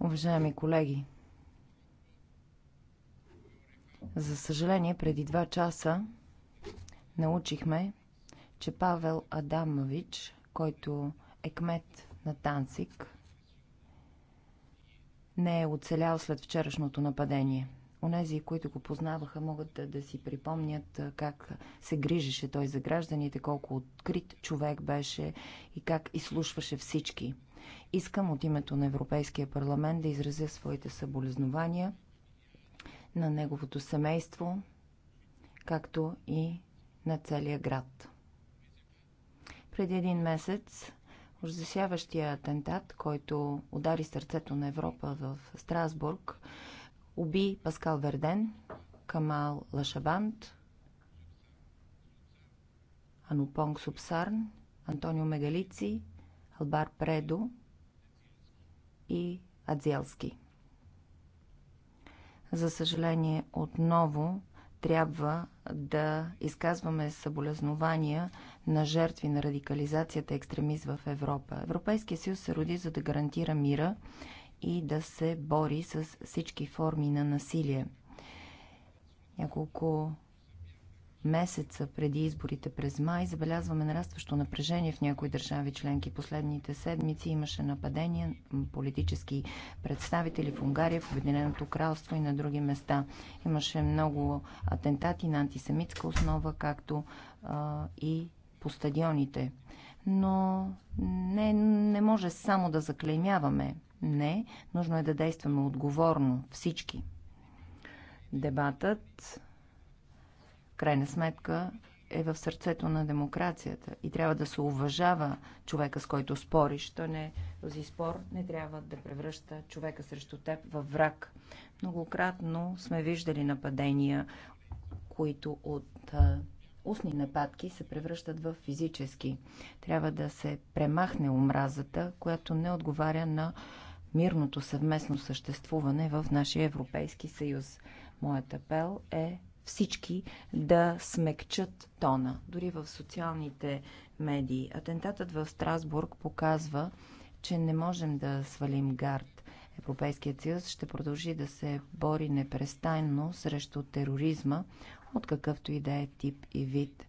Уважаеми колеги, за съжаление, преди два часа научихме, че Павел Адамович, който е кмет на Танцик, не е оцелял след вчерашното нападение. Онези, които го познаваха, могат да, да си припомнят как се грижеше той за гражданите, колко открит човек беше и как изслушваше всички – Искам от името на Европейския парламент да изразя своите съболезнования на неговото семейство, както и на целия град. Преди един месец ужасяващия атентат, който удари сърцето на Европа в Страсбург, уби Паскал Верден, Камал Лашабант, Анупонг Субсарн, Антонио Мегалици Албар Предо и Адзелски. За съжаление, отново трябва да изказваме съболезнования на жертви на радикализацията и екстремизм в Европа. Европейския съюз се роди за да гарантира мира и да се бори с всички форми на насилие. Няколко месеца преди изборите през май забелязваме нарастващо напрежение в някои държави членки. Последните седмици имаше нападения на политически представители в Унгария, в Обединеното кралство и на други места. Имаше много атентати на антисемитска основа, както а, и по стадионите. Но не, не може само да заклеймяваме. Не, нужно е да действаме отговорно всички. Дебатът крайна сметка е в сърцето на демокрацията и трябва да се уважава човека, с който спориш. То не, този спор не трябва да превръща човека срещу теб във враг. Многократно сме виждали нападения, които от а, устни нападки се превръщат в физически. Трябва да се премахне омразата, която не отговаря на мирното съвместно съществуване в нашия Европейски съюз. Моят апел е всички да смекчат тона, дори в социалните медии. Атентатът в Страсбург показва, че не можем да свалим гард. Европейският съюз ще продължи да се бори непрестанно срещу тероризма от какъвто и да е тип и вид.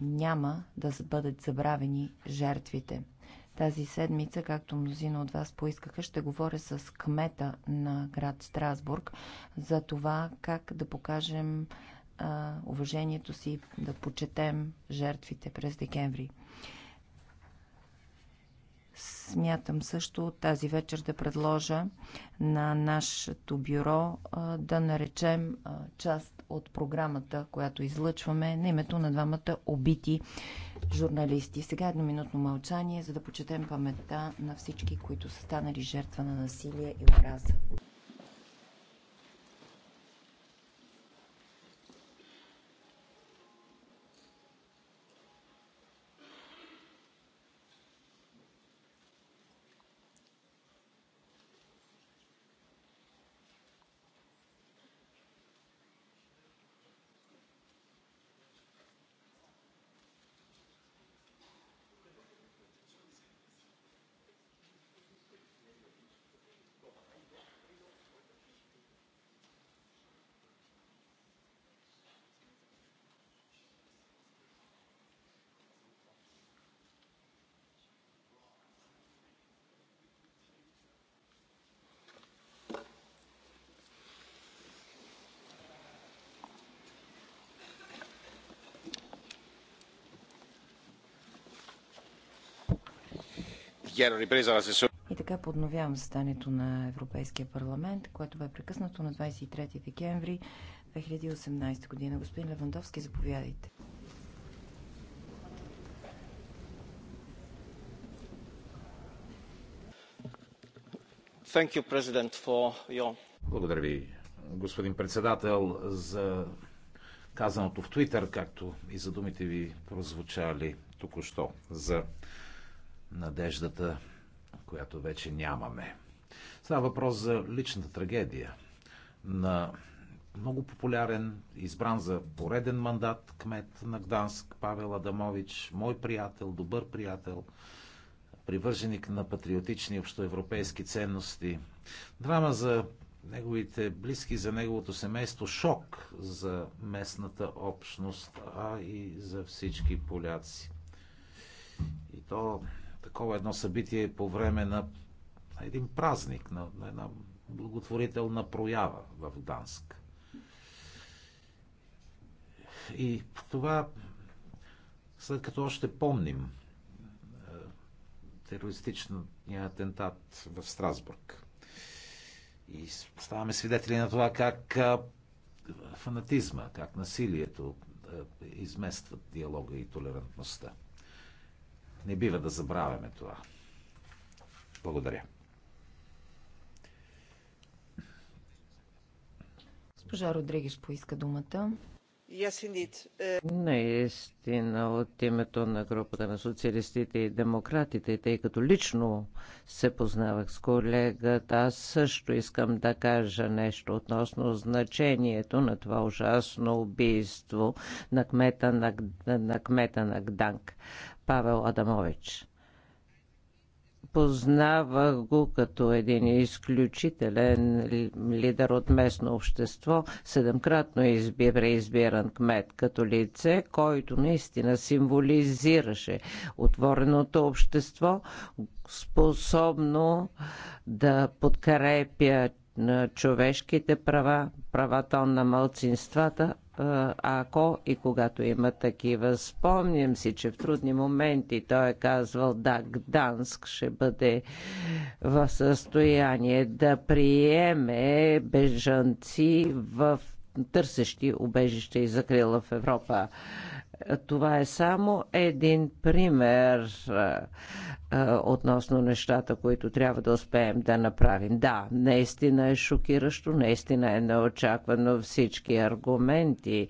Няма да бъдат забравени жертвите. Тази седмица, както мнозина от вас поискаха, ще говоря с кмета на град Страсбург за това как да покажем а, уважението си, да почетем жертвите през декември. Смятам също тази вечер да предложа на нашето бюро да наречем част от програмата, която излъчваме на името на двамата убити журналисти. Сега едноминутно мълчание, за да почетем паметта на всички, които са станали жертва на насилие и омраза. И така подновявам заседанието на Европейския парламент, което бе прекъснато на 23 декември 2018 година. Господин Левандовски, заповядайте. Thank you, President, for your... Благодаря ви, господин председател, за казаното в Твитър, както и за думите ви прозвучали току-що за надеждата, която вече нямаме. Става въпрос за личната трагедия на много популярен, избран за пореден мандат кмет на Гданск, Павел Адамович, мой приятел, добър приятел, привърженик на патриотични общоевропейски ценности. Драма за неговите близки, за неговото семейство, шок за местната общност, а и за всички поляци. И то такова едно събитие по време на един празник, на, на една благотворителна проява в Гданск. И това, след като още помним е, терористичния атентат в Страсбург. И ставаме свидетели на това как е, фанатизма, как насилието е, изместват диалога и толерантността. Не бива да забравяме това. Благодаря. Госпожа Родригиш, поиска думата. Е, Наистина, от името на групата на социалистите и демократите, тъй като лично се познавах с колегата, аз също искам да кажа нещо относно значението на това ужасно убийство на кмета на, на, кмета на Гданг. Павел Адамович. Познавах го като един изключителен лидер от местно общество, седемкратно изби, преизбиран кмет като лице, който наистина символизираше отвореното общество, способно да подкрепя на човешките права, правата на мълцинствата, ако и когато има такива. Спомням си, че в трудни моменти той е казвал, да, Гданск ще бъде в състояние да приеме бежанци в търсещи убежище и закрила в Европа. Това е само един пример е, е, относно нещата, които трябва да успеем да направим. Да, наистина е шокиращо, наистина е неочаквано всички аргументи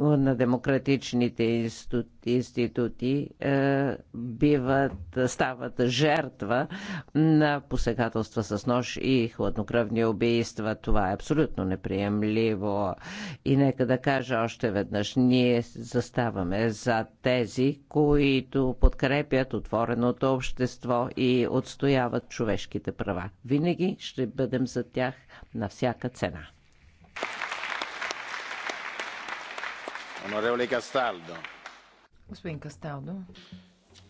на демократичните институции институти е, биват, стават жертва на посегателства с нож и хладнокръвни убийства. Това е абсолютно неприемливо. И нека да кажа още веднъж, ние заставаме за тези, които подкрепят отвореното общество и отстояват човешките права. Винаги ще бъдем за тях на всяка цена. Onorevole Castaldo. Господин Касталдо.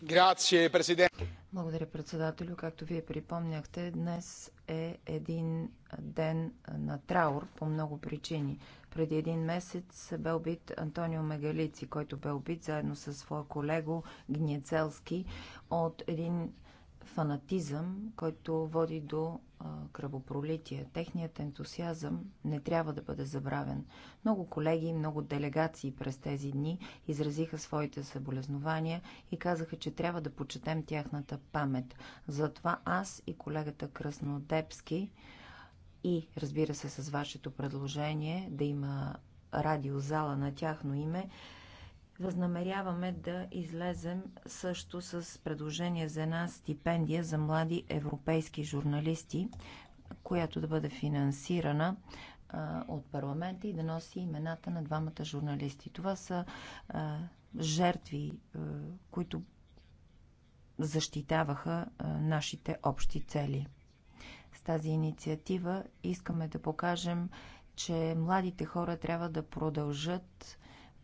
Грация, президент. Благодаря, председателю. Както вие припомняхте, днес е един ден на траур по много причини. Преди един месец бе убит Антонио Мегалици, който бе убит заедно с своя колего Гнецелски от един фанатизъм, който води до а, кръвопролитие. Техният ентусиазъм не трябва да бъде забравен. Много колеги, много делегации през тези дни изразиха своите съболезнования и казаха, че трябва да почетем тяхната памет. Затова аз и колегата Краснодепски, и, разбира се, с вашето предложение да има радиозала на тяхно име, Възнамеряваме да излезем също с предложение за една стипендия за млади европейски журналисти, която да бъде финансирана а, от парламента и да носи имената на двамата журналисти. Това са а, жертви, а, които защитаваха а, нашите общи цели. С тази инициатива искаме да покажем, че младите хора трябва да продължат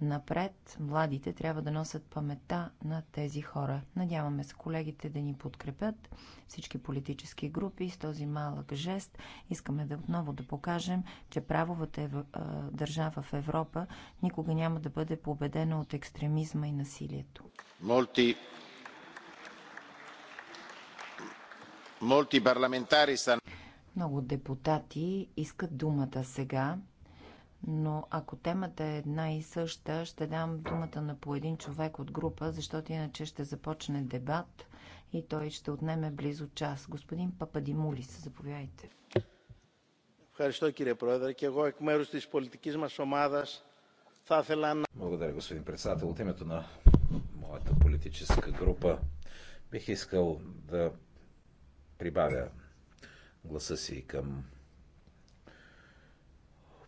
напред, младите трябва да носят паметта на тези хора. Надяваме се колегите да ни подкрепят, всички политически групи с този малък жест. Искаме да отново да покажем, че правовата ев... държава в Европа никога няма да бъде победена от екстремизма и насилието. Молти... Молти парламентари са... Много депутати искат думата сега но ако темата е една и съща, ще дам думата на по един човек от група, защото иначе ще започне дебат и той ще отнеме близо час. Господин Пападимулис, заповядайте. Благодаря, господин председател. От името на моята политическа група бих искал да прибавя гласа си към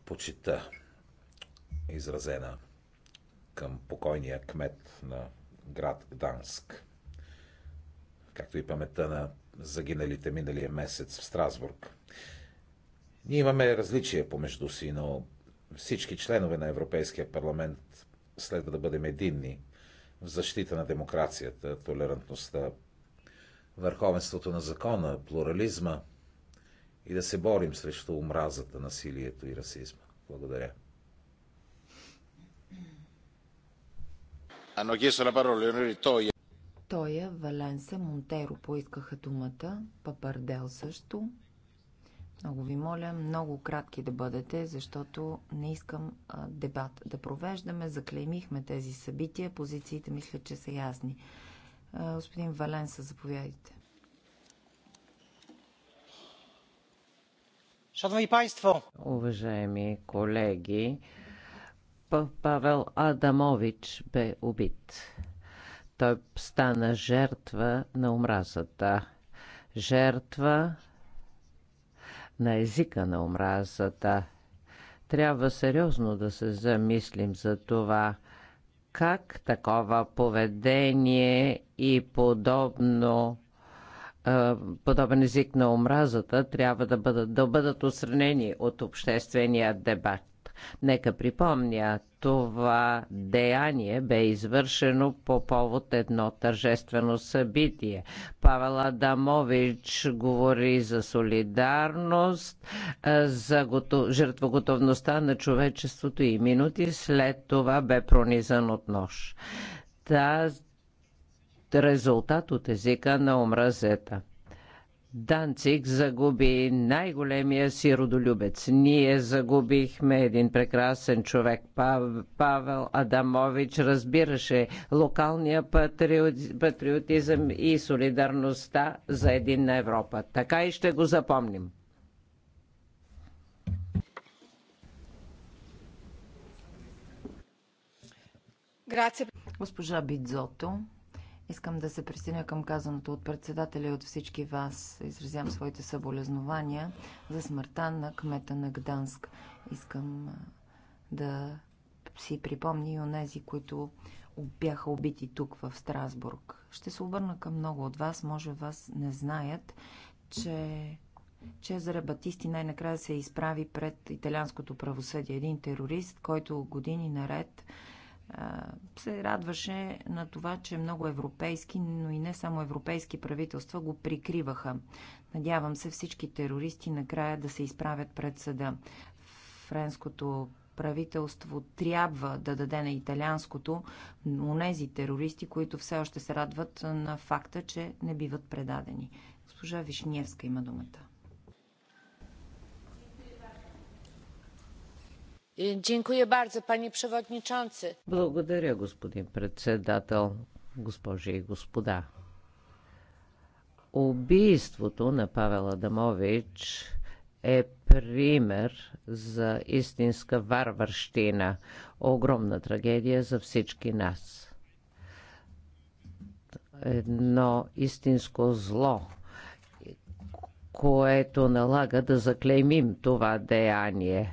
почита, изразена към покойния кмет на град Гданск, както и паметта на загиналите миналия месец в Страсбург. Ние имаме различия помежду си, но всички членове на Европейския парламент следва да бъдем единни в защита на демокрацията, толерантността, върховенството на закона, плурализма – и да се борим срещу омразата, насилието и расизма. Благодаря. Тоя, Валенса, Монтеро поискаха думата, Папардел също. Много ви моля, много кратки да бъдете, защото не искам а, дебат да провеждаме. Заклеймихме тези събития, позициите мисля, че са ясни. А, господин Валенса, заповядайте. Уважаеми колеги, Павел Адамович бе убит. Той стана жертва на омразата. Жертва на езика на омразата. Трябва сериозно да се замислим за това как такова поведение и подобно подобен език на омразата трябва да бъдат, да бъдат осранени от обществения дебат. Нека припомня, това деяние бе извършено по повод едно тържествено събитие. Павел Адамович говори за солидарност, за готов... жертвоготовността на човечеството и минути след това бе пронизан от нож. Таз резултат от езика на омразета. Данцик загуби най-големия си родолюбец. Ние загубихме един прекрасен човек. Павел Адамович разбираше локалния патриотизъм и солидарността за един на Европа. Така и ще го запомним. Госпожа Бидзото. Искам да се присъединя към казаното от председателя и от всички вас. Изразявам своите съболезнования за смъртта на кмета на Гданск. Искам да си припомни и онези, които бяха убити тук в Страсбург. Ще се обърна към много от вас, може вас не знаят, че Чезаре Батисти най-накрая се изправи пред италианското правосъдие. Един терорист, който години наред се радваше на това, че много европейски, но и не само европейски правителства го прикриваха. Надявам се всички терористи накрая да се изправят пред съда. Френското правителство трябва да даде на италианското онези терористи, които все още се радват на факта, че не биват предадени. Госпожа Вишневска има думата. Благодаря, господин председател, госпожи и господа. Убийството на Павел Адамович е пример за истинска варварщина. Огромна трагедия за всички нас. Едно истинско зло, което налага да заклеймим това деяние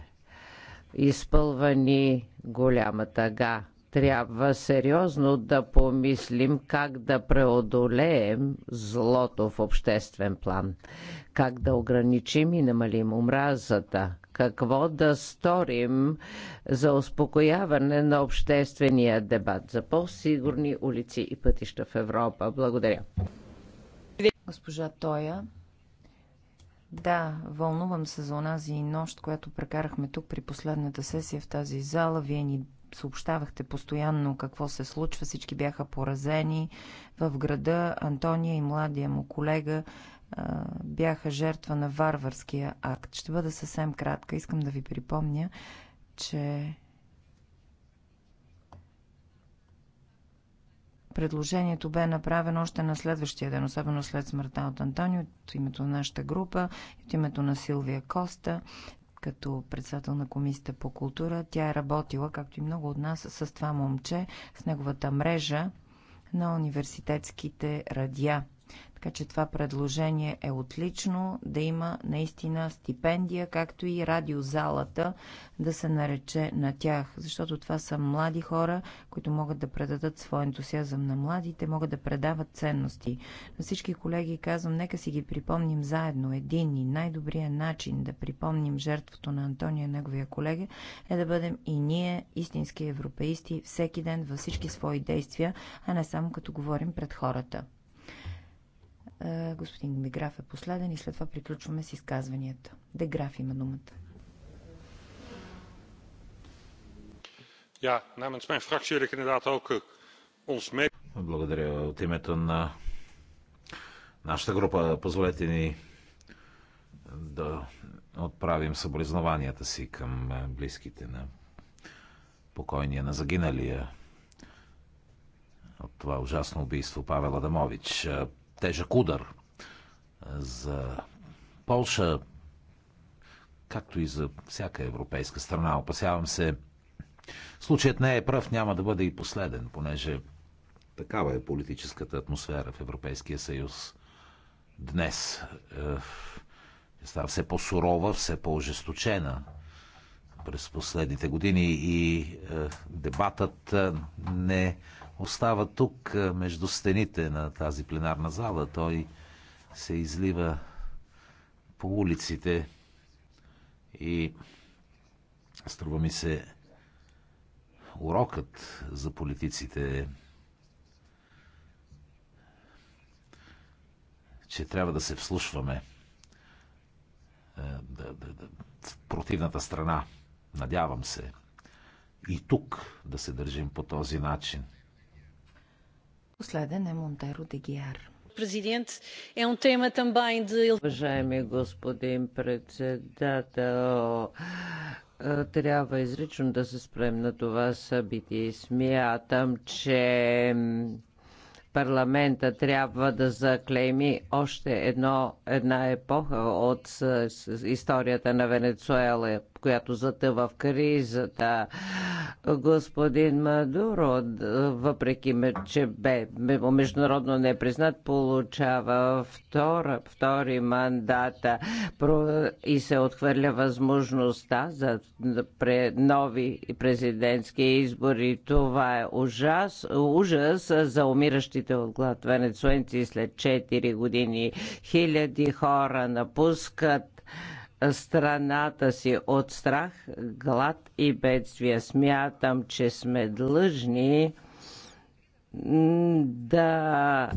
изпълвани голяма тъга. Трябва сериозно да помислим как да преодолеем злото в обществен план, как да ограничим и намалим омразата, какво да сторим за успокояване на обществения дебат за по-сигурни улици и пътища в Европа. Благодаря. Госпожа Тоя. Да, вълнувам се за онази нощ, която прекарахме тук при последната сесия в тази зала. Вие ни съобщавахте постоянно какво се случва. Всички бяха поразени. В града Антония и младия му колега а, бяха жертва на варварския акт. Ще бъда съвсем кратка. Искам да ви припомня, че Предложението бе направено още на следващия ден, особено след смъртта от Антонио, от името на нашата група, от името на Силвия Коста, като председател на Комисията по култура. Тя е работила, както и много от нас, с това момче, с неговата мрежа на университетските радиа. Така че това предложение е отлично да има наистина стипендия, както и радиозалата да се нарече на тях, защото това са млади хора, които могат да предадат своя ентусиазъм на младите, могат да предават ценности. На всички колеги казвам, нека си ги припомним заедно. Един и най-добрият начин да припомним жертвото на Антония и неговия колега е да бъдем и ние истински европеисти всеки ден във всички свои действия, а не само като говорим пред хората. Е, господин Деграф е последен и след това приключваме с изказванията. Деграф има думата. Eh, Благодаря от името на нашата група. Позволете ни да отправим съболезнованията си към е, близките на покойния, на загиналия от това ужасно убийство Павел Адамович. Е, тежък удар за Полша, както и за всяка европейска страна. Опасявам се, случаят не е пръв, няма да бъде и последен, понеже такава е политическата атмосфера в Европейския съюз днес. Е, е става все по-сурова, все по-ожесточена през последните години и е, дебатът е, не остава тук е, между стените на тази пленарна зала. Той се излива по улиците и струва ми се урокът за политиците е че трябва да се вслушваме е, да, да, да, в противната страна. Надявам се. И тук да се държим по този начин. Последен е Монтеро Дегиар. Президент, е он тема там Уважаеми господин председател, е, трябва изрично да се спрем на това събитие. Смятам, че парламента трябва да заклейми още едно, една епоха от историята на Венецуела която затъва в кризата. Господин Мадуро, въпреки че бе международно непризнат, получава втора, втори мандата и се отхвърля възможността за нови президентски избори. Това е ужас, ужас за умиращите от глад венецуенци след 4 години. Хиляди хора напускат страната си от страх, глад и бедствия. Смятам, че сме длъжни да,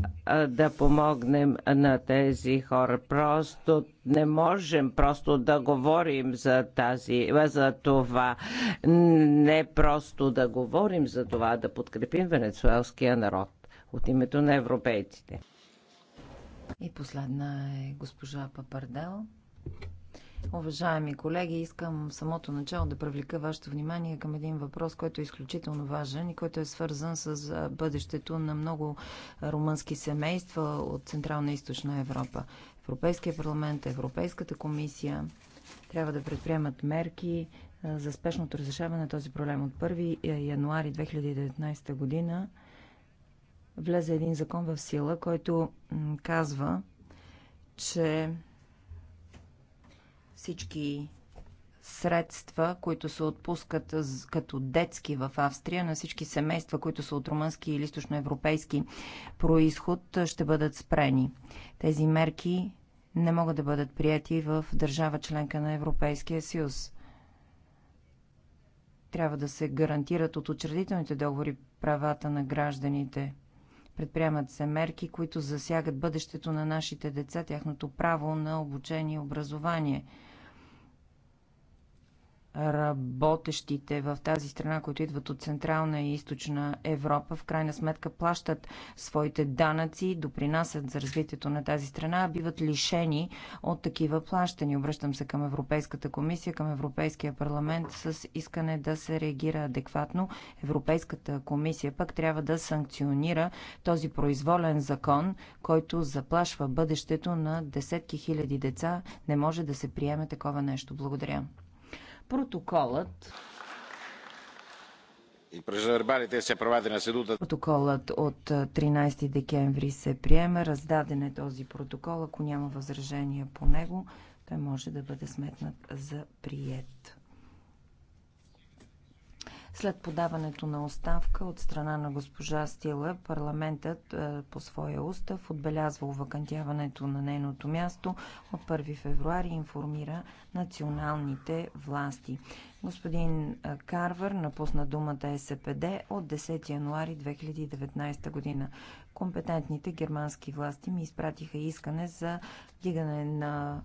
да помогнем на тези хора. Просто не можем просто да говорим за, тази, за това. Не просто да говорим за това, да подкрепим венецуелския народ от името на европейците. И последна е госпожа Папардел. Уважаеми колеги, искам в самото начало да привлека вашето внимание към един въпрос, който е изключително важен и който е свързан с бъдещето на много румънски семейства от Централна и Източна Европа. Европейския парламент, Европейската комисия трябва да предприемат мерки за спешното разрешаване на този проблем. От 1 е, януари 2019 година влезе един закон в сила, който казва, че всички средства, които се отпускат като детски в Австрия, на всички семейства, които са от румънски или източноевропейски происход, ще бъдат спрени. Тези мерки не могат да бъдат прияти в държава членка на Европейския съюз. Трябва да се гарантират от учредителните договори правата на гражданите. Предприемат се мерки, които засягат бъдещето на нашите деца, тяхното право на обучение и образование – работещите в тази страна, които идват от Централна и Източна Европа, в крайна сметка плащат своите данъци, допринасят за развитието на тази страна, а биват лишени от такива плащани. Обръщам се към Европейската комисия, към Европейския парламент с искане да се реагира адекватно. Европейската комисия пък трябва да санкционира този произволен закон, който заплашва бъдещето на десетки хиляди деца. Не може да се приеме такова нещо. Благодаря. Протоколът Протоколът от 13 декември се приема. Раздаден е този протокол. Ако няма възражения по него, той може да бъде сметнат за прият. След подаването на оставка от страна на госпожа Стила, парламентът е, по своя устав отбелязва вакантяването на нейното място от 1 февруари и информира националните власти. Господин е, Карвар напусна думата СПД от 10 януари 2019 година. Компетентните германски власти ми изпратиха искане за дигане на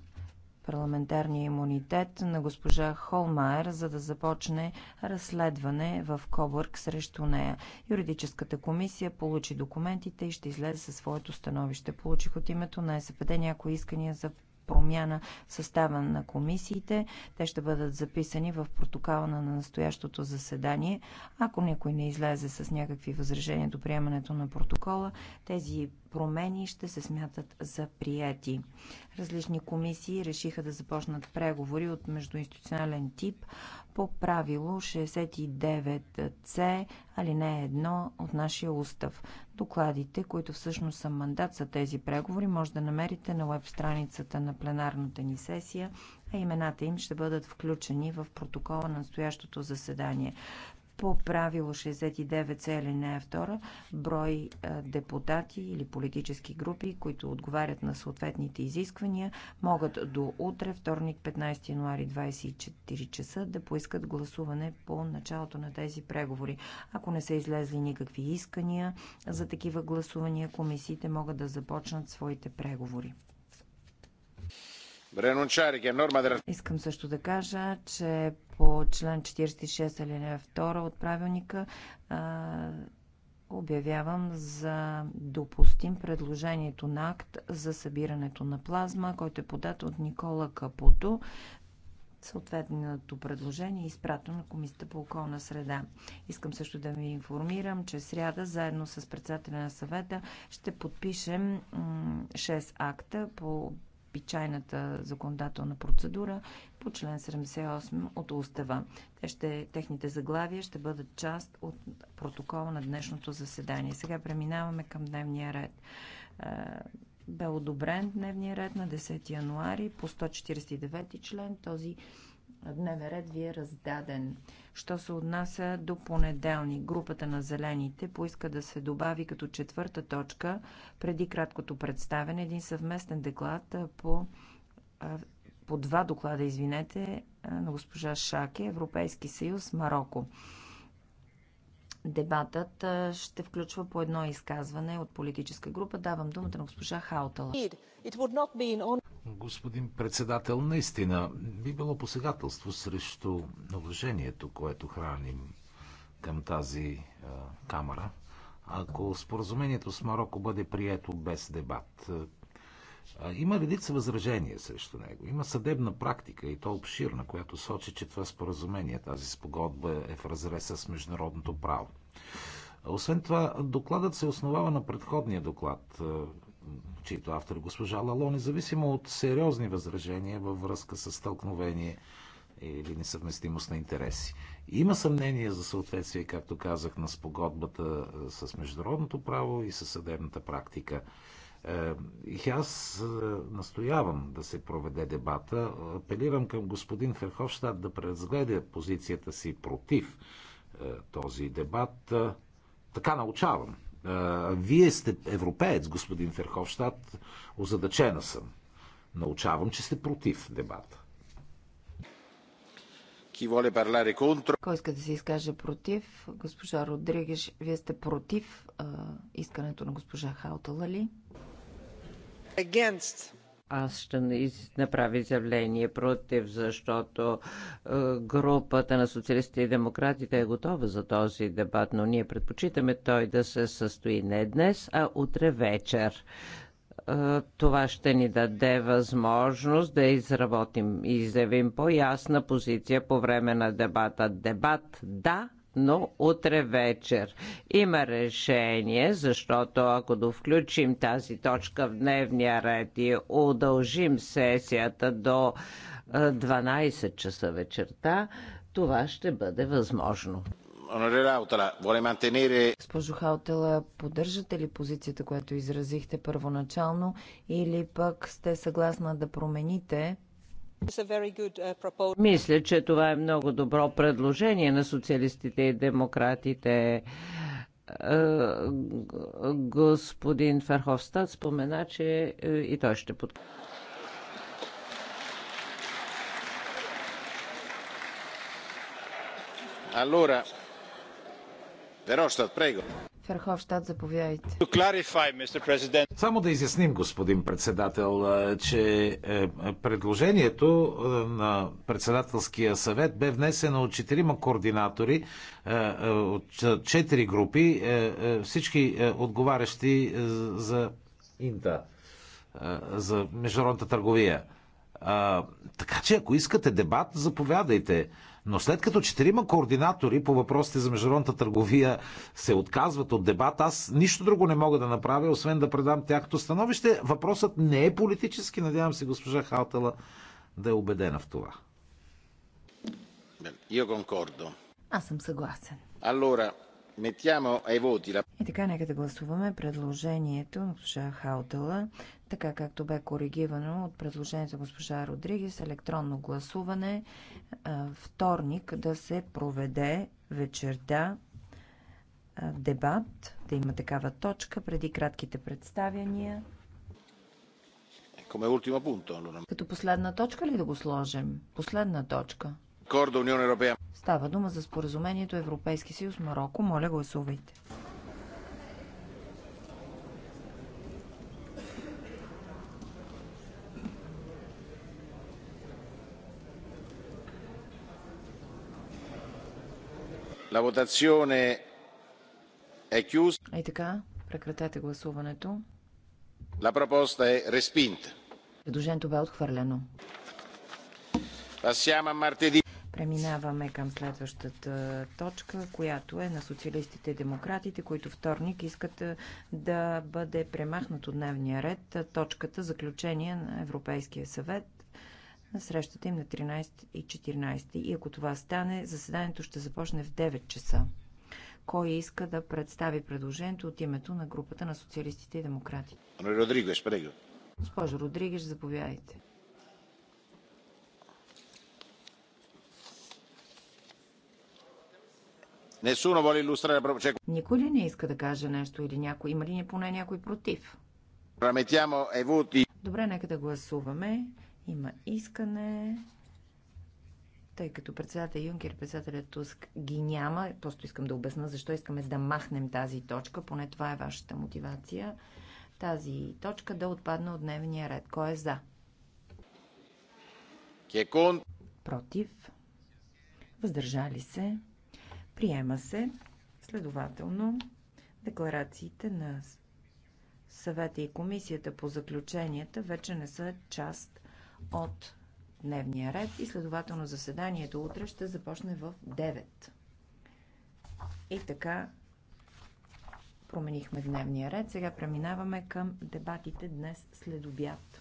парламентарния имунитет на госпожа Холмайер, за да започне разследване в Кобърг срещу нея. Юридическата комисия получи документите и ще излезе със своето становище. Получих от името на СПД някои искания за промяна в състава на комисиите. Те ще бъдат записани в протокола на настоящото заседание. Ако някой не излезе с някакви възражения до приемането на протокола, тези промени ще се смятат за прияти. Различни комисии решиха да започнат преговори от междуинституционален тип по правило 69C, алинея 1 от нашия устав. Докладите, които всъщност са мандат за тези преговори, може да намерите на веб страницата на пленарната ни сесия, а имената им ще бъдат включени в протокола на настоящото заседание по правило 69c алинея 2 брой депутати или политически групи, които отговарят на съответните изисквания, могат до утре, вторник 15 януари 24 часа, да поискат гласуване по началото на тези преговори. Ако не са излезли никакви искания за такива гласувания, комисиите могат да започнат своите преговори. Е Искам също да кажа, че по член 46 алинея 2 от правилника а, обявявам за допустим предложението на акт за събирането на плазма, който е подат от Никола Капуто. Съответното предложение е изпратено на Комисията по околна среда. Искам също да ви информирам, че сряда, заедно с председателя на съвета, ще подпишем 6 акта по обичайната законодателна процедура по член 78 от устава. Те ще, техните заглавия ще бъдат част от протокола на днешното заседание. Сега преминаваме към дневния ред. Е, бе одобрен дневния ред на 10 януари по 149 член. Този дневен ред ви е раздаден. Що се отнася до понеделник, групата на зелените поиска да се добави като четвърта точка преди краткото представене един съвместен деклад по, по два доклада, извинете, на госпожа Шаке, Европейски съюз, Марокко. Дебатът ще включва по едно изказване от политическа група. Давам думата на госпожа Хаутала. Господин председател, наистина би било посегателство срещу уважението, което храним към тази а, е, камера, ако споразумението с Марокко бъде прието без дебат. Е, има редица възражения срещу него. Има съдебна практика и то обширна, която сочи, че това споразумение, тази спогодба е в разрез с международното право. Освен това, докладът се основава на предходния доклад е, чието автор е госпожа Лало, независимо от сериозни възражения във връзка с стълкновение или несъвместимост на интереси. Има съмнение за съответствие, както казах, на спогодбата е, с международното право и със съдебната практика. Е, и аз настоявам да се проведе дебата. Апелирам към господин Ферховщад да преразгледа позицията си против този дебат. Така научавам. Вие сте европеец, господин Ферховщад. Озадачена съм. Научавам, че сте против дебата. Кой иска да се изкаже против? Госпожа Родригеш, вие сте против а, искането на госпожа Хаутала ли? аз ще направя изявление против, защото е, групата на социалистите и демократите е готова за този дебат, но ние предпочитаме той да се състои не днес, а утре вечер. Е, това ще ни даде възможност да изработим и изявим по-ясна позиция по време на дебата. Дебат да, но утре вечер. Има решение, защото ако да включим тази точка в дневния ред и удължим сесията до 12 часа вечерта, това ще бъде възможно. Госпожо Хаутела, поддържате ли позицията, която изразихте първоначално или пък сте съгласна да промените Uh, Мисля, че това е много добро предложение на социалистите и демократите. Е, господин Ферховстад спомена, че е, и той ще подкрепи. Allora, Ферховщад, заповядайте. Само да изясним, господин председател, че е, предложението е, на председателския съвет бе внесено от четирима координатори е, от четири групи, всички отговарящи за Инта, за международната търговия. Така че, ако искате дебат, заповядайте. Но след като четирима координатори по въпросите за международната търговия се отказват от дебат, аз нищо друго не мога да направя, освен да предам тяхното становище. Въпросът не е политически. Надявам се госпожа Халтала да е убедена в това. Аз съм съгласен. Allora, и така, нека да гласуваме предложението на госпожа Хаутала, така както бе коригирано от предложението на госпожа Родригес, електронно гласуване вторник да се проведе вечерта дебат, да има такава точка преди кратките представяния. Като последна точка ли да го сложим? Последна точка. Кордо Унион Европея. Става дума за споразумението Европейски съюз Марокко. Моля, гласувайте. La votazione è chiusa. така, прекратете гласуването. La proposta è respinta. Предложението бе отхвърлено. Passiamo a martedì. Преминаваме към следващата точка, която е на социалистите и демократите, които вторник искат да бъде премахнат от дневния ред точката заключение на Европейския съвет на срещата им на 13 и 14. И ако това стане, заседанието ще започне в 9 часа. Кой иска да представи предложението от името на групата на социалистите и демократи? Е Госпожо Родригеш, заповядайте. Никой ли не иска да каже нещо или някой? Има ли поне някой против? Добре, нека да гласуваме. Има искане. Тъй като председател Юнкер, председателят Туск ги няма, просто искам да обясна защо искаме да махнем тази точка, поне това е вашата мотивация. Тази точка да отпадне от дневния ред. Кой е за? Кекун. Против. Въздържали се. Приема се, следователно, декларациите на съвета и комисията по заключенията вече не са част от дневния ред и следователно заседанието утре ще започне в 9. И така променихме дневния ред. Сега преминаваме към дебатите днес след обяд.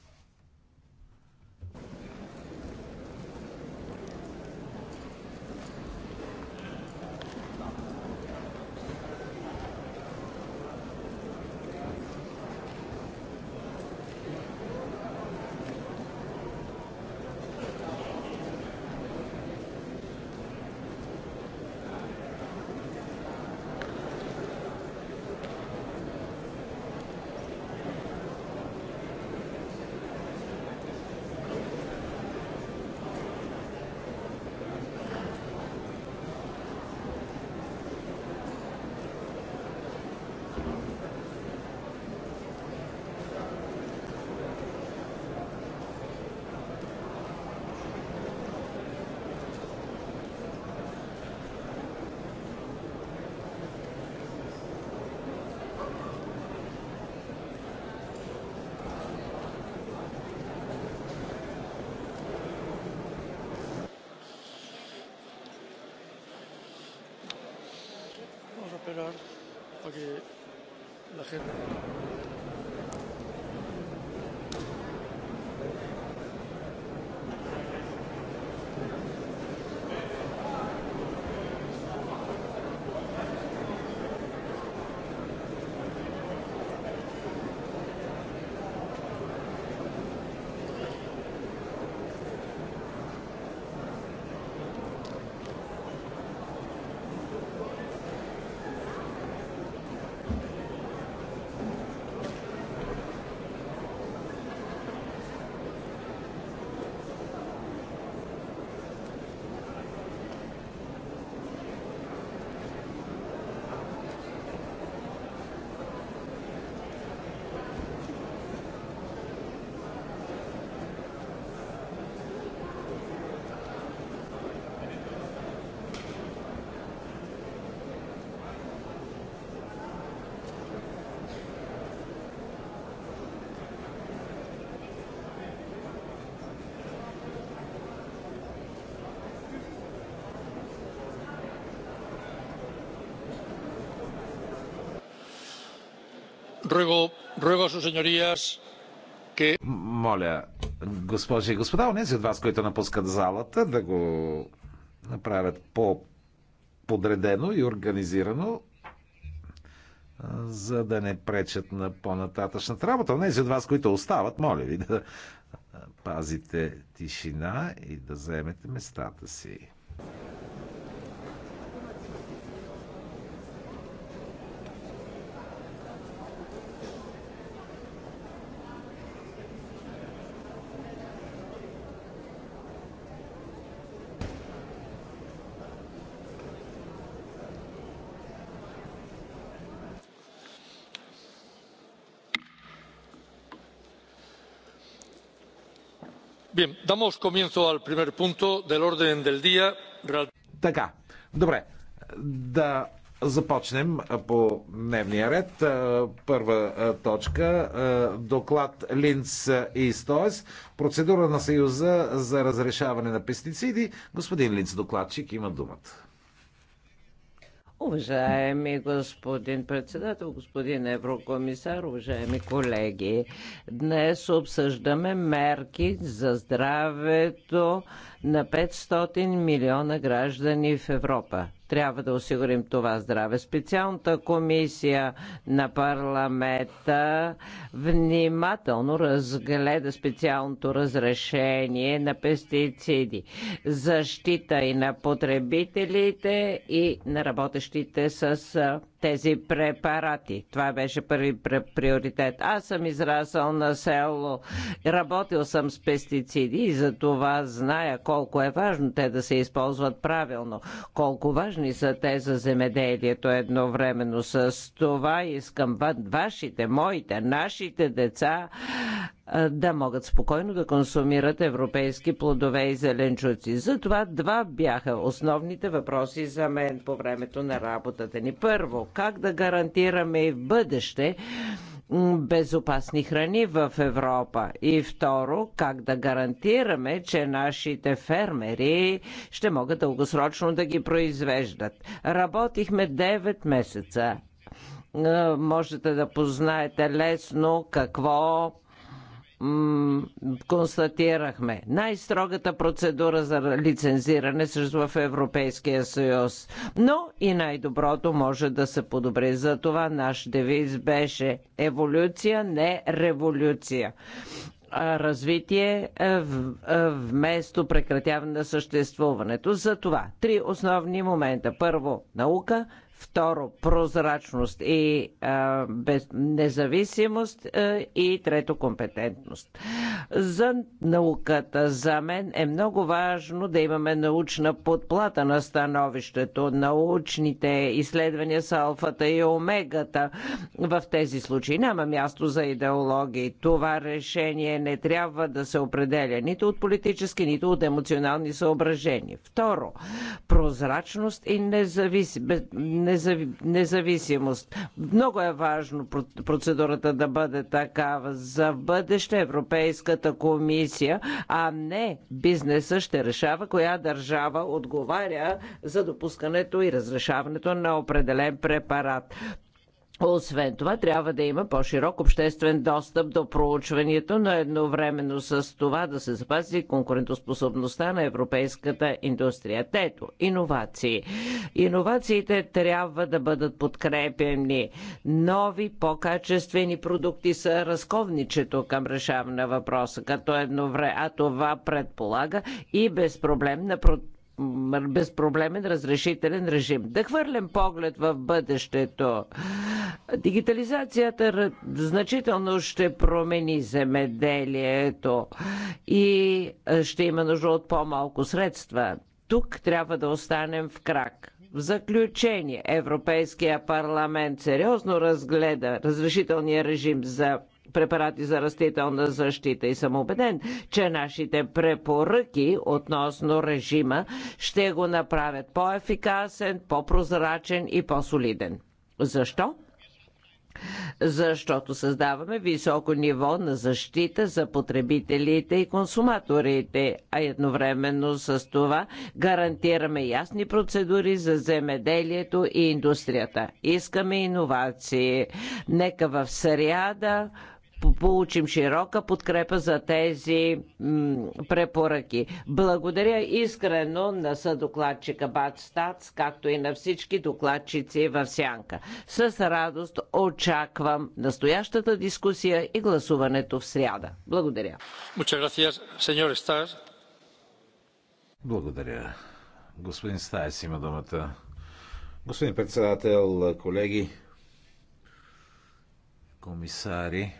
Моля, госпожи и господа, онези от вас, които напускат залата, да го направят по-подредено и организирано, за да не пречат на по-нататъчната работа. Онези от вас, които остават, моля ви да пазите тишина и да заемете местата си. Damos comienzo al primer punto del orden del día. Така, добре. Да започнем по дневния ред. Е, първа е, точка. Е, доклад Линц и Стоес. Процедура на Съюза за разрешаване на пестициди. Господин Линц, докладчик, има думата. Уважаеми господин председател, господин еврокомисар, уважаеми колеги, днес обсъждаме мерки за здравето на 500 милиона граждани в Европа. Трябва да осигурим това здраве. Специалната комисия на парламента внимателно разгледа специалното разрешение на пестициди, защита и на потребителите и на работещите с тези препарати. Това беше първи приоритет. Аз съм израсъл на село, работил съм с пестициди и за това зная колко е важно те да се използват правилно, колко важни са те за земеделието едновременно. С това искам вашите, моите, нашите деца да могат спокойно да консумират европейски плодове и зеленчуци. Затова два бяха основните въпроси за мен по времето на работата ни. Първо, как да гарантираме и в бъдеще безопасни храни в Европа? И второ, как да гарантираме, че нашите фермери ще могат дългосрочно да ги произвеждат? Работихме 9 месеца. Можете да познаете лесно какво констатирахме. Най-строгата процедура за лицензиране също в Европейския съюз. Но и най-доброто може да се подобри. За това наш девиз беше еволюция, не революция развитие е, е, вместо прекратяване на съществуването. За това три основни момента. Първо, наука, Второ, прозрачност и а, без, независимост а, и трето, компетентност. За науката, за мен е много важно да имаме научна подплата на становището. Научните изследвания са алфата и омегата. В тези случаи няма място за идеологии. Това решение не трябва да се определя нито от политически, нито от емоционални съображения. Второ, прозрачност и независимост независимост. Много е важно процедурата да бъде такава за бъдеще Европейската комисия, а не бизнеса ще решава коя държава отговаря за допускането и разрешаването на определен препарат. Освен това, трябва да има по-широк обществен достъп до проучването, но едновременно с това да се запази конкурентоспособността на европейската индустрия. Тето, иновации. Иновациите трябва да бъдат подкрепени. Нови, по-качествени продукти са разковничето към решаване на въпроса, като едновременно, а това предполага и безпроблемна безпроблемен разрешителен режим. Да хвърлям поглед в бъдещето. Дигитализацията значително ще промени земеделието и ще има нужда от по-малко средства. Тук трябва да останем в крак. В заключение, Европейския парламент сериозно разгледа разрешителния режим за препарати за растителна защита и съм убеден, че нашите препоръки относно режима ще го направят по-ефикасен, по-прозрачен и по-солиден. Защо? защото създаваме високо ниво на защита за потребителите и консуматорите, а едновременно с това гарантираме ясни процедури за земеделието и индустрията. Искаме иновации. Нека в сряда получим широка подкрепа за тези препоръки. Благодаря искрено на съдокладчика Бат Стац, както и на всички докладчици в Сянка. С радост очаквам настоящата дискусия и гласуването в сряда. Благодаря. Благодаря. Господин Стайс има думата. Господин председател, колеги, комисари,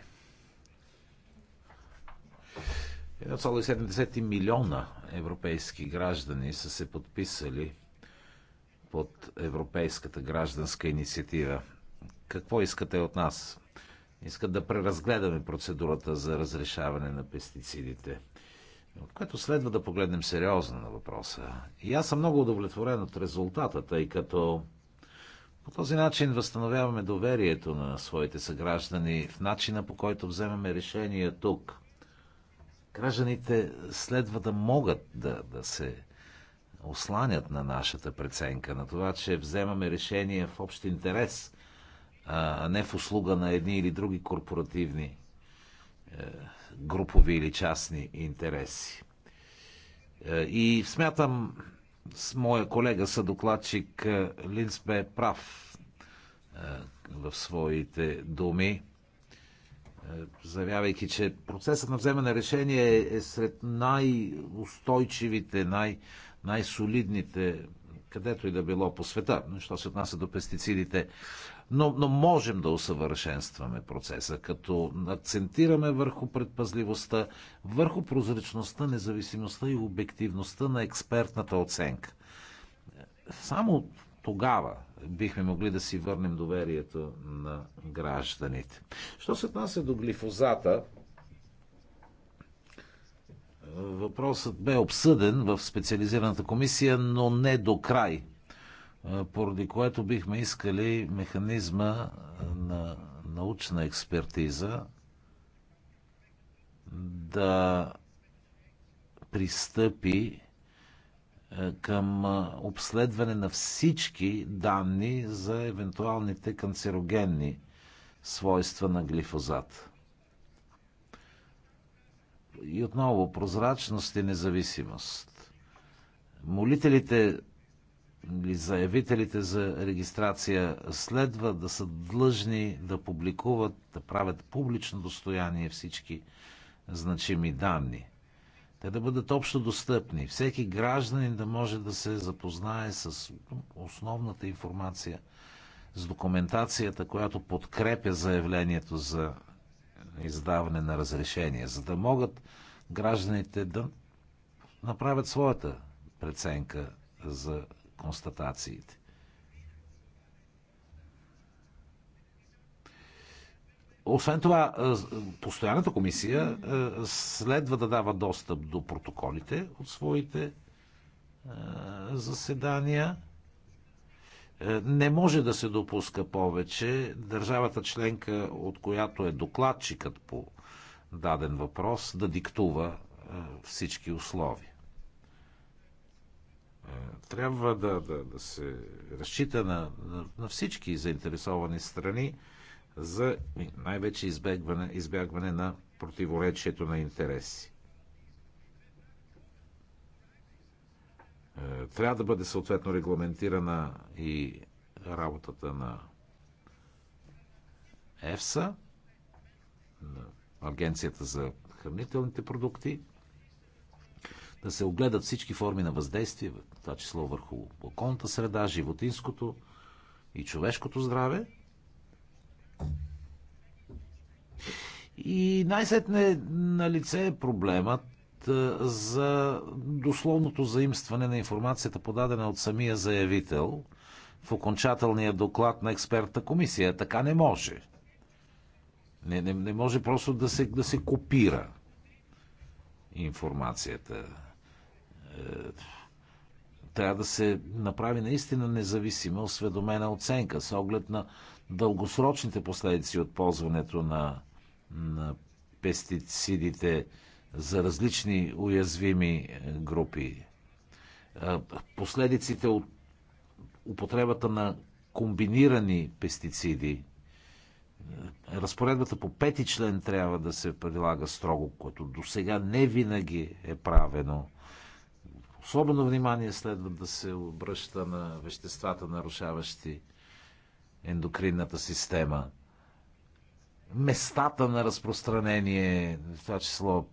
1,7 милиона европейски граждани са се подписали под Европейската гражданска инициатива. Какво искате от нас? Искат да преразгледаме процедурата за разрешаване на пестицидите. От което следва да погледнем сериозно на въпроса. И аз съм много удовлетворен от резултата, тъй като по този начин възстановяваме доверието на своите съграждани в начина по който вземаме решения тук. Гражданите следва да могат да, да се осланят на нашата преценка, на това, че вземаме решение в общ интерес, а не в услуга на едни или други корпоративни е, групови или частни интереси. Е, и смятам, с моя колега съдокладчик е, Линс бе прав в своите думи. Е, заявявайки, че процесът на вземане на решение е сред най-устойчивите, най- най-солидните, където и да било по света, що се отнася до пестицидите. Но, но можем да усъвършенстваме процеса, като акцентираме върху предпазливостта, върху прозрачността, независимостта и обективността на експертната оценка. Само тогава бихме могли да си върнем доверието на гражданите. Що се отнася до глифозата, въпросът бе обсъден в специализираната комисия, но не до край, поради което бихме искали механизма на научна експертиза да пристъпи е, към е, обследване на всички данни за евентуалните канцерогенни свойства на глифозат. И отново, прозрачност и независимост. Молителите или заявителите за регистрация следва да са длъжни да публикуват, да правят публично достояние всички значими данни те да бъдат общо достъпни. Всеки гражданин да може да се запознае с основната информация, с документацията, която подкрепя заявлението за издаване на разрешение, за да могат гражданите да направят своята преценка за констатациите. Освен това, е, постоянната комисия е, следва да дава достъп до протоколите от своите е, заседания. Не може да се допуска повече държавата членка, от която е докладчикът по даден въпрос, да диктува всички условия. Трябва да, да, да се разчита на, на, на всички заинтересовани страни за най-вече избягване, избягване на противоречието на интереси. Е, трябва да бъде съответно регламентирана и работата на ЕФСА, на Агенцията за хранителните продукти, да се огледат всички форми на въздействие, в това число върху околната среда, животинското и човешкото здраве, и най-сетне е на лице е проблемът е, за дословното заимстване на информацията, подадена от самия заявител в окончателния доклад на експерта комисия. Така не може. Не, не, не може просто да се, да се копира информацията. Е, трябва да се направи наистина независима, осведомена оценка с оглед на, дългосрочните последици от ползването на, на пестицидите за различни уязвими е, групи, е, последиците от употребата на комбинирани пестициди. Е, разпоредбата по пети член трябва да се прилага строго, което до сега не винаги е правено. Особено внимание следва да се обръща на веществата, нарушаващи ендокринната система. Местата на разпространение, в това число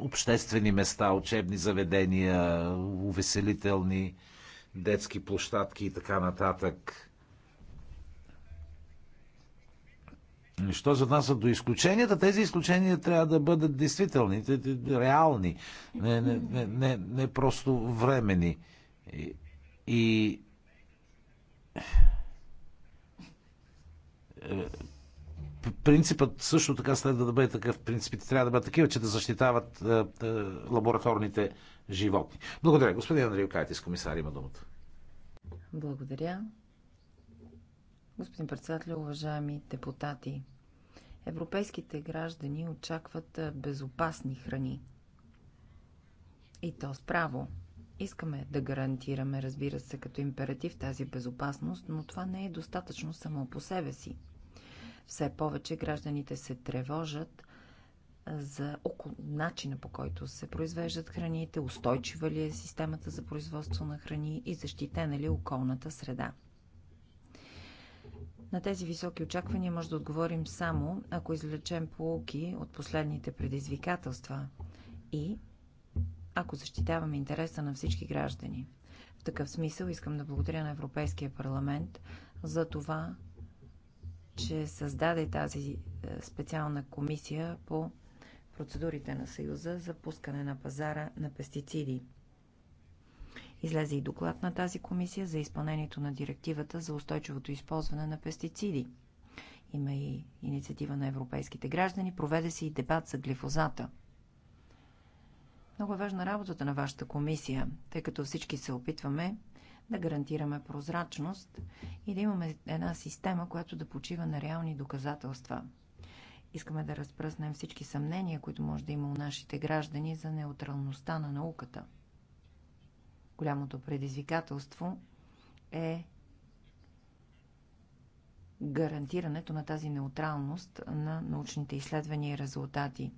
обществени места, учебни заведения, увеселителни, детски площадки и така нататък. Що за нас до изключенията? Тези изключения трябва да бъдат действителни, реални, не, не, не, не, не просто времени. И, и е, принципът също така следва да бъде такъв. Принципите трябва да бъдат такива, че да защитават е, е, лабораторните животни. Благодаря. Господин Андрей Кайтис, комисар, има думата. Благодаря. Господин председател, уважаеми депутати, европейските граждани очакват е, безопасни храни. И то с право. Искаме да гарантираме, разбира се, като императив тази безопасност, но това не е достатъчно само по себе си – все повече гражданите се тревожат за около начина по който се произвеждат храните, устойчива ли е системата за производство на храни и защитена ли е околната среда. На тези високи очаквания може да отговорим само, ако извлечем полуки от последните предизвикателства и ако защитаваме интереса на всички граждани. В такъв смисъл искам да благодаря на Европейския парламент за това, че създаде тази е, специална комисия по процедурите на Съюза за пускане на пазара на пестициди. Излезе и доклад на тази комисия за изпълнението на директивата за устойчивото използване на пестициди. Има и инициатива на европейските граждани. Проведе се и дебат за глифозата. Много е важна работата на вашата комисия, тъй като всички се опитваме да гарантираме прозрачност и да имаме една система, която да почива на реални доказателства. Искаме да разпръснем всички съмнения, които може да има у нашите граждани за неутралността на науката. Голямото предизвикателство е гарантирането на тази неутралност на научните изследвания и резултати.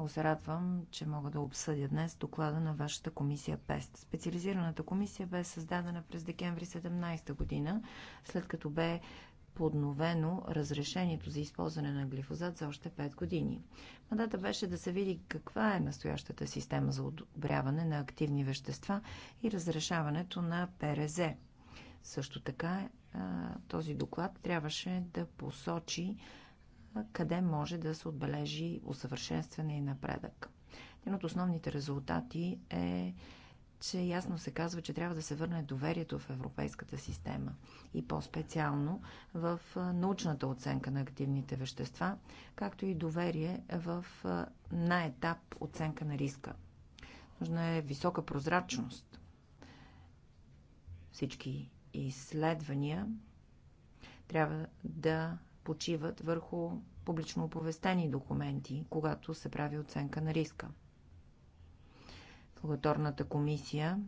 Много се радвам, че мога да обсъдя днес доклада на вашата комисия ПЕСТ. Специализираната комисия бе създадена през декември 17 година, след като бе подновено разрешението за използване на глифозат за още 5 години. Мадата беше да се види каква е настоящата система за одобряване на активни вещества и разрешаването на ПРЗ. Също така този доклад трябваше да посочи къде може да се отбележи усъвършенстване и напредък. Един от основните резултати е, че ясно се казва, че трябва да се върне доверието в европейската система и по-специално в научната оценка на активните вещества, както и доверие в на етап оценка на риска. Нужна е висока прозрачност. Всички изследвания трябва да почиват върху публично оповестени документи, когато се прави оценка на риска. В комисия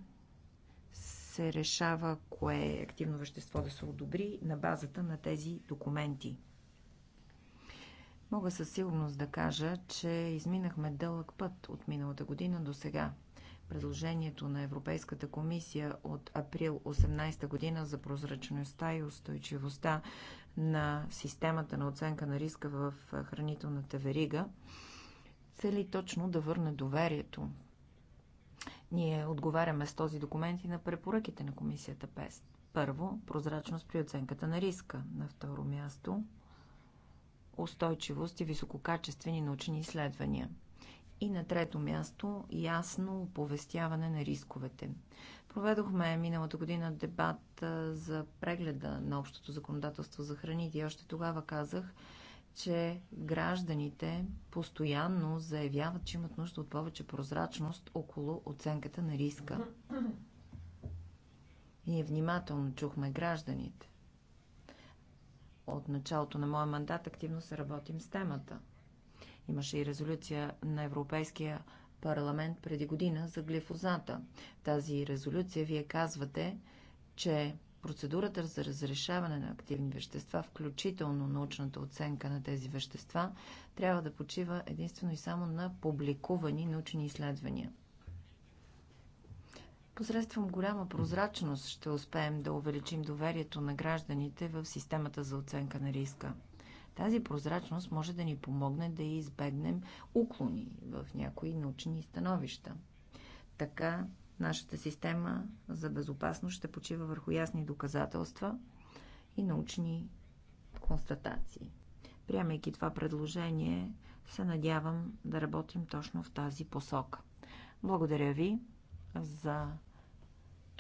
се решава кое активно вещество да се одобри на базата на тези документи. Мога със сигурност да кажа, че изминахме дълъг път от миналата година до сега. Предложението на Европейската комисия от април 18 година за прозрачността и устойчивостта на системата на оценка на риска в хранителната верига, цели точно да върне доверието. Ние отговаряме с този документ и на препоръките на комисията ПЕСТ. Първо, прозрачност при оценката на риска. На второ място, устойчивост и висококачествени научни изследвания. И на трето място, ясно оповестяване на рисковете. Проведохме миналата година дебат за прегледа на общото законодателство за храните и още тогава казах, че гражданите постоянно заявяват, че имат нужда от повече прозрачност около оценката на риска. Ние внимателно чухме гражданите. От началото на моя мандат активно се работим с темата. Имаше и резолюция на Европейския парламент преди година за глифозата. Тази резолюция вие казвате, че процедурата за разрешаване на активни вещества, включително научната оценка на тези вещества, трябва да почива единствено и само на публикувани научни изследвания. Посредством голяма прозрачност ще успеем да увеличим доверието на гражданите в системата за оценка на риска. Тази прозрачност може да ни помогне да избегнем уклони в някои научни становища. Така нашата система за безопасност ще почива върху ясни доказателства и научни констатации. Приемайки това предложение, се надявам да работим точно в тази посока. Благодаря ви за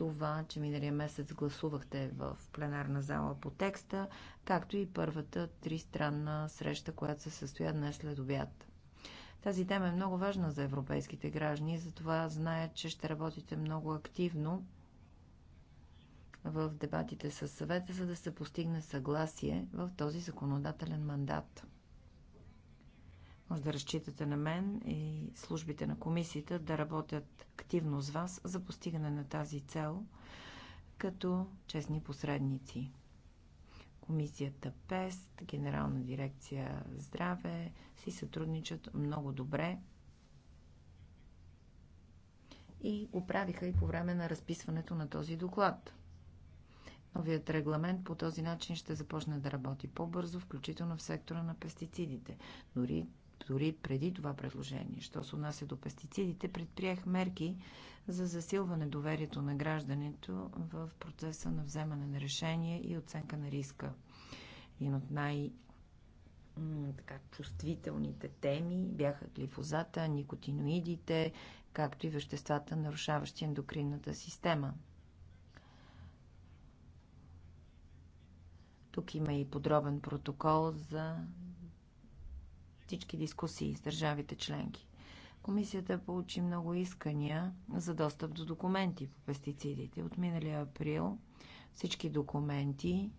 това, че миналия месец гласувахте в пленарна зала по текста, както и първата тристранна среща, която се състоя днес след обяд. Тази тема е много важна за европейските граждани, затова зная, че ще работите много активно в дебатите с съвета, за да се постигне съгласие в този законодателен мандат. Може да разчитате на мен и службите на комисията да работят активно с вас за постигане на тази цел като честни посредници. Комисията ПЕСТ, Генерална дирекция Здраве си сътрудничат много добре и го правиха и по време на разписването на този доклад. Новият регламент по този начин ще започне да работи по-бързо, включително в сектора на пестицидите. Дори дори преди това предложение. Що се отнася до пестицидите, предприех мерки за засилване доверието на граждането в процеса на вземане на решение и оценка на риска. Един от най- така, чувствителните теми бяха глифозата, никотиноидите, както и веществата, нарушаващи ендокринната система. Тук има и подробен протокол за всички дискусии с държавите членки. Комисията получи много искания за достъп до документи по пестицидите. От миналия април всички документи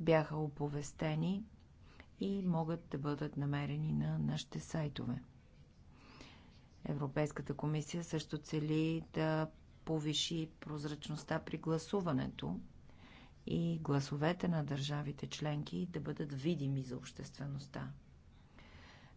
бяха оповестени и могат да бъдат намерени на нашите сайтове. Европейската комисия също цели да повиши прозрачността при гласуването и гласовете на държавите членки да бъдат видими за обществеността.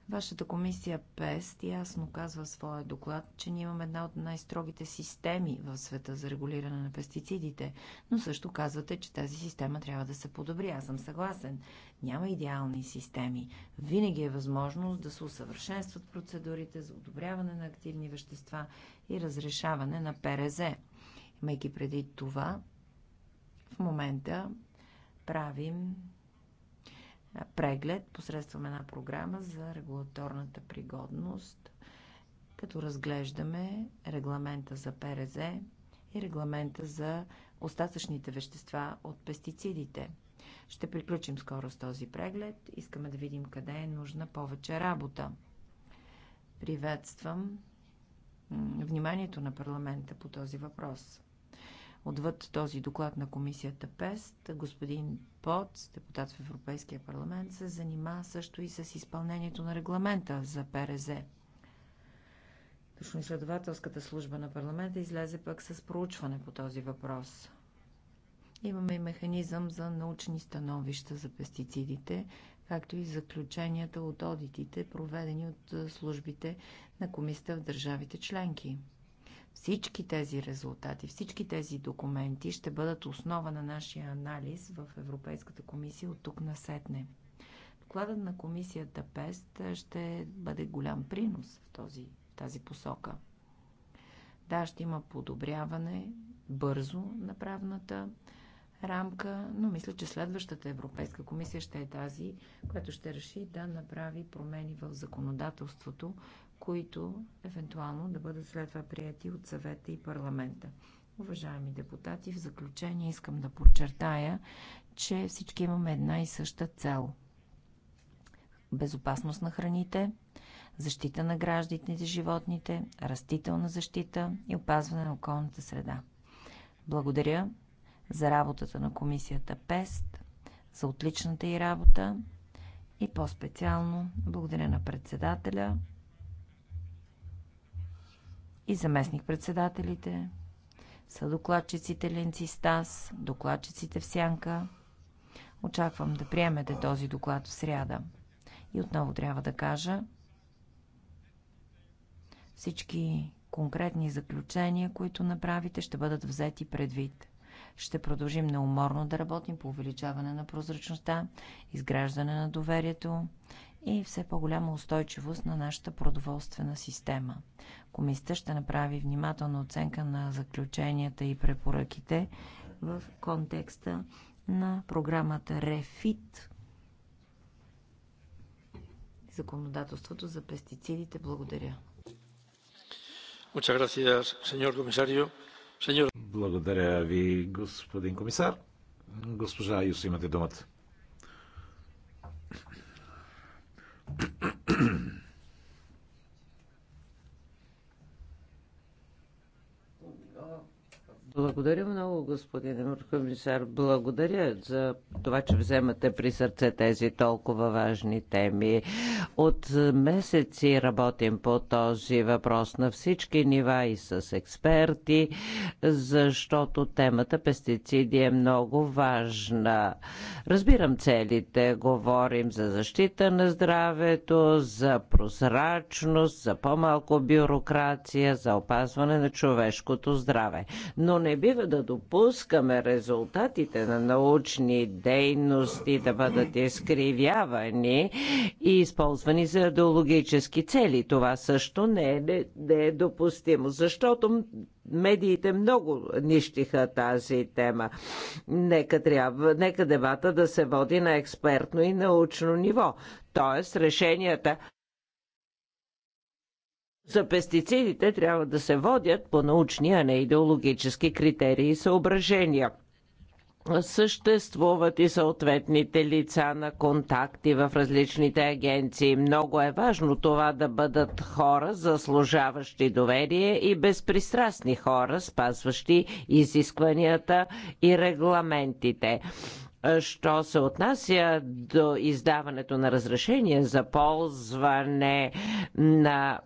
Вашата комисия ПЕСТ ясно казва в своя доклад, че ние имаме една от най-строгите системи в света за регулиране на пестицидите, но също казвате, че тази система трябва да се подобри. Аз съм съгласен. Няма идеални системи. Винаги е възможност да се усъвършенстват процедурите за одобряване на активни вещества и разрешаване на ПРЗ. Имайки преди това, в момента правим преглед посредством една програма за регулаторната пригодност, като разглеждаме регламента за ПРЗ и регламента за остатъчните вещества от пестицидите. Ще приключим скоро с този преглед. Искаме да видим къде е нужна повече работа. Приветствам вниманието на парламента по този въпрос отвъд този доклад на комисията ПЕСТ, господин Поц, депутат в Европейския парламент, се занима също и с изпълнението на регламента за ПРЗ. Точно изследователската служба на парламента излезе пък с проучване по този въпрос. Имаме и механизъм за научни становища за пестицидите, както и заключенията от одитите, проведени от службите на комисията в държавите членки. Всички тези резултати, всички тези документи ще бъдат основа на нашия анализ в Европейската комисия от тук на сетне. Докладът на комисията ПЕСТ ще бъде голям принос в този, в тази посока. Да, ще има подобряване бързо на правната рамка, но мисля, че следващата Европейска комисия ще е тази, която ще реши да направи промени в законодателството, които евентуално да бъдат след това прияти от съвета и парламента. Уважаеми депутати, в заключение искам да подчертая, че всички имаме една и съща цел. Безопасност на храните, защита на гражданите, животните, растителна защита и опазване на околната среда. Благодаря за работата на комисията ПЕСТ, за отличната й работа и по-специално благодаря на председателя, и заместник-председателите, докладчиците Ленци Стас, докладчиците в Сянка. Очаквам да приемете този доклад в сряда. И отново трябва да кажа, всички конкретни заключения, които направите, ще бъдат взети предвид. Ще продължим неуморно да работим по увеличаване на прозрачността, изграждане на доверието и все по-голяма устойчивост на нашата продоволствена система. Комисията ще направи внимателна оценка на заключенията и препоръките в контекста на програмата РЕФИТ законодателството за пестицидите. Благодаря. Благодаря ви, господин комисар. Госпожа Юс, имате думата. Благодаря много, господин Еврокомисар. Благодаря за това, че вземате при сърце тези толкова важни теми. От месеци работим по този въпрос на всички нива и с експерти, защото темата пестициди е много важна. Разбирам целите. Говорим за защита на здравето, за прозрачност, за по-малко бюрокрация, за опазване на човешкото здраве. Но не не бива да допускаме резултатите на научни дейности да бъдат изкривявани и използвани за идеологически цели. Това също не е, не, не е допустимо, защото медиите много нищиха тази тема. Нека, трябва, нека дебата да се води на експертно и научно ниво. Тоест, решенията за пестицидите трябва да се водят по научни, а не идеологически критерии и съображения съществуват и съответните лица на контакти в различните агенции. Много е важно това да бъдат хора, заслужаващи доверие и безпристрастни хора, спазващи изискванията и регламентите. Що се отнася до издаването на разрешение за ползване на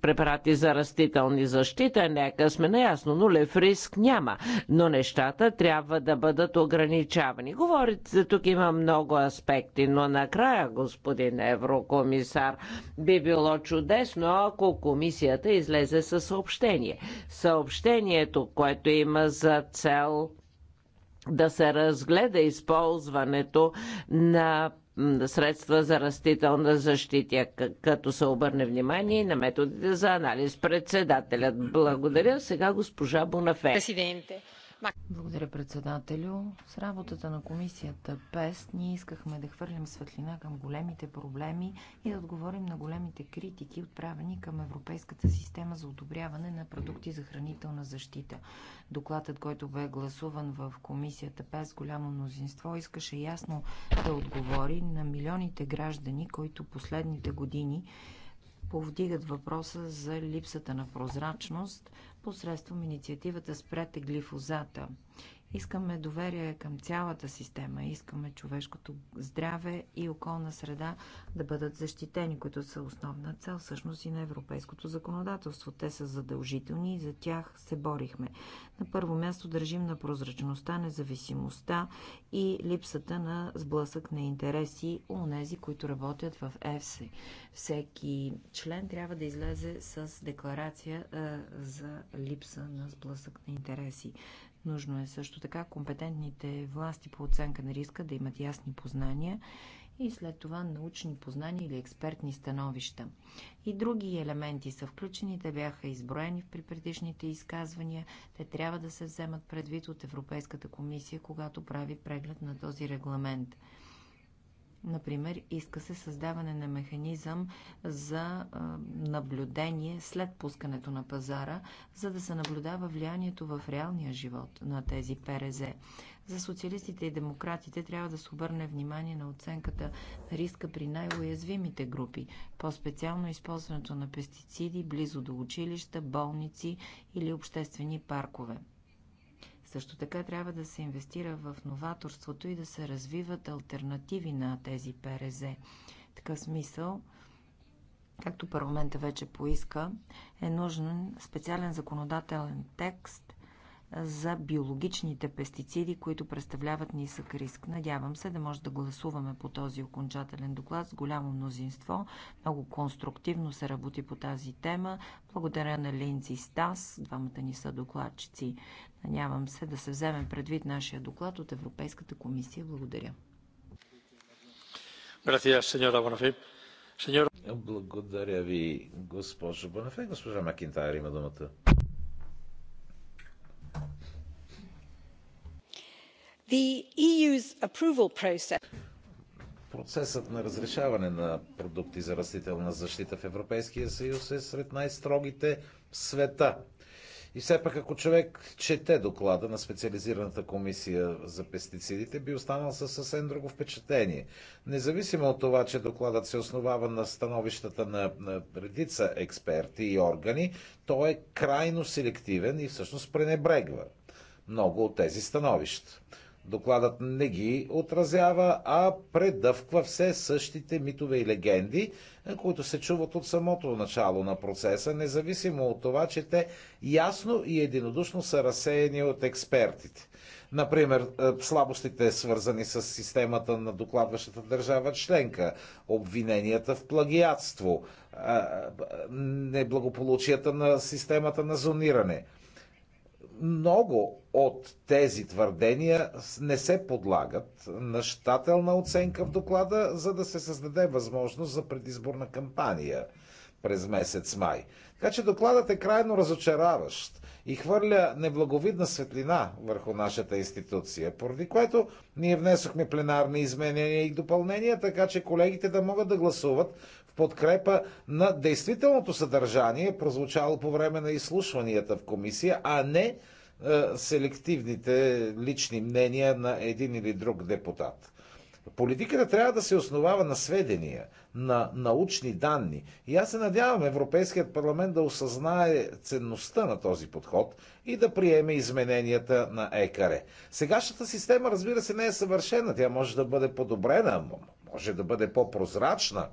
препарати за растителни защита, нека сме наясно, нулев риск няма, но нещата трябва да бъдат ограничавани. Говорите, тук има много аспекти, но накрая, господин еврокомисар, би било чудесно, ако комисията излезе със съобщение. Съобщението, което има за цел да се разгледа използването на средства за растителна защита, като се обърне внимание на методите за анализ. Председателят благодаря. Сега госпожа Бонафе. Президенте. Благодаря, председателю. С работата на комисията ПЕС, ние искахме да хвърлим светлина към големите проблеми и да отговорим на големите критики, отправени към Европейската система за одобряване на продукти за хранителна защита. Докладът, който бе гласуван в комисията ПЕС, голямо мнозинство, искаше ясно да отговори на милионите граждани, които последните години повдигат въпроса за липсата на прозрачност – посредством инициативата Спрете глифозата Искаме доверие към цялата система. Искаме човешкото здраве и околна среда да бъдат защитени, които са основна цел всъщност и на европейското законодателство. Те са задължителни и за тях се борихме. На първо място държим на прозрачността, независимостта и липсата на сблъсък на интереси у нези, които работят в ЕФСИ. Всеки член трябва да излезе с декларация за липса на сблъсък на интереси. Нужно е също така компетентните власти по оценка на риска да имат ясни познания и след това научни познания или експертни становища. И други елементи са включени, те бяха изброени при предишните изказвания. Те трябва да се вземат предвид от Европейската комисия, когато прави преглед на този регламент. Например, иска се създаване на механизъм за наблюдение след пускането на пазара, за да се наблюдава влиянието в реалния живот на тези ПРЗ. За социалистите и демократите трябва да се обърне внимание на оценката на риска при най-уязвимите групи, по-специално използването на пестициди близо до училища, болници или обществени паркове. Също така трябва да се инвестира в новаторството и да се развиват альтернативи на тези ПРЗ. такъв смисъл, както парламента вече поиска, е нужен специален законодателен текст за биологичните пестициди, които представляват нисък риск. Надявам се да може да гласуваме по този окончателен доклад с голямо мнозинство. Много конструктивно се работи по тази тема. Благодаря на Линци Стас, двамата ни са докладчици. Надявам се да се вземе предвид нашия доклад от Европейската комисия. Благодаря. Благодаря ви, госпожо Бонафе. Госпожа Макинтайр има думата. E Процесът на разрешаване на продукти за растителна защита в Европейския съюз е сред най-строгите в света. И все пак, ако човек чете доклада на специализираната комисия за пестицидите, би останал със съвсем друго впечатление. Независимо от това, че докладът се основава на становищата на, на редица експерти и органи, той е крайно селективен и всъщност пренебрегва много от тези становища. Докладът не ги отразява, а предъвква все същите митове и легенди, е, които се чуват от самото начало на процеса, независимо от това, че те ясно и единодушно са разсеяни от експертите. Например, е, слабостите свързани с системата на докладващата държава членка, обвиненията в плагиатство, е, неблагополучията на системата на зониране – много от тези твърдения не се подлагат на щателна оценка в доклада, за да се създаде възможност за предизборна кампания през месец май. Така че докладът е крайно разочараващ и хвърля неблаговидна светлина върху нашата институция, поради което ние внесохме пленарни изменения и допълнения, така че колегите да могат да гласуват в подкрепа на действителното съдържание, прозвучало по време на изслушванията в комисия, а не е, селективните лични мнения на един или друг депутат. Политиката трябва да се основава на сведения, на научни данни. И аз се надявам Европейският парламент да осъзнае ценността на този подход и да приеме измененията на ЕКАРЕ. Сегашната система, разбира се, не е съвършена. Тя може да бъде подобрена, може да бъде по-прозрачна,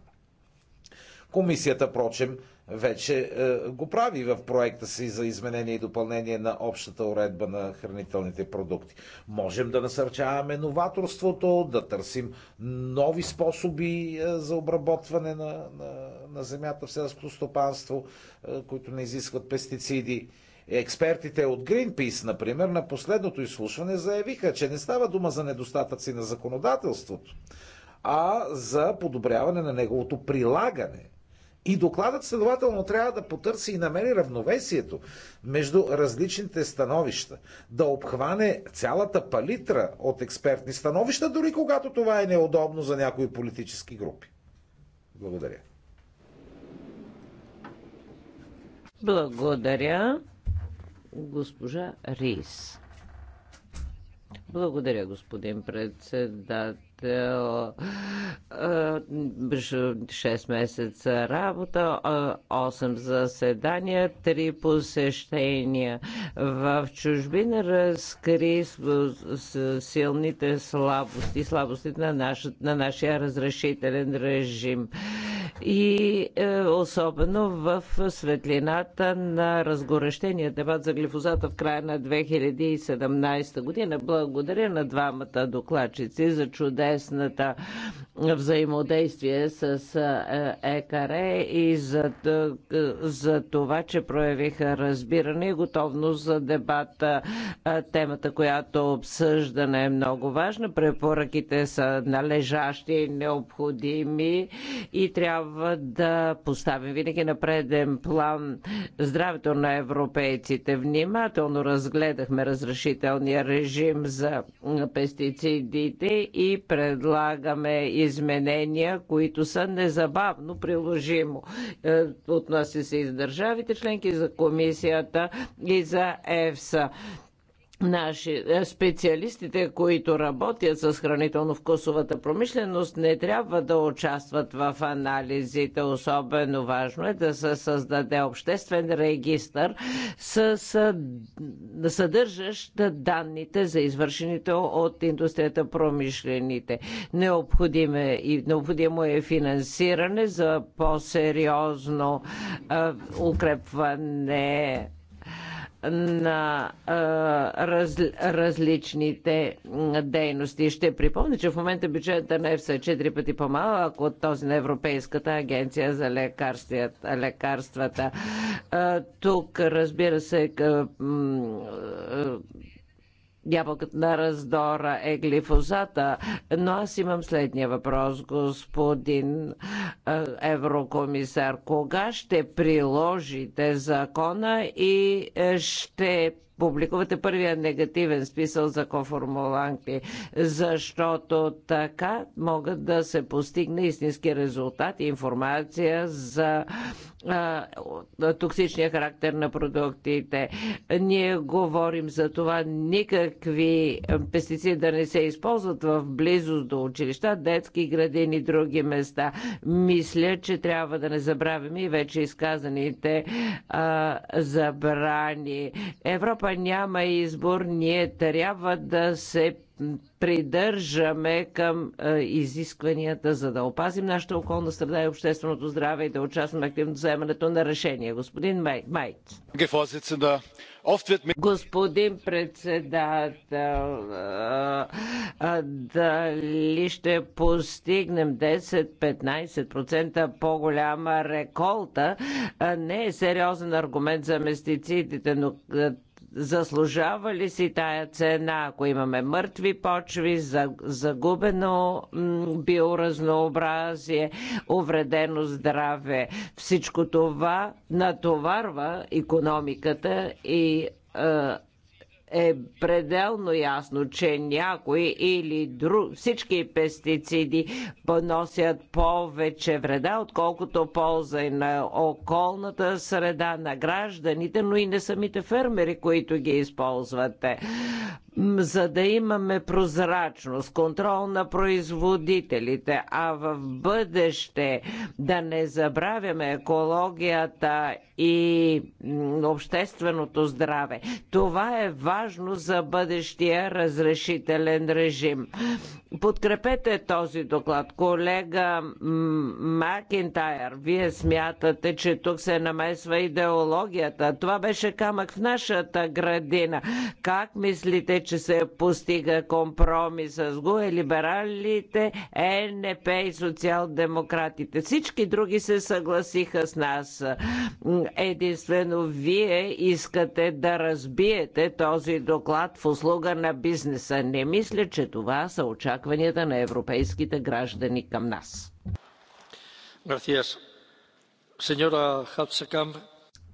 Комисията, прочем, вече е, го прави в проекта си за изменение и допълнение на общата уредба на хранителните продукти. Можем да насърчаваме новаторството, да търсим нови способи е, за обработване на, на, на земята в селското стопанство, е, които не изискват пестициди. Експертите от Greenpeace, например, на последното изслушване заявиха, че не става дума за недостатъци на законодателството, а за подобряване на неговото прилагане – и докладът следователно трябва да потърси и намери равновесието между различните становища, да обхване цялата палитра от експертни становища, дори когато това е неудобно за някои политически групи. Благодаря. Благодаря, госпожа Рис. Благодаря, господин председател служител, 6 е, месеца работа, 8 е, заседания, 3 посещения. В чужбина разкри силните слабости, слабостите на, наш, на нашия разрешителен режим и е, особено в светлината на разгорещения дебат за глифозата в края на 2017 година. Благодаря на двамата докладчици за чудесната взаимодействие с е, ЕКАРЕ и за, е, за това, че проявиха разбиране и готовност за дебата. Е, темата, която обсъждане е много важна. Препоръките са належащи и необходими и трябва трябва да поставим винаги на преден план здравето на европейците. Внимателно разгледахме разрешителния режим за пестицидите и предлагаме изменения, които са незабавно приложимо. Е, отнася се и за държавите членки, за комисията и за ЕФСА. Наши е, специалистите, които работят с хранително-вкусовата промишленост, не трябва да участват в анализите. Особено важно е да се създаде обществен регистр с съдържащ данните за извършените от индустрията промишлените. Необходимо е, и необходимо е финансиране за по-сериозно е, укрепване на а, раз, различните дейности. Ще припомня, че в момента бюджета на ЕФСА е 4 пъти по-малък от този на Европейската агенция за лекарствата. А, тук, разбира се, ябълката на раздора е глифозата, но аз имам следния въпрос, господин еврокомисар. Кога ще приложите закона и е, ще публикувате първия негативен списъл за коформуланти, защото така могат да се постигне истински резултат и информация за токсичния характер на продуктите. Ние говорим за това никакви пестициди да не се използват в близост до училища, детски градини и други места. Мисля, че трябва да не забравим и вече изказаните а, забрани. Европа няма избор, ние трябва да се придържаме към е, изискванията, за да опазим нашата околна среда и общественото здраве и да участваме активно в вземането на решения. Господин Майт. Господин председател, е, е, дали ще постигнем 10-15% по-голяма реколта, не е сериозен аргумент за местицидите, но заслужава ли си тая цена, ако имаме мъртви почви, загубено биоразнообразие, увредено здраве. Всичко това натоварва економиката и е пределно ясно, че някои или друг, всички пестициди поносят повече вреда, отколкото полза и на околната среда, на гражданите, но и на самите фермери, които ги използвате за да имаме прозрачност, контрол на производителите, а в бъдеще да не забравяме екологията и общественото здраве. Това е важно за бъдещия разрешителен режим. Подкрепете този доклад. Колега Макентайр, вие смятате, че тук се намесва идеологията. Това беше камък в нашата градина. Как мислите, че се постига компромис с ГУЕ, либералите, ЕНП и социал-демократите. Всички други се съгласиха с нас. Единствено вие искате да разбиете този доклад в услуга на бизнеса. Не мисля, че това са очакванията на европейските граждани към нас.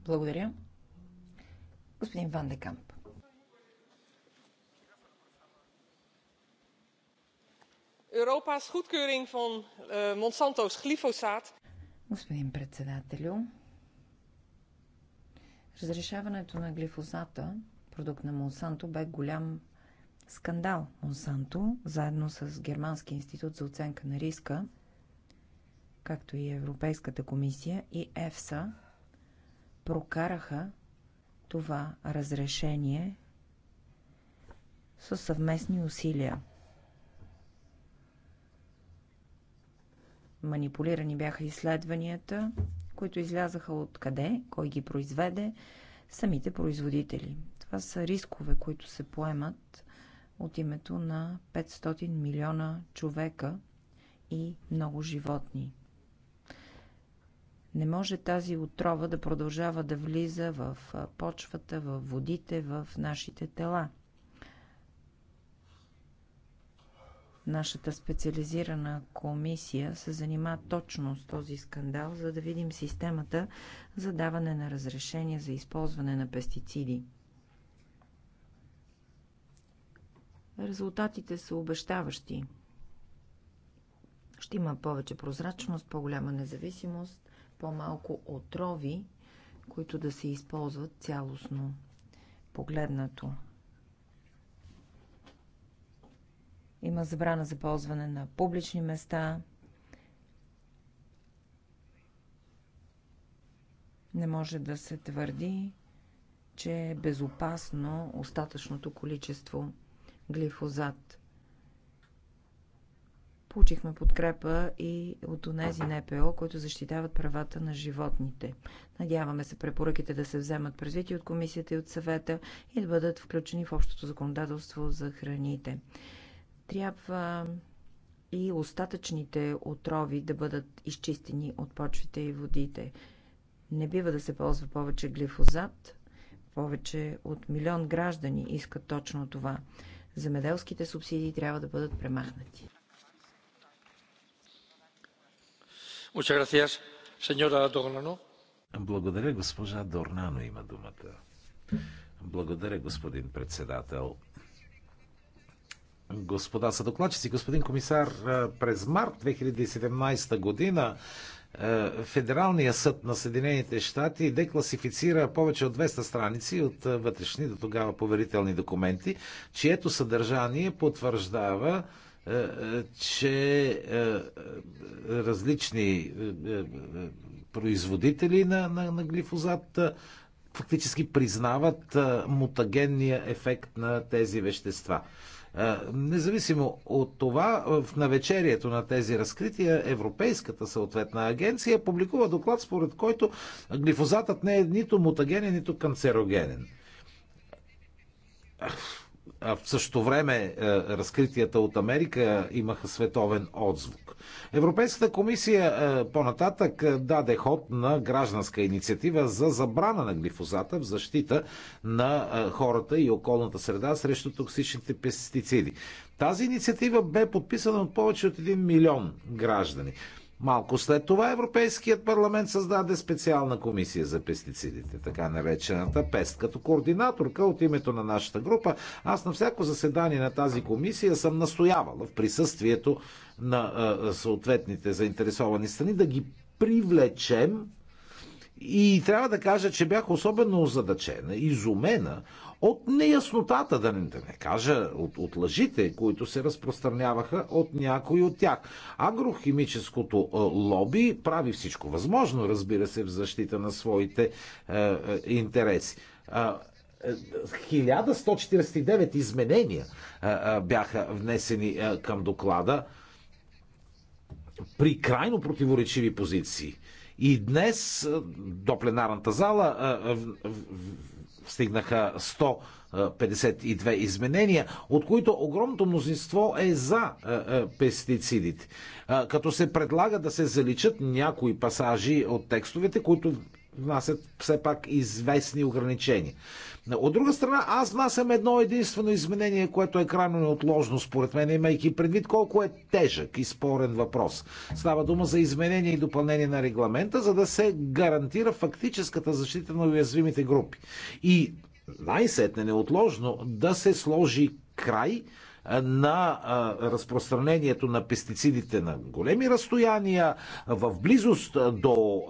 Благодаря. Господин Ван Декамп. Europa's goedkeuring van eh, Monsanto's glyfosaat. Господин председателю, разрешаването на глифозата, продукт на Монсанто, бе голям скандал. Монсанто, заедно с Германския институт за оценка на риска, както и Европейската комисия и ЕФСА, прокараха това разрешение със съвместни усилия. Манипулирани бяха изследванията, които излязаха от къде, кой ги произведе, самите производители. Това са рискове, които се поемат от името на 500 милиона човека и много животни. Не може тази отрова да продължава да влиза в почвата, в водите, в нашите тела. Нашата специализирана комисия се занима точно с този скандал, за да видим системата за даване на разрешение за използване на пестициди. Резултатите са обещаващи. Ще има повече прозрачност, по-голяма независимост, по-малко отрови, които да се използват цялостно погледнато. Има забрана за ползване на публични места. Не може да се твърди, че е безопасно остатъчното количество глифозат. Получихме подкрепа и от тези НПО, които защитават правата на животните. Надяваме се препоръките да се вземат предвид и от комисията и от съвета и да бъдат включени в общото законодателство за храните. Трябва и остатъчните отрови да бъдат изчистени от почвите и водите. Не бива да се ползва повече глифозат. Повече от милион граждани искат точно това. Земеделските субсидии трябва да бъдат премахнати. Благодаря, госпожа Дорнано има думата. Благодаря, господин председател господа са докладчици Господин комисар, е, през март 2017 година е, Федералния съд на Съединените щати декласифицира повече от 200 страници от е, вътрешни до тогава поверителни документи, чието съдържание потвърждава че различни производители на, на, на глифозат фактически признават мутагенния ефект на тези вещества. Е, независимо от това, в навечерието на тези разкрития Европейската съответна агенция публикува доклад, според който глифозатът не е нито мутагенен, нито канцерогенен. А в същото време е, разкритията от Америка имаха световен отзвук. Европейската комисия е, по-нататък е, даде ход на гражданска инициатива за забрана на глифозата в защита на е, хората и околната среда срещу токсичните пестициди. Тази инициатива бе подписана от повече от 1 милион граждани. Малко след това Европейският парламент създаде специална комисия за пестицидите, така наречената ПЕСТ. Като координаторка от името на нашата група, аз на всяко заседание на тази комисия съм настоявала в присъствието на съответните заинтересовани страни да ги привлечем и трябва да кажа, че бях особено озадачена, изумена от неяснотата, да не, да не кажа, от, от лъжите, които се разпространяваха от някои от тях. Агрохимическото е, лоби прави всичко възможно, разбира се, в защита на своите е, е, интереси. 1149 е, изменения е, бяха внесени към доклада при крайно противоречиви позиции. И днес до пленарната зала стигнаха 152 изменения, от които огромното мнозинство е за пестицидите. Като се предлага да се заличат някои пасажи от текстовете, които внасят все пак известни ограничения. От друга страна, аз внасям едно единствено изменение, което е крайно неотложно, според мен, имайки предвид колко е тежък и спорен въпрос. Става дума за изменение и допълнение на регламента, за да се гарантира фактическата защита на уязвимите групи. И най-сетне неотложно да се сложи край на разпространението на пестицидите на големи разстояния, в близост до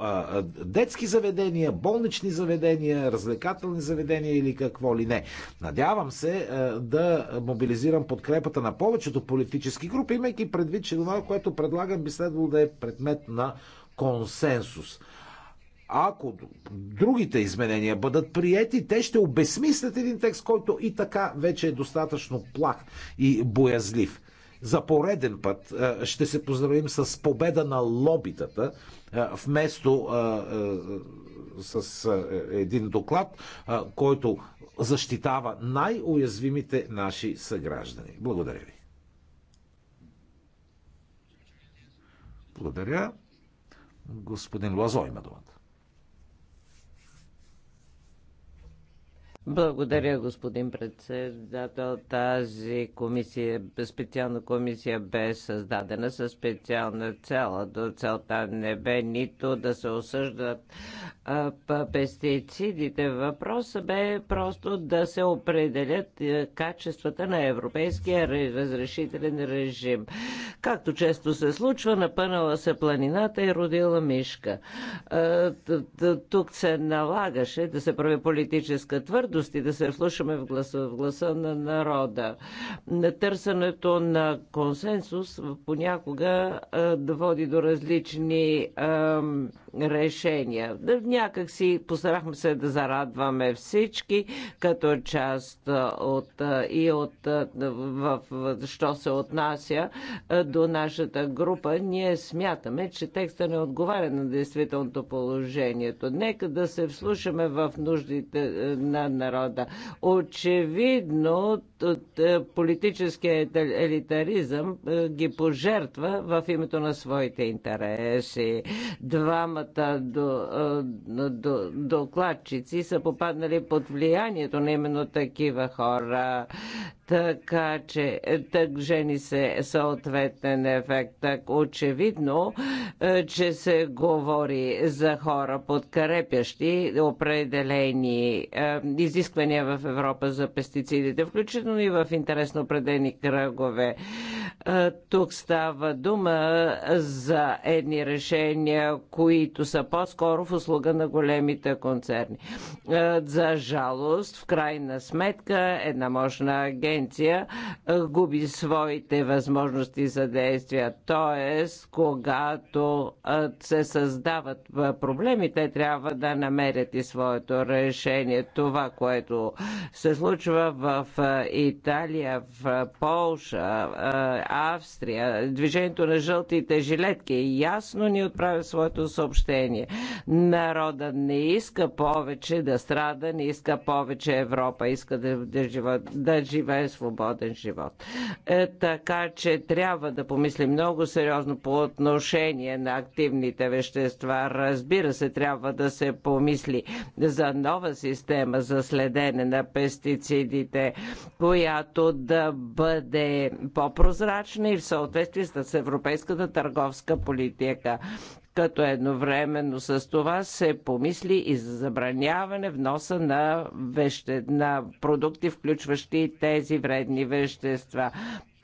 детски заведения, болнични заведения, развлекателни заведения или какво ли не. Надявам се да мобилизирам подкрепата на повечето политически групи, имайки предвид, че това, което предлагам, би следвало да е предмет на консенсус ако другите изменения бъдат приети, те ще обесмислят един текст, който и така вече е достатъчно плах и боязлив. За пореден път е, ще се поздравим с победа на лобитата, е, вместо е, с един доклад, който защитава най-уязвимите наши съграждани. Благодаря ви. Благодаря. Господин Лазо има думата. Благодаря, господин председател. Тази комисия, специална комисия бе създадена със специална цел. До целта не бе нито да се осъждат а, пестицидите. Въпросът бе просто да се определят е, качествата на европейския разрешителен режим. Както често се случва, напънала се планината и родила мишка. А, тук се налагаше да се прави политическа твърдост трудности да се вслушаме в гласа, в гласа на народа. На търсенето на консенсус понякога води до различни ам, решения. Някак си постарахме се да зарадваме всички, като част от и от в, в, що се отнася до нашата група. Ние смятаме, че текста не отговаря на действителното положението. Нека да се вслушаме в нуждите на народа. Очевидно, политическият елитаризъм ги пожертва в името на своите интереси. Двама двамата до, до, докладчици са попаднали под влиянието на именно такива хора. Така че е, тък жени се съответен ефект. Так очевидно, е, че се говори за хора подкрепящи определени е, изисквания в Европа за пестицидите, включително и в интересно определени кръгове. Тук става дума за едни решения, които които са по-скоро в услуга на големите концерни. Е, за жалост, в крайна сметка, една мощна агенция е, губи своите възможности за действия. Тоест, когато е, се създават проблеми, те трябва да намерят и своето решение. Това, което се случва в Италия, в Полша, Австрия, движението на жълтите жилетки ясно ни отправя своето съобщение съобщение. Народа не иска повече да страда, не иска повече Европа, иска да, да, жива, да живее свободен живот. Е, така че трябва да помислим много сериозно по отношение на активните вещества. Разбира се, трябва да се помисли за нова система за следене на пестицидите, която да бъде по-прозрачна и в съответствие с европейската търговска политика като едновременно с това се помисли и за забраняване вноса на, веще, на продукти, включващи тези вредни вещества.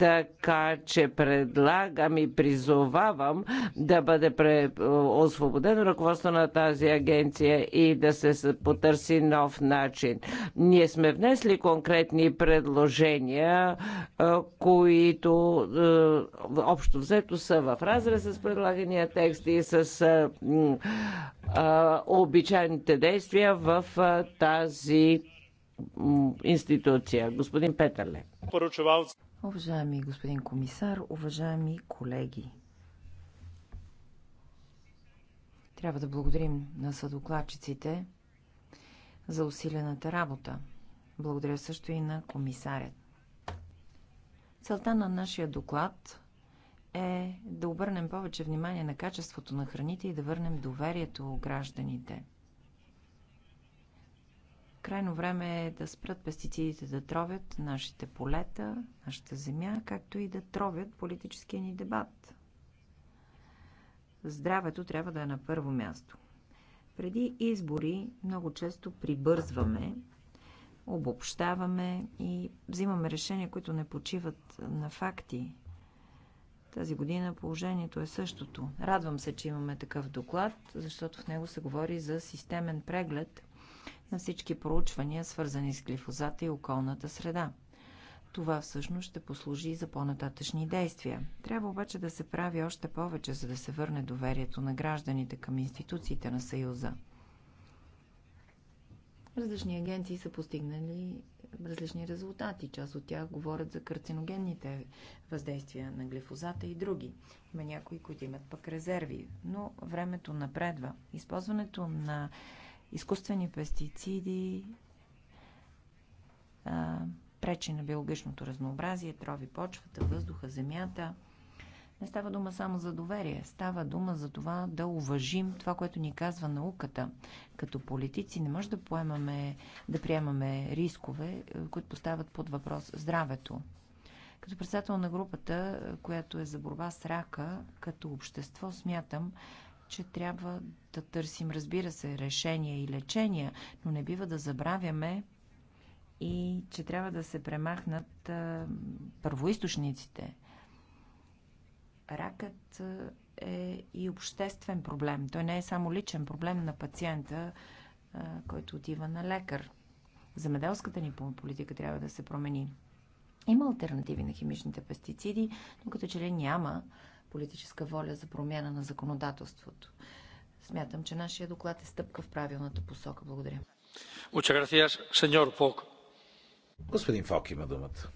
Така че предлагам и призовавам да бъде пре... освободено ръководство на тази агенция и да се потърси нов начин. Ние сме внесли конкретни предложения, които общо взето са в разрез с предлагания текст и с обичайните действия в тази институция. Господин Петърле. Уважаеми господин комисар, уважаеми колеги, трябва да благодарим на съдокладчиците за усилената работа. Благодаря също и на комисарят. Целта на нашия доклад е да обърнем повече внимание на качеството на храните и да върнем доверието у гражданите. Крайно време е да спрат пестицидите да тровят нашите полета, нашата земя, както и да тровят политическия ни дебат. Здравето трябва да е на първо място. Преди избори много често прибързваме, обобщаваме и взимаме решения, които не почиват на факти. Тази година положението е същото. Радвам се, че имаме такъв доклад, защото в него се говори за системен преглед – на всички проучвания, свързани с глифозата и околната среда. Това всъщност ще послужи и за по-нататъчни действия. Трябва обаче да се прави още повече, за да се върне доверието на гражданите към институциите на Съюза. Различни агенции са постигнали различни резултати. Част от тях говорят за карциногенните въздействия на глифозата и други. Има някои, които имат пък резерви, но времето напредва. Използването на изкуствени пестициди, пречи на биологичното разнообразие, трови почвата, въздуха, земята. Не става дума само за доверие, става дума за това да уважим това, което ни казва науката. Като политици не може да поемаме, да приемаме рискове, е, които поставят под въпрос здравето. Като председател на групата, е, която е за борба с рака, като общество, смятам, че трябва да търсим, разбира се, решения и лечения, но не бива да забравяме и че трябва да се премахнат а, първоисточниците. Ракът е и обществен проблем. Той не е само личен проблем на пациента, а, който отива на лекар. Замеделската ни политика трябва да се промени. Има альтернативи на химичните пестициди, но като че ли няма политическа воля за промяна на законодателството. Смятам, че нашия доклад е стъпка в правилната посока. Благодаря. Господин Фок има думата.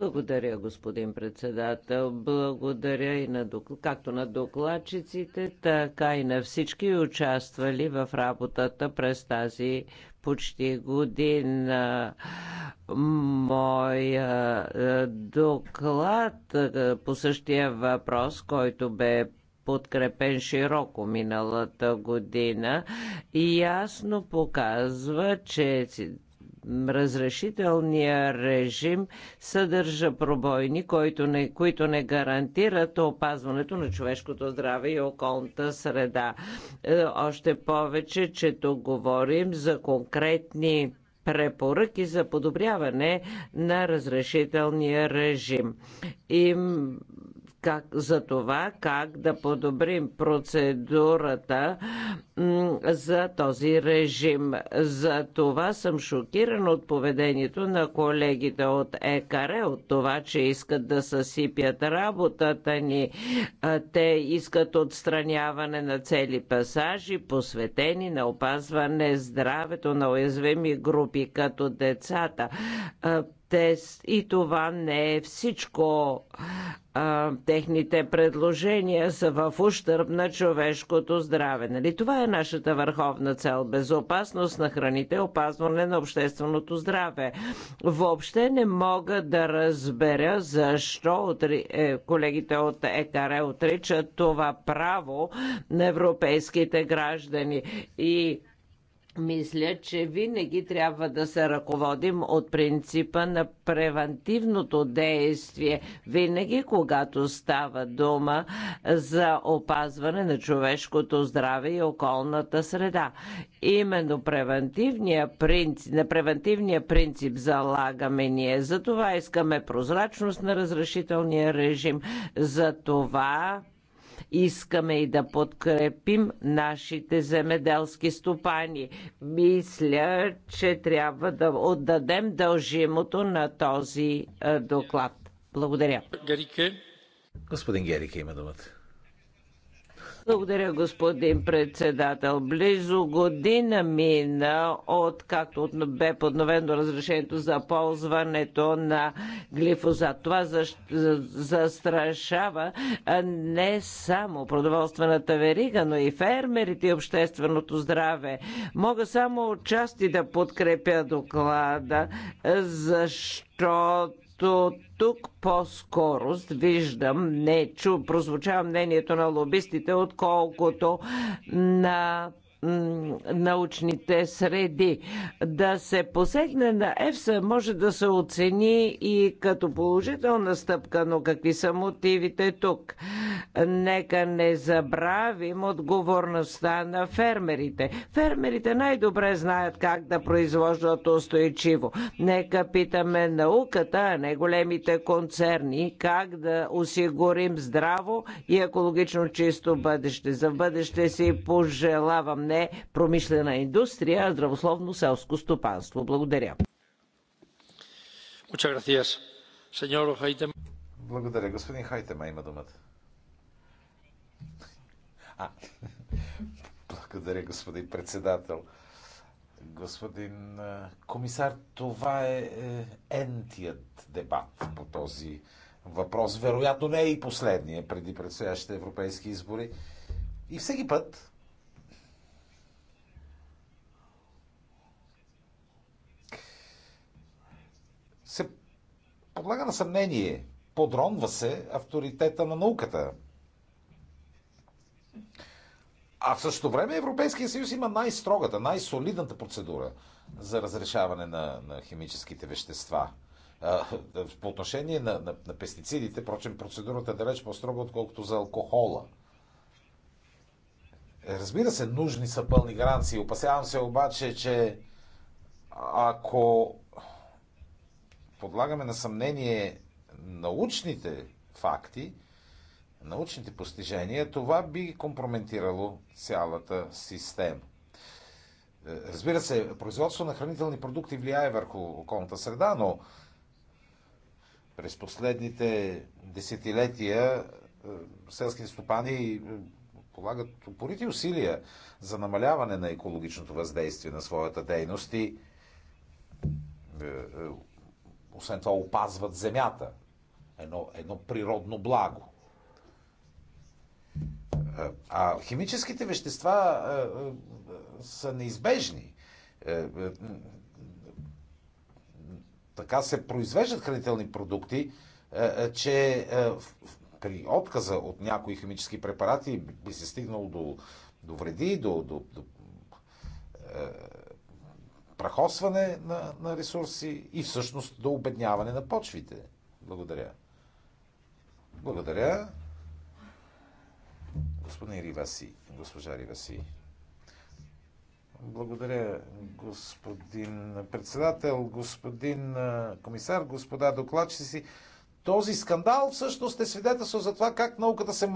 Благодаря, господин председател. Благодаря и на, както на докладчиците, така и на всички участвали в работата през тази почти година. Моя е, доклад е, по същия въпрос, който бе подкрепен широко миналата година, ясно показва, че разрешителния режим съдържа пробойни, които не, които не гарантират опазването на човешкото здраве и околната среда. Е, още повече, че тук говорим за конкретни препоръки за подобряване на разрешителния режим. И как, за това как да подобрим процедурата за този режим. За това съм шокиран от поведението на колегите от ЕКАРЕ, от това, че искат да съсипят работата ни. Те искат отстраняване на цели пасажи, посветени на опазване здравето на уязвими групи, като децата тест и това не е всичко. А, техните предложения са в ущърб на човешкото здраве. Нали? Това е нашата върховна цел. Безопасност на храните, опазване на общественото здраве. Въобще не мога да разбера защо отри... Е, колегите от ЕКАРЕ отричат това право на европейските граждани. И мисля, че винаги трябва да се ръководим от принципа на превентивното действие, винаги когато става дума за опазване на човешкото здраве и околната среда. Именно превентивния принцип, на превентивния принцип залагаме ние. Затова искаме прозрачност на разрешителния режим. Затова Искаме и да подкрепим нашите земеделски стопани. Мисля, че трябва да отдадем дължимото на този е, доклад. Благодаря. Господин Герике има думата. Благодаря, господин председател. Близо година мина от както бе подновено разрешението за ползването на глифозат. Това застрашава не само продоволствената верига, но и фермерите и общественото здраве. Мога само отчасти да подкрепя доклада, защото Вместо тук по скорост виждам, не чу, прозвучава мнението на лобистите, отколкото на научните среди. Да се посегне на ЕФСА може да се оцени и като положителна стъпка, но какви са мотивите тук? Нека не забравим отговорността на фермерите. Фермерите най-добре знаят как да произвождат устойчиво. Нека питаме науката, а не големите концерни, как да осигурим здраво и екологично чисто бъдеще. За бъдеще си пожелавам не промишлена индустрия, а здравословно селско стопанство. Благодаря. Благодаря. Господин Хайтема има думата. А, благодаря, господин председател. Господин комисар, това е, е ентият дебат по този въпрос. Вероятно не е и последния преди предстоящите европейски избори. И всеки път се подлага на съмнение, подронва се авторитета на науката. А в същото време Европейския съюз има най-строгата, най-солидната процедура за разрешаване на, на химическите вещества. По отношение на, на, на пестицидите, впрочем, процедурата е далеч по-строга, отколкото за алкохола. Разбира се, нужни са пълни гаранции. Опасявам се обаче, че ако подлагаме на съмнение научните факти, научните постижения, това би компрометирало цялата система. Е, разбира се, производство на хранителни продукти влияе върху околната среда, но през последните десетилетия е, селските стопани е, полагат упорити усилия за намаляване на екологичното въздействие на своята дейност и освен това опазват земята. Едно, едно природно благо. Е, а химическите вещества е, е, са неизбежни. Така се произвеждат хранителни продукти, че при отказа от някои химически препарати би се стигнало до, до вреди, до, до, до прахосване на, на ресурси и всъщност до обедняване на почвите. Благодаря. Благодаря. Господин Риваси, госпожа Риваси. Благодаря, господин председател, господин комисар, господа докладчици този скандал всъщност е свидетелство за това как науката се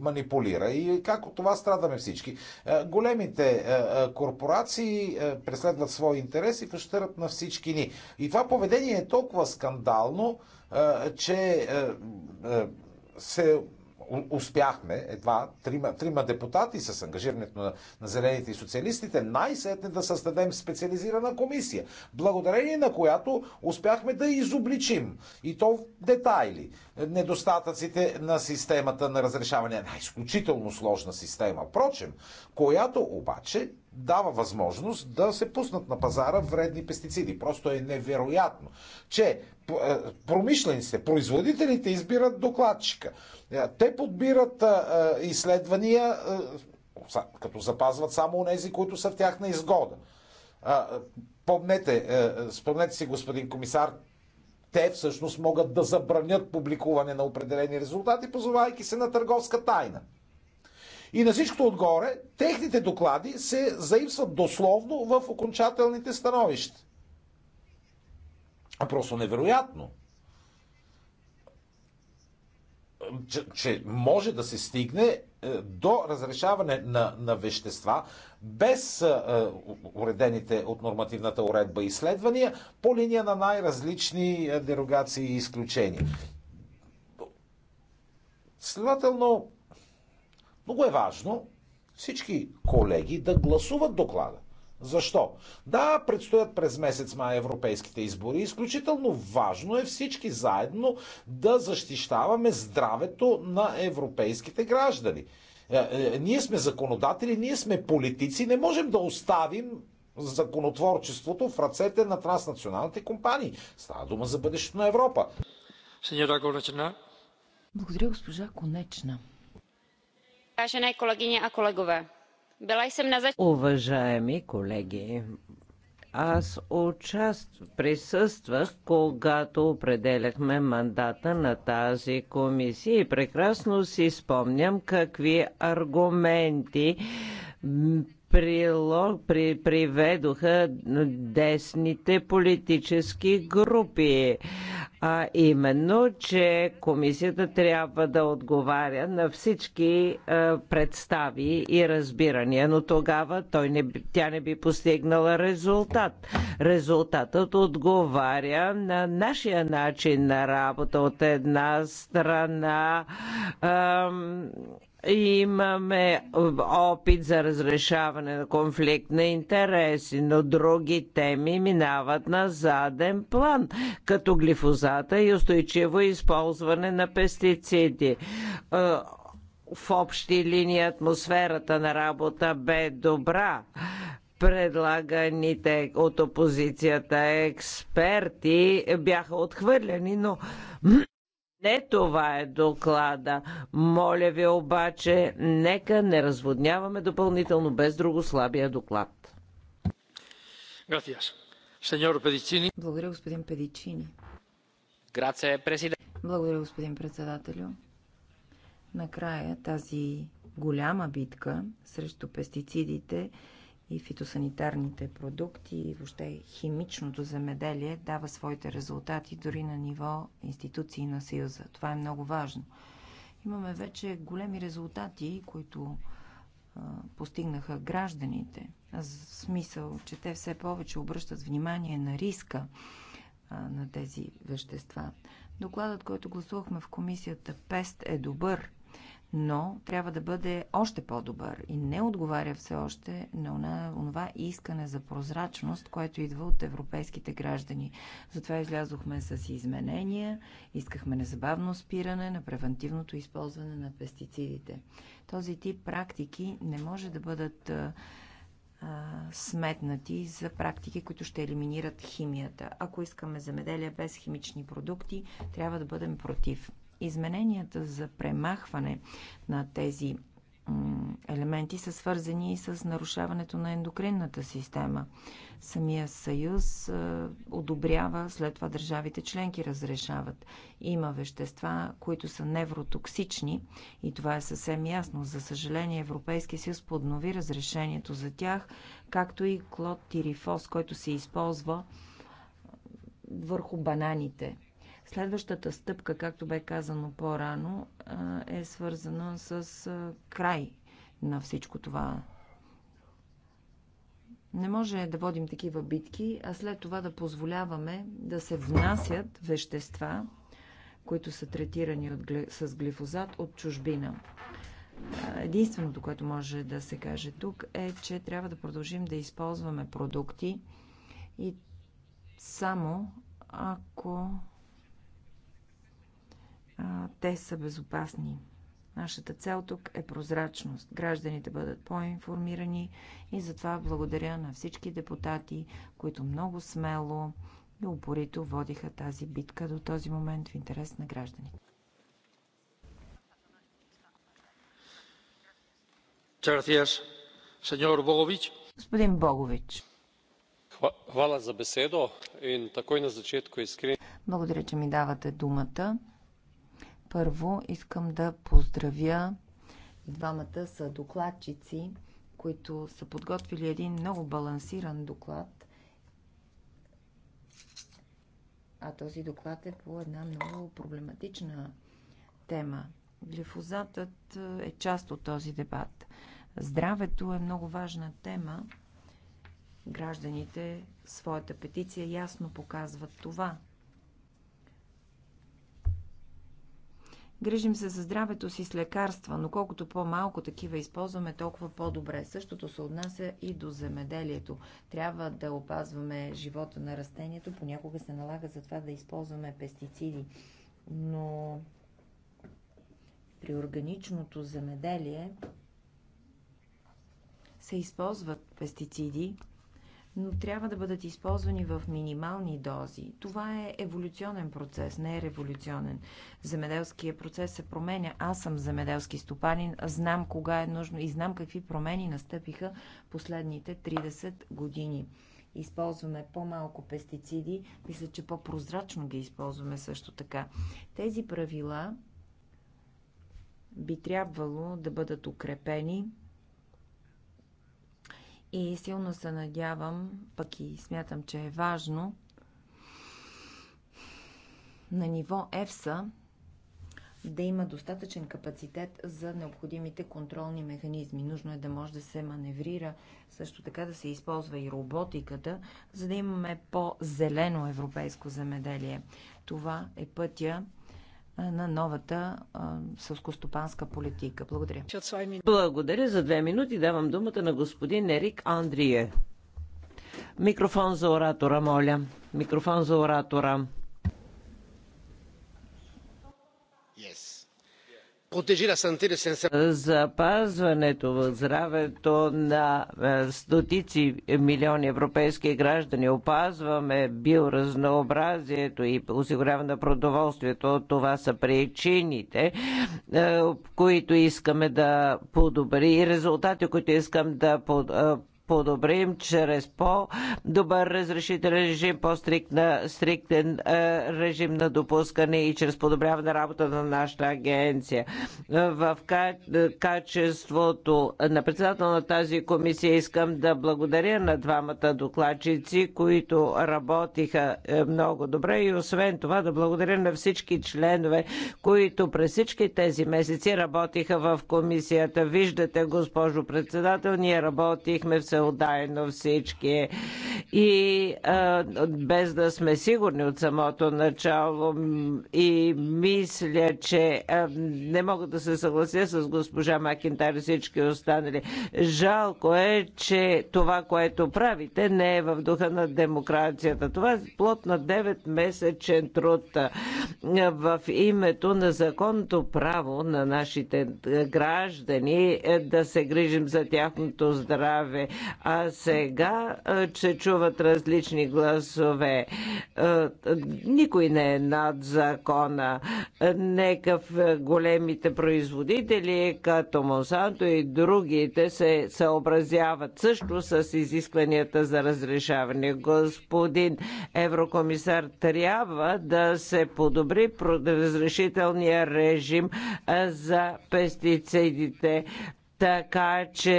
манипулира и как от това страдаме всички. Е, големите е, е, корпорации преследват свои интереси в ущърп на всички ни. И това поведение е толкова скандално, че се успяхме, едва трима, трима депутати с ангажирането на, на зелените и социалистите, най-сетне да създадем специализирана комисия, благодарение на която успяхме да изобличим и то в детайли недостатъците на системата на разрешаване. Една изключително сложна система, впрочем, която обаче дава възможност да се пуснат на пазара вредни пестициди. Просто е невероятно, че е, се, производителите избират докладчика. Е, те подбират е, изследвания, като запазват само тези, които са в тях на изгода. Помнете, спомнете си, господин комисар, те всъщност могат да забранят публикуване на определени резултати, позовавайки се на търговска тайна. И на всичкото отгоре, техните доклади се заимстват дословно в окончателните становища. А просто невероятно. Че, че може да се стигне е, до разрешаване на, на вещества без а, е, е, уредените от нормативната уредба изследвания по линия на най-различни дерогации и изключения. Следователно, много е важно всички колеги да гласуват доклада. Защо? Да, предстоят през месец май европейските избори. Изключително важно е всички заедно да защищаваме здравето на европейските граждани. Е, е, ние сме законодатели, ние сме политици, не можем да оставим законотворчеството в ръцете на транснационалните компании. Става дума за бъдещето на Европа. Благодаря, госпожа Конечна. Vážené kolegyně a kolegové, byla jsem na Уважаеми колеги, аз участ... присъствах, когато определяхме мандата на тази комисия и прекрасно си спомням какви аргументи при, приведоха десните политически групи. А именно, че комисията трябва да отговаря на всички а, представи и разбирания, но тогава той не, тя не би постигнала резултат. Резултатът отговаря на нашия начин на работа от една страна. А, Имаме опит за разрешаване на конфликт на интереси, но други теми минават на заден план, като глифозата и устойчиво използване на пестициди е, в общи линии атмосферата на работа бе добра. Предлаганите от опозицията експерти бяха отхвърлени, но не това е доклада. Моля ви обаче, нека не разводняваме допълнително без друго слабия доклад. Благодаря, господин Педичини. Благодаря, господин председателю. Накрая тази голяма битка срещу пестицидите и фитосанитарните продукти и въобще химичното земеделие дава своите резултати дори на ниво институции на Съюза. Това е много важно. Имаме вече големи резултати, които а, постигнаха гражданите. В смисъл, че те все повече обръщат внимание на риска а, на тези вещества. Докладът, който гласувахме в комисията ПЕСТ е добър но трябва да бъде още по-добър и не отговаря все още на това искане за прозрачност, което идва от европейските граждани. Затова излязохме с изменения, искахме незабавно спиране на превентивното използване на пестицидите. Този тип практики не може да бъдат сметнати за практики, които ще елиминират химията. Ако искаме земеделие без химични продукти, трябва да бъдем против. Измененията за премахване на тези елементи са свързани и с нарушаването на ендокринната система. Самия съюз е, одобрява, след това държавите членки разрешават. Има вещества, които са невротоксични и това е съвсем ясно. За съжаление, Европейския съюз поднови разрешението за тях, както и клод тирифос, който се използва е, върху бананите. Следващата стъпка, както бе казано по-рано, е свързана с край на всичко това. Не може да водим такива битки, а след това да позволяваме да се внасят вещества, които са третирани от, с глифозат от чужбина. Единственото, което може да се каже тук е, че трябва да продължим да използваме продукти и само ако те са безопасни. Нашата цел тук е прозрачност. Гражданите бъдат по-информирани и затова благодаря на всички депутати, които много смело и упорито водиха тази битка до този момент в интерес на гражданите. Господин Богович. Благодаря, че ми давате думата. Първо искам да поздравя двамата са докладчици, които са подготвили един много балансиран доклад. А този доклад е по една много проблематична тема. Глифозатът е част от този дебат. Здравето е много важна тема. Гражданите своята петиция ясно показват това – Грижим се за здравето си с лекарства, но колкото по-малко такива използваме, толкова по-добре. Същото се отнася и до земеделието. Трябва да опазваме живота на растението. Понякога се налага за това да използваме пестициди. Но при органичното земеделие се използват пестициди, но трябва да бъдат използвани в минимални дози. Това е еволюционен процес, не е революционен. Земеделския процес се променя. Аз съм земеделски стопанин, знам кога е нужно и знам какви промени настъпиха последните 30 години използваме по-малко пестициди, мисля, че по-прозрачно ги използваме също така. Тези правила би трябвало да бъдат укрепени и силно се надявам, пък и смятам, че е важно, на ниво ЕФСА да има достатъчен капацитет за необходимите контролни механизми. Нужно е да може да се маневрира, също така да се използва и роботиката, за да имаме по-зелено европейско земеделие. Това е пътя на новата сълскостопанска политика. Благодаря. Благодаря за две минути. Давам думата на господин Ерик Андрие. Микрофон за оратора, моля. Микрофон за оратора. Запазването в здравето на е, стотици милиони европейски граждани. Опазваме биоразнообразието и осигуряване на продоволствието. Това са причините, е, които искаме да подобри и резултати, които искам да подобри е, подобрим чрез по-добър разрешителен режим, по-стриктен е, режим на допускане и чрез подобряване работа на нашата агенция. В качеството на председател на тази комисия искам да благодаря на двамата докладчици, които работиха е, много добре и освен това да благодаря на всички членове, които през всички тези месеци работиха в комисията. Виждате, госпожо председател, ние работихме в всеотдайно всички. И а, без да сме сигурни от самото начало и мисля, че а, не мога да се съглася с госпожа Макинтар и всички останали. Жалко е, че това, което правите, не е в духа на демокрацията. Това е плод на 9-месечен труд в името на законното право на нашите граждани е, да се грижим за тяхното здраве. А сега се чуват различни гласове. Никой не е над закона. Нека в големите производители, като Монсанто и другите, се съобразяват също с изискванията за разрешаване. Господин еврокомисар, трябва да се подобри разрешителния режим за пестицидите така че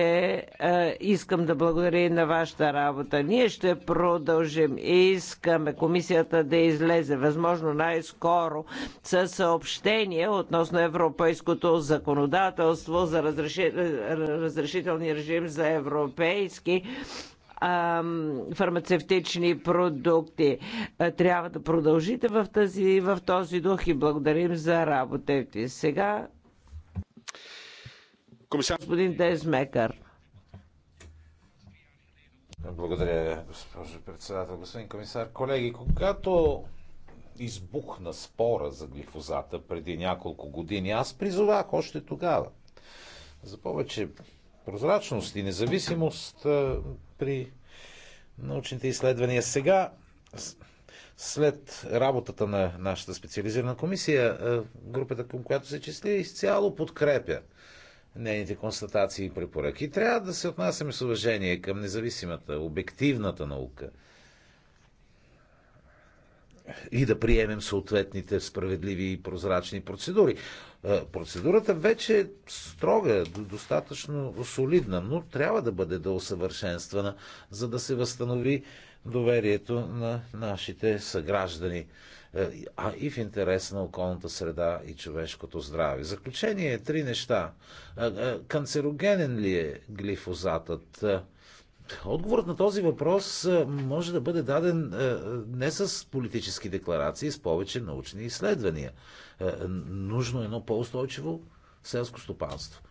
е, искам да благодаря и на вашата работа. Ние ще продължим. Искаме комисията да излезе възможно най-скоро с съобщение относно европейското законодателство за разреши... Е, разрешителни режим за европейски фармацевтични продукти. Е, трябва да продължите в, тази, в този дух и благодарим за работа. ви. Сега Комисар... Господин Дезмекър. Благодаря, госпожо председател. Господин комисар, колеги, когато избухна спора за глифозата преди няколко години, аз призовах още тогава за повече прозрачност и независимост при научните изследвания. Сега, след работата на нашата специализирана комисия, групата, към която се числи, изцяло подкрепя нейните констатации и препоръки. Трябва да се отнасяме с уважение към независимата, обективната наука и да приемем съответните справедливи и прозрачни процедури. Е, процедурата вече е строга, достатъчно солидна, но трябва да бъде доусъвършенствана, усъвършенствана, за да се възстанови доверието на нашите съграждани. Е, а и в интерес на околната среда и човешкото здраве. Заключение заключение три неща. Е, е, канцерогенен ли е глифозатът? Отговорът на този въпрос може да бъде даден не с политически декларации, с повече научни изследвания. Нужно едно по-устойчиво селско стопанство.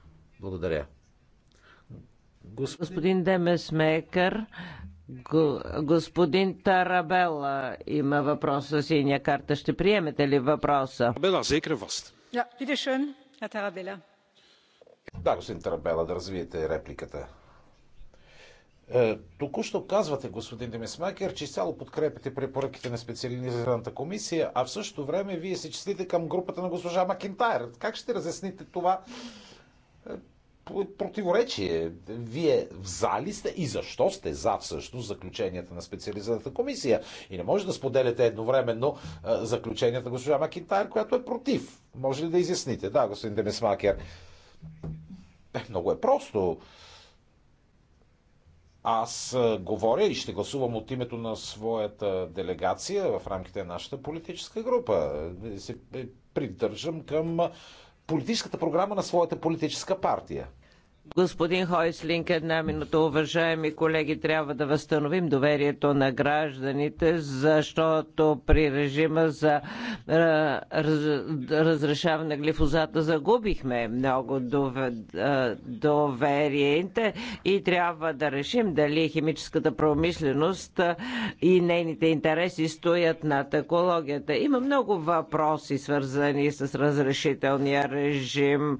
Благодаря. Господин, Господин Демес Мекър, Господин Тарабела има въпрос с синя карта. Ще приемете ли въпроса? Тарабела, зекре вас. Да, бидешън, Тарабела. Да, господин Тарабела, да развиете репликата. Е, току-що казвате, господин Демисмакер, че цяло подкрепите препоръките на специализираната комисия, а в същото време вие се числите към групата на госпожа Макинтайр. Как ще разясните това? Е, противоречие. Вие взали сте и защо сте за всъщност заключенията на специализираната комисия? И не може да споделяте едновременно заключенията на госпожа Макинтайр, която е против. Може ли да изясните? Да, господин Демесмакер. Е, много е просто. Аз говоря и ще гласувам от името на своята делегация в рамките на нашата политическа група. Се придържам към политическата програма на своята политическа партия. Господин Хойслинг, една минута, уважаеми колеги, трябва да възстановим доверието на гражданите, защото при режима за раз, разрешаване на глифозата загубихме много доверие и трябва да решим дали химическата промишленост и нейните интереси стоят над екологията. Има много въпроси, свързани с разрешителния режим,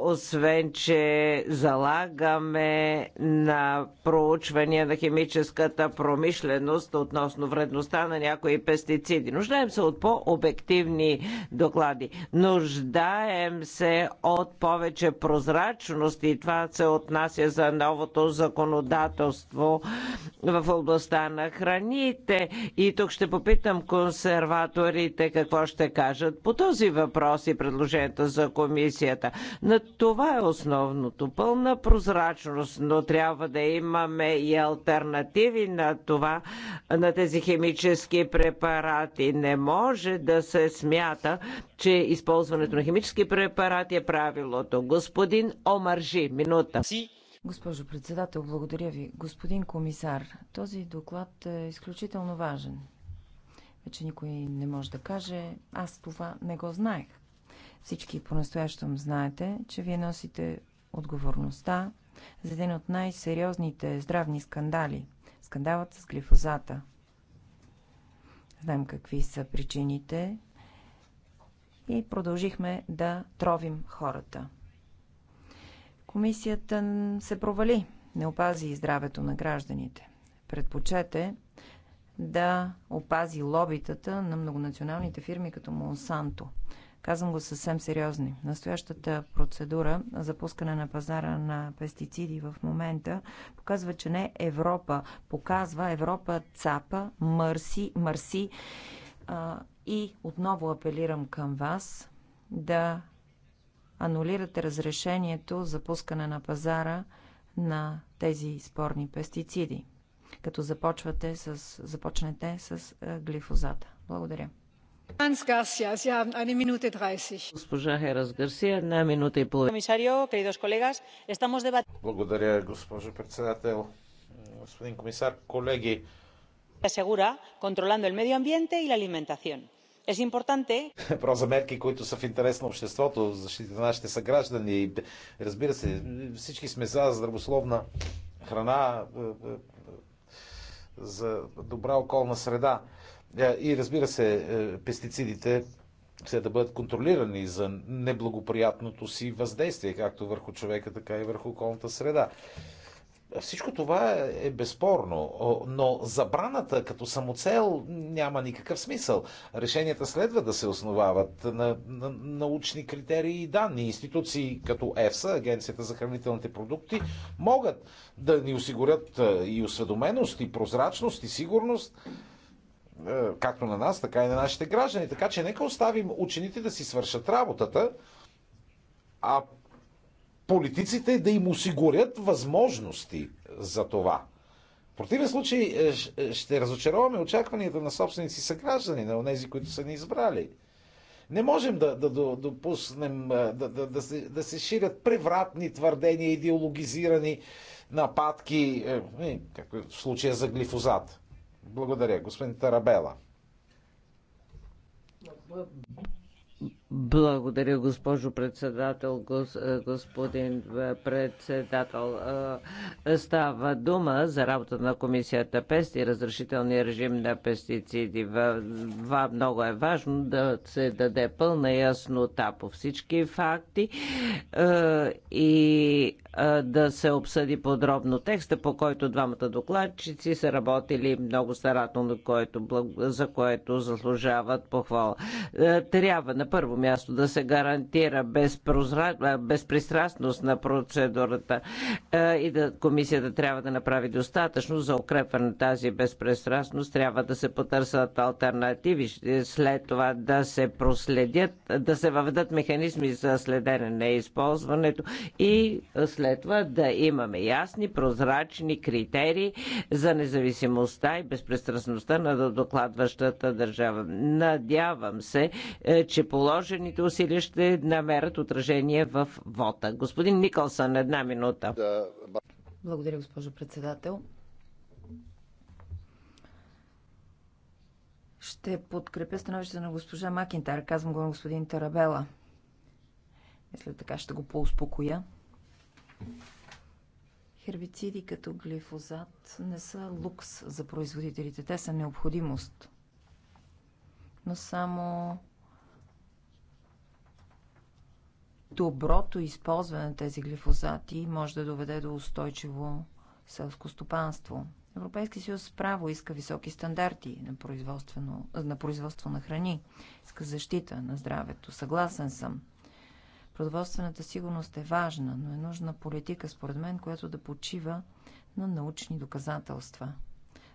освен че залагаме на проучвания на химическата промишленост относно вредността на някои пестициди. Нуждаем се от по-обективни доклади. Нуждаем се от повече прозрачност и това се отнася за новото законодателство в областта на храните. И тук ще попитам консерваторите какво ще кажат по този въпрос и предложението за комисията. На това е основното пълна прозрачност, но трябва да имаме и альтернативи на това, на тези химически препарати. Не може да се смята, че използването на химически препарати е правилото. Господин Омаржи, минута. Госпожо председател, благодаря ви. Господин комисар, този доклад е изключително важен. Вече никой не може да каже, аз това не го знаех. Всички по-настоящем знаете, че вие носите отговорността за един от най-сериозните здравни скандали – скандалът с глифозата. Знаем какви са причините и продължихме да тровим хората. Комисията се провали, не опази здравето на гражданите. Предпочете да опази лобитата на многонационалните фирми като Монсанто – Казвам го съвсем сериозни. Настоящата процедура за пускане на пазара на пестициди в момента показва, че не Европа. Показва Европа цапа, мърси, мърси. А, и отново апелирам към вас да анулирате разрешението за пускане на пазара на тези спорни пестициди, като започвате с, започнете с глифозата. Благодаря. Благодаря, госпожо председател. Господин комисар, колеги. Е за мерки, които са в интерес на обществото, защита на нашите съграждани. Разбира се, всички сме за здравословна храна, е, е, за добра околна среда. Е, и разбира се, е, пестицидите все да бъдат контролирани за неблагоприятното си въздействие, както върху човека, така и върху околната среда. Всичко това е безспорно, но забраната като самоцел няма никакъв смисъл. Решенията следва да се основават на, на научни критерии и данни. Институции като ЕФСА, Агенцията за хранителните продукти, могат да ни осигурят е, и осведоменост, и прозрачност, и сигурност е, както на нас, така и на нашите граждани. Така че нека оставим учените да си свършат работата, а политиците да им осигурят възможности за това. В противен случай е, е, ще разочароваме очакванията на собственици си съграждани, на тези, които са ни избрали. Не можем да, да, да допуснем да, да, да, се, да се ширят превратни твърдения, идеологизирани нападки, както в случая за глифозат. Благодаря. Господин Тарабела. Благодаря, госпожо председател, гос, е, господин е, председател. Е, става дума за работа на комисията ПЕСТ и разрешителния режим на пестициди. Това много е важно да се даде пълна яснота по всички факти и да се обсъди подробно текста, по който двамата докладчици са работили много старателно, за което заслужават похвала. Трябва на първо място да се гарантира безпрозра... безпристрастност на процедурата и да комисията трябва да направи достатъчно за укрепване на тази безпристрастност. Трябва да се потърсят альтернативи, след това да се проследят, да се въведат механизми за следене на използването и след това да имаме ясни, прозрачни критерии за независимостта и безпристрастността на докладващата държава. Надявам се, е, че положи положените усилия ще намерят отражение в вота. Господин Николсън, една минута. Благодаря, госпожо председател. Ще подкрепя становище на госпожа Макинтар. Казвам го на господин Тарабела. Мисля, така ще го поуспокоя. Хербициди като глифозат не са лукс за производителите. Те са необходимост. Но само доброто използване на тези глифозати може да доведе до устойчиво селско стопанство. Европейски съюз справо иска високи стандарти на, производство, на производство на храни, иска защита на здравето. Съгласен съм. Продоволствената сигурност е важна, но е нужна политика, според мен, която да почива на научни доказателства.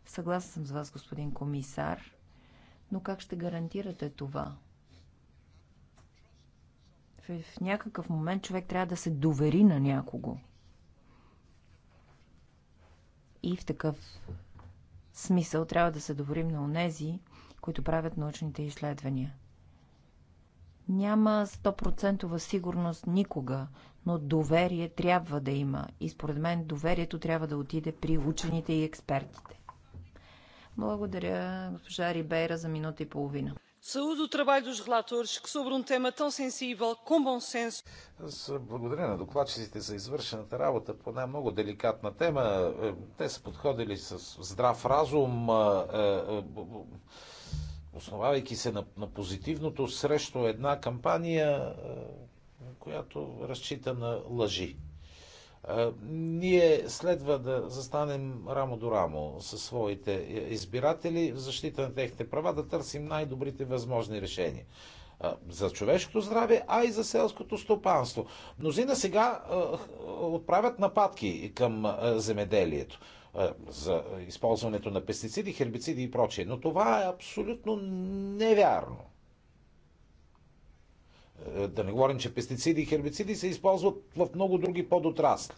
Съгласен съм с вас, господин комисар, но как ще гарантирате това? че в някакъв момент човек трябва да се довери на някого. И в такъв смисъл трябва да се доверим на онези, които правят научните изследвания. Няма 100% сигурност никога, но доверие трябва да има. И според мен доверието трябва да отиде при учените и експертите. Благодаря, госпожа Рибейра, за минута и половина. Saúdo o trabalho dos relatores, que sobre um tema tão sensível, com bom senso... Аз благодаря на докладчиците за извършената работа по една много деликатна тема. Е, те са подходили с здрав разум, е, е, основавайки се на, на позитивното срещу една кампания, която разчита на лъжи. Ние следва да застанем рамо до рамо със своите избиратели в защита на техните права, да търсим най-добрите възможни решения за човешкото здраве, а и за селското стопанство. Мнозина сега отправят нападки към земеделието за използването на пестициди, хербициди и прочее. Но това е абсолютно невярно. Е, да не говорим, че пестициди и хербициди се използват в много други подотрасли.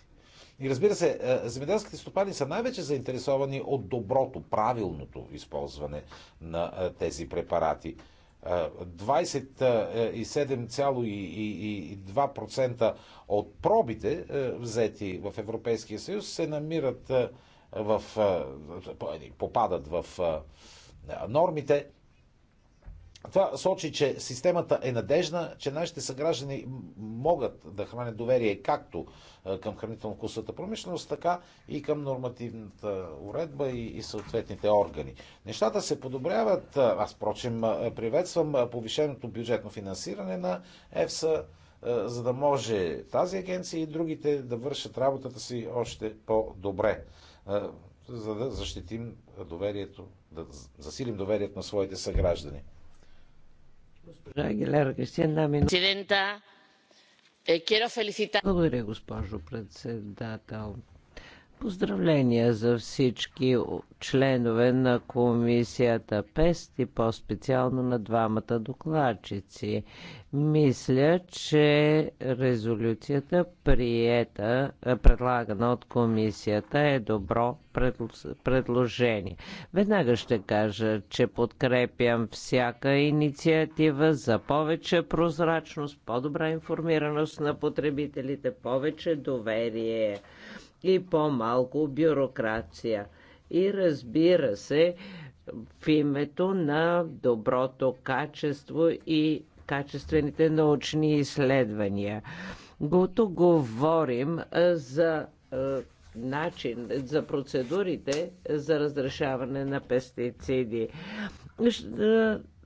И разбира се, е, земеделските стопани са най-вече заинтересовани от доброто, правилното използване на е, тези препарати. 27,2% от пробите, взети в Европейския съюз, се намират в, попадат в нормите това сочи, че системата е надежна, че нашите съграждани могат да хранят доверие както към хранително вкусната промишленост, така и към нормативната уредба и, и съответните органи. Нещата се подобряват. Аз, впрочем, приветствам повишеното бюджетно финансиране на ЕФСА, за да може тази агенция и другите да вършат работата си още по-добре за да защитим доверието, да засилим доверието на своите съграждани. Госпожа Агилера Кристиан, да, минута. Е, Благодаря, госпожо председател. Поздравления за всички членове на комисията ПЕСТ и по-специално на двамата докладчици. Мисля, че резолюцията, приета, е, предлагана от комисията, е добро предложение. Веднага ще кажа, че подкрепям всяка инициатива за повече прозрачност, по-добра информираност на потребителите, повече доверие и по-малко бюрокрация. И разбира се, в името на доброто качество и качествените научни изследвания. Гото говорим за начин за процедурите за разрешаване на пестициди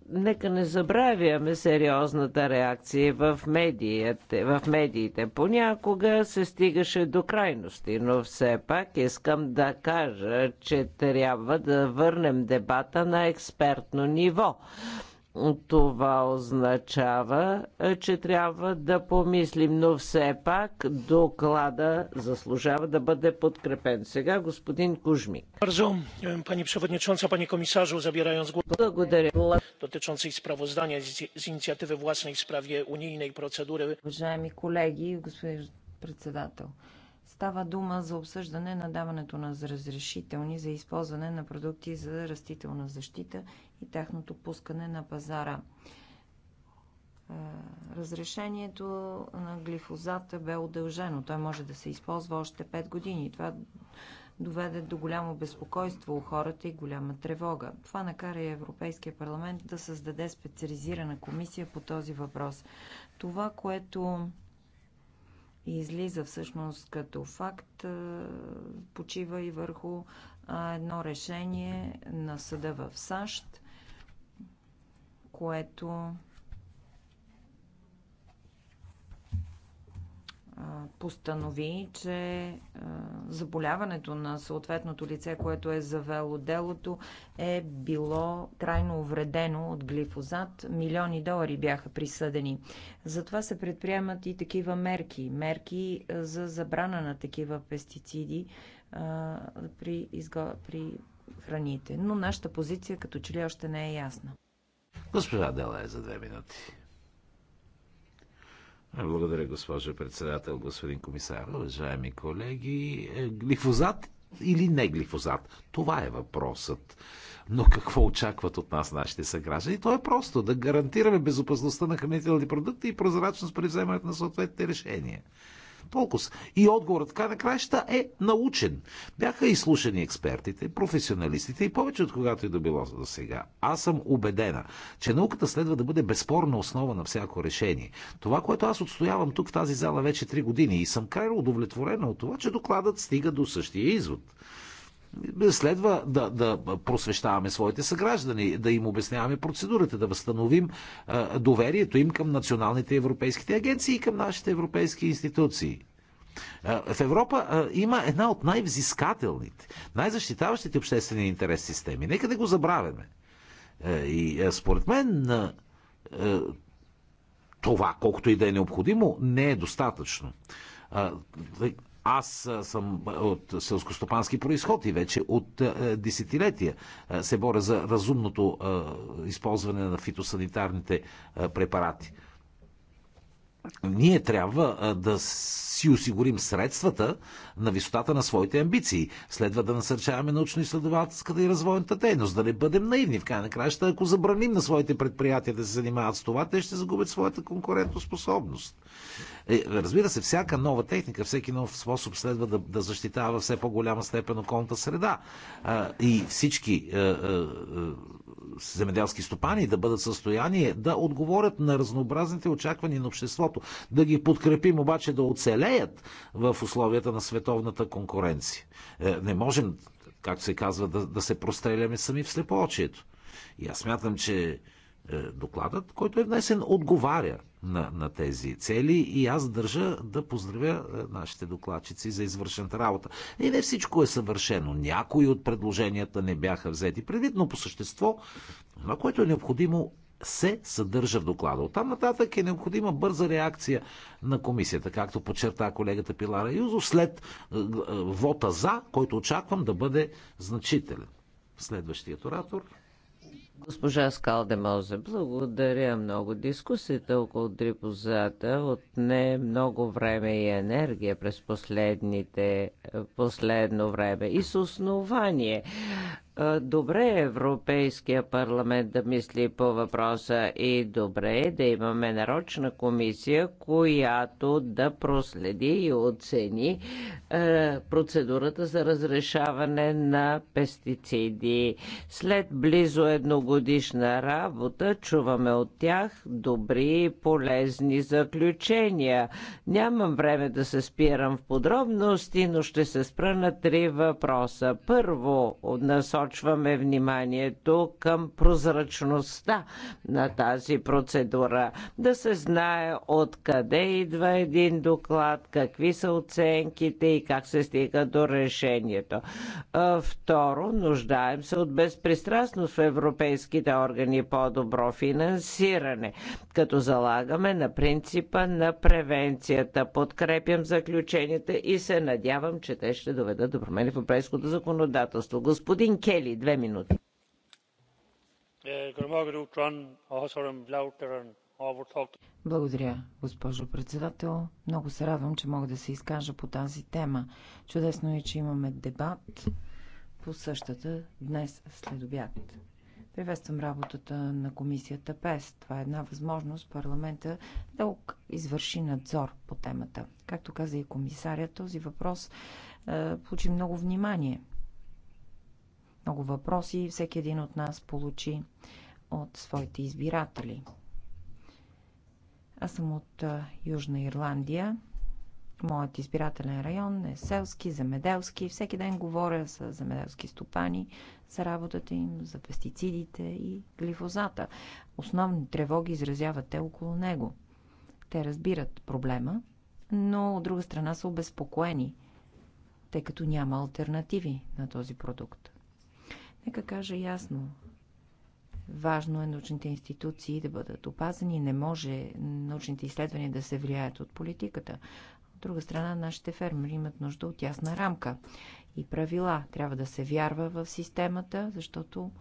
нека не забравяме сериозната реакция в медиите. В медиите понякога се стигаше до крайности, но все пак искам да кажа, че трябва да върнем дебата на експертно ниво това означава, е, че трябва да помислим, но все пак доклада заслужава да бъде подкрепен. Сега господин Кужми. Е, пани Przewodnicząca, Panie Komisarzu, zabierając głos Благодаря. dotyczącej sprawozdania z inicjatywy własnej w sprawie unijnej процедури. Уважаеми колеги, господин председател, Става дума за обсъждане на даването на разрешителни за използване на продукти за растителна защита и тяхното пускане на пазара. Е, разрешението на глифозата бе удължено. Той може да се използва още 5 години. Това доведе до голямо безпокойство у хората и голяма тревога. Това накара и Европейския парламент да създаде специализирана комисия по този въпрос. Това, което и излиза всъщност като факт, почива и върху едно решение на съда в САЩ, което постанови, че заболяването на съответното лице, което е завело делото, е било трайно увредено от глифозат. Милиони долари бяха присъдени. Затова се предприемат и такива мерки. Мерки за забрана на такива пестициди при, изго... при храните. Но нашата позиция като че ли още не е ясна. Госпожа Дела е за две минути. Благодаря, госпожо председател, господин комисар, уважаеми колеги. Е, глифозат или не глифозат? Това е въпросът. Но какво очакват от нас нашите съграждани? То е просто да гарантираме безопасността на хранителните продукти и прозрачност при вземането на съответните решения. Полкос. И отговорът така на краища е научен. Бяха изслушани експертите, професионалистите и повече от когато и е да било за сега. Аз съм убедена, че науката следва да бъде безспорна основа на всяко решение. Това, което аз отстоявам тук в тази зала вече 3 години и съм крайно удовлетворена от това, че докладът стига до същия извод следва да, да просвещаваме своите съграждани, да им обясняваме процедурата, да възстановим а, е, доверието им към националните европейските агенции и към нашите европейски институции. Е, в Европа а, е, има една от най-взискателните, най-защитаващите обществени интерес системи. Нека да го забравяме. И според мен това, колкото и да е необходимо, не е достатъчно аз съм от селскостопански происход и вече от десетилетия се боря за разумното използване на фитосанитарните препарати ние трябва да си осигурим средствата на висотата на своите амбиции. Следва да насърчаваме научно-изследователската и развойната дейност, да не бъдем наивни. В край на краща, ако забраним на своите предприятия да се занимават с това, те ще загубят своята конкурентоспособност. Е, разбира се, всяка нова техника, всеки нов способ следва да, да защитава все по-голяма степен околната среда. И всички е, е, земеделски стопани да бъдат в състояние да отговорят на разнообразните очаквания на обществото. Да ги подкрепим обаче да оцелеят в условията на световната конкуренция. Е, не можем, както се казва, да, да се простреляме сами в слепоочието. И аз смятам, че е, докладът, който е внесен, отговаря на, на тези цели и аз държа да поздравя е, нашите докладчици за извършената работа. И не всичко е съвършено. Някои от предложенията не бяха взети предвид, но по същество това, което е необходимо се съдържа в доклада. От там нататък е необходима бърза реакция на комисията, както подчерта колегата Пилара Юзо, след е, е, вота за, който очаквам да бъде значителен. Следващият оратор. Госпожа Скалдемозе, благодаря много. Дискусията около дрипозата отне много време и енергия през последните, последно време и с основание. Добре е Европейския парламент да мисли по въпроса и добре е да имаме нарочна комисия, която да проследи и оцени процедурата за разрешаване на пестициди. След близо едногодишна работа чуваме от тях добри и полезни заключения. Нямам време да се спирам в подробности, но ще се спра на три въпроса. Първо, насочване насочваме вниманието към прозрачността на тази процедура. Да се знае откъде идва един доклад, какви са оценките и как се стига до решението. Второ, нуждаем се от безпристрастност в европейските органи по-добро финансиране, като залагаме на принципа на превенцията. Подкрепям заключенията и се надявам, че те ще доведат до промени в европейското законодателство. Господин Кей, благодаря, госпожо председател. Много се радвам, че мога да се изкажа по тази тема. Чудесно е, че имаме дебат по същата днес след обяд. Приветствам работата на комисията ПЕС. Това е една възможност парламента да извърши надзор по темата. Както каза и комисаря, този въпрос е, получи много внимание – много въпроси всеки един от нас получи от своите избиратели. Аз съм от Южна Ирландия. Моят избирателен район е селски, земеделски. Всеки ден говоря с земеделски стопани за работата им, за пестицидите и глифозата. Основни тревоги изразяват те около него. Те разбират проблема, но от друга страна са обезпокоени, тъй като няма альтернативи на този продукт. Нека кажа ясно. Важно е научните институции да бъдат опазени. Не може научните изследвания да се влияят от политиката. От друга страна, нашите фермери имат нужда от ясна рамка и правила. Трябва да се вярва в системата, защото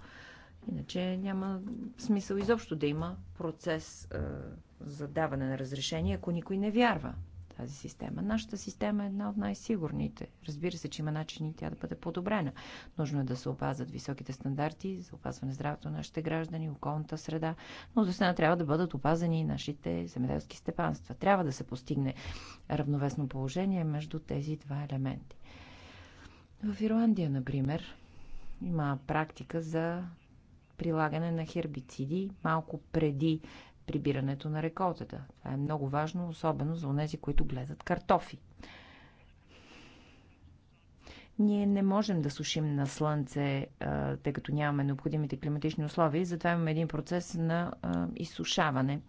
иначе няма смисъл изобщо да има процес е, за даване на разрешение, ако никой не вярва тази система. Нашата система е една от най-сигурните. Разбира се, че има начини тя да бъде подобрена. Нужно е да се опазват високите стандарти за опазване здравето на нашите граждани, околната среда, но до сега трябва да бъдат опазени и нашите земеделски степанства. Трябва да се постигне равновесно положение между тези два елементи. В Ирландия, например, има практика за прилагане на хербициди малко преди прибирането на реколтата. Това е много важно, особено за онези, които гледат картофи. Ние не можем да сушим на слънце, тъй като нямаме необходимите климатични условия и затова имаме един процес на изсушаване,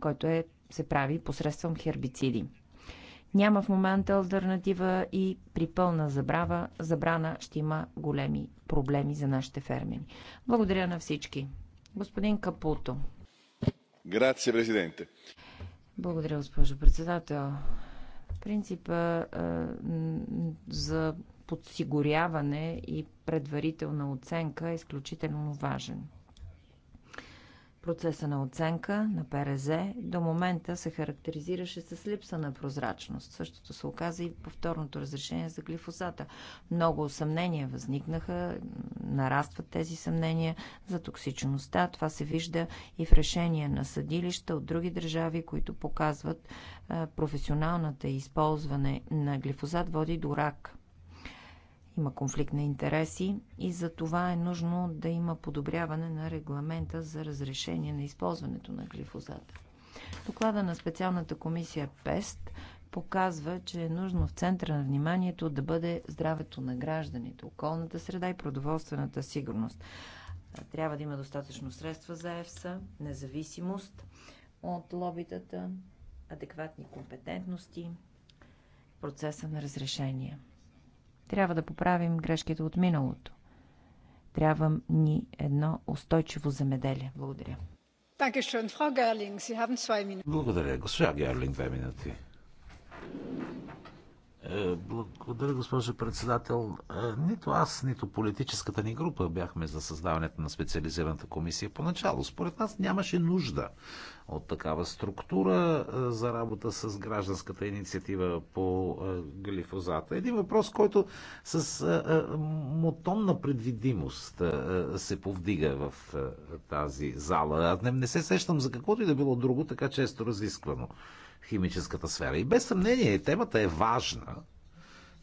който е, се прави посредством хербициди. Няма в момента альтернатива и при пълна забрава, забрана ще има големи проблеми за нашите фермери. Благодаря на всички. Господин Капуто. Благодаря, госпожо председател. Принципа е, за подсигуряване и предварителна оценка е изключително важен. Процеса на оценка на ПРЗ до момента се характеризираше с липса на прозрачност. Същото се оказа и повторното разрешение за глифосата. Много съмнения възникнаха, нарастват тези съмнения за токсичността. Това се вижда и в решения на съдилища от други държави, които показват професионалната използване на глифозат води до рак. Има конфликт на интереси и за това е нужно да има подобряване на регламента за разрешение на използването на глифозата. Доклада на специалната комисия ПЕСТ показва, че е нужно в центъра на вниманието да бъде здравето на гражданите, околната среда и продоволствената сигурност. Трябва да има достатъчно средства за ЕФСА, независимост от лобитата, адекватни компетентности, процеса на разрешение. Трябва да поправим грешките от миналото. Трябва ни едно устойчиво замеделие. Благодаря. Благодаря. Госпожа Герлинг, две минути. Е, благодаря, госпожо председател. Е, нито аз, нито политическата ни група бяхме за създаването на специализираната комисия поначало. Според нас нямаше нужда от такава структура е, за работа с гражданската инициатива по е, глифозата. Един въпрос, който с е, мотонна предвидимост се повдига в тази зала. Аз не, не се сещам за каквото и да било друго, така често разисквано в химическата сфера. И без съмнение темата е важна,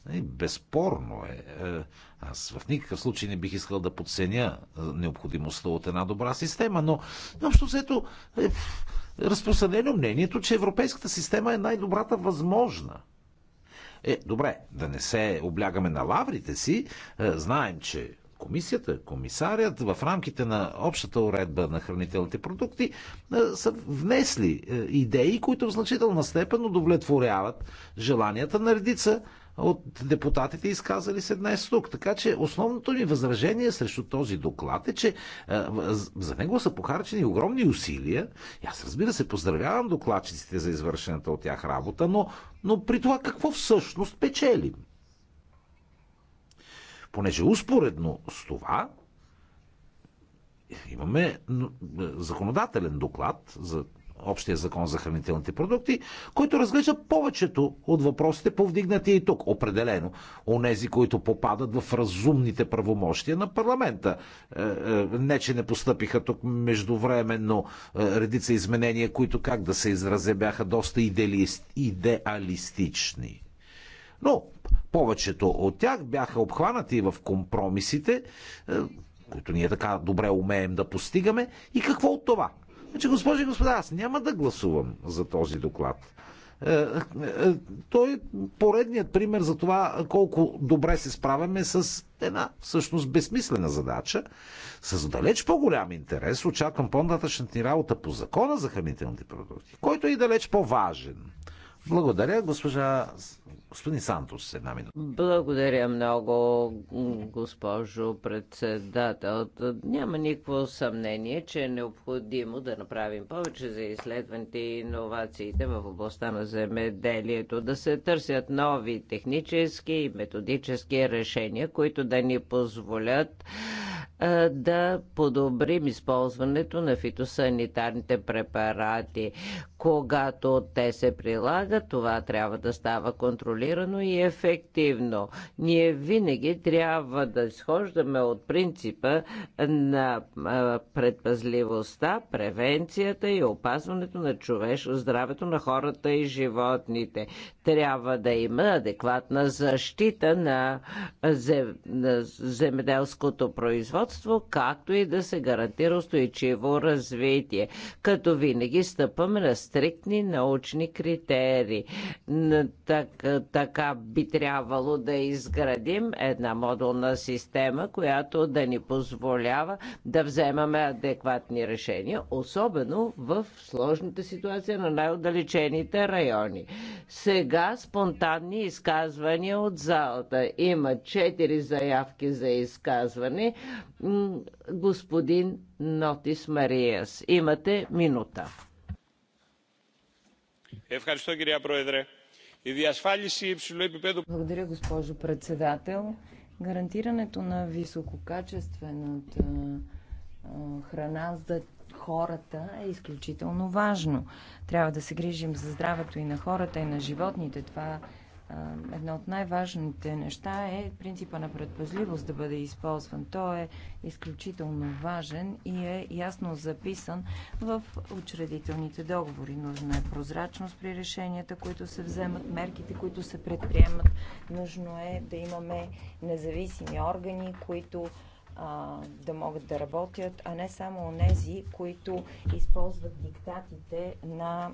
Нали, безспорно е. е. Аз в никакъв случай не бих искал да подценя е, необходимостта от една добра система, но общо взето е разпространено мнението, че европейската система е най-добрата възможна. Е, добре, да не се облягаме на лаврите си, е, знаем, че комисията, комисарият в рамките на общата уредба на хранителните продукти са внесли идеи, които в значителна степен удовлетворяват желанията на редица от депутатите, изказали се днес тук. Така че основното ни възражение срещу този доклад е, че е, за него са похарчени огромни усилия. И аз разбира се поздравявам докладчиците за извършената от тях работа, но, но при това какво всъщност печелим? Понеже успоредно с това имаме законодателен доклад за общия закон за хранителните продукти, който разглежда повечето от въпросите, повдигнати и тук. Определено, онези, които попадат в разумните правомощия на парламента. Е, е, не, че не постъпиха тук междувременно е, редица изменения, които, как да се изразе, бяха доста идеалистични. Но повечето от тях бяха обхванати в компромисите, които ние така добре умеем да постигаме. И какво от това? Значи, госпожи и господа, аз няма да гласувам за този доклад. Е, е, той е поредният пример за това колко добре се справяме с една всъщност безсмислена задача. С далеч по-голям интерес очаквам по-нататъчната ни работа по закона за хранителните продукти, който е и далеч по-важен. Благодаря, госпожа Господин Сантос, една минута. Благодаря много, госпожо председател. Няма никакво съмнение, че е необходимо да направим повече за изследваните и иновациите в областта на земеделието, да се търсят нови технически и методически решения, които да ни позволят да подобрим използването на фитосанитарните препарати. Когато те се прилагат, това трябва да става контролирано и ефективно. Ние винаги трябва да изхождаме от принципа на предпазливостта, превенцията и опазването на човешко здравето на хората и животните. Трябва да има адекватна защита на земеделското производство производство, както и да се гарантира устойчиво развитие. Като винаги стъпваме на стриктни научни критерии. Так, така би трябвало да изградим една модулна система, която да ни позволява да вземаме адекватни решения, особено в сложната ситуация на най-отдалечените райони. Сега спонтанни изказвания от залата. Има четири заявки за изказване господин Нотис Мариас. Имате минута. Благодаря, госпожо председател. Гарантирането на висококачествената храна за хората е изключително важно. Трябва да се грижим за здравето и на хората, и на животните. Това е едно от най-важните неща е принципа на предпазливост да бъде използван. Той е изключително важен и е ясно записан в учредителните договори. Нужна е прозрачност при решенията, които се вземат, мерките, които се предприемат. Нужно е да имаме независими органи, които а, да могат да работят, а не само онези, които използват диктатите на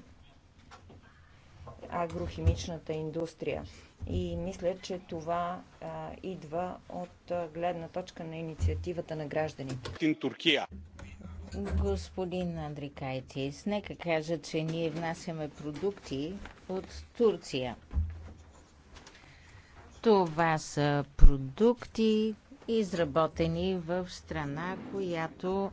агрохимичната индустрия. И мисля, че това а, идва от а, гледна точка на инициативата на гражданите. Туркия. Господин Андрикайтис, нека кажа, че ние внасяме продукти от Турция. Това са продукти, изработени в страна, която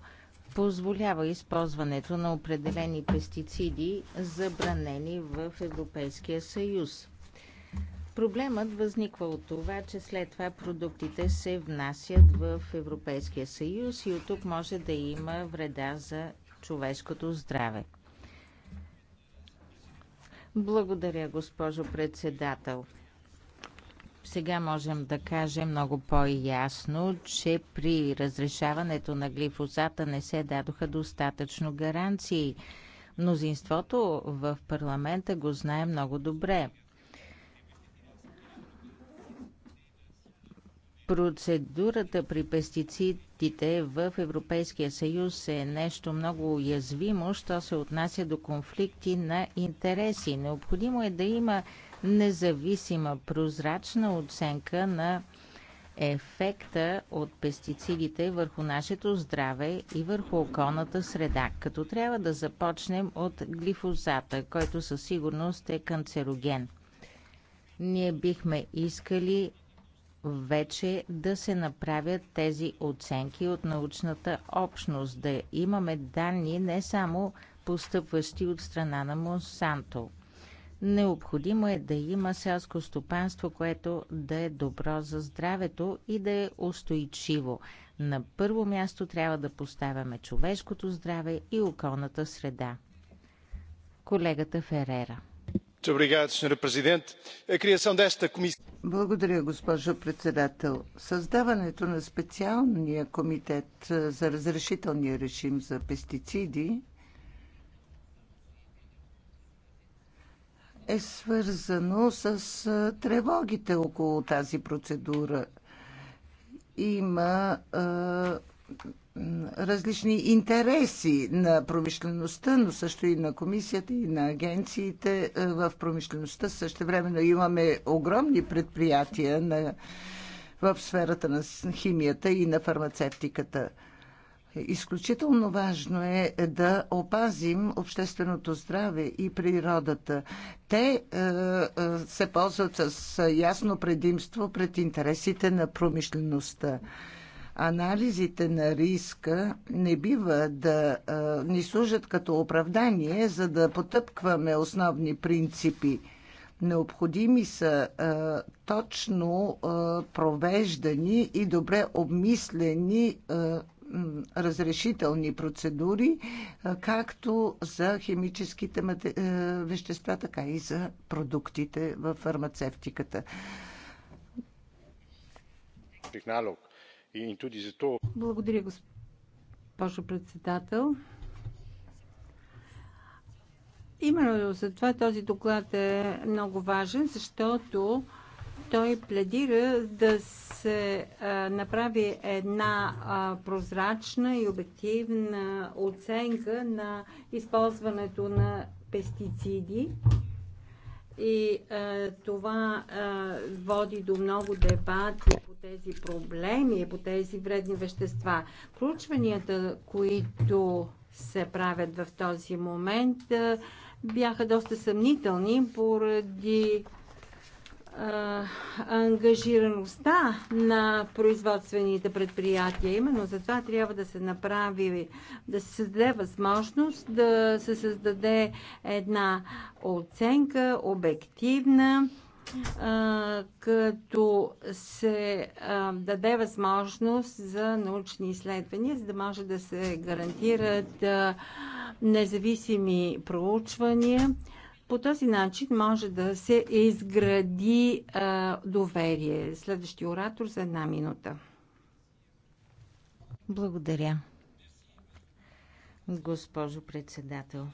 позволява използването на определени пестициди, забранени в Европейския съюз. Проблемът възниква от това, че след това продуктите се внасят в Европейския съюз и от тук може да има вреда за човешкото здраве. Благодаря, госпожо председател. Сега можем да кажем много по-ясно, че при разрешаването на глифозата не се дадоха достатъчно гаранции. Мнозинството в парламента го знае много добре. Процедурата при пестицидите в Европейския съюз е нещо много уязвимо, що се отнася до конфликти на интереси. Необходимо е да има независима, прозрачна оценка на ефекта от пестицидите върху нашето здраве и върху околната среда, като трябва да започнем от глифозата, който със сигурност е канцероген. Ние бихме искали вече да се направят тези оценки от научната общност, да имаме данни не само постъпващи от страна на Монсанто – Необходимо е да има селско стопанство, което да е добро за здравето и да е устойчиво. На първо място трябва да поставяме човешкото здраве и околната среда. Колегата Ферера. Благодаря, госпожо председател. Създаването на специалния комитет за разрешителния режим за пестициди е свързано с тревогите около тази процедура. Има е, различни интереси на промишлеността, но също и на комисията и на агенциите в промишлеността. Също времено имаме огромни предприятия на, в сферата на химията и на фармацевтиката – Изключително важно е да опазим общественото здраве и природата. Те е, е, се ползват с ясно предимство пред интересите на промишлеността. Анализите на риска не бива да е, ни служат като оправдание, за да потъпкваме основни принципи. Необходими са а, е, точно а, е, провеждани и добре обмислени а, е, разрешителни процедури, както за химическите вещества, така и за продуктите в фармацевтиката. Благодаря, госпожо председател. Именно за това този доклад е много важен, защото той пледира да се направи една прозрачна и обективна оценка на използването на пестициди. И а, това а, води до много дебати по тези проблеми, по тези вредни вещества. Проучванията, които се правят в този момент, а, бяха доста съмнителни поради ангажираността на производствените предприятия. Именно за това трябва да се направи, да се създаде възможност да се създаде една оценка, обективна, като се даде възможност за научни изследвания, за да може да се гарантират независими проучвания по този начин може да се изгради а, доверие. Следващия оратор за една минута. Благодаря. Госпожо председател,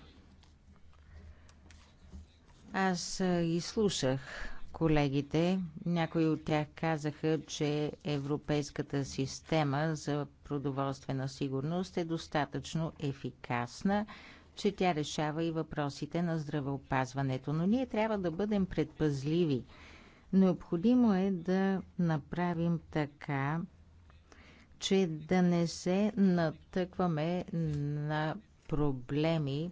аз изслушах колегите. Някои от тях казаха, че европейската система за продоволствена сигурност е достатъчно ефикасна, че тя решава и въпросите на здравеопазването, но ние трябва да бъдем предпазливи. Необходимо е да направим така, че да не се натъкваме на проблеми,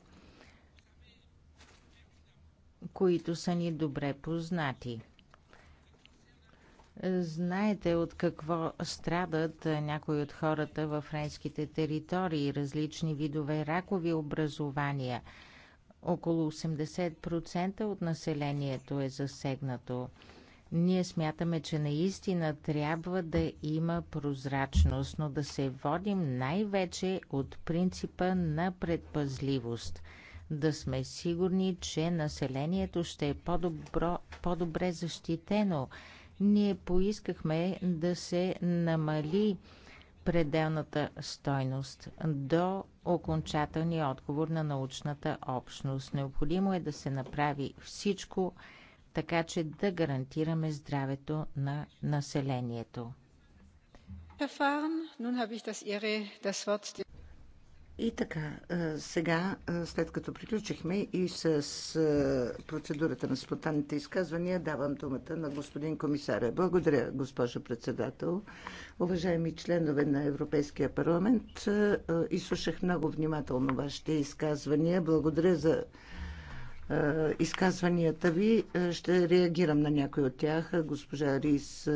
които са ни добре познати. Знаете от какво страдат е, някои от хората във френските територии, различни видове ракови образования. Около 80% от населението е засегнато. Ние смятаме, че наистина трябва да има прозрачност, но да се водим най-вече от принципа на предпазливост. Да сме сигурни, че населението ще е по-добро, по-добре защитено ние поискахме да се намали пределната стойност до окончателния отговор на научната общност. Необходимо е да се направи всичко, така че да гарантираме здравето на населението. И така, сега, след като приключихме и с процедурата на спонтанните изказвания, давам думата на господин комисаря. Благодаря, госпожо председател. Уважаеми членове на Европейския парламент, изслушах много внимателно вашите изказвания. Благодаря за изказванията ви. Ще реагирам на някой от тях. Госпожа Рис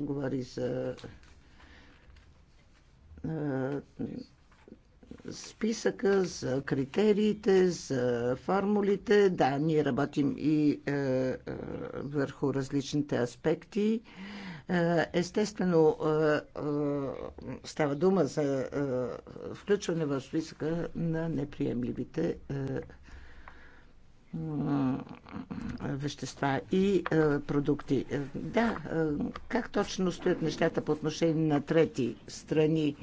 говори за списъка, за критериите, за формулите. Да, ние работим и е, е, върху различните аспекти. Е, естествено, е, е, става дума за включване в списъка на неприемливите вещества и продукти. Да, как точно стоят нещата по отношение на трети страни?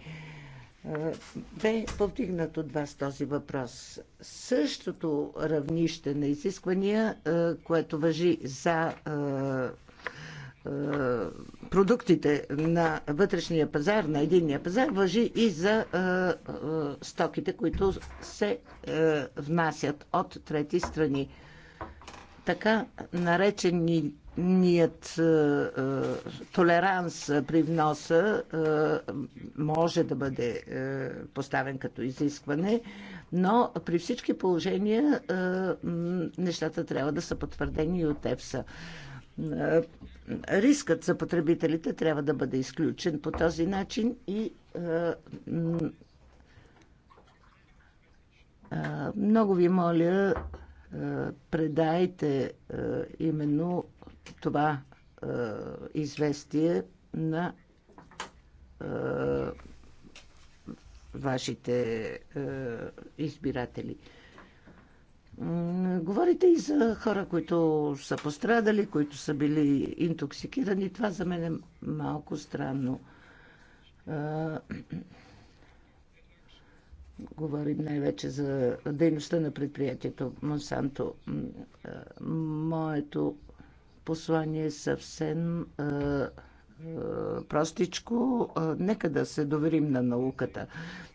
бе повдигнат от вас този въпрос. Същото равнище на изисквания, е, което въжи за е, е, продуктите на вътрешния пазар, на единния пазар, въжи и за стоките, които се внасят от трети страни. Така наречени ният е, е, толеранс при вноса е, може да бъде поставен като изискване, но при всички положения нещата трябва да са потвърдени и от ЕФСА. Рискът за потребителите трябва да бъде изключен по този начин и много ви моля, предайте именно това е, известие на е, вашите е, избиратели. Говорите и за хора, които са пострадали, които са били интоксикирани. Това за мен е малко странно. Е, говорим най-вече за дейността на предприятието Монсанто. Е, моето послание е съвсем простичко, нека да се доверим на науката.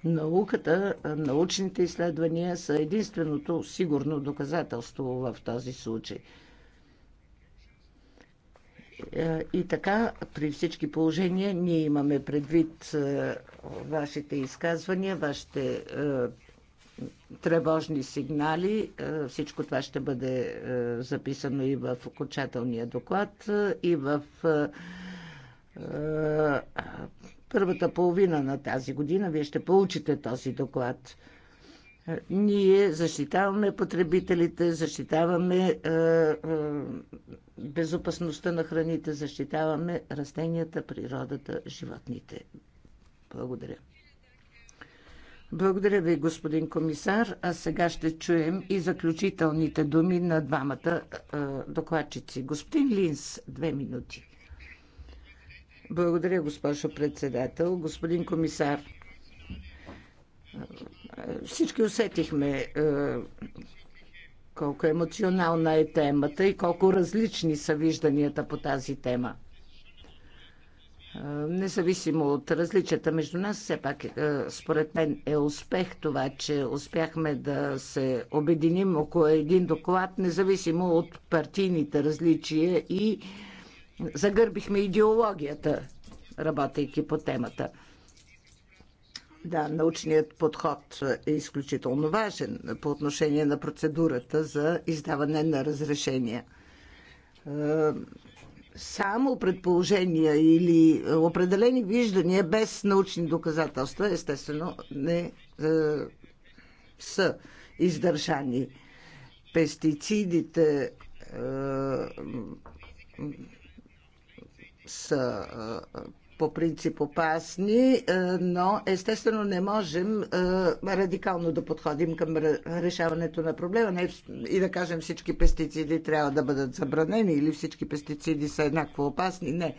Науката, научните изследвания са единственото сигурно доказателство в този случай. И така, при всички положения, ние имаме предвид вашите изказвания, вашите тревожни сигнали. Е, всичко това ще бъде е, записано и в окончателния доклад, е, и в първата половина на тази година. Вие ще получите този доклад. Ние защитаваме потребителите, защитаваме безопасността на храните, защитаваме растенията, природата, животните. Благодаря. Благодаря ви, господин комисар. А сега ще чуем и заключителните думи на двамата е, докладчици. Господин Линс, две минути. Благодаря, госпожо председател. Господин комисар, е, всички усетихме е, колко емоционална е темата и колко различни са вижданията по тази тема. Независимо от различията между нас, все пак е, според мен е успех това, че успяхме да се обединим около един доклад, независимо от партийните различия и загърбихме идеологията, работейки по темата. Да, научният подход е изключително важен по отношение на процедурата за издаване на разрешения е, само предположения или е, определени виждания без научни доказателства, естествено, не е, са издържани. Пестицидите е, са е, по принцип опасни, е, но естествено не можем е, радикално да подходим към решаването на проблема не, и да кажем всички пестициди трябва да бъдат забранени или всички пестициди са еднакво опасни. Не.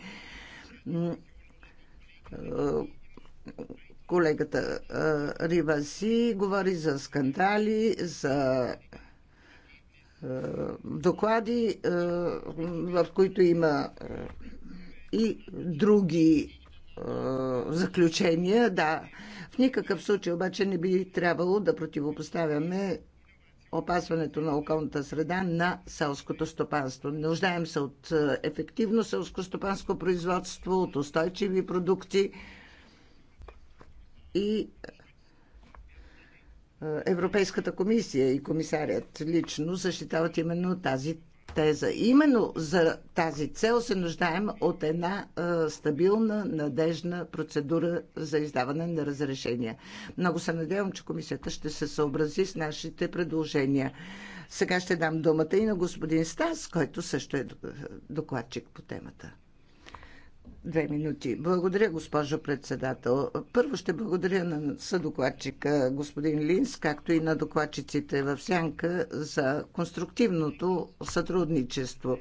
Е, колегата Риваси говори за скандали, за доклади, в които има и други заключения, да. В никакъв случай обаче не би трябвало да противопоставяме опазването на околната среда на селското стопанство. Нуждаем се от ефективно селско-стопанско производство, от устойчиви продукти и Европейската комисия и комисарят лично защитават именно тази теза. Именно за тази цел се нуждаем от една а, стабилна, надежна процедура за издаване на разрешения. Много се надявам, че комисията ще се съобрази с нашите предложения. Сега ще дам думата и на господин Стас, който също е докладчик по темата. Две минути. Благодаря, госпожо председател. Първо ще благодаря на съдокладчика господин Линс, както и на докладчиците в Сянка за конструктивното сътрудничество.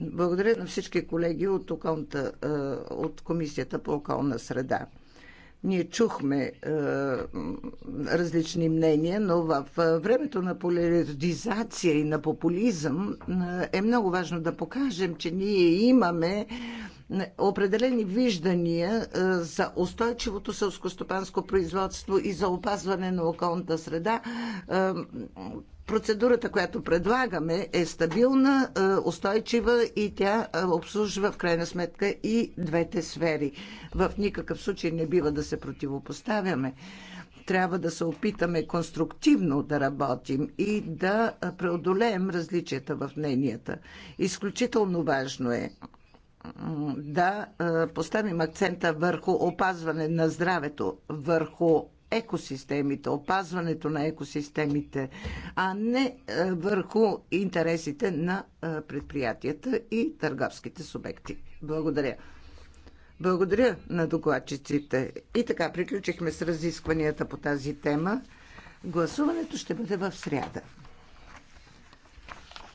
Благодаря на всички колеги от, околната, е, от Комисията по околна среда. Ние чухме е, различни мнения, но в е, времето на поляризация и на популизъм е, е много важно да покажем, че ние имаме е, определени виждания за устойчивото сълскостопанско производство и за опазване на околната среда, Процедурата, която предлагаме, е стабилна, е, устойчива и тя е, обслужва в крайна сметка и двете сфери. В никакъв случай не бива да се противопоставяме трябва да се опитаме конструктивно да работим и да е, преодолеем различията в мненията. Изключително важно е да поставим акцента върху опазване на здравето, върху екосистемите, опазването на екосистемите, а не е, върху интересите на е, предприятията и търговските субекти. Благодаря. Благодаря на докладчиците. И така, приключихме с разискванията по тази тема. Гласуването ще бъде в сряда.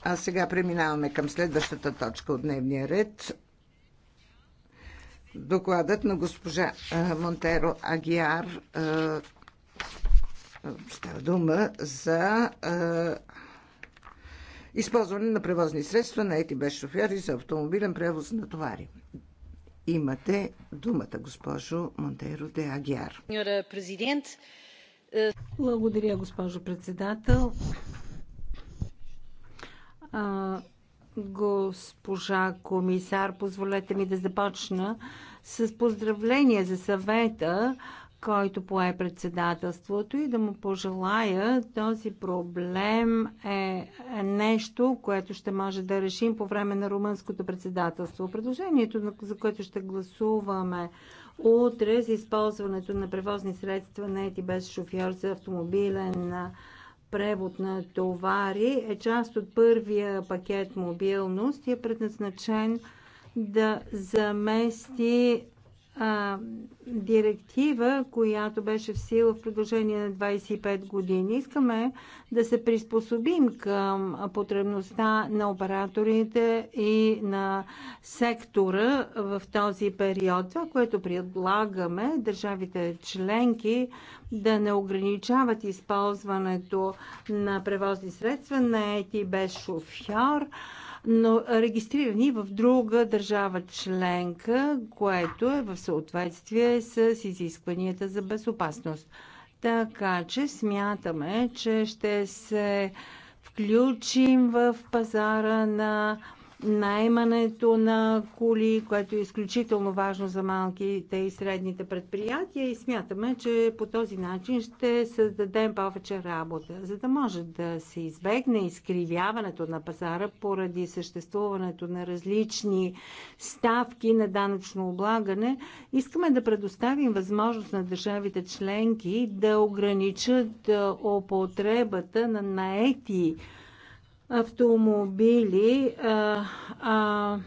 А сега преминаваме към следващата точка от дневния ред докладът на госпожа Монтеро Агиар става дума за използване на превозни средства на ети без шофьори за автомобилен превоз на товари. Имате думата, госпожо Монтеро де Агиар. Благодаря, госпожо председател Госпожа комисар, позволете ми да започна с поздравление за съвета, който пое председателството и да му пожелая този проблем е нещо, което ще може да решим по време на румънското председателство. Предложението, за което ще гласуваме утре за използването на превозни средства на ети без шофьор за автомобилен превод на товари е част от първия пакет мобилност и е предназначен да замести а, директива, която беше в сила в продължение на 25 години. Искаме да се приспособим към потребността на операторите и на сектора в този период. Това, което предлагаме държавите членки да не ограничават използването на превозни средства на ети без шофьор, но регистрирани в друга държава членка, което е в съответствие с изискванията за безопасност. Така че смятаме, че ще се включим в пазара на наемането на коли, което е изключително важно за малките и средните предприятия и смятаме, че по този начин ще създадем повече работа, за да може да се избегне изкривяването на пазара поради съществуването на различни ставки на данъчно облагане. Искаме да предоставим възможност на държавите членки да ограничат употребата на наети автомобили а, а,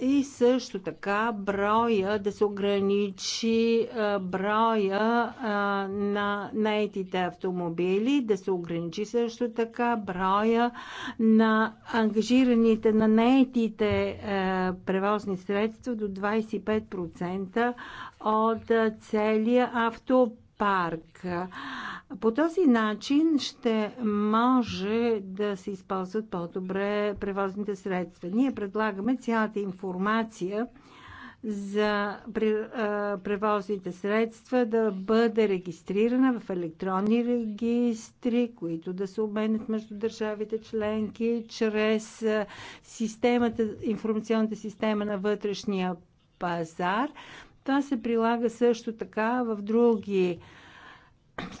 и също така броя да се ограничи а, броя а, на наетите автомобили, да се ограничи също така броя на ангажираните на наетите а, е, превозни средства до 25% от целия автопарк. А, по този начин ще може да се използват по-добре превозните средства. Ние предлагаме цялата информация за превозните средства да бъде регистрирана в електронни регистри, които да се обменят между държавите членки чрез системата, информационната система на вътрешния пазар. Това се прилага също така в други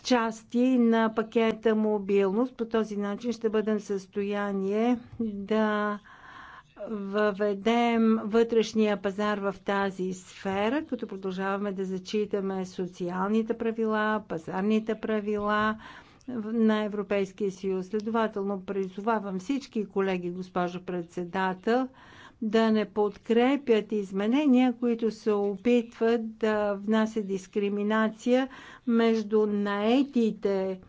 части на пакета мобилност. По този начин ще бъдем в състояние да въведем вътрешния пазар в тази сфера, като продължаваме да зачитаме социалните правила, пазарните правила на Европейския съюз. Следователно, призовавам всички колеги, госпожо председател, да не подкрепят изменения, които се опитват да внасят дискриминация между наетите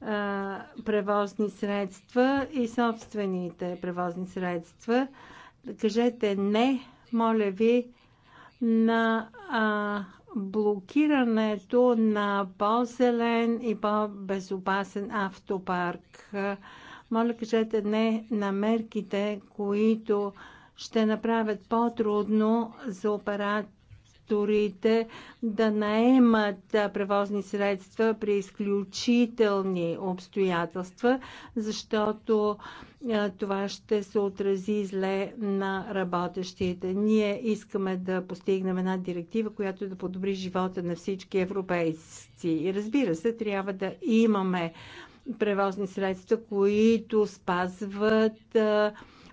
а, превозни средства и собствените превозни средства. Кажете не, моля ви, на а, блокирането на по-зелен и по-безопасен автопарк. Моля, кажете не на мерките, които ще направят по-трудно за операторите да наемат превозни средства при изключителни обстоятелства, защото това ще се отрази зле на работещите. Ние искаме да постигнем една директива, която да подобри живота на всички европейци. И разбира се, трябва да имаме превозни средства, които спазват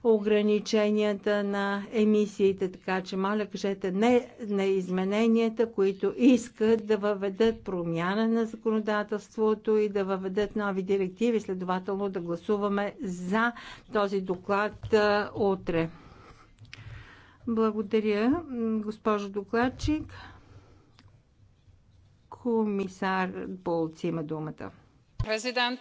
ограниченията на емисиите. Така че, моля, кажете не на измененията, които искат да въведат промяна на законодателството и да въведат нови директиви. Следователно да гласуваме за този доклад утре. Благодаря, госпожо докладчик. Комисар Болц има думата. Президент,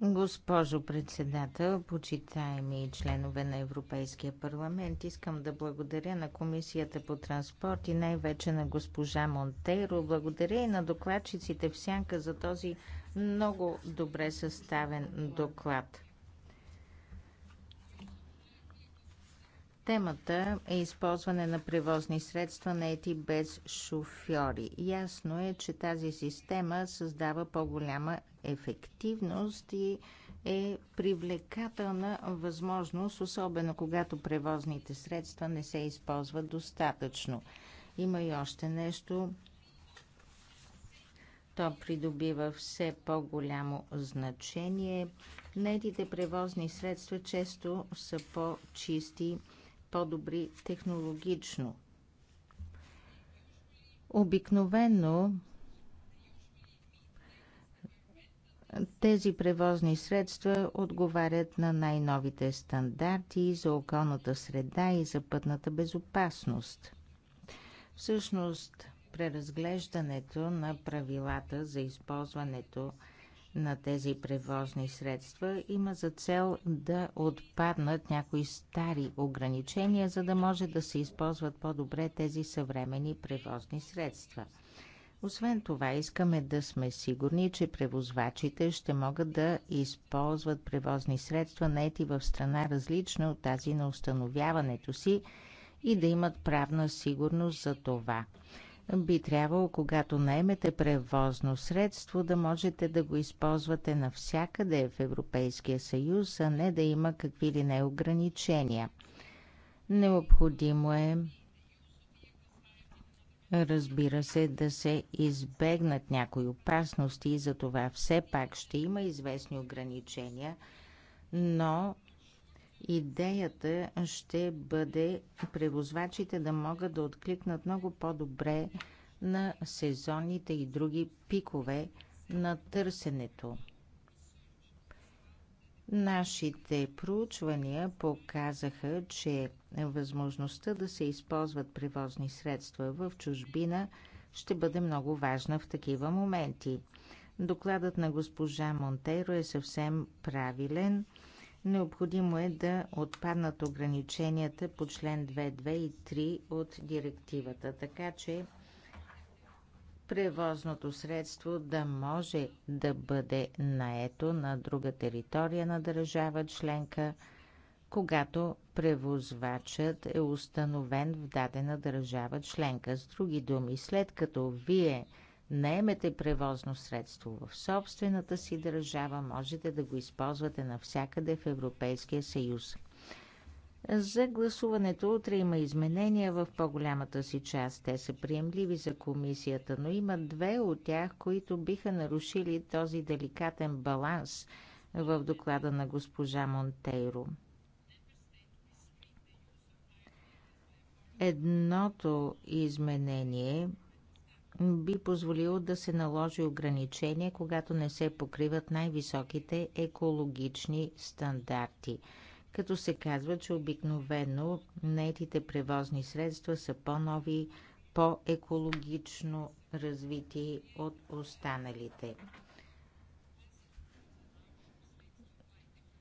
Госпожо председател, почитаеми членове на Европейския парламент, искам да благодаря на Комисията по транспорт и най-вече на госпожа Монтейро. Благодаря и на докладчиците в Сянка за този много добре съставен доклад. Темата е използване на превозни средства на ети без шофьори. Ясно е, че тази система създава по-голяма ефективност и е привлекателна възможност, особено когато превозните средства не се използват достатъчно. Има и още нещо. То придобива все по-голямо значение. Нетите превозни средства често са по-чисти, по-добри технологично. Обикновено Тези превозни средства отговарят на най-новите стандарти за околната среда и за пътната безопасност. Всъщност, преразглеждането на правилата за използването на тези превозни средства има за цел да отпаднат някои стари ограничения, за да може да се използват по-добре тези съвремени превозни средства – освен това, искаме да сме сигурни, че превозвачите ще могат да използват превозни средства наети в страна различна от тази на установяването си и да имат правна сигурност за това. Би трябвало, когато наемете превозно средство, да можете да го използвате навсякъде в Европейския съюз, а не да има какви ли не ограничения. Необходимо е разбира се, да се избегнат някои опасности и за това все пак ще има известни ограничения, но идеята ще бъде превозвачите да могат да откликнат много по-добре на сезонните и други пикове на търсенето. Нашите проучвания показаха, че възможността да се използват превозни средства в чужбина ще бъде много важна в такива моменти. Докладът на госпожа Монтеро е съвсем правилен. Необходимо е да отпаднат ограниченията по член 2-2 и 3 от директивата, така че превозното средство да може да бъде наето на друга територия на държава членка, когато превозвачът е установен в дадена държава членка. С други думи, след като вие наемете превозно средство в собствената си държава, можете да го използвате навсякъде в Европейския съюз. За гласуването утре има изменения в по-голямата си част. Те са приемливи за комисията, но има две от тях, които биха нарушили този деликатен баланс в доклада на госпожа Монтейро. Едното изменение би позволило да се наложи ограничение, когато не се покриват най-високите екологични стандарти – като се казва, че обикновено наетите превозни средства са по-нови, по-екологично развити от останалите.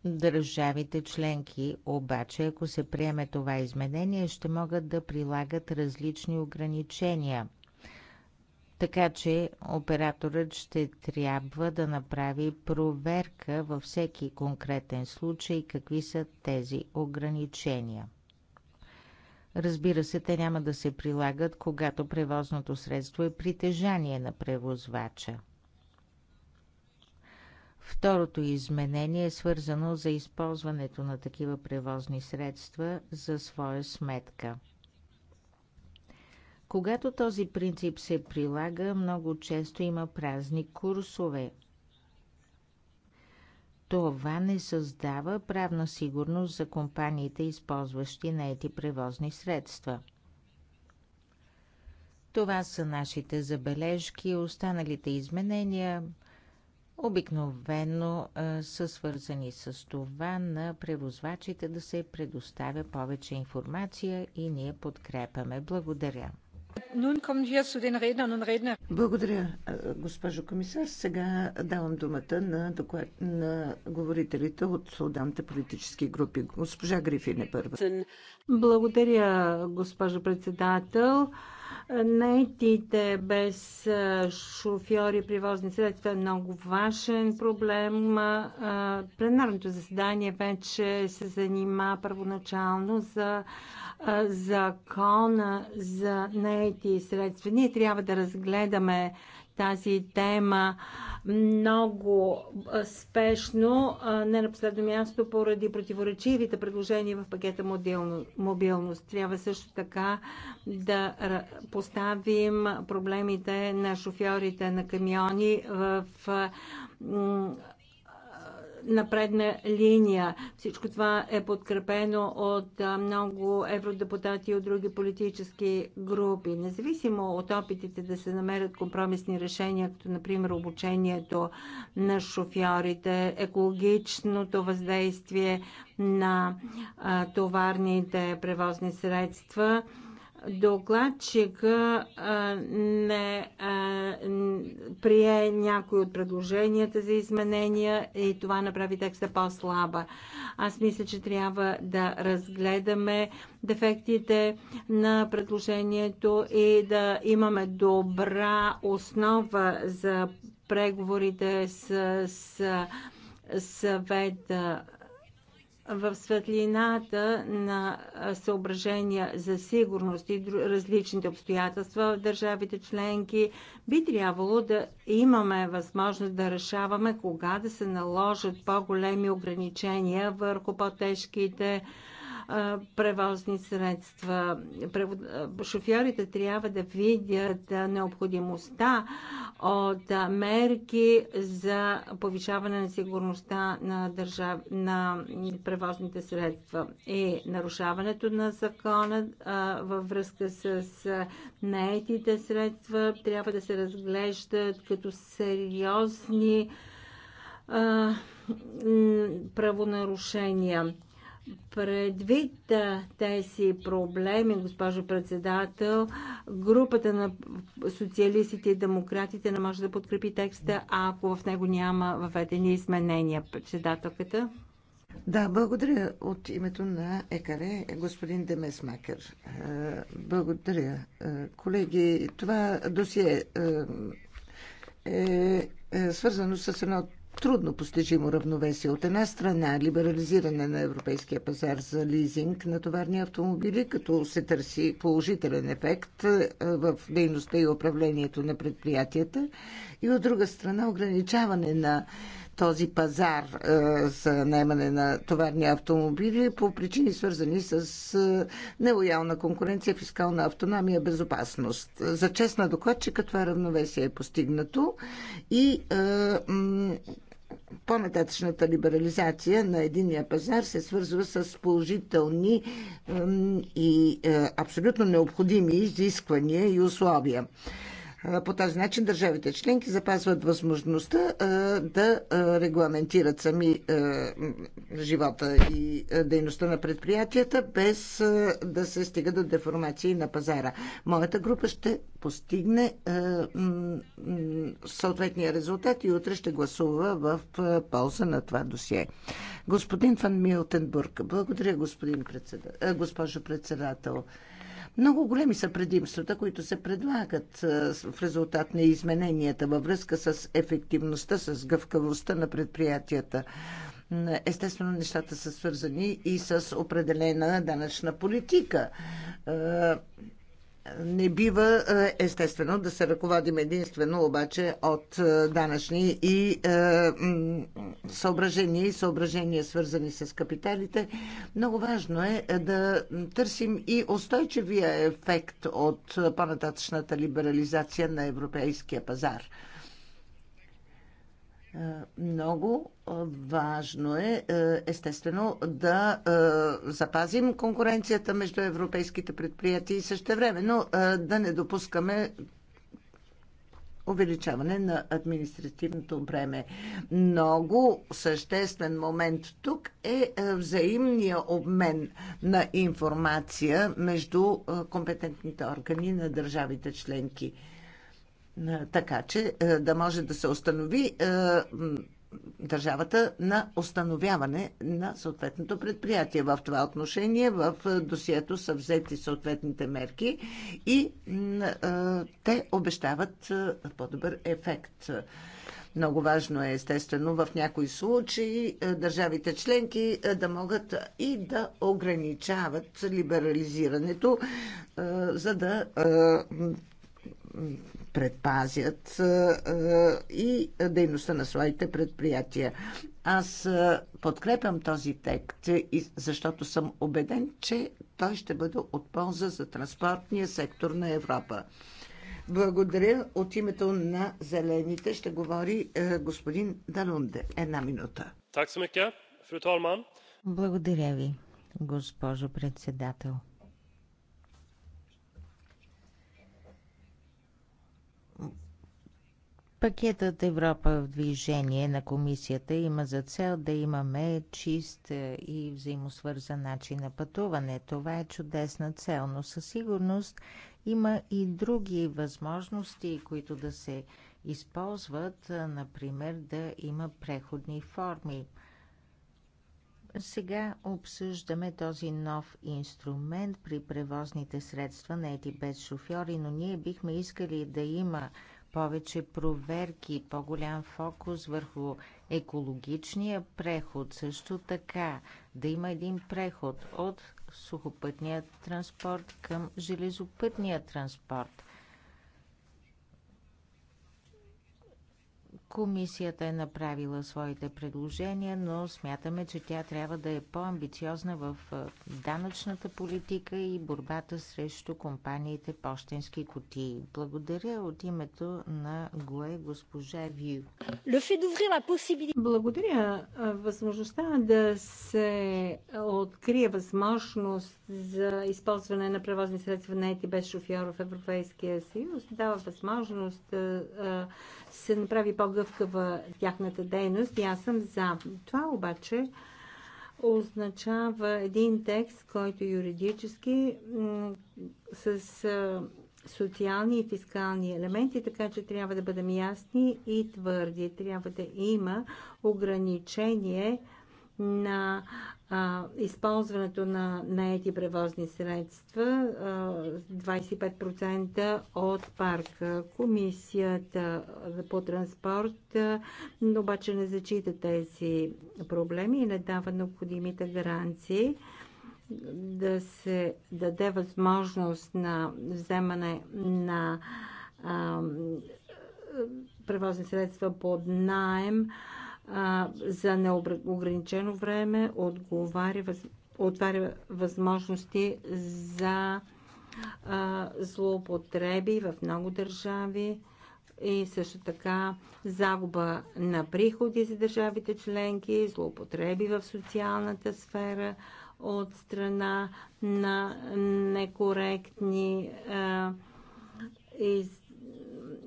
Държавите членки обаче, ако се приеме това изменение, ще могат да прилагат различни ограничения. Така че операторът ще трябва да направи проверка във всеки конкретен случай какви са тези ограничения. Разбира се, те няма да се прилагат, когато превозното средство е притежание на превозвача. Второто изменение е свързано за използването на такива превозни средства за своя сметка – когато този принцип се прилага, много често има празни курсове. Това не създава правна сигурност за компаниите, използващи наети превозни средства. Това са нашите забележки. Останалите изменения обикновено а, са свързани с това на превозвачите да се предоставя повече информация и ние подкрепяме. Благодаря. Благодаря, госпожо комисар. Сега давам думата на, доклад, на говорителите от отделните политически групи. Госпожа Грифин е първа. Благодаря, госпожо председател. Найтите без шофьори и превозни средства е много важен проблем. Пленарното заседание вече се занима първоначално за закона за наети средства. Ние трябва да разгледаме тази тема много спешно, не на последно място поради противоречивите предложения в пакета мобилност. Трябва също така да поставим проблемите на шофьорите на камиони в на предна линия. Всичко това е подкрепено от много евродепутати и от други политически групи. Независимо от опитите да се намерят компромисни решения, като например обучението на шофьорите, екологичното въздействие на товарните превозни средства, докладчика не прие някои от предложенията за изменения и това направи текста по-слаба. Аз мисля, че трябва да разгледаме дефектите на предложението и да имаме добра основа за преговорите с, с съвета в светлината на съображения за сигурност и различните обстоятелства в държавите членки, би трябвало да имаме възможност да решаваме кога да се наложат по-големи ограничения върху по-тежките превозни средства. Шофьорите трябва да видят необходимостта от мерки за повишаване на сигурността на, държав... на превозните средства и нарушаването на закона във връзка с наетите средства трябва да се разглеждат като сериозни правонарушения. Предвид тези проблеми, госпожо председател, групата на социалистите и демократите не може да подкрепи текста, ако в него няма въведени изменения. Председателката. Да, благодаря от името на ЕКАРЕ, господин Демесмакер. Благодаря. Колеги, това досие е, е свързано с едно трудно постижимо равновесие. От една страна либерализиране на европейския пазар за лизинг на товарни автомобили, като се търси положителен ефект е, в дейността и управлението на предприятията. И от друга страна ограничаване на този пазар е, за наемане на товарни автомобили по причини свързани с е, нелоялна конкуренция, фискална автономия, безопасност. За честна докладчика това равновесие е постигнато и по-нататъчната либерализация на единния пазар се свързва с положителни и е, абсолютно необходими изисквания и условия. По този начин държавите членки запазват възможността да регламентират сами живота и дейността на предприятията, без да се стига до деформации на пазара. Моята група ще постигне съответния резултат и утре ще гласува в полза на това досие. Господин Фан Милтенбург, благодаря, господин председател, госпожо председател. Много големи са предимствата, които се предлагат в резултат на измененията във връзка с ефективността, с гъвкавостта на предприятията. Естествено, нещата са свързани и с определена данъчна политика. Не бива е, естествено да се ръководим единствено обаче от е, данъчни и е, съображения и съображения свързани с капиталите. Много важно е да търсим и устойчивия ефект от по-нататъчната либерализация на европейския пазар. Е, много е, важно е, е, естествено, да запазим конкуренцията между европейските предприятия и също време, но да не допускаме увеличаване на административното бреме. Много съществен момент тук е взаимния обмен на информация между компетентните органи на държавите членки така че е, да може да се установи е, държавата на установяване на съответното предприятие. В това отношение в е, досието са взети съответните мерки и те обещават по-добър ефект. Много важно е, естествено, в някои случаи държавите членки да могат и да ограничават либерализирането, за да предпазят и дейността на своите предприятия. Аз подкрепям този текст, защото съм убеден, че той ще бъде от полза за транспортния сектор на Европа. Благодаря. От името на Зелените ще говори господин Далунде. Една минута. Благодаря ви, госпожо председател. Пакетът Европа в движение на комисията има за цел да имаме чист и взаимосвързан начин на пътуване. Това е чудесна цел, но със сигурност има и други възможности, които да се използват, например да има преходни форми. Сега обсъждаме този нов инструмент при превозните средства на ети без шофьори, но ние бихме искали да има повече проверки, по-голям фокус върху екологичния преход, също така да има един преход от сухопътния транспорт към железопътния транспорт. Комисията е направила своите предложения, но смятаме, че тя трябва да е по-амбициозна в данъчната политика и борбата срещу компаниите пощенски кутии. Благодаря от името на ГОЕ госпожа Вю. Благодаря възможността да се открие възможност за използване на превозни средства на ети без шофьор в Европейския съюз. Дава възможност да се направи по по-гъвкава тяхната дейност и аз съм за. Това обаче означава един текст, който юридически с социални и фискални елементи, така че трябва да бъдем ясни и твърди. Трябва да има ограничение на а, използването на наети превозни средства, а, 25% от парка. Комисията по транспорт а, обаче не зачита тези проблеми и не дава необходимите гаранции да се даде възможност на вземане на а, превозни средства под найем. А, а, за неограничено време отговаря, въз, отваря възможности за а, злоупотреби в много държави и също така загуба на приходи за държавите членки, злоупотреби в социалната сфера от страна на некоректни а, из,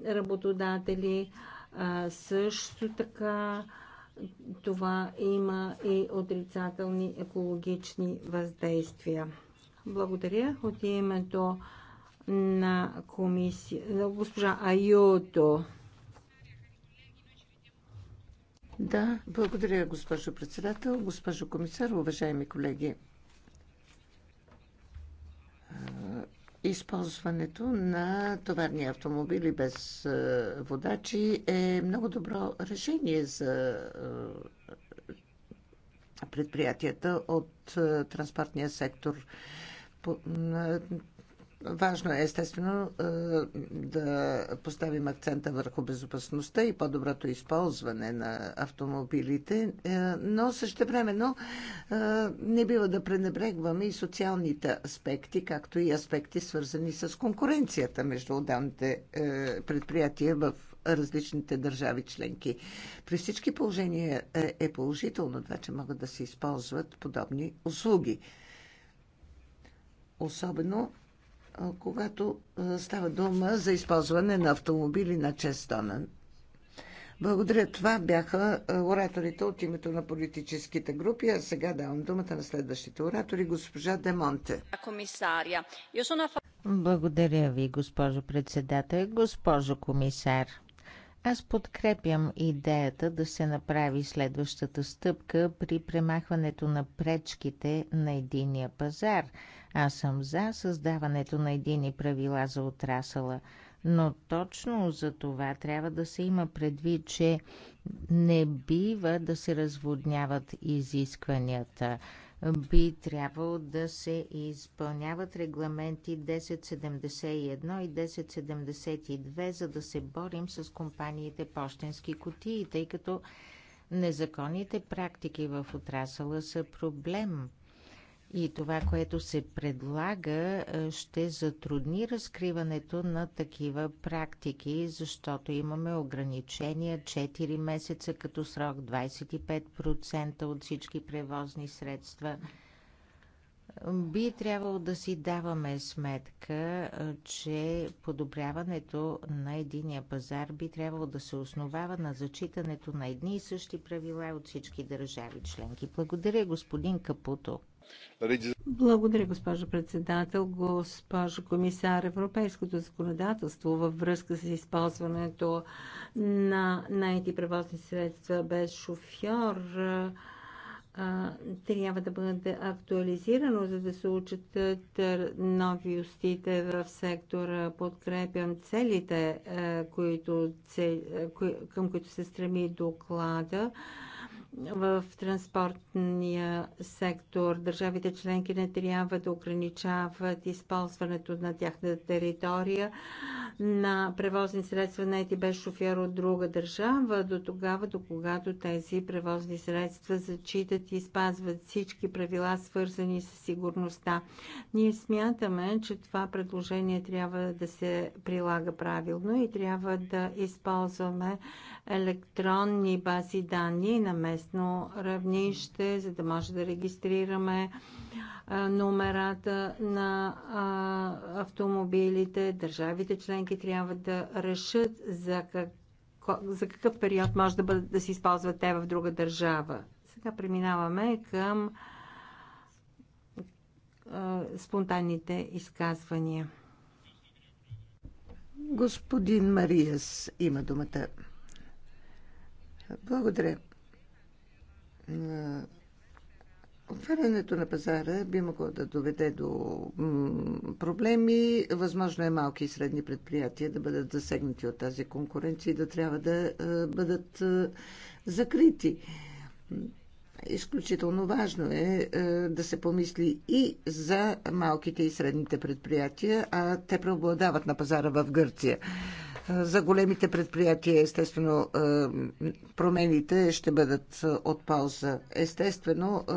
работодатели. А, също така това има и отрицателни екологични въздействия. Благодаря от името на комисия, госпожа Айото. Да, благодаря, госпожо председател, госпожо комисар, уважаеми колеги. използването на товарни автомобили без е, водачи е много добро решение за е, предприятията от е, транспортния сектор. Важно е, естествено, е, да поставим акцента върху безопасността и по-доброто използване на автомобилите, е, но същевременно е, не бива да пренебрегваме и социалните аспекти, както и аспекти свързани с конкуренцията между отделните предприятия в различните държави членки. При всички положения е положително това, че могат да се използват подобни услуги. Особено когато става дума за използване на автомобили на 6 тона. Благодаря. Това бяха ораторите от името на политическите групи. А сега давам думата на следващите оратори, госпожа Демонте. Благодаря ви, госпожо председател, госпожо комисар. Аз подкрепям идеята да се направи следващата стъпка при премахването на пречките на единия пазар. Аз съм за създаването на едини правила за отрасъла, но точно за това трябва да се има предвид, че не бива да се разводняват изискванията би трябвало да се изпълняват регламенти 1071 и 1072, за да се борим с компаниите пощенски кутии, тъй като незаконните практики в отрасъла са проблем. И това, което се предлага, е, ще затрудни разкриването на такива практики, защото имаме ограничения 4 месеца като срок, 25% от всички превозни средства. Би трябвало да си даваме сметка, е, че подобряването на единия пазар би трябвало да се основава на зачитането на едни и същи правила от всички държави членки. Благодаря, господин Капуто. Благодаря, госпожо председател, госпожо комисар. Европейското законодателство във връзка с използването на найти превозни средства без шофьор трябва да бъде актуализирано, за да се учат нови устите в сектора. Подкрепям целите, които, към които се стреми доклада в транспортния сектор. Държавите членки не трябва да ограничават използването на тяхната територия на превозни средства на ети без шофьор от друга държава до тогава, до когато тези превозни средства зачитат и спазват всички правила, свързани с сигурността. Ние смятаме, че това предложение трябва да се прилага правилно и трябва да използваме електронни бази данни на местно равнище, за да може да регистрираме номерата на автомобилите. Държавите членки трябва да решат за, как за какъв период може да, бъде, да се използват те в друга държава. Сега преминаваме към спонтанните изказвания. Господин Мариас има думата. Благодаря. Отварянето на пазара би могло да доведе до проблеми. Възможно е малки и средни предприятия да бъдат засегнати от тази конкуренция и да трябва да бъдат закрити. Изключително важно е да се помисли и за малките и средните предприятия, а те преобладават на пазара в Гърция. За големите предприятия, естествено, е, промените ще бъдат е, от полза. Естествено, е,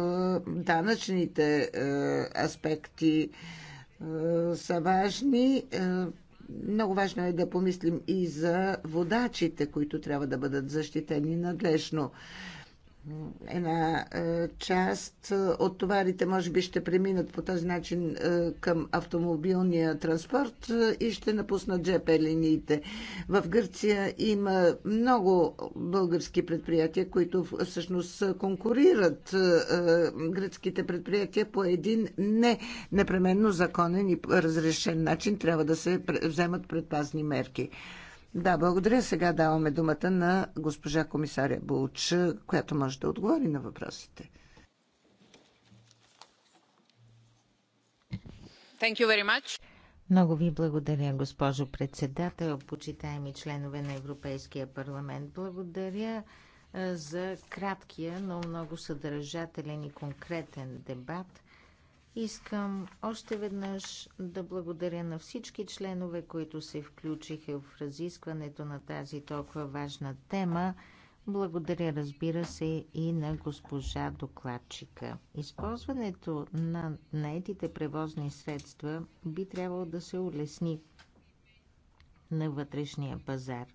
данъчните аспекти са важни. Много важно е да помислим и за водачите, които трябва да бъдат защитени надлежно една е, част от товарите може би ще преминат по този начин е, към автомобилния транспорт е, и ще напуснат ДЖП линиите. В Гърция има много български предприятия, които всъщност конкурират гръцките предприятия по един не непременно законен и разрешен начин. Трябва да се вземат предпазни мерки. Да, благодаря. Сега даваме думата на госпожа комисаря Булч, която може да отговори на въпросите. Thank you very much. Много ви благодаря, госпожо председател, почитаеми членове на Европейския парламент. Благодаря за краткия, но много съдържателен и конкретен дебат. Искам още веднъж да благодаря на всички членове, които се включиха в разискването на тази толкова важна тема. Благодаря, разбира се, и на госпожа докладчика. Използването на наетите превозни средства би трябвало да се улесни на вътрешния пазар.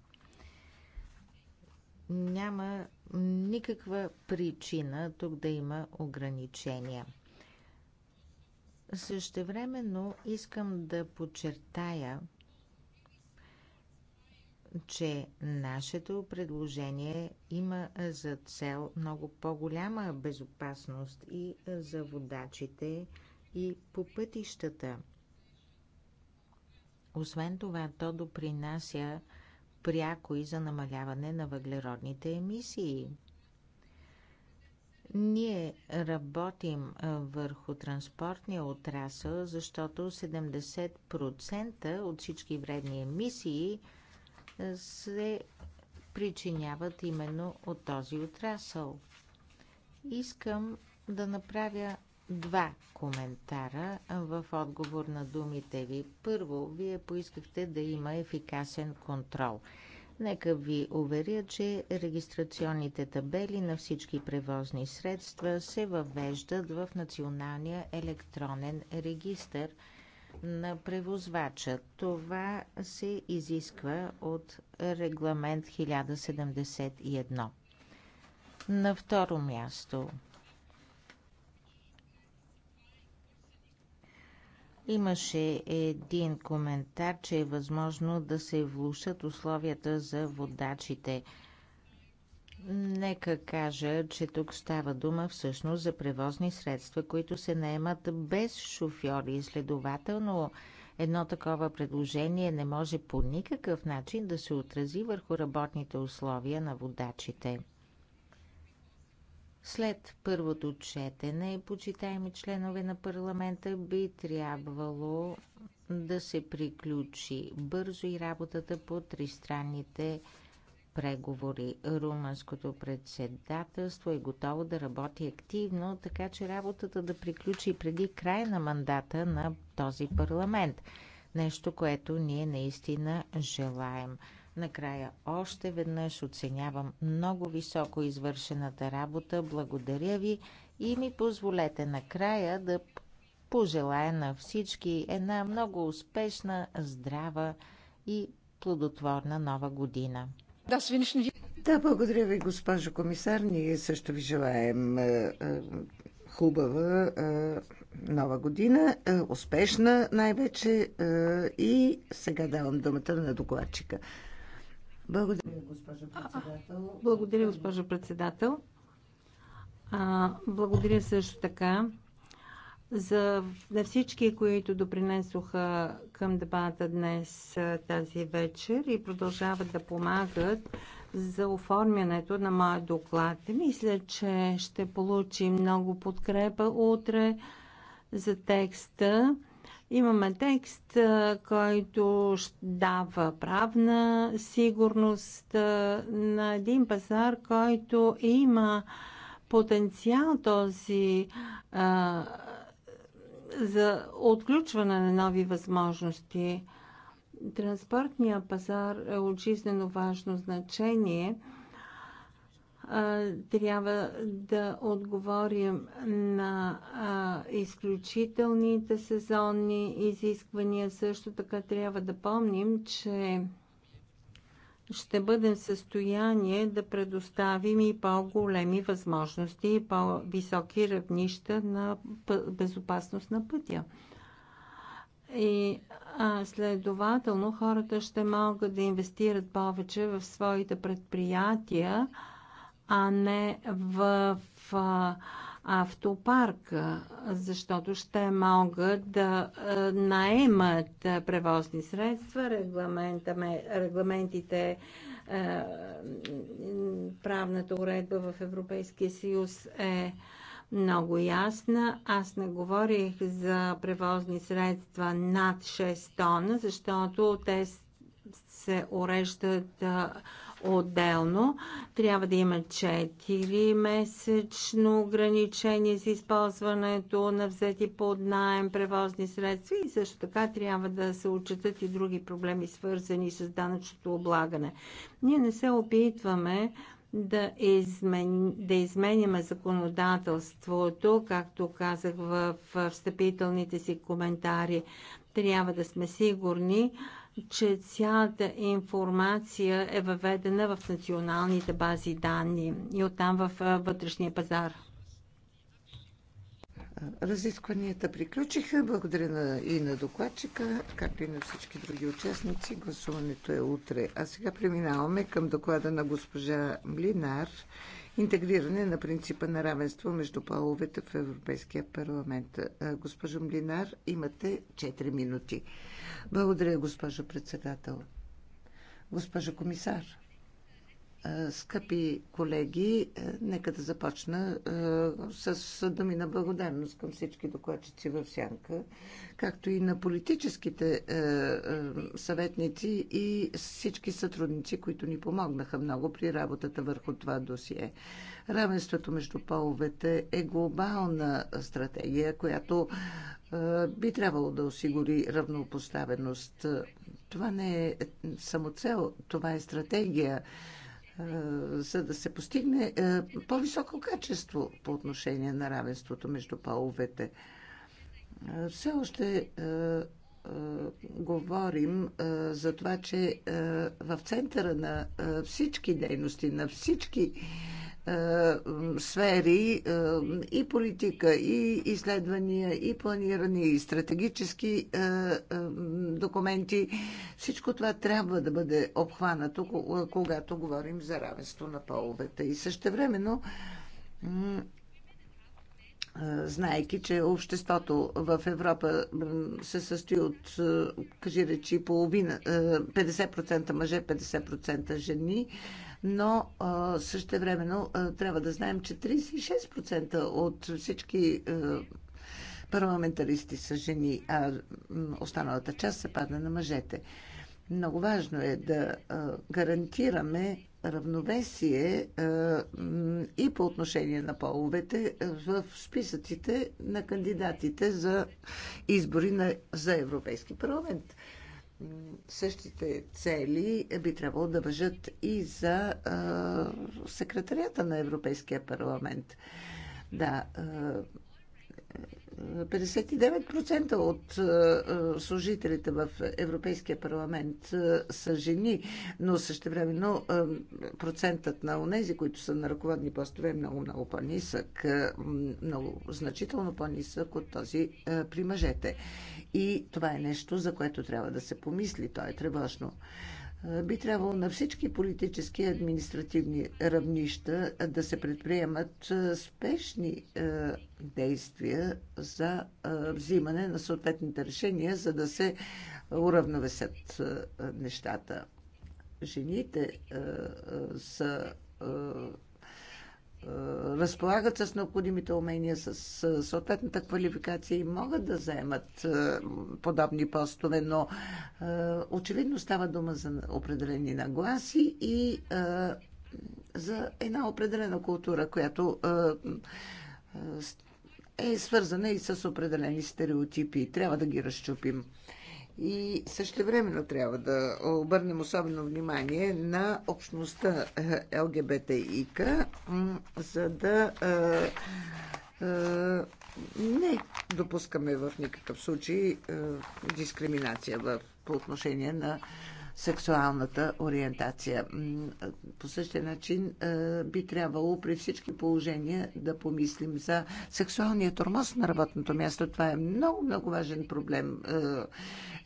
Няма никаква причина тук да има ограничения – Същевременно искам да подчертая, че нашето предложение има за цел много по-голяма безопасност и за водачите и по пътищата. Освен това, то допринася пряко и за намаляване на въглеродните емисии – ние работим върху транспортния отрасъл, защото 70% от всички вредни емисии се причиняват именно от този отрасъл. Искам да направя два коментара в отговор на думите ви. Първо, вие поискахте да има ефикасен контрол – Нека ви уверя, че регистрационните табели на всички превозни средства се въвеждат в Националния електронен регистр на превозвача. Това се изисква от регламент 1071. На второ място Имаше един коментар, че е възможно да се влушат условията за водачите. Нека кажа, че тук става дума всъщност за превозни средства, които се наемат без шофьори. Следователно, едно такова предложение не може по никакъв начин да се отрази върху работните условия на водачите. След първото четене, почитаеми членове на парламента, би трябвало да се приключи бързо и работата по тристранните преговори. Румънското председателство е готово да работи активно, така че работата да приключи преди края на мандата на този парламент. Нещо, което ние наистина желаем. Накрая още веднъж оценявам много високо извършената работа. Благодаря ви и ми позволете накрая да пожелая на всички една много успешна, здрава и плодотворна нова година. Да, Да, благодаря ви, госпожо комисар. Ние също ви желаем е, е, хубава е, нова година, успешна най-вече и сега давам думата на докладчика. Благодаря, госпожа председател. Благодаря, госпожа председател. А, благодаря също така за на всички, които допринесоха към дебата днес тази вечер и продължават да помагат за оформянето на моя доклад. Мисля, че ще получи много подкрепа утре за текста Имаме текст, който дава правна сигурност на един пазар, който има потенциал този а, за отключване на нови възможности. Транспортния пазар е от жизнено важно значение – трябва да отговорим на изключителните сезонни изисквания. Също така трябва да помним, че ще бъдем в състояние да предоставим и по-големи възможности и по-високи равнища на безопасност на пътя. И а, следователно хората ще могат да инвестират повече в своите предприятия, а не в автопарка, защото ще могат да наемат превозни средства, регламентите, правната уредба в Европейския съюз е много ясна. Аз не говорих за превозни средства над 6 тона, защото те се уреждат отделно. Трябва да има 4 месечно ограничение за използването на взети под найем превозни средства и също така трябва да се отчитат и други проблеми, свързани с данъчното облагане. Ние не се опитваме да, измен... да изменяме законодателството, както казах в встъпителните си коментари. Трябва да сме сигурни, че цялата информация е въведена в националните бази данни и оттам в вътрешния пазар. Разискванията приключиха. Благодаря на, и на докладчика, както и на всички други участници. Гласуването е утре. А сега преминаваме към доклада на госпожа Млинар интегриране на принципа на равенство между половете в Европейския парламент. Госпожо Млинар, имате 4 минути. Благодаря, госпожо председател. Госпожо комисар. Скъпи колеги, е, нека да започна е, с думи на благодарност към всички докладчици в Сянка, както и на политическите е, съветници и всички сътрудници, които ни помогнаха много при работата върху това досие. Равенството между половете е глобална стратегия, която би трябвало да осигури равнопоставеност. Това не е самоцел, това е стратегия за да се постигне по-високо качество по отношение на равенството между половете. Все още говорим за това, че в центъра на всички дейности, на всички е, сфери е, и политика, и изследвания, и планиране, и стратегически е, документи. Всичко това трябва да бъде обхванато, когато говорим за равенство на половете. И също времено знаеки, че обществото в Европа се състои от, кажи речи, половина, 50% мъже, 50% жени но също времено трябва да знаем, че 36% от всички парламентаристи са жени, а останалата част се падна на мъжете. Много важно е да гарантираме равновесие и по отношение на половете в списъците на кандидатите за избори на, за Европейски парламент същите цели би трябвало да въжат и за секретарията на Европейския парламент. Да, 59% от е, е, служителите в Европейския парламент е, са жени, но а, процентът на онези, които са на ръководни постове, е много-много по-нисък, много значително по-нисък от този при мъжете. И това е нещо, за което трябва да се помисли. То е тревожно би трябвало на всички политически и административни равнища да се предприемат спешни действия за взимане на съответните решения, за да се уравновесят нещата. Жените са е, разполагат с необходимите умения, с съответната квалификация и могат да заемат е, подобни постове, но е, очевидно става дума за определени нагласи и за една определена култура, която е свързана и с определени стереотипи. Трябва да ги разчупим. И същевременно трябва да обърнем особено внимание на общността е, ЛГБТИК, за да е, е, не допускаме в никакъв случай дискриминация по отношение на сексуалната ориентация. По същия начин би трябвало при всички положения да помислим за сексуалния тормоз на работното място. Това е много, много важен проблем.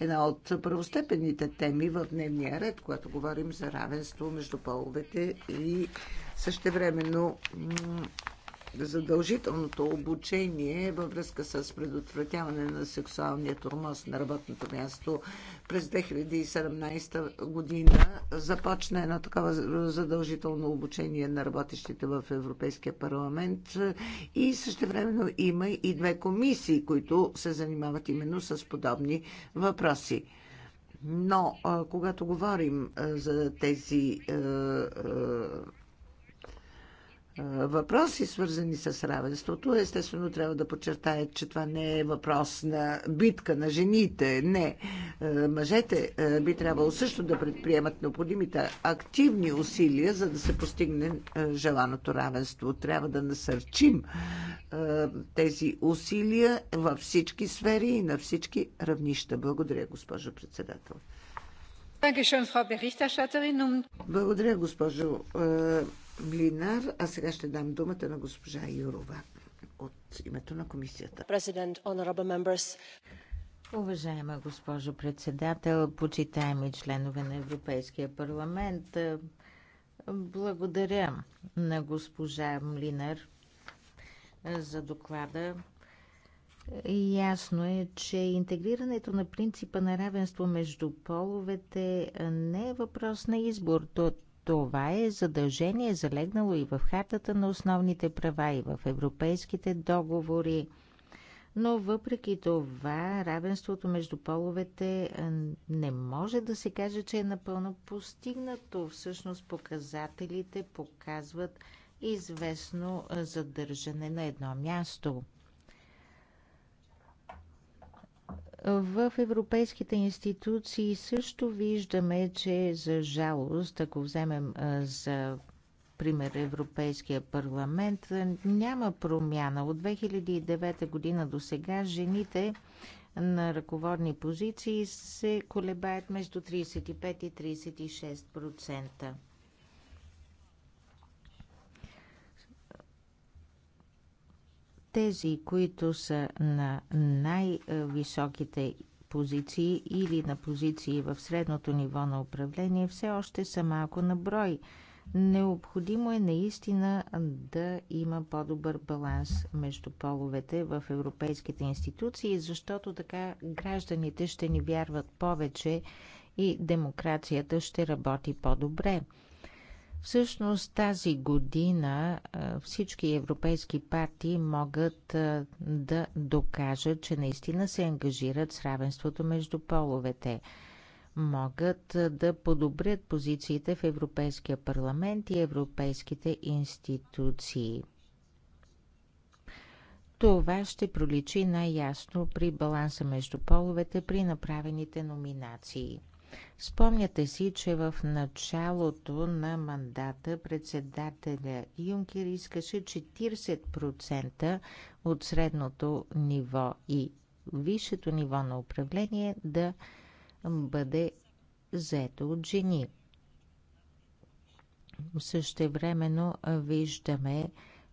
Една от първостепенните теми в дневния ред, когато говорим за равенство между половете и същевременно задължителното обучение във връзка с предотвратяване на сексуалния тормоз на работното място през 2017 година започна едно такова задължително обучение на работещите в Европейския парламент и времено има и две комисии, които се занимават именно с подобни въпроси. Но когато говорим за тези въпроси, свързани с равенството. Естествено, трябва да подчертая, че това не е въпрос на битка на жените. Не. Мъжете би трябвало също да предприемат необходимите активни усилия, за да се постигне желаното равенство. Трябва да насърчим тези усилия във всички сфери и на всички равнища. Благодаря, госпожо председател. Благодаря, госпожо Млинар, а сега ще дам думата на госпожа Юрова от името на комисията. Уважаема госпожо председател, почитаеми членове на Европейския парламент, е, благодаря на госпожа Млинар е, за доклада. Е, ясно е, че интегрирането на принципа на равенство между половете не е въпрос на избор. Това е задължение залегнало и в хартата на основните права и в европейските договори. Но въпреки това, равенството между половете не може да се каже, че е напълно постигнато. Всъщност показателите показват известно задържане на едно място. В европейските институции също виждаме, че за жалост, ако вземем за пример Европейския парламент, няма промяна. От 2009 година до сега жените на ръководни позиции се колебаят между 35 и 36%. тези, които са на най-високите позиции или на позиции в средното ниво на управление, все още са малко на брой. Необходимо е наистина да има по-добър баланс между половете в европейските институции, защото така гражданите ще ни вярват повече и демокрацията ще работи по-добре. Всъщност тази година всички европейски партии могат да докажат, че наистина се ангажират с равенството между половете. Могат да подобрят позициите в Европейския парламент и европейските институции. Това ще проличи най-ясно при баланса между половете при направените номинации. Спомняте си, че в началото на мандата председателя Юнкер искаше 40% от средното ниво и висшето ниво на управление да бъде заето от жени. Същевременно виждаме,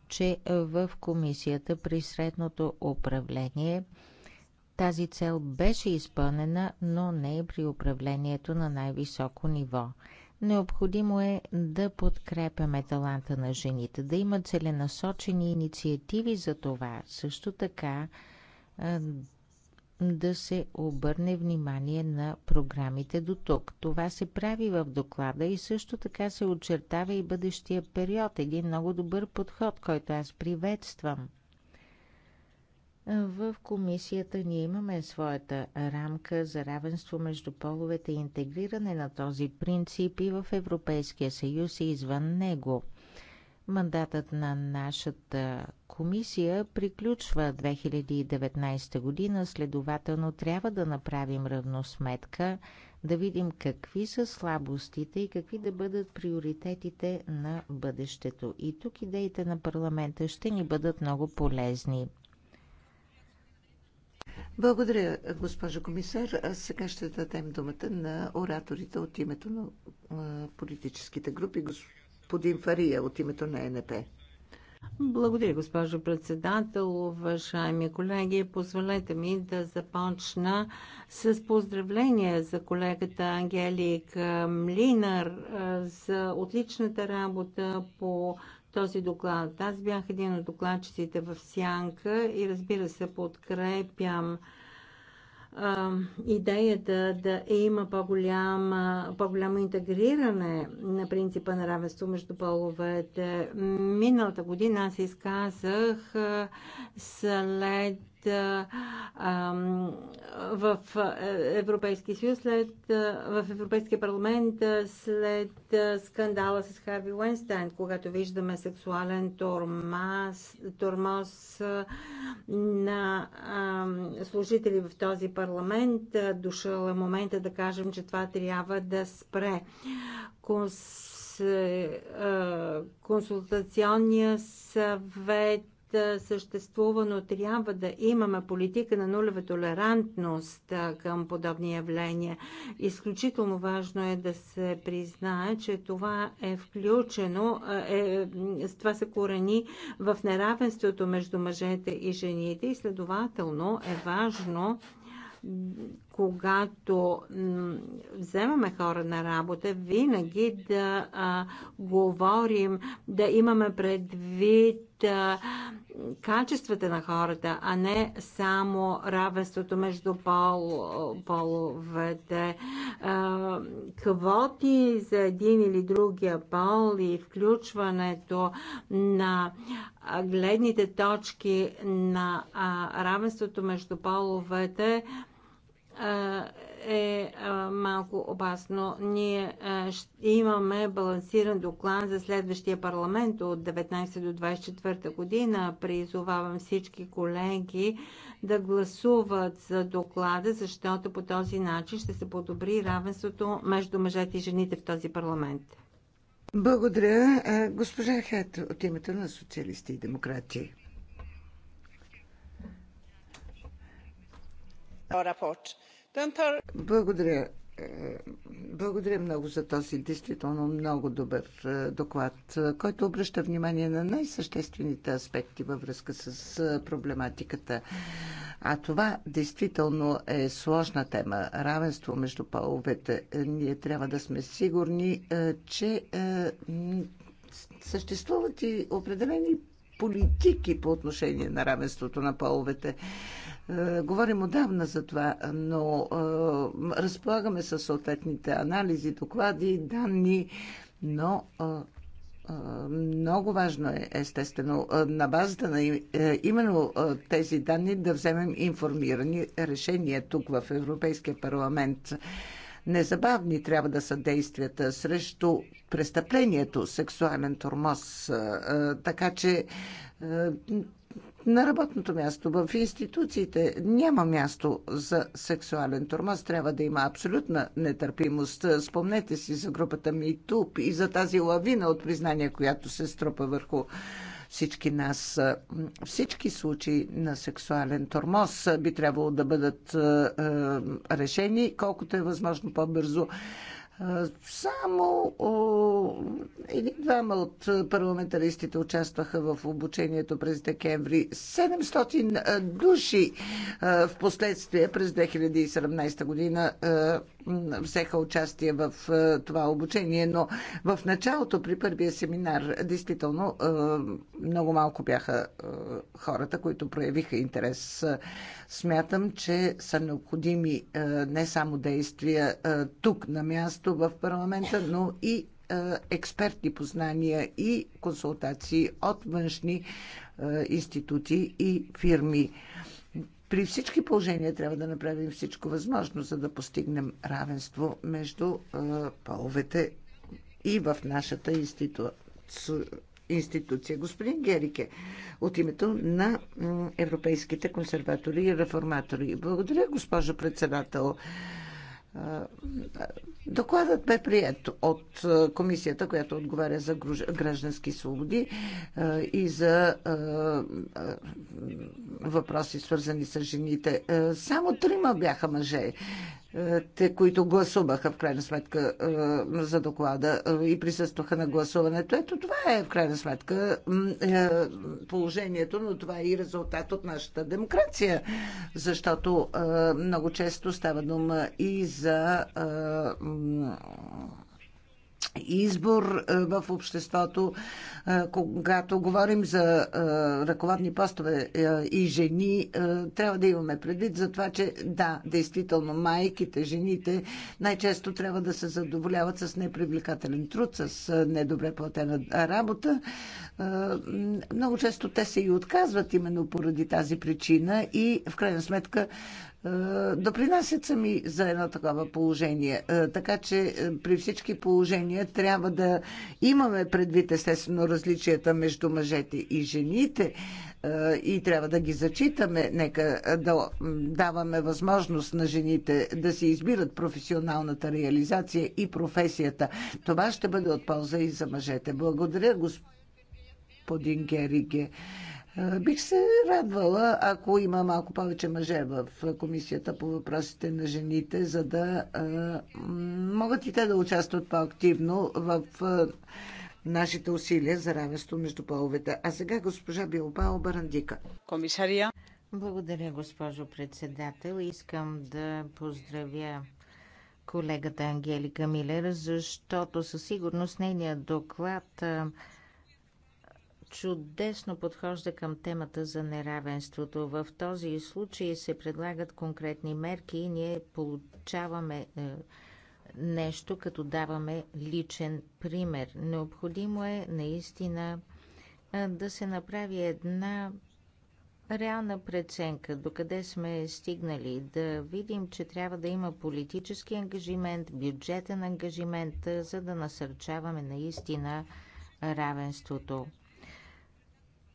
че в комисията при средното управление – тази цел беше изпълнена, но не е при управлението на най-високо ниво. Необходимо е да подкрепяме таланта на жените, да има целенасочени инициативи за това. Също така да се обърне внимание на програмите до тук. Това се прави в доклада и също така се очертава и бъдещия период. Един много добър подход, който аз приветствам. В комисията ние имаме своята рамка за равенство между половете и интегриране на този принцип и в Европейския съюз и извън него. Мандатът на нашата комисия приключва 2019 година, следователно трябва да направим равносметка, да видим какви са слабостите и какви да бъдат приоритетите на бъдещето. И тук идеите на парламента ще ни бъдат много полезни. Благодаря, госпожо комисар. А сега ще дадем думата на ораторите от името на политическите групи. Господин Фария от името на ЕНП. Благодаря, госпожо председател. Уважаеми колеги, позволете ми да започна с поздравления за колегата Ангелик Млинар за отличната работа по този доклад. Аз бях един от докладчиците в Сянка и разбира се подкрепям а, идеята да има по-голямо по интегриране на принципа на равенство между половете. Миналата година аз изказах след в Европейския съюз, след, в Европейския парламент след скандала с Харви Уенстайн, когато виждаме сексуален тормоз, тормоз на служители в този парламент, дошъл е момента да кажем, че това трябва да спре. Конс, консултационния съвет съществува, но трябва да имаме политика на нулева толерантност към подобни явления. Изключително важно е да се признае, че това е включено, е, това се корени в неравенството между мъжете и жените и следователно е важно когато вземаме хора на работа, винаги да а, говорим, да имаме предвид а, качествата на хората, а не само равенството между пол, половете. А, квоти за един или другия пол и включването на гледните точки на а, равенството между половете е малко опасно. Ние имаме балансиран доклад за следващия парламент от 19 до 24 година. Призовавам всички колеги да гласуват за доклада, защото по този начин ще се подобри равенството между мъжете и жените в този парламент. Благодаря. Госпожа Хет от името на социалисти и демократи. Благодаря. Е, благодаря много за този действително много добър е, доклад, е, който обръща внимание на най-съществените аспекти във връзка с проблематиката. А това действително е сложна тема. Равенство между половете. Ние трябва да сме сигурни, че съществуват и определени политики по отношение на равенството на половете. Е, говорим отдавна за това, но е, разполагаме с съответните анализи, доклади, данни, но е, много важно е, естествено, на базата на именно тези данни да вземем информирани решения тук в Европейския парламент. Незабавни трябва да са действията срещу престъплението сексуален тормоз. Така че на работното място, в институциите няма място за сексуален тормоз. Трябва да има абсолютна нетърпимост. Спомнете си за групата МИТУП и за тази лавина от признания, която се струпа върху всички нас. Всички случаи на сексуален тормоз би трябвало да бъдат решени колкото е възможно по-бързо. Само един-двама от парламентаристите участваха в обучението през декември. 700 души в последствие през 2017 година взеха участие в е, това обучение, но в началото при първия семинар действително е, много малко бяха е, хората, които проявиха интерес. Смятам, че са необходими не само действия тук на място в парламента, но и експертни познания и консултации от външни институти и фирми. При всички положения трябва да направим всичко възможно, за да постигнем равенство между половете и в нашата институция институция. Господин Герике, от името на европейските консерватори и реформатори. Благодаря, госпожо председател. Докладът бе прият от комисията, която отговаря за граждански свободи и за въпроси свързани с жените. Само трима бяха мъже, те, които гласуваха в крайна сметка за доклада и присъстваха на гласуването. Ето това е в крайна сметка е, положението, но това е и резултат от нашата демокрация, защото много често става дума и за за избор в обществото, когато говорим за ръководни постове и жени, трябва да имаме предвид за това, че да, действително майките, жените най-често трябва да се задоволяват с непривлекателен труд, с недобре платена работа. Много често те се и отказват именно поради тази причина и в крайна сметка е, допринасят сами за едно такова положение. Е, така че е, при всички положения трябва да имаме предвид естествено различията между мъжете и жените и трябва да ги зачитаме. Нека да даваме възможност на жените да си избират професионалната реализация и професията. Това ще бъде от полза и за мъжете. Благодаря, господин Гериге. Бих се радвала, ако има малко повече мъже в комисията по въпросите на жените, за да могат и те да участват по-активно в нашите усилия за равенство между половете. А сега госпожа Билбао Барандика. Комисария. Благодаря, госпожо председател. Искам да поздравя колегата Ангелика Милер, защото със сигурност нейният доклад чудесно подхожда към темата за неравенството. В този случай се предлагат конкретни мерки и ние получаваме е, нещо, като даваме личен пример. Необходимо е наистина е, да се направи една реална преценка, докъде сме стигнали, да видим, че трябва да има политически ангажимент, бюджетен ангажимент, е, за да насърчаваме наистина равенството.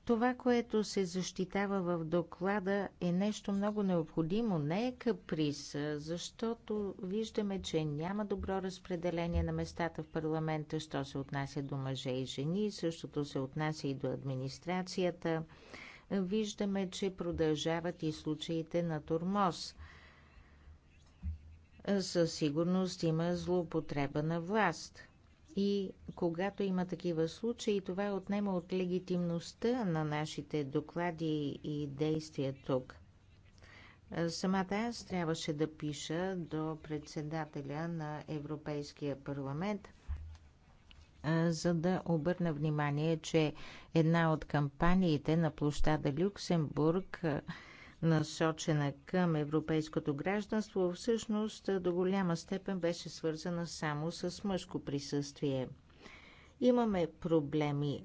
Това, което се защитава в доклада е нещо много необходимо, не е каприз, защото виждаме, че няма добро разпределение на местата в парламента, що се отнася до мъже и жени, същото се отнася и до администрацията. Виждаме, че продължават и случаите на турмоз. Със сигурност има злоупотреба на власт – и когато има такива случаи, това отнема от легитимността на нашите доклади и действия тук. Самата аз трябваше да пиша до председателя на Европейския парламент, за да обърна внимание, че една от кампаниите на площада Люксембург насочена към европейското гражданство, всъщност до голяма степен беше свързана само с мъжко присъствие. Имаме проблеми,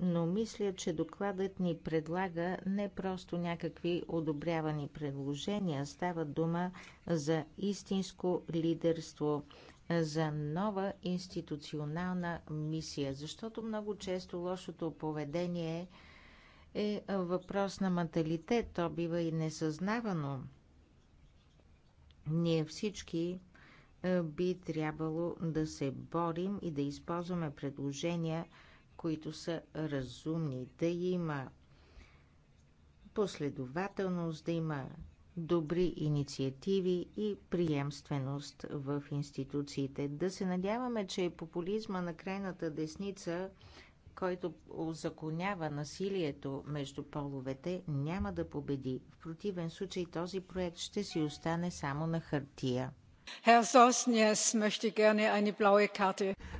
но мисля, че докладът ни предлага не просто някакви одобрявани предложения, става дума за истинско лидерство, за нова институционална мисия, защото много често лошото поведение е е въпрос на менталитет. То бива и несъзнавано. Ние всички е, би трябвало да се борим и да използваме предложения, които са разумни, да има последователност, да има добри инициативи и приемственост в институциите. Да се надяваме, че популизма на крайната десница който озаконява насилието между половете, няма да победи. В противен случай този проект ще си остане само на хартия.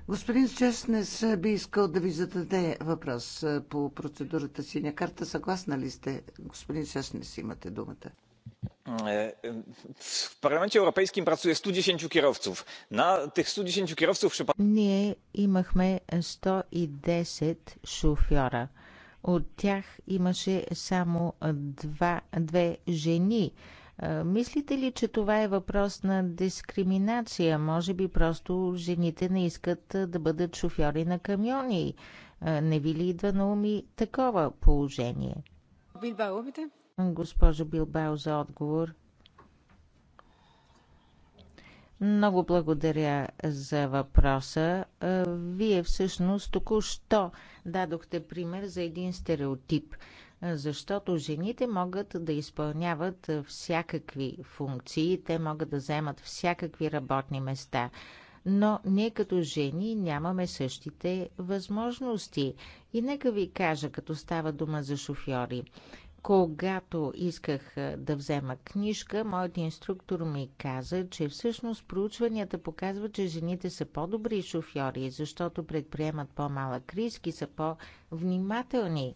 Господин Чеснес, е, би искал да ви зададе въпрос е, по процедурата синя карта. Съгласна ли сте? Господин Соснес, имате думата. W Parlamencie Europejskim pracuje 110 kierowców. Na tych 110 kierowców przypadło... Ние имахме 110 шофьора. От тях имаше само два, две жени. Е, мислите ли, че това е въпрос на дискриминация? Може би просто жените не искат е, да бъдат шофьори на камиони. Е, не ви ли идва на уми такова положение? Билбао, госпожо Билбао, за отговор. Много благодаря за въпроса. Вие всъщност току-що дадохте пример за един стереотип, защото жените могат да изпълняват всякакви функции, те могат да вземат всякакви работни места но ние като жени нямаме същите възможности. И нека ви кажа, като става дума за шофьори. Когато исках да взема книжка, моят инструктор ми каза, че всъщност проучванията показват, че жените са по-добри шофьори, защото предприемат по-малък риск и са по-внимателни.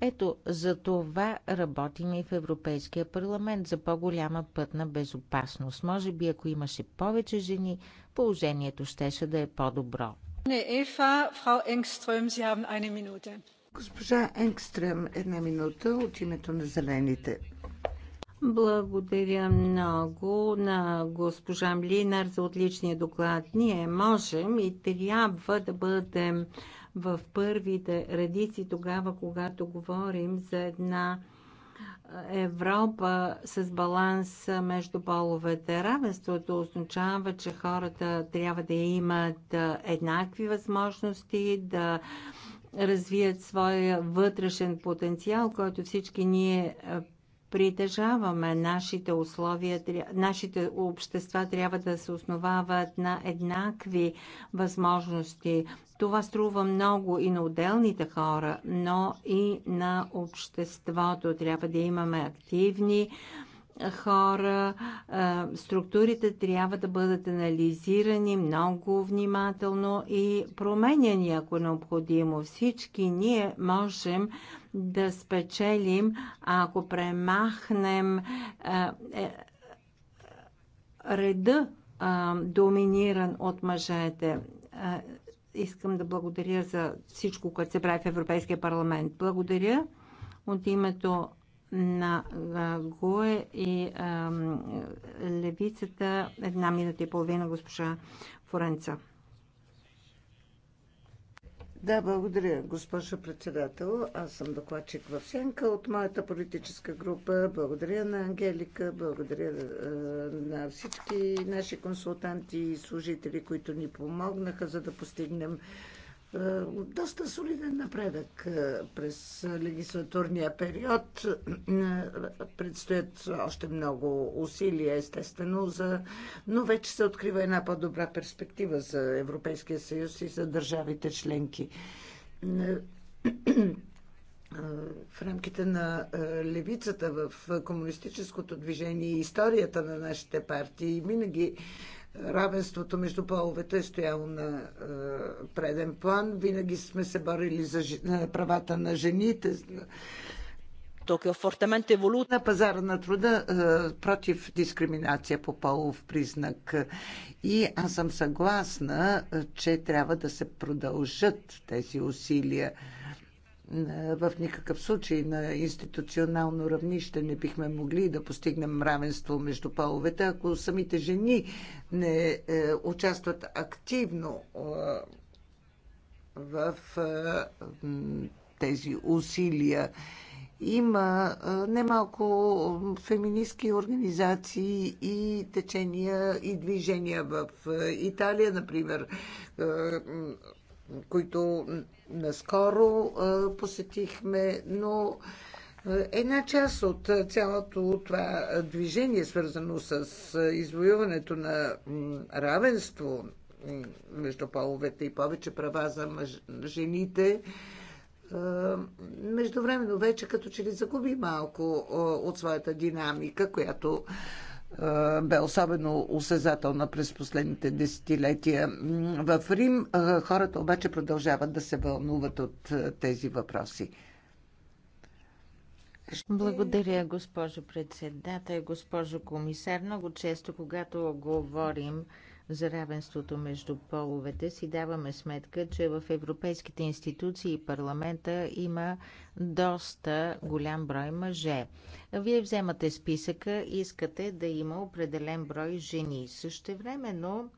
Ето, за това работим и в Европейския парламент за по-голяма пътна безопасност. Може би, ако имаше повече жени, положението щеше да е по-добро. Ефа, фрау Енгстрöm, си haben eine Госпожа Енгстрем, една минута от името на Зелените. Благодаря много на госпожа Млинар за отличния доклад. Ние можем и трябва да бъдем в първите редици тогава, когато говорим за една е, Европа с баланс между половете. Равенството означава, че хората трябва да имат е, еднакви възможности, да развият своя вътрешен потенциал, който всички ние притежаваме. Нашите условия, нашите общества трябва да се основават на еднакви възможности. Това струва много и на отделните хора, но и на обществото. Трябва да имаме активни хора. Структурите трябва да бъдат анализирани много внимателно и променяни, ако е необходимо. Всички ние можем да спечелим, ако премахнем е, реда, доминиран от мъжете искам да благодаря за всичко, което се прави в Европейския парламент. Благодаря от името на ГОЕ и левицата една минута и половина госпожа Форенца. Да, благодаря, госпожо председател. Аз съм докладчик в Сенка от моята политическа група. Благодаря на Ангелика, благодаря е, на всички наши консултанти и служители, които ни помогнаха, за да постигнем е, доста солиден напредък е, през легислатурния период. Е, предстоят още много усилия, естествено, за... но вече се открива една по-добра перспектива за Европейския съюз и за държавите членки. В рамките на левицата в комунистическото движение и историята на нашите партии винаги равенството между половете е стояло на а, е, преден план. Винаги сме се борили за на правата на жените. е На пазара на труда а, е, против дискриминация по полов признак. И аз съм съгласна, е, че трябва да се продължат тези усилия в никакъв случай на институционално равнище не бихме могли да постигнем равенство между половете, ако самите жени не е, участват активно е, в е, тези усилия. Има немалко феминистки организации и течения и движения в Италия, например които наскоро посетихме, но една част от цялото това движение, свързано с извоюването на равенство между половете и повече права за мъж, жените, междувременно вече като че ли загуби малко от своята динамика, която е, бе особено осезателна през последните десетилетия. В Рим е, хората обаче продължават да се вълнуват от е, тези въпроси. Благодаря, госпожо председател, госпожо комисар. Много често, когато говорим за равенството между половете, си даваме сметка, че в европейските институции и парламента има доста голям брой мъже. Вие вземате списъка, искате да има определен брой жени. Също времено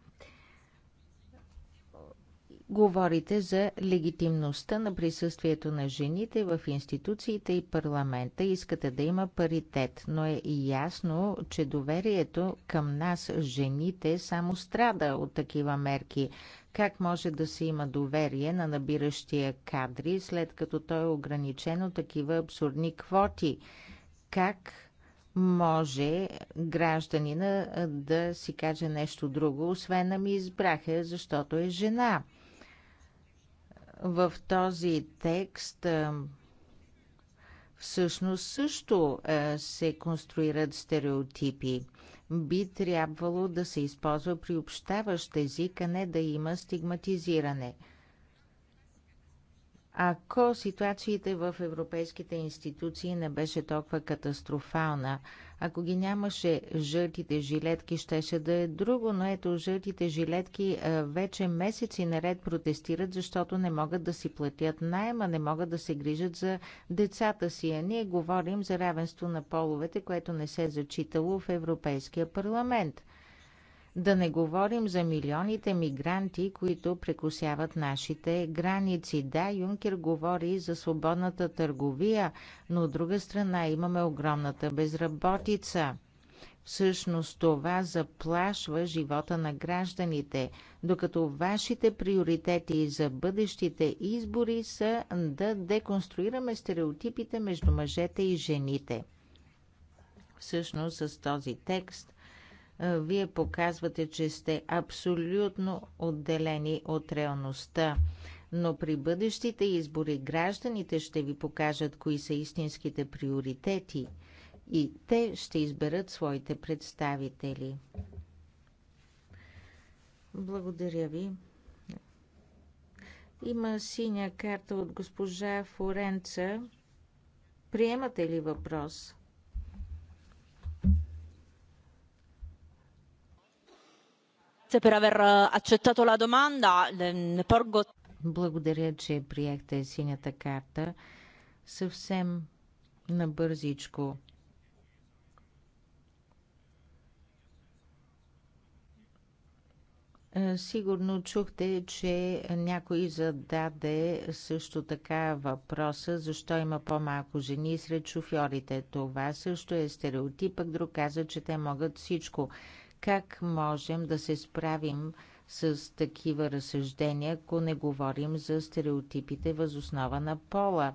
Говорите за легитимността на присъствието на жените в институциите и парламента. Искате да има паритет, но е ясно, че доверието към нас, жените, само страда от такива мерки. Как може да се има доверие на набиращия кадри, след като той е ограничен от такива абсурдни квоти? Как може гражданина да си каже нещо друго, освен ами избраха, защото е жена? в този текст е, всъщност също е, се конструират стереотипи. Би трябвало да се използва приобщаващ език, а не да има стигматизиране. Ако ситуациите в европейските институции не беше толкова катастрофална, ако ги нямаше жълтите жилетки, щеше да е друго, но ето жълтите жилетки вече месеци наред протестират, защото не могат да си платят найема, не могат да се грижат за децата си. А ние говорим за равенство на половете, което не се е зачитало в Европейския парламент. Да не говорим за милионите мигранти, които прекусяват нашите граници. Да, Юнкер говори за свободната търговия, но от друга страна имаме огромната безработица. Всъщност това заплашва живота на гражданите, докато вашите приоритети за бъдещите избори са да деконструираме стереотипите между мъжете и жените. Всъщност с този текст е, вие показвате, че сте абсолютно отделени от реалността. Но при бъдещите избори гражданите ще ви покажат кои са истинските приоритети и те ще изберат своите представители. Благодаря ви. Има синя карта от госпожа Форенца. Приемате ли въпрос? Eh, Благодаря, че приехте синята карта. Съвсем набързичко. Е, сигурно чухте, че някой зададе също така въпроса, защо има по-малко жени сред шофьорите. Това също е стереотип, друг каза, че те могат всичко. Как можем да се справим с такива разсъждения, ако не говорим за стереотипите възоснова на пола?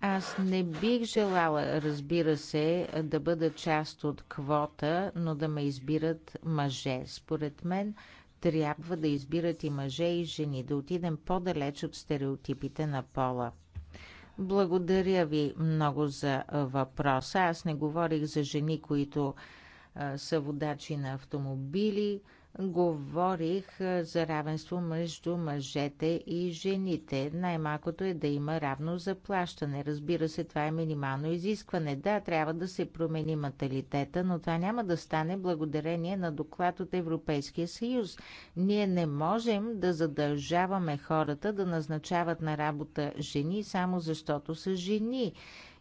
Аз не бих желала, разбира се, да бъда част от квота, но да ме избират мъже. Според мен трябва да избират и мъже и жени, да отидем по-далеч от стереотипите на пола. Благодаря ви много за въпроса. Аз не говорих за жени, които са водачи на автомобили. Говорих за равенство между мъжете и жените. Най-малкото е да има равно заплащане. Разбира се, това е минимално изискване. Да, трябва да се промени маталитета, но това няма да стане благодарение на доклад от Европейския съюз. Ние не можем да задължаваме хората да назначават на работа жени само защото са жени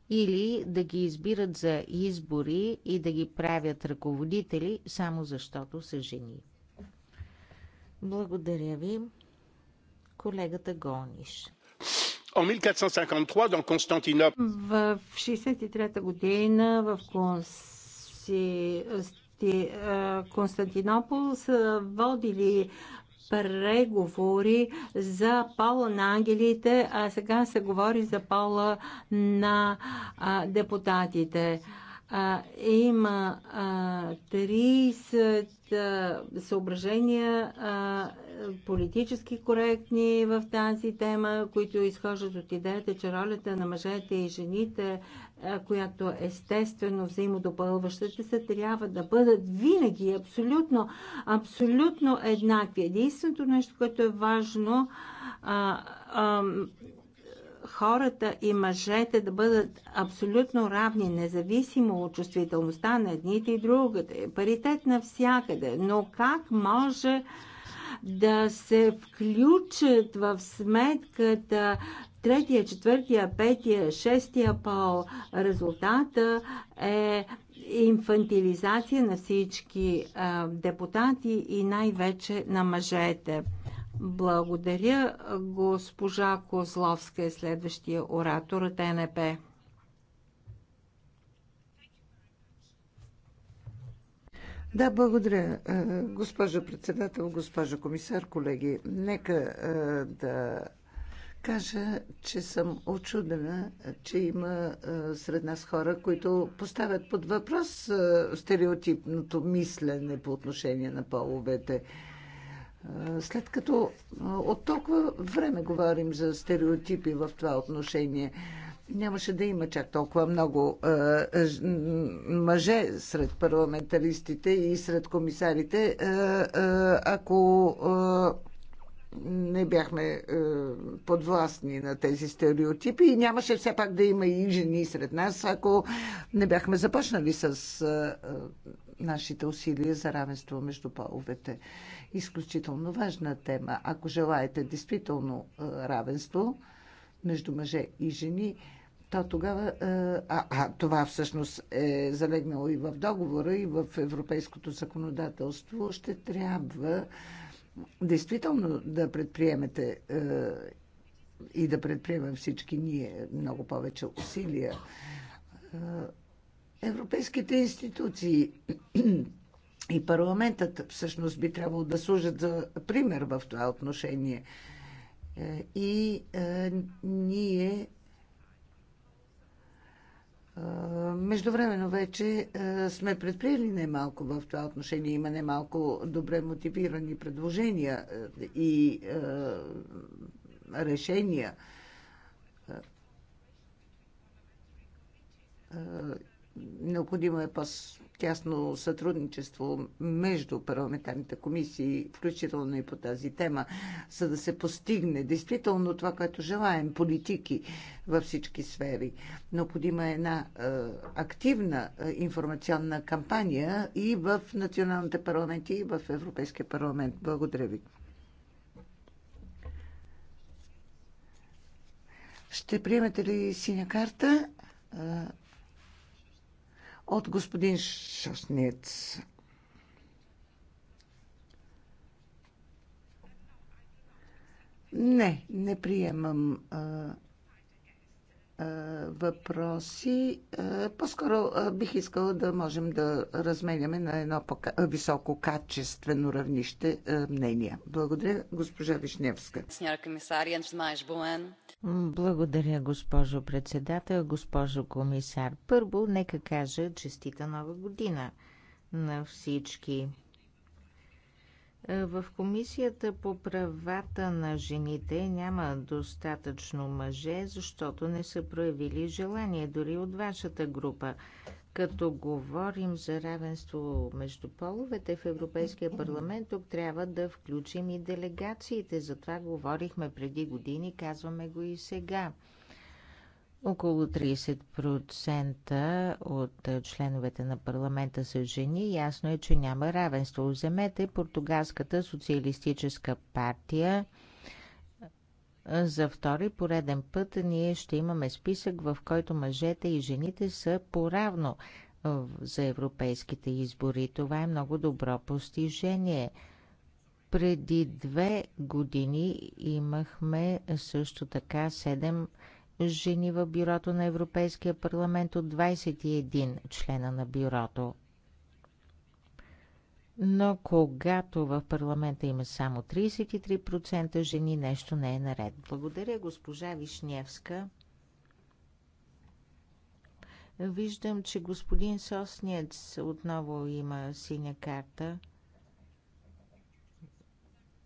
или да ги избират за избори и да ги правят ръководители, само защото са жени. Благодаря ви, колегата Гониш. В 1453 В година в Константинопол са водили преговори за пола на ангелите, а сега се говори за пола на а, депутатите. А, има а, 30 а, съображения а, политически коректни в тази тема, които изхождат от идеята, че ролята на мъжете и жените която е естествено взаимодопълващата се, трябва да бъдат винаги абсолютно, абсолютно еднакви. Единственото нещо, което е важно, а, а, хората и мъжете да бъдат абсолютно равни, независимо от чувствителността на едните и другите. Е паритет навсякъде. Но как може да се включат в сметката третия, четвъртия, петия, шестия пол. Резултата е инфантилизация на всички депутати и най-вече на мъжете. Благодаря. Госпожа Козловска е следващия оратор от НП. Да, благодаря. Госпожо председател, госпожо комисар, колеги, нека да кажа, че съм очудена, че има сред нас хора, които поставят под въпрос стереотипното мислене по отношение на половете. След като от толкова време говорим за стереотипи в това отношение, нямаше да има чак толкова много мъже сред парламентаристите и сред комисарите, ако не бяхме е, подвластни на тези стереотипи и нямаше все пак да има и жени сред нас, ако не бяхме започнали с е, е, нашите усилия за равенство между половете. Изключително важна тема. Ако желаете действително е, равенство между мъже и жени, то тогава, е, а, а това всъщност е залегнало и в договора, и в европейското законодателство, ще трябва действително да предприемете е, и да предприемем всички ние много повече усилия. Е, европейските институции и парламентът всъщност би трябвало да служат за пример в това отношение. Е, и е, ние Междувременно вече сме предприели немалко в това отношение. Има немалко добре мотивирани предложения и решения. Необходимо е по-тясно сътрудничество между парламентарните комисии, включително и по тази тема, за да се постигне действително това, което желаем политики във всички сфери. Необходима е една е, активна е, информационна кампания и в националните парламенти, и в Европейския парламент. Благодаря ви. Ще приемете ли синя карта? Е, от господин Шашнец. Не, не приемам а, въпроси. По-скоро бих искала да можем да разменяме на едно високо качествено равнище мнения. Благодаря, госпожа Вишневска. Благодаря, госпожо председател, госпожо комисар. Първо, нека кажа честита нова година на всички. Е, в Комисията по правата на жените няма достатъчно мъже, защото не са проявили желание дори от вашата група. Като говорим за равенство между половете в Европейския парламент, тук трябва да включим и делегациите. За това говорихме преди години, казваме го и сега. Около 30% от членовете на парламента са жени. Ясно е, че няма равенство. Вземете Португалската социалистическа партия. За втори пореден път ние ще имаме списък, в който мъжете и жените са поравно за европейските избори. Това е много добро постижение. Преди две години имахме също така 7 жени в бюрото на Европейския парламент от 21 члена на бюрото. Но когато в парламента има само 33% жени, нещо не е наред. Благодаря, госпожа Вишневска. Виждам, че господин Соснец отново има синя карта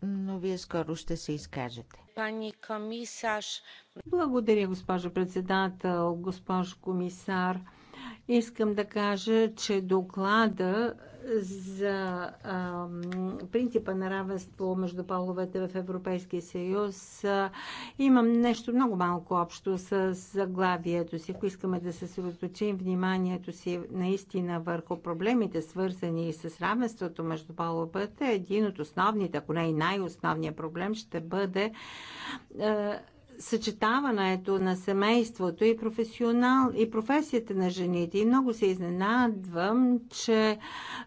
но вие скоро ще се изкажете. Пани комисар. Благодаря, госпожо председател, госпожо комисар. Искам да кажа, че доклада за а, принципа на равенство между половете в Европейския съюз а, имам нещо много малко общо с заглавието си. Ако искаме да се съсредоточим вниманието си наистина върху проблемите, свързани с равенството между половете, един от основните, ако не и най-основният проблем ще бъде а, съчетаването на семейството и, професионал, и професията на жените. И много се изненадвам, че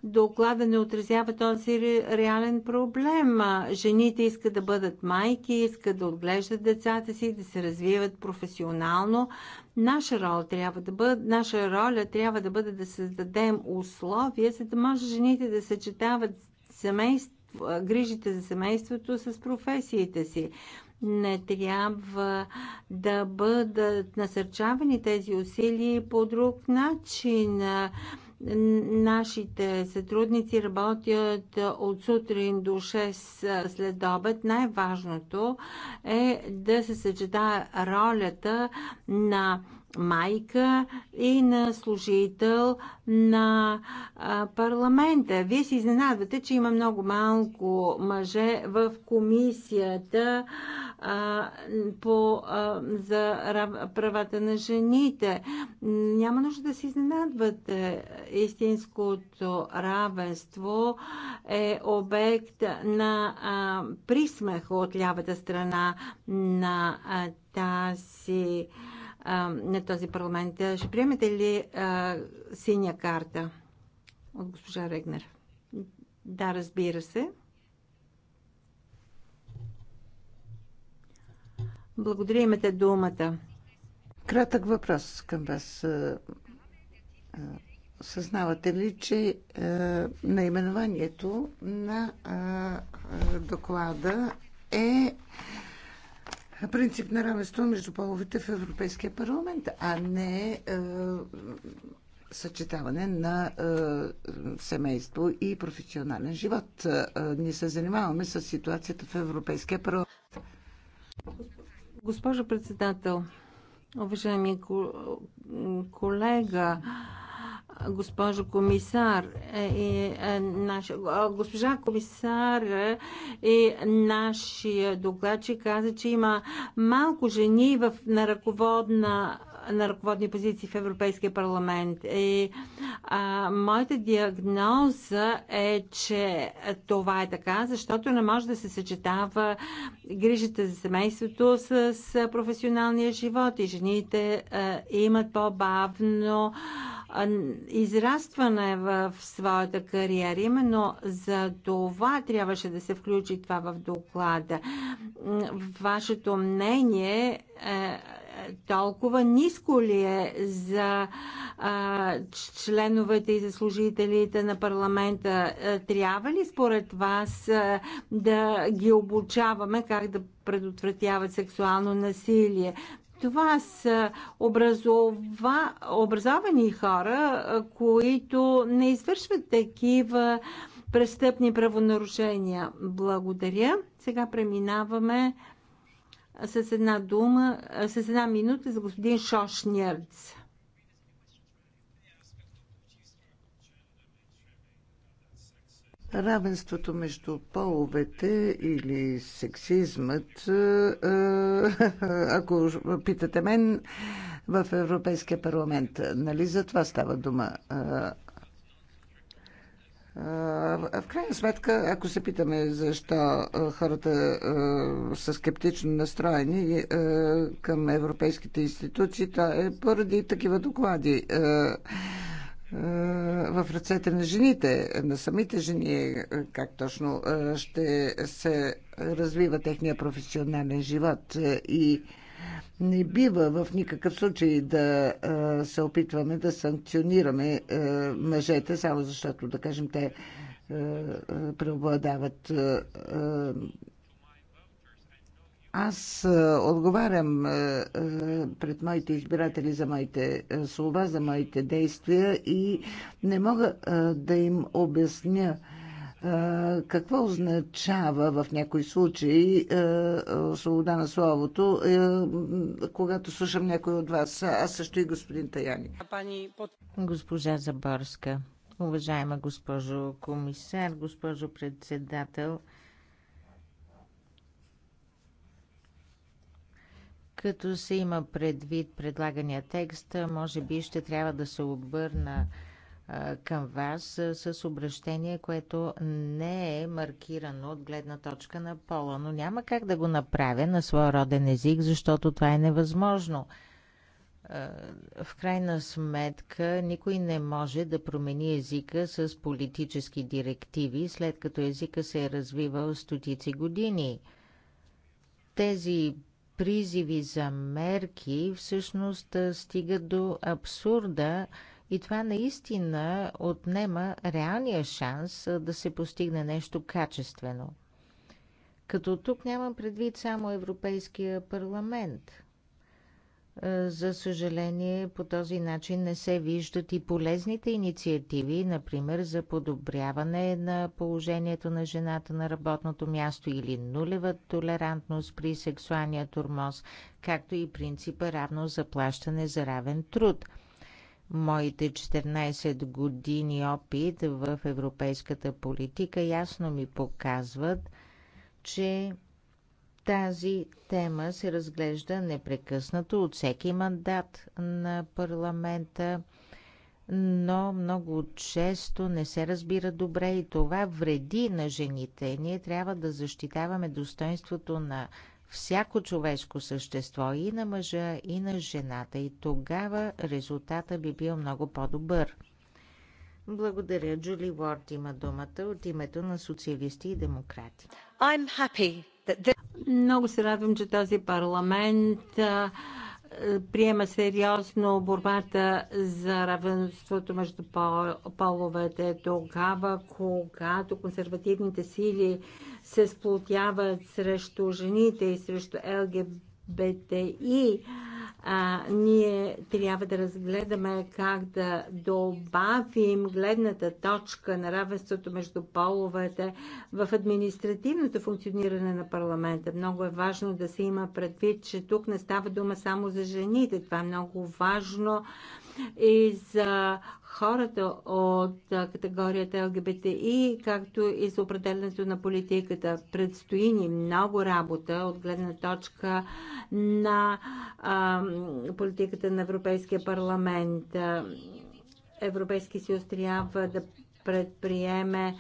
доклада не отразява този реален проблем. Жените искат да бъдат майки, искат да отглеждат децата си, да се развиват професионално. Наша роля трябва да бъде, наша роля трябва да бъде да създадем условия, за да може жените да съчетават семейство, грижите за семейството с професиите си не трябва да бъдат насърчавани тези усилия по друг начин. Нашите сътрудници работят от сутрин до 6 след обед. Най-важното е да се съчетае ролята на майка и на служител на парламента. Вие се изненадвате, че има много малко мъже в комисията по, за правата на жените. Няма нужда да се изненадвате. Истинското равенство е обект на присмех от лявата страна на тази на този парламент. Ще приемете ли а, синя карта от госпожа Регнер? Да, разбира се. Благодаря, имате думата. Кратък въпрос към вас. Съзнавате ли, че е, наименованието на е, доклада е принцип на равенство между половете в Европейския парламент, а не е, съчетаване на е, семейство и професионален живот. Е, ние се занимаваме с ситуацията в Европейския парламент. Госпожо председател, уважаеми колега, госпожо комисар е, и е, наш, госпожа комисар е, и нашия докладчик каза, че има малко жени в, на, ръководна, на ръководни позиции в Европейския парламент. И а, моята диагноза е, че това е така, защото не може да се съчетава грижата за семейството с професионалния живот и жените а, имат по-бавно а, израстване в своята кариера. Именно за това трябваше да се включи това в доклада. Вашето мнение е, е толкова ниско ли е за а, членовете и за служителите на парламента? Е, трябва ли според вас а, е, да ги обучаваме как да предотвратяват сексуално насилие? Това са образова, образовани хора, които не извършват такива престъпни правонарушения. Благодаря. Сега преминаваме с една дума, с една минута за господин Шошнерц. равенството между половете или сексизмът, е, е, ако питате мен, в Европейския парламент. Нали за това става дума? Е, в крайна сметка, ако се питаме защо хората са скептично настроени към европейските институции, то е поради такива доклади е, в ръцете на жените, на самите жени, е, как точно е, ще се развива техния професионален живот и не бива в никакъв случай да се опитваме да санкционираме мъжете, само защото, да кажем, те преобладават аз е, отговарям е, е, пред моите избиратели за моите слова, за моите действия и не мога да им обясня какво означава в някои случаи свобода на словото, когато слушам някой от вас, аз също и господин Таяни. Госпожа Заборска, уважаема госпожо комисар, госпожо председател, Като се има предвид предлагания текст, може би ще трябва да се обърна към вас с обращение, което не е маркирано от гледна точка на пола, но няма как да го направя на своя роден език, защото това е невъзможно. В крайна сметка, никой не може да промени езика с политически директиви, след като езика се е развивал стотици години. Тези призиви за мерки всъщност стигат до абсурда и това наистина отнема реалния шанс да се постигне нещо качествено. Като тук нямам предвид само Европейския парламент – е, за съжаление, по този начин не се виждат и полезните инициативи, например за подобряване на положението на жената на работното място или нулева толерантност при сексуалния турмоз, както и принципа равно заплащане за равен труд. Моите 14 години опит в европейската политика ясно ми показват, че тази тема се разглежда непрекъснато от всеки мандат на парламента, но много често не се разбира добре и това вреди на жените. Ние трябва да защитаваме достоинството на всяко човешко същество и на мъжа, и на жената. И тогава резултата би бил много по-добър. Благодаря. Джули Уорд има думата от името на социалисти и демократи. I'm happy много се радвам, че този парламент приема сериозно борбата за равенството между половете тогава, когато консервативните сили се сплотяват срещу жените и срещу ЛГБТИ а, ние трябва да разгледаме как да добавим гледната точка на равенството между половете в административното функциониране на парламента. Много е важно да се има предвид, че тук не става дума само за жените. Това е много важно и за хората от категорията ЛГБТИ, както и за определенето на политиката. Предстои ни много работа от гледна точка на а, политиката на Европейския парламент. Европейски съюз трябва да предприеме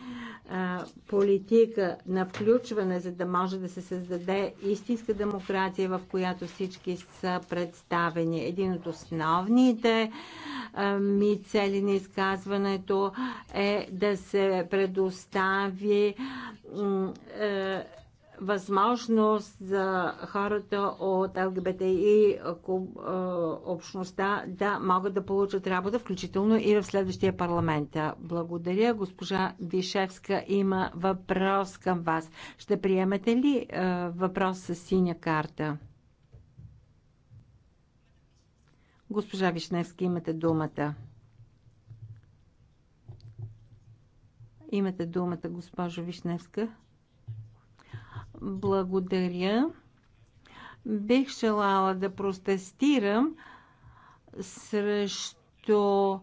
политика на включване, за да може да се създаде истинска демокрация, в която всички са представени. Един от основните ми цели на изказването е да се предостави възможност за хората от ЛГБТИ общността да могат да получат работа, включително и в следващия парламент. Благодаря. Госпожа Вишевска има въпрос към вас. Ще приемете ли въпрос с синя карта? Госпожа Вишневска, имате думата. Имате думата, госпожо Вишневска. Благодаря. Бих желала да протестирам срещу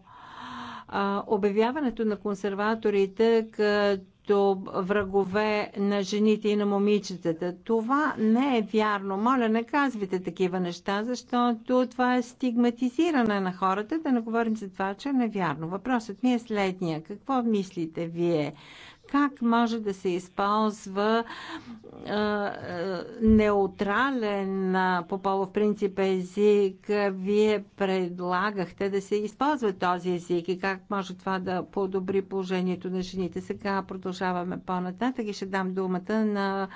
а, обявяването на консерваторите като врагове на жените и на момичетата. Това не е вярно. Моля, не казвайте такива неща, защото това е стигматизиране на хората, да не говорим за това, че е невярно. Въпросът ми е следния. Какво мислите вие? как може да се използва неутрален по полов принцип език. Вие предлагахте да се използва този език и как може това да подобри положението на жените. Сега продължаваме по-нататък и ще дам думата на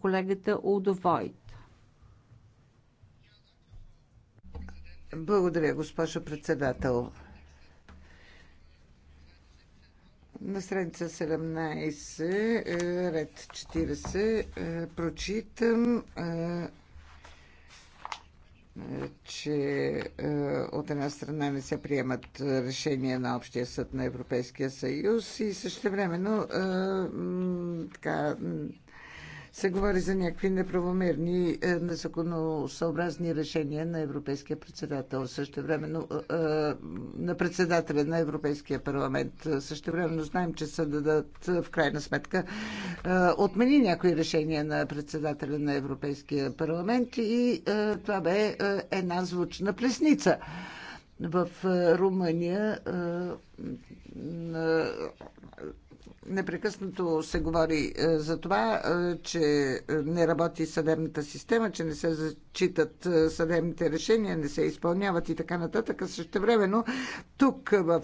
колегата Удовойт. Благодаря, госпожо председател. На страница 17, е, ред 40, е, прочитам, е, че от една страна не се приемат решения на Общия съд на Европейския съюз и също времено така се говори за някакви неправомерни е, незаконосъобразни решения на европейския председател. Също времено е, е, на председателя на Европейския парламент. Също времено знаем, че съдът в крайна сметка отмени някои решения на председателя на Европейския парламент и това бе една звучна плесница в Румъния непрекъснато се говори е, за това, е, че е, не работи съдебната система, че не се зачитат съдебните решения, не се изпълняват и така нататък. Също времено тук в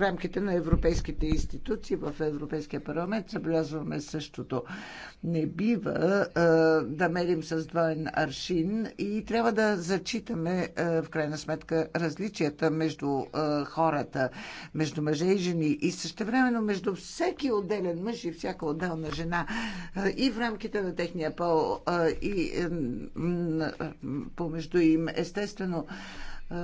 рамките на европейските институции, в Европейския парламент, съблязваме същото. Не бива да мерим с двоен аршин и трябва да зачитаме в крайна сметка различията между хората, между мъже и жени и също времено между всеки отделен мъж и всяка отделна жена и в рамките на техния пол и помежду им. Естествено, е,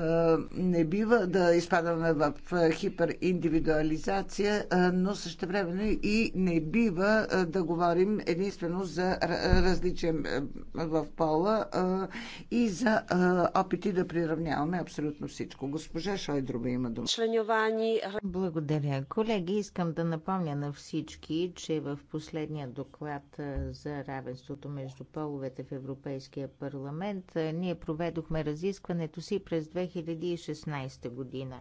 не бива да изпадаме в е, хипериндивидуализация, е, но също време и не бива да говорим единствено за различие в пола и за опити да приравняваме абсолютно всичко. Госпожа Шойдрова има дума. Членовани. Благодаря, колеги. Искам да напомня на всички, че в последния доклад за равенството между половете в Европейския парламент ние проведохме разискването си през 2016 година.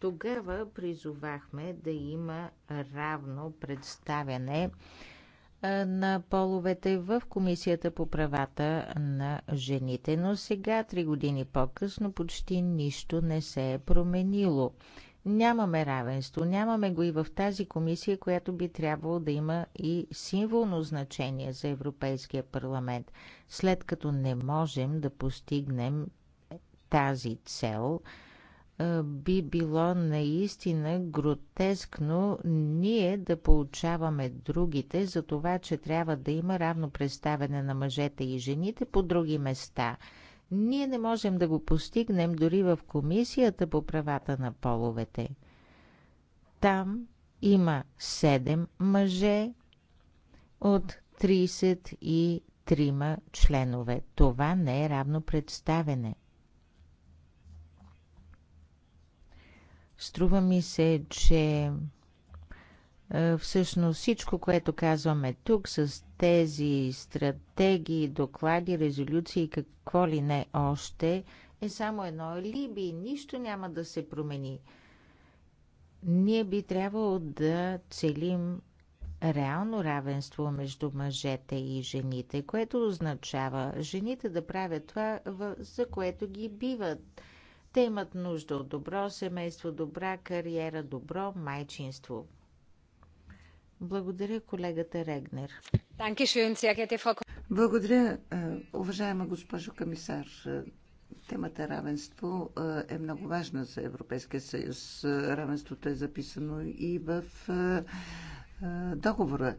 Тогава призовахме да има равно представяне на половете в Комисията по правата на жените. Но сега, три години по-късно, почти нищо не се е променило. Нямаме равенство, нямаме го и в тази комисия, която би трябвало да има и символно значение за Европейския парламент, след като не можем да постигнем тази цел, би било наистина гротескно ние да получаваме другите за това, че трябва да има равно представяне на мъжете и жените по други места. Ние не можем да го постигнем дори в Комисията по правата на половете. Там има 7 мъже от 33 членове. Това не е равно представене. Струва ми се, че всъщност всичко, което казваме тук с тези стратегии, доклади, резолюции, какво ли не още, е само едно либи. Нищо няма да се промени. Ние би трябвало да целим реално равенство между мъжете и жените, което означава жените да правят това, за което ги биват те имат нужда от добро семейство, добра кариера, добро майчинство. Благодаря колегата Регнер. Благодаря, е, уважаема госпожо комисар. Темата равенство е, е много важна за Европейския съюз. Равенството е записано и в е, договора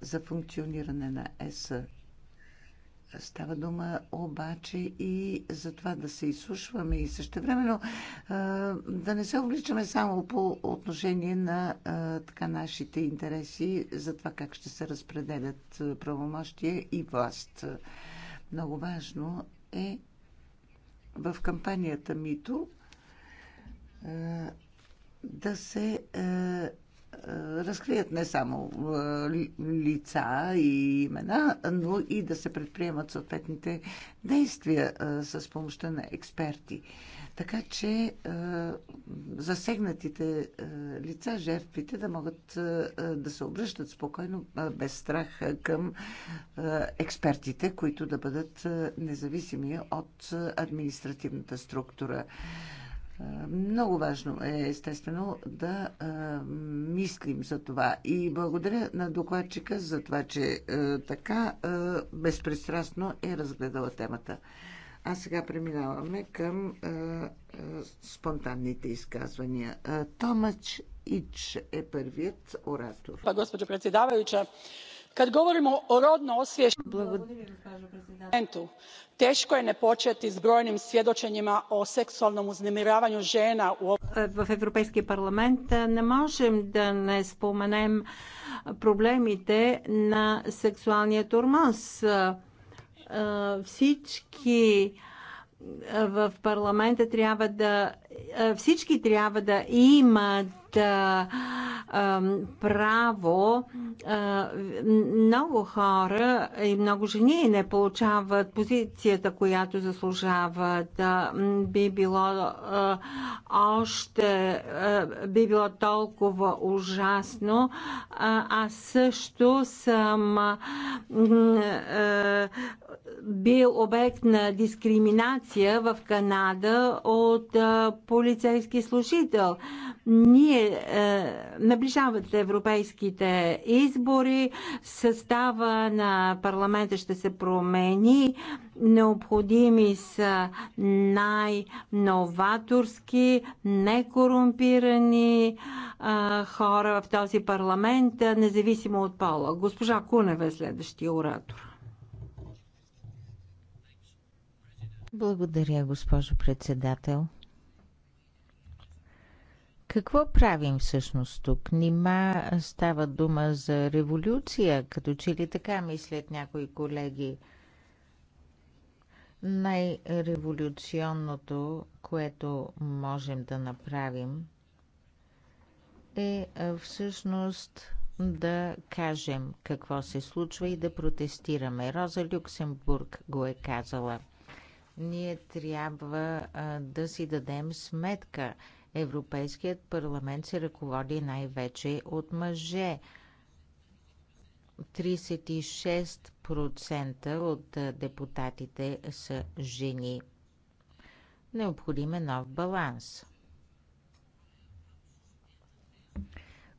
за функциониране на ЕС. Става дума обаче и за това да се изслушваме и същевременно да не се обличаме само по отношение на така нашите интереси за това как ще се разпределят правомощия и власт. Много важно е в кампанията МИТО да се разкрият не само лица и имена, но и да се предприемат съответните действия с помощта на експерти. Така че засегнатите лица, жертвите, да могат да се обръщат спокойно, без страх към експертите, които да бъдат независими от административната структура. Много важно е, естествено, да а, мислим за това. И благодаря на докладчика за това, че а, така а, безпристрастно е разгледала темата. А сега преминаваме към а, а, спонтанните изказвания. А, Томач Ич е първият оратор. Господи председаваща kad govorimo o rodno osvijeenom teko je ne poeti s brojnim svjedoenjima o seksualnom uznemiravanju ena е, в Европейския парламент е, не можем да не споменем проблемите на сексуалния тормоз. Е, всички в парламента трябва да всички трябва да имат право, много хора и много жени не получават позицията, която заслужават. Би било още, би било толкова ужасно. Аз също съм бил обект на дискриминация в Канада от полицейски служител. Ние ние е, наближават европейските избори, състава на парламента ще се промени, необходими са най-новаторски, некорумпирани е, хора в този парламент, е, независимо от пола. Госпожа Кунева е следващия оратор. Благодаря, госпожо председател. Какво правим всъщност тук? Нима става дума за революция, като че ли така мислят някои колеги. Най-революционното, което можем да направим, е всъщност да кажем какво се случва и да протестираме. Роза Люксембург го е казала. Ние трябва да си дадем сметка – Европейският парламент се ръководи най-вече от мъже. 36% от депутатите са жени. Необходим е нов баланс.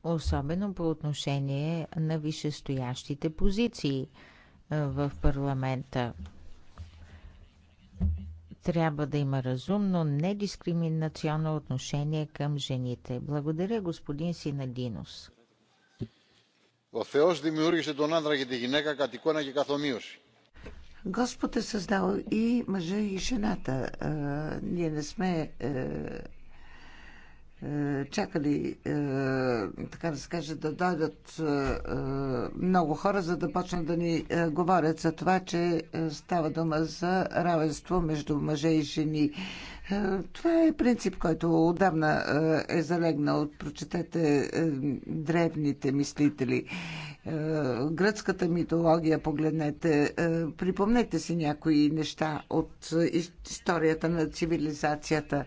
Особено по отношение на висшестоящите позиции в парламента трябва да има разумно, недискриминационно отношение към жените. Благодаря, господин Синадинос. Ο Θεός δημιούργησε τον και τη γυναίκα κατ' εικόνα και Господ е създал и мъжа и жената. Е, ние не сме е, е, чакали, е, така да се каже, да дойдат е, много хора, за да почнат да ни говорят за това, че става дума за равенство между мъже и жени. Това е принцип, който отдавна е залегнал. Прочетете древните мислители. Гръцката митология погледнете. Припомнете си някои неща от историята на цивилизацията.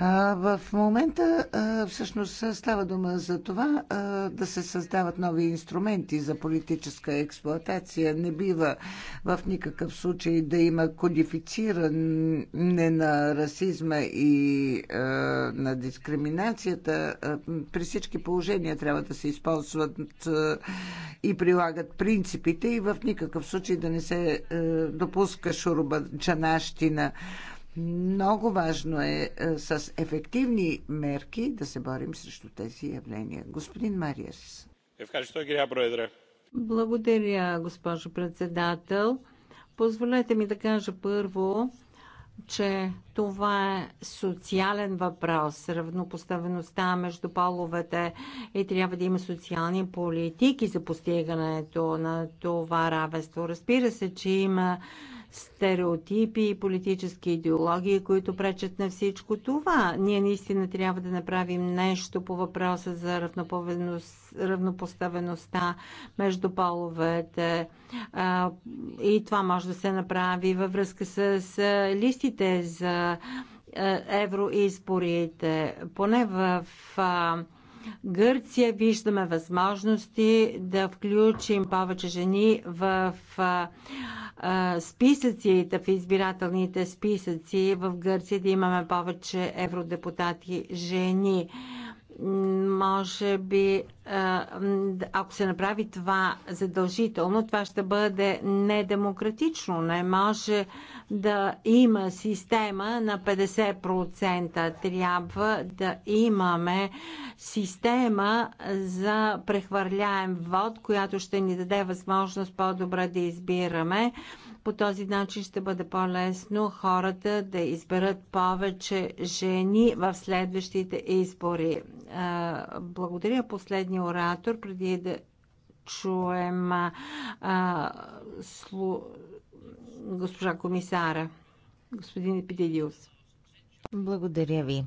В момента всъщност става дума за това да се създават нови инструменти за политическа експлоатация. Не бива в никакъв случай да има кодифициране на расизма и на дискриминацията. При всички положения трябва да се използват и прилагат принципите и в никакъв случай да не се допуска чанащина. Много важно е, е с ефективни мерки да се борим срещу тези явления. Господин Мариас. Благодаря, госпожо председател. Позволете ми да кажа първо, че това е социален въпрос, равнопоставеността между половете и трябва да има социални политики за постигането на това равенство. Разбира се, че има стереотипи и политически идеологии, които пречат на всичко това. Ние наистина трябва да направим нещо по въпроса за равнопоставеността между половете. И това може да се направи във връзка с листите за евроизборите. Поне в Гърция виждаме възможности да включим повече жени в списъците, в избирателните списъци в Гърция, да имаме повече евродепутати жени може би, ако се направи това задължително, това ще бъде недемократично. Не може да има система на 50%. Трябва да имаме система за прехвърляем вод, която ще ни даде възможност по-добре да избираме по този начин ще бъде по-лесно хората да изберат повече жени в следващите избори. Благодаря последния оратор, преди да чуем а, слу... госпожа комисара, господин Епидидиус. Благодаря ви.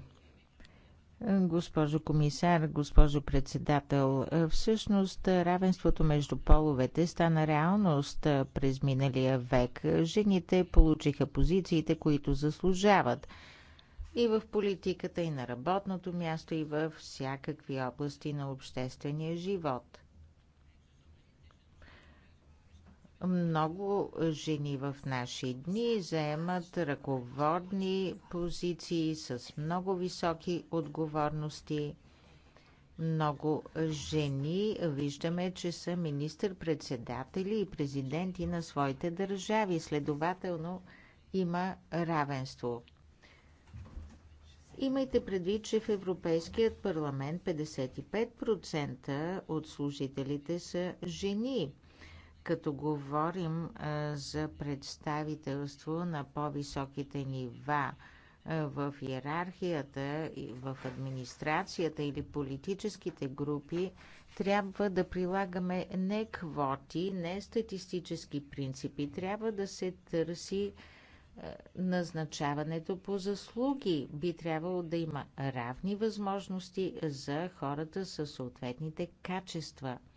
Госпожо комисар, госпожо председател, е, всъщност равенството между половете стана реалност е, през миналия век. Жените получиха позициите, които заслужават и в политиката, и на работното място, и във всякакви области на обществения живот – Много жени в наши дни заемат ръководни позиции с много високи отговорности. Много жени виждаме, че са министър-председатели и президенти на своите държави. Следователно има равенство. Имайте предвид, че в Европейският парламент 55% от служителите са жени. Като говорим за представителство на по-високите нива в иерархията, в администрацията или политическите групи, трябва да прилагаме не квоти, не статистически принципи. Трябва да се търси назначаването по заслуги. Би трябвало да има равни възможности за хората със съответните качества –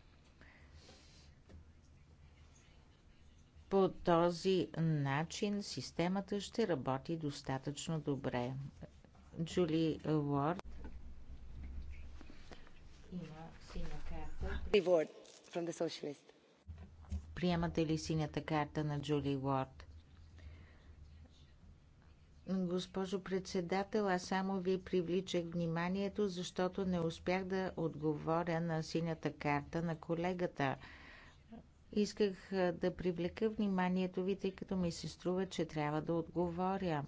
По този начин системата ще работи достатъчно добре. Джули Уорд има синя карта. Приемате ли синята карта на Джули Уорд? Госпожо председател, аз само ви привличах вниманието, защото не успях да отговоря на синята карта на колегата. Исках да привлека вниманието ви, тъй като ми се струва, че трябва да отговоря.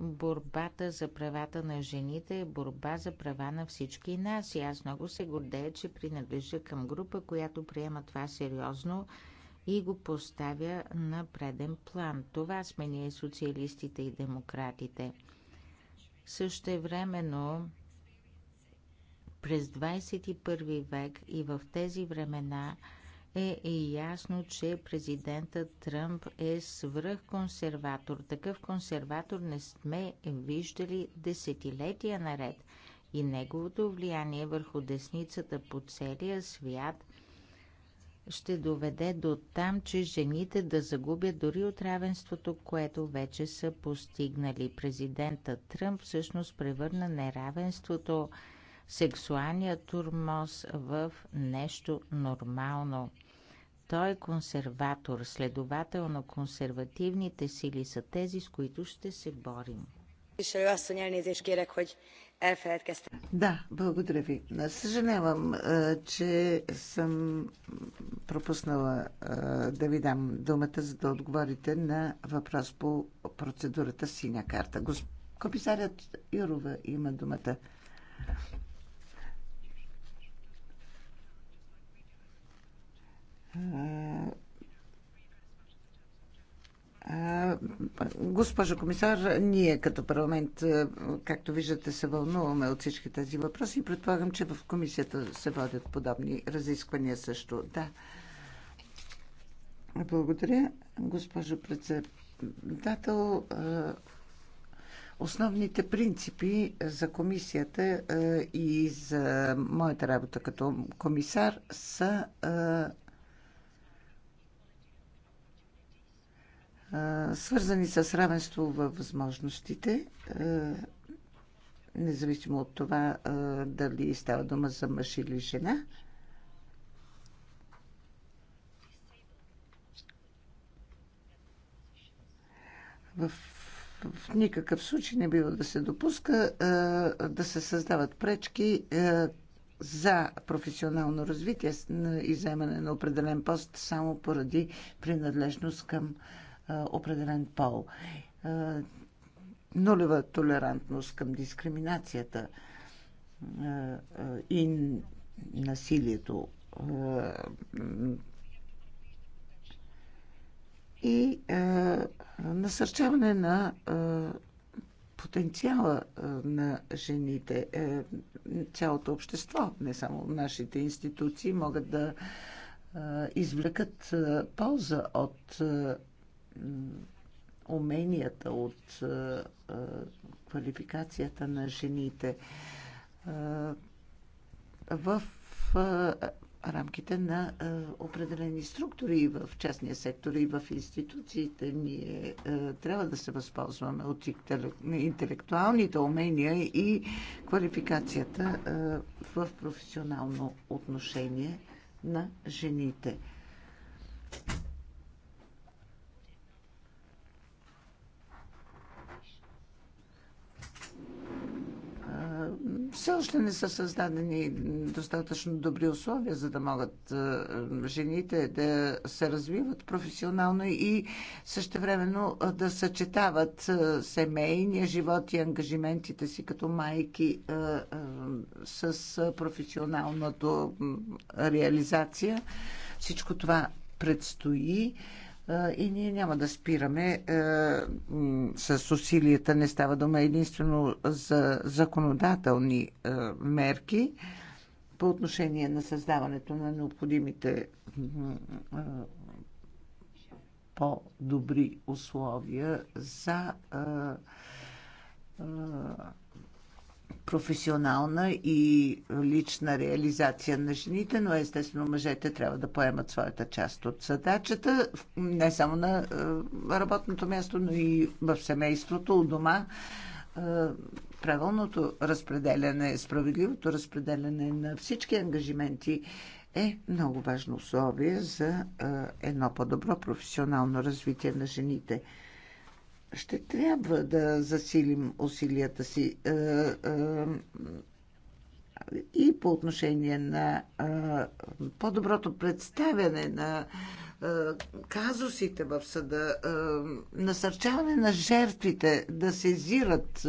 Борбата за правата на жените е борба за права на всички нас и аз много се гордея, че принадлежа към група, която приема това сериозно и го поставя на преден план. Това сме ние социалистите и демократите. Също времено, през 21 век и в тези времена – е, е ясно, че президентът Тръмп е свръхконсерватор. Такъв консерватор не сме виждали десетилетия наред и неговото влияние върху десницата по целия свят ще доведе до там, че жените да загубят дори от равенството, което вече са постигнали. Президента Тръмп всъщност превърна неравенството сексуалния турмоз в нещо нормално. Той е консерватор, следователно консервативните сили са тези, с които ще се борим. Да, благодаря ви. Съжалявам, че съм пропуснала да ви дам думата, за да отговорите на въпрос по процедурата синя карта. Комисарят Юрова има думата. Госпожо комисар, ние като парламент, както виждате, се вълнуваме от всички тези въпроси и предполагам, че в комисията се водят подобни разисквания също. Да. Благодаря, госпожо председател. Основните принципи за комисията е, и за моята работа като комисар са е, свързани с равенство във възможностите, независимо от това дали става дума за мъж или жена. В, в никакъв случай не бива да се допуска да се създават пречки за професионално развитие и заемане на определен пост само поради принадлежност към определен пол. Нулева толерантност към дискриминацията и насилието. И насърчаване на потенциала на жените, е, цялото общество, не само нашите институции, могат да извлекат полза от уменията, от квалификацията на жените в рамките на определени структури в частния сектор и в институциите. Ние трябва да се възползваме от интелектуалните умения и квалификацията в професионално отношение на жените. все още не са създадени достатъчно добри условия, за да могат е, жените да се развиват професионално и същевременно е, да съчетават е, семейния живот и ангажиментите си като майки с професионалната реализация. Всичко това предстои. И ние няма да спираме с усилията. Не става дума единствено за законодателни мерки по отношение на създаването на необходимите по-добри условия за професионална и лична реализация на жените, но естествено мъжете трябва да поемат своята част от задачата, не само на е, работното място, но и в семейството, у дома. Е, правилното разпределяне, справедливото разпределяне на всички ангажименти е много важно условие за е, едно по-добро професионално развитие на жените ще трябва да засилим усилията си и по отношение на по-доброто представяне на казусите в съда, насърчаване на жертвите да сезират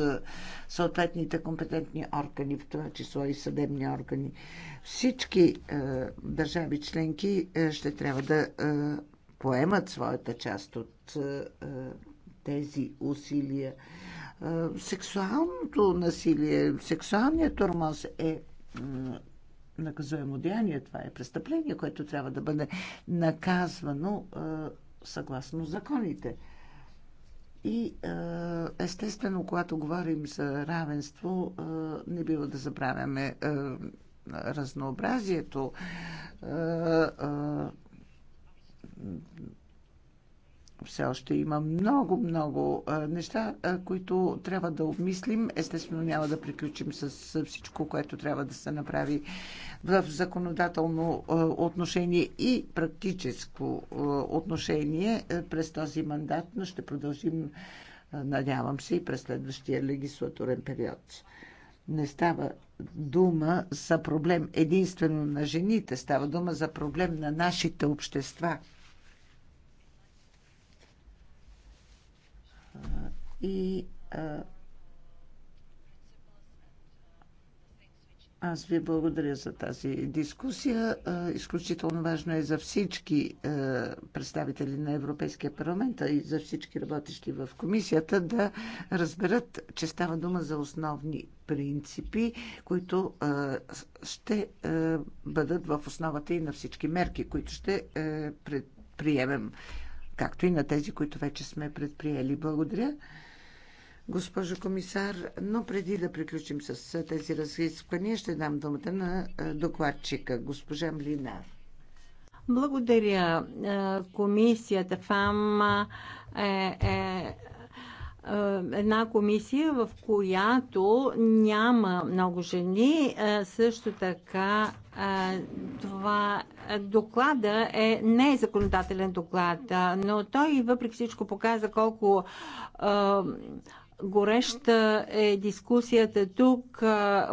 съответните компетентни органи, в това число и съдебни органи. Всички държави членки ще трябва да поемат своята част от тези усилия. Сексуалното насилие, сексуалният тормоз е наказуемо деяние. Това е престъпление, което трябва да бъде наказвано съгласно законите. И естествено, когато говорим за равенство, не бива да забравяме разнообразието все още има много, много неща, които трябва да обмислим. Естествено, няма да приключим с всичко, което трябва да се направи в законодателно отношение и практическо отношение през този мандат, но ще продължим, надявам се, и през следващия легислатурен период. Не става дума за проблем единствено на жените, става дума за проблем на нашите общества. и аз ви благодаря за тази дискусия. Изключително важно е за всички представители на Европейския парламент и за всички работещи в комисията да разберат, че става дума за основни принципи, които ще бъдат в основата и на всички мерки, които ще предприемем както и на тези, които вече сме предприели. Благодаря, госпожо комисар. Но преди да приключим с тези разисквания, ще дам думата на докладчика, госпожа Млинар. Благодаря. Комисията ФАМ е, е е, една комисия, в която няма много жени. Е, също така е, това доклада е не е законодателен доклад, но той въпреки всичко показа колко гореща е дискусията тук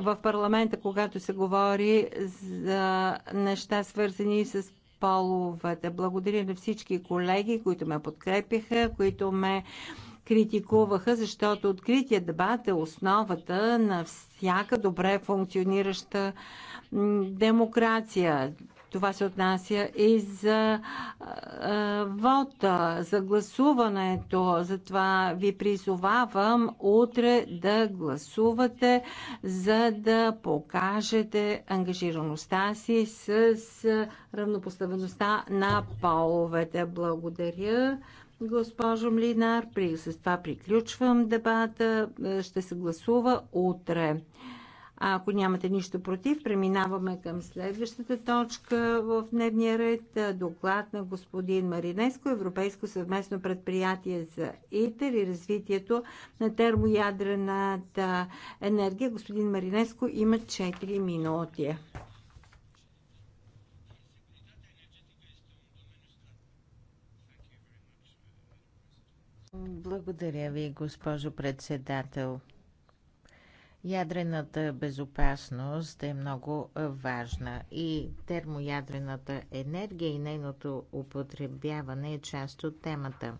в парламента, когато се говори за неща свързани с половете. Благодаря на всички колеги, които ме подкрепиха, които ме критикуваха, защото открития дебат е основата на всяка добре функционираща демокрация. Това се отнася и за а, вода, за гласуването. Затова ви призовавам утре да гласувате, за да покажете ангажираността си с равнопоставеността на половете. Благодаря госпожо Млинар. При, с това приключвам дебата. Е, ще се гласува утре. А ако нямате нищо против, преминаваме към следващата точка в дневния ред. Е, доклад на господин Маринеско, Европейско съвместно предприятие за ИТЕР и развитието на термоядрената енергия. Господин Маринеско има 4 минути. Благодаря ви, госпожо председател. Ядрената безопасност е много важна и термоядрената енергия и нейното употребяване е част от темата.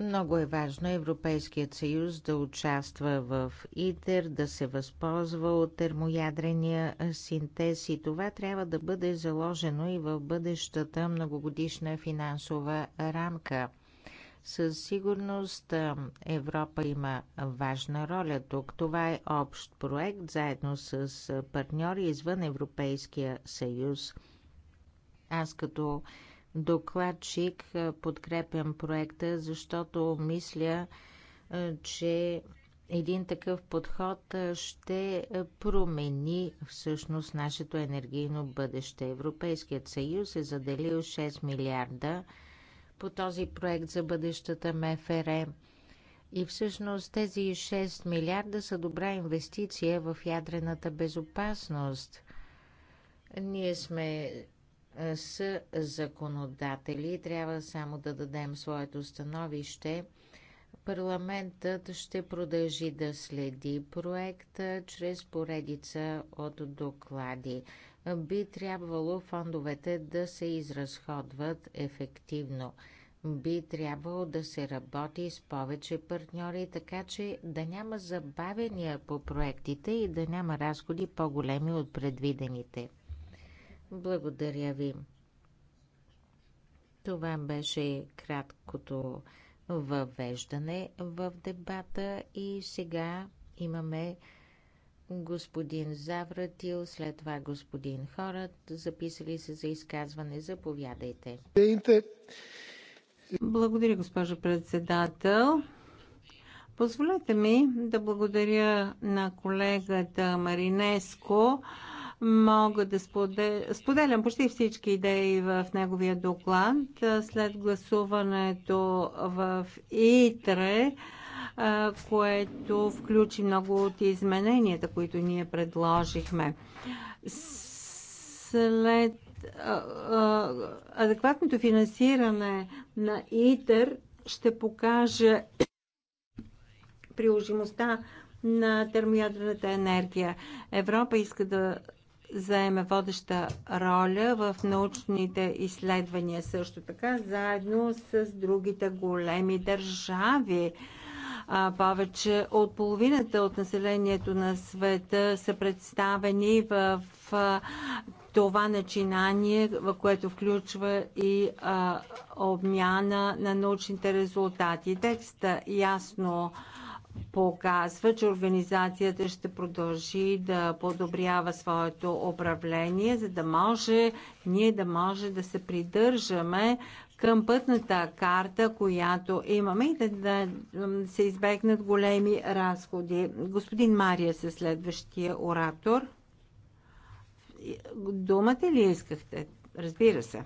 Много е важно Европейският съюз да участва в ИТЕР, да се възползва от термоядрения синтез и това трябва да бъде заложено и в бъдещата многогодишна финансова рамка. Със сигурност Европа има важна роля тук. Това е общ проект заедно с партньори извън Европейския съюз. Аз като докладчик подкрепям проекта, защото мисля, че един такъв подход ще промени всъщност нашето енергийно бъдеще. Европейският съюз е заделил 6 милиарда по този проект за бъдещата МФР. И всъщност тези 6 милиарда са добра инвестиция в ядрената безопасност. Ние сме са законодатели и трябва само да дадем своето становище. Парламентът ще продължи да следи проекта чрез поредица от доклади. Би трябвало фондовете да се изразходват ефективно. Би трябвало да се работи с повече партньори, така че да няма забавения по проектите и да няма разходи по-големи от предвидените. Благодаря ви. Това беше краткото въвеждане в дебата и сега имаме господин Завратил, след това господин Хорат, записали се за изказване. Заповядайте. Благодаря, госпожо председател. Позволете ми да благодаря на колегата Маринеско Мога да споделя, споделям почти всички идеи в неговия доклад. След гласуването в ИТРЕ, което включи много от измененията, които ние предложихме. След адекватното финансиране на ИТЕР ще покаже приложимостта на термоядрената енергия. Европа иска да заеме водеща роля в научните изследвания също така, заедно с другите големи държави. А, повече от половината от населението на света са представени в а, това начинание, в което включва и а, обмяна на научните резултати. Текста ясно а, показва, че организацията ще продължи да подобрява своето управление, за да може ние да може да се придържаме към пътната карта, която имаме и да, да се избегнат големи разходи. Господин Мария е следващия оратор. Думата ли искахте? Разбира се.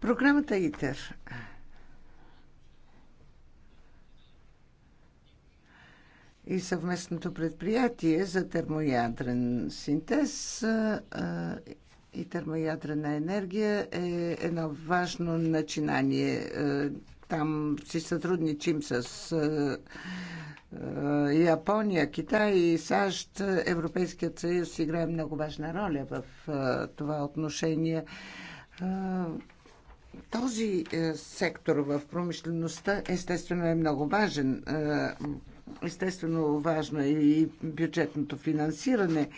Програмата ИТЕР и съвместното предприятие за термоядрен синтез и термоядрена енергия е едно важно начинание. Там си сътрудничим с Япония, Китай и САЩ. Европейският съюз играе много важна роля в това отношение. Този е, сектор в промишлеността естествено е много важен Естествено, важно е и бюджетното финансиране.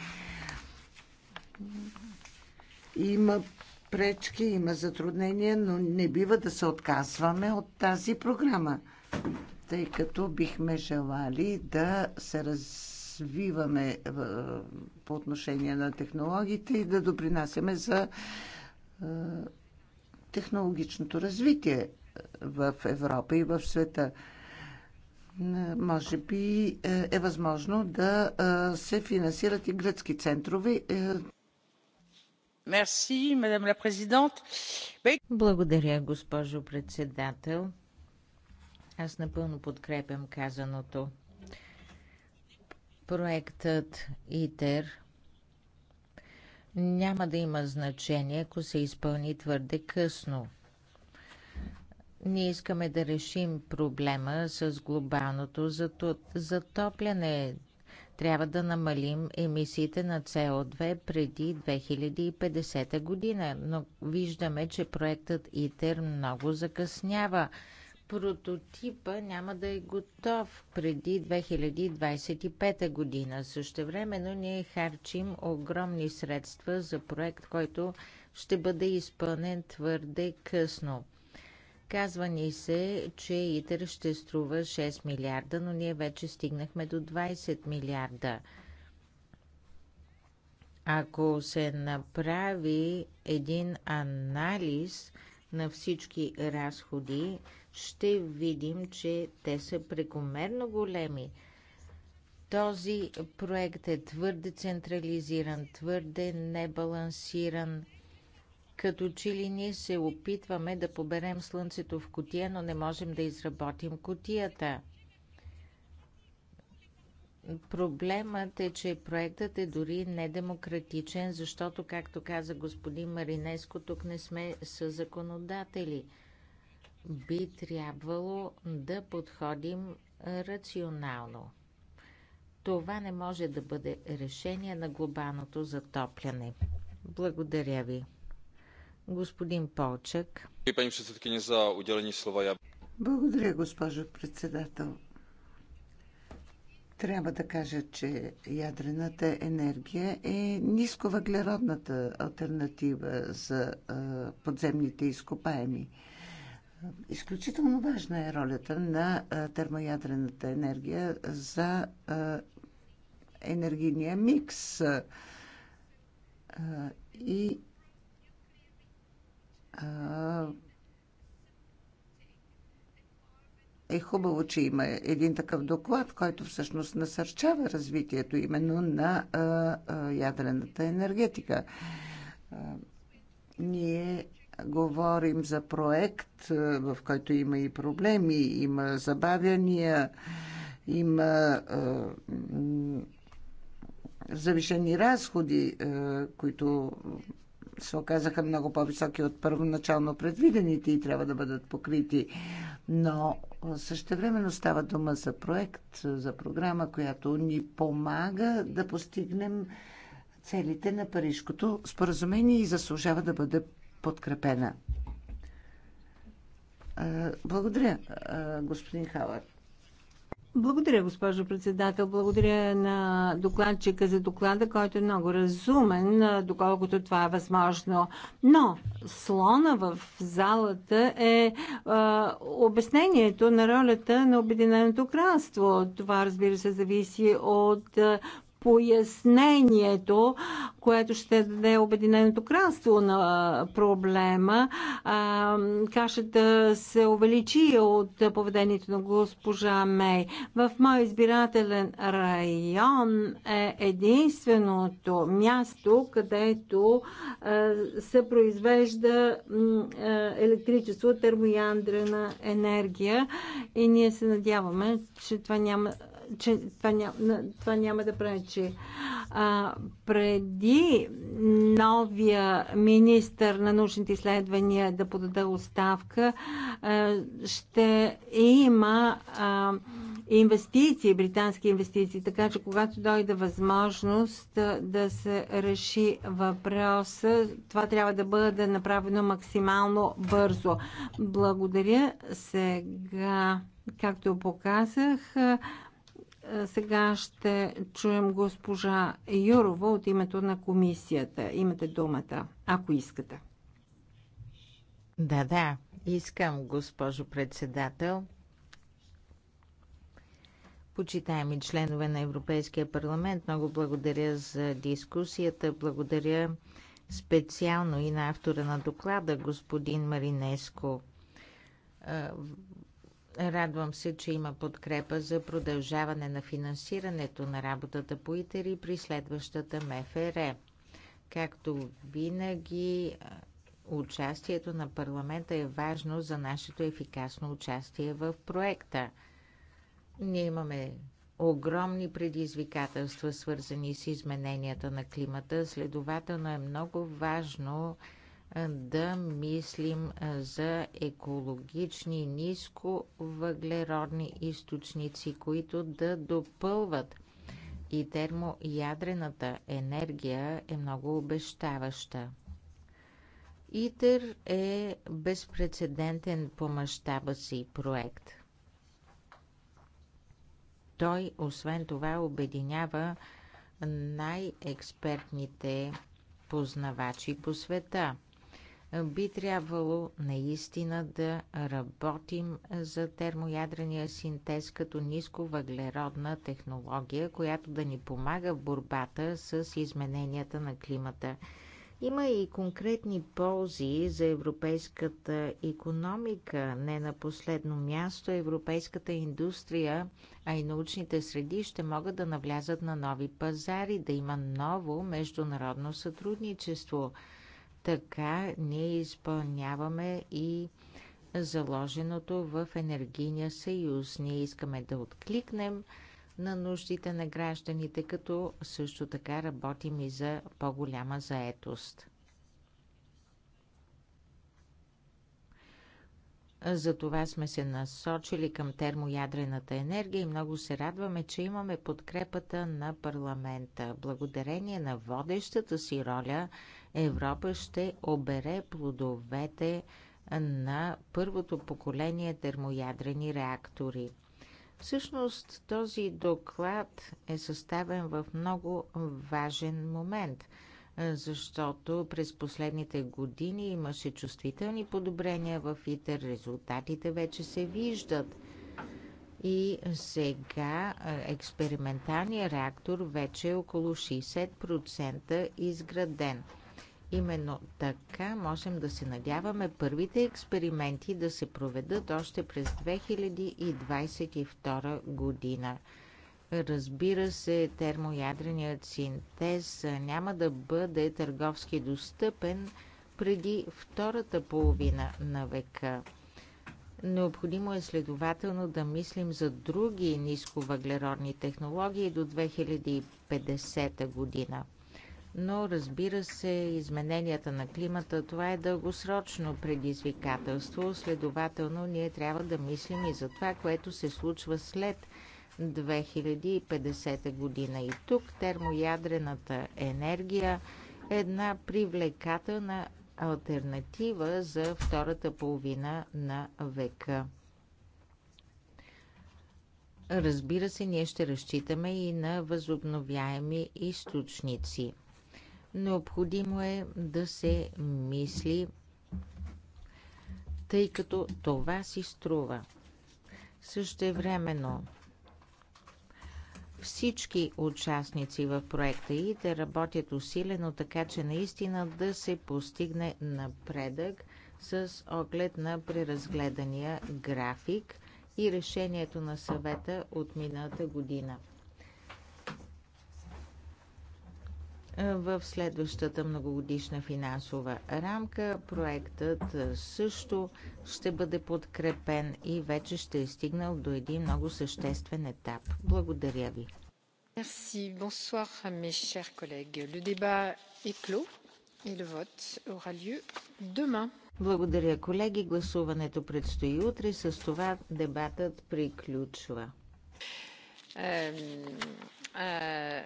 Има пречки, има затруднения, но не бива да се отказваме от тази програма, тъй като бихме желали да се развиваме е, по отношение на технологиите и да допринасяме за е, технологичното развитие в Европа и в света може би е, е възможно да е, се финансират и гръцки центрове. Е. Благодаря, госпожо председател. Аз напълно подкрепям казаното. Проектът ИТЕР няма да има значение, ако се изпълни твърде късно. Ние искаме да решим проблема с глобалното затопляне. Трябва да намалим емисиите на СО2 преди 2050 година, но виждаме, че проектът ИТЕР много закъснява. Прототипа няма да е готов преди 2025 година. Същевременно ние харчим огромни средства за проект, който ще бъде изпълнен твърде късно. Казва ни се, че ИТЕР ще струва 6 милиарда, но ние вече стигнахме до 20 милиарда. Ако се направи един анализ на всички разходи, ще видим, че те са прекомерно големи. Този проект е твърде централизиран, твърде небалансиран като че ли ние се опитваме да поберем слънцето в котия, но не можем да изработим котията. Проблемът е, че проектът е дори недемократичен, защото, както каза господин Маринеско, тук не сме с законодатели. Би трябвало да подходим рационално. Това не може да бъде решение на глобалното затопляне. Благодаря ви. Господин Полчък. Благодаря, госпожо председател. Трябва да кажа, че ядрената енергия е нисковъглеродната альтернатива за подземните изкопаеми. Изключително важна е ролята на термоядрената енергия за енергийния микс и е хубаво, че има един такъв доклад, който всъщност насърчава развитието именно на ядрената енергетика. Ние говорим за проект, в който има и проблеми, има забавяния, има завишени разходи, които се оказаха много по-високи от първоначално предвидените и трябва да бъдат покрити. Но същевременно става дума за проект, за програма, която ни помага да постигнем целите на Парижкото споразумение и заслужава да бъде подкрепена. Благодаря, господин Хавард. Благодаря, госпожо председател. Благодаря на докладчика за доклада, който е много разумен, доколкото това е възможно. Но слона в залата е, е обяснението на ролята на Обединеното кралство. Това, разбира се, зависи от е, пояснението, което ще даде Обединеното кралство на проблема. кашата се увеличи от поведението на госпожа Мей. В моя избирателен район е единственото място, където се произвежда електричество, термоядрена енергия и ние се надяваме, че това няма че това, ня, това няма да пречи. А, преди новия министр на научните изследвания да подаде оставка, а, ще има а, инвестиции, британски инвестиции, така че когато дойде възможност да се реши въпроса, това трябва да бъде направено максимално бързо. Благодаря сега, както показах, сега ще чуем госпожа Юрова от името на комисията. Имате думата, ако искате. Да, да, искам, госпожо председател. Почитаеми членове на Европейския парламент, много благодаря за дискусията. Благодаря специално и на автора на доклада, господин Маринеско. Радвам се, че има подкрепа за продължаване на финансирането на работата по ИТЕРИ при следващата МФР. Както винаги, участието на парламента е важно за нашето ефикасно участие в проекта. Ние имаме огромни предизвикателства, свързани с измененията на климата. Следователно е много важно да мислим за екологични ниско въглеродни източници, които да допълват и термоядрената енергия е много обещаваща. ИТЕР е безпредседентен по мащаба си проект. Той, освен това, обединява най-експертните познавачи по света би трябвало наистина да работим за термоядрения синтез като нисковъглеродна технология, която да ни помага в борбата с измененията на климата. Има и конкретни ползи за европейската економика. Не на последно място европейската индустрия, а и научните среди ще могат да навлязат на нови пазари, да има ново международно сътрудничество – така ние изпълняваме и заложеното в енергийния съюз. Ние искаме да откликнем на нуждите на гражданите, като също така работим и за по-голяма заетост. Затова сме се насочили към термоядрената енергия и много се радваме, че имаме подкрепата на парламента. Благодарение на водещата си роля Европа ще обере плодовете на първото поколение термоядрени реактори. Всъщност този доклад е съставен в много важен момент, защото през последните години имаше чувствителни подобрения в ИТЕР, резултатите вече се виждат. И сега е, експерименталният реактор вече е около 60% изграден – Именно така можем да се надяваме първите експерименти да се проведат още през 2022 година. Разбира се, термоядреният синтез няма да бъде търговски достъпен преди втората половина на века. Необходимо е следователно да мислим за други нисковъглеродни технологии до 2050 година но разбира се, измененията на климата, това е дългосрочно предизвикателство, следователно ние трябва да мислим и за това, което се случва след 2050 година. И тук термоядрената енергия е една привлекателна альтернатива за втората половина на века. Разбира се, ние ще разчитаме и на възобновяеми източници – Необходимо е да се мисли, тъй като това си струва. Същевременно всички участници в проекта и да работят усилено, така че наистина да се постигне напредък с оглед на преразгледания график и решението на съвета от миналата година. в следващата многогодишна финансова рамка. Проектът също ще бъде подкрепен и вече ще е стигнал до един много съществен етап. Благодаря ви. Merci. Bonsoir, mes chers collègues. Le débat est clos et le vote aura lieu demain. Благодаря, колеги. Гласуването предстои утре. С това дебатът приключва. Uh, uh...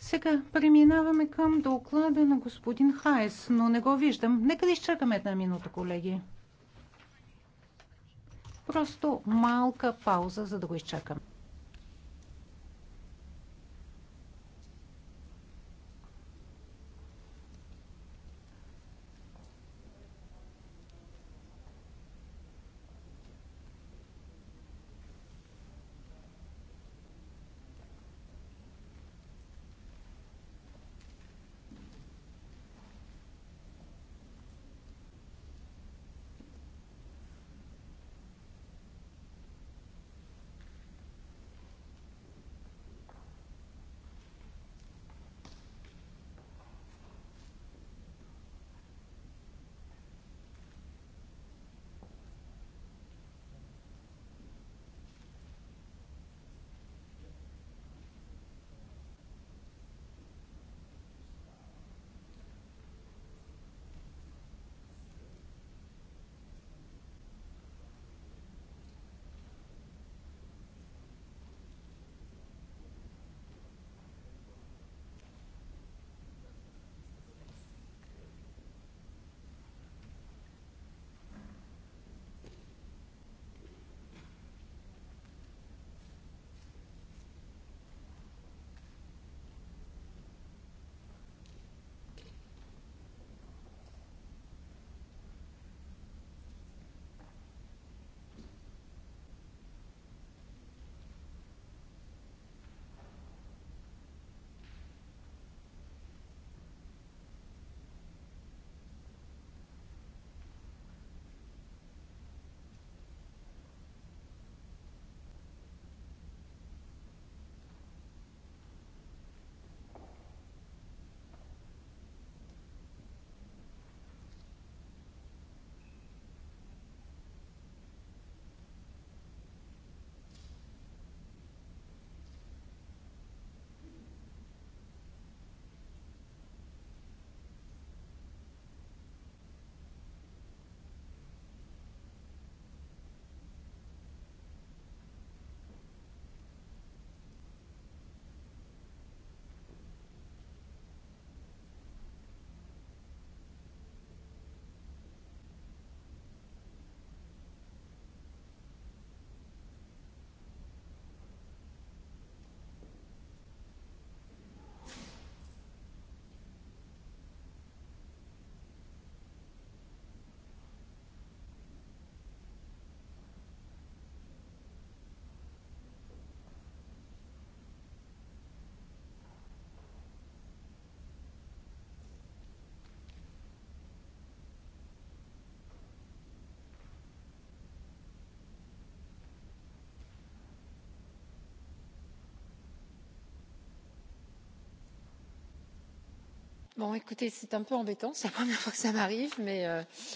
Сега преминаваме към доклада на господин Хайс, но не го виждам. Нека да изчакаме една минута, колеги. Просто малка пауза, за да го изчакаме.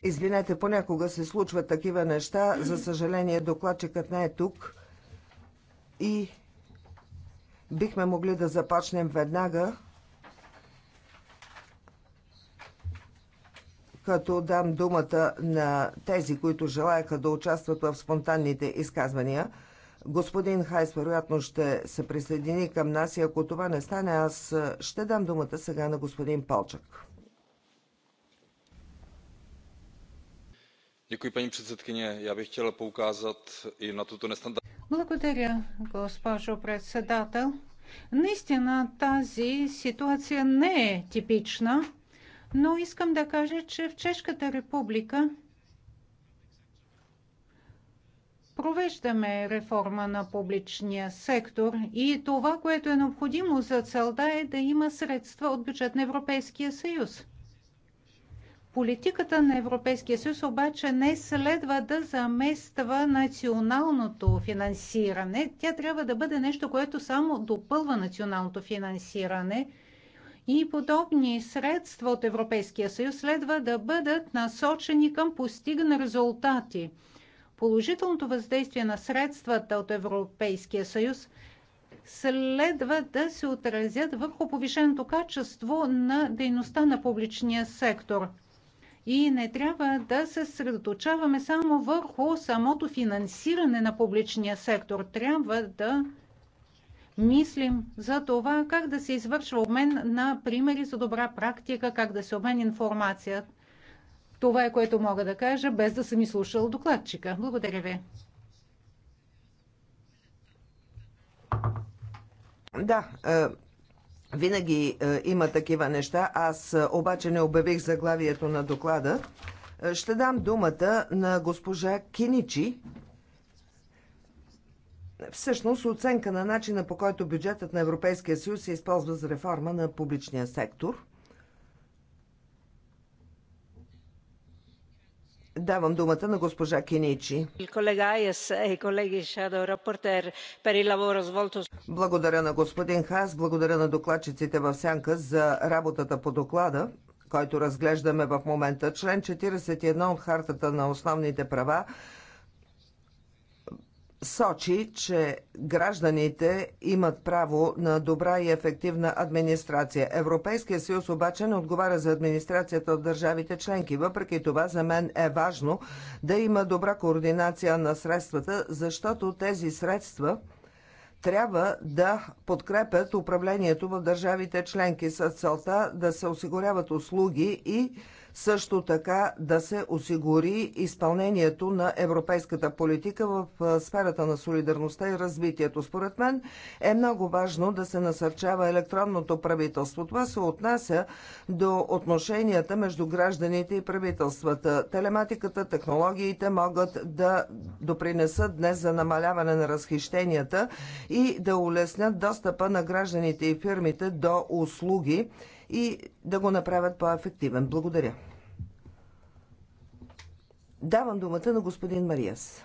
Извинете, понякога се случват такива неща. За съжаление, докладчикът не е тук. И бихме могли да започнем веднага, като дам думата на тези, които желаяха да участват в спонтанните изказвания. Господин Хайс вероятно ще се присъедини към нас и ако това не стане, аз ще дам думата сега на господин Полчак. paní předsedající já bych chtěl poukázat i na tuto nestandardní. Благодаря, госпожо председател. Наистина тази ситуация не е типична, но искам да кажа, че в Чешката република провеждаме реформа на публичния сектор и това, което е необходимо за целта е да има средства от бюджет на Европейския съюз. Политиката на Европейския съюз обаче не следва да замества националното финансиране. Тя трябва да бъде нещо, което само допълва националното финансиране и подобни средства от Европейския съюз следва да бъдат насочени към постигане резултати – Положителното въздействие на средствата от Европейския съюз следва да се отразят върху повишеното качество на дейността на публичния сектор. И не трябва да се средоточаваме само върху самото финансиране на публичния сектор. Трябва да мислим за това как да се извършва обмен на примери за добра практика, как да се обмен информация. Това е което мога да кажа, без да съм изслушал докладчика. Благодаря ви. Да, е, винаги е, има такива неща. Аз е, обаче не обявих заглавието на доклада. Ще дам думата на госпожа Киничи. Всъщност оценка на начина по който бюджетът на Европейския съюз се използва за реформа на публичния сектор. Давам думата на госпожа Кеничи. E благодаря на господин Хас, благодаря на докладчиците в Сянка за работата по доклада който разглеждаме в момента. Член 41 от Хартата на основните права сочи, че гражданите имат право на добра и ефективна администрация. Европейския съюз обаче не отговаря за администрацията от държавите членки. Въпреки това, за мен е важно да има добра координация на средствата, защото тези средства трябва да подкрепят управлението в държавите членки с целта да се осигуряват услуги и също така да се осигури изпълнението на европейската политика в сферата на солидарността и развитието. Според мен е много важно да се насърчава електронното правителство. Това се отнася до отношенията между гражданите и правителствата. Телематиката, технологиите могат да допринесат днес за намаляване на разхищенията и да улеснят достъпа на гражданите и фирмите до услуги и да го направят по-ефективен. Благодаря. Давам думата на господин Мариас.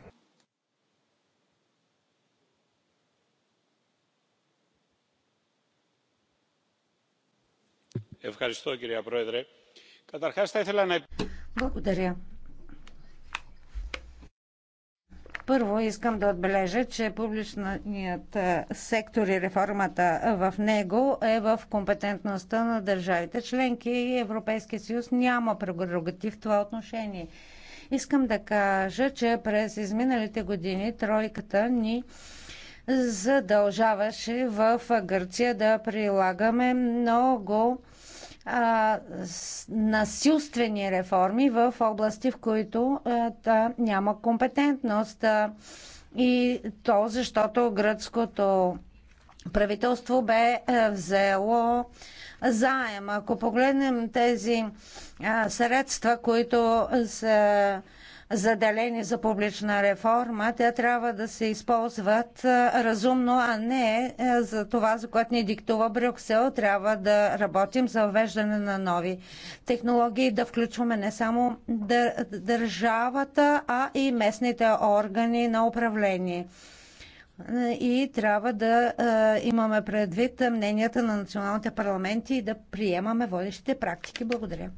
Е- Благодаря, Първо искам да отбележа, че публичният сектор и реформата в него е в компетентността на държавите членки и Европейския съюз няма прерогатив в това отношение. Искам да кажа, че през изминалите години тройката ни задължаваше в Гърция да прилагаме много а, насилствени реформи в области, в които а, да, няма компетентност. А, и то защото гръцкото правителство бе взело заем. Ако погледнем тези средства, които са заделени за публична реформа, те трябва да се използват разумно, а не е, за това, за което ни диктува Брюксел. Трябва да работим за въвеждане на нови технологии, да включваме не само държавата, а и местните органи на управление и трябва да имаме предвид мненията на националните парламенти и да приемаме водещите практики. Благодаря.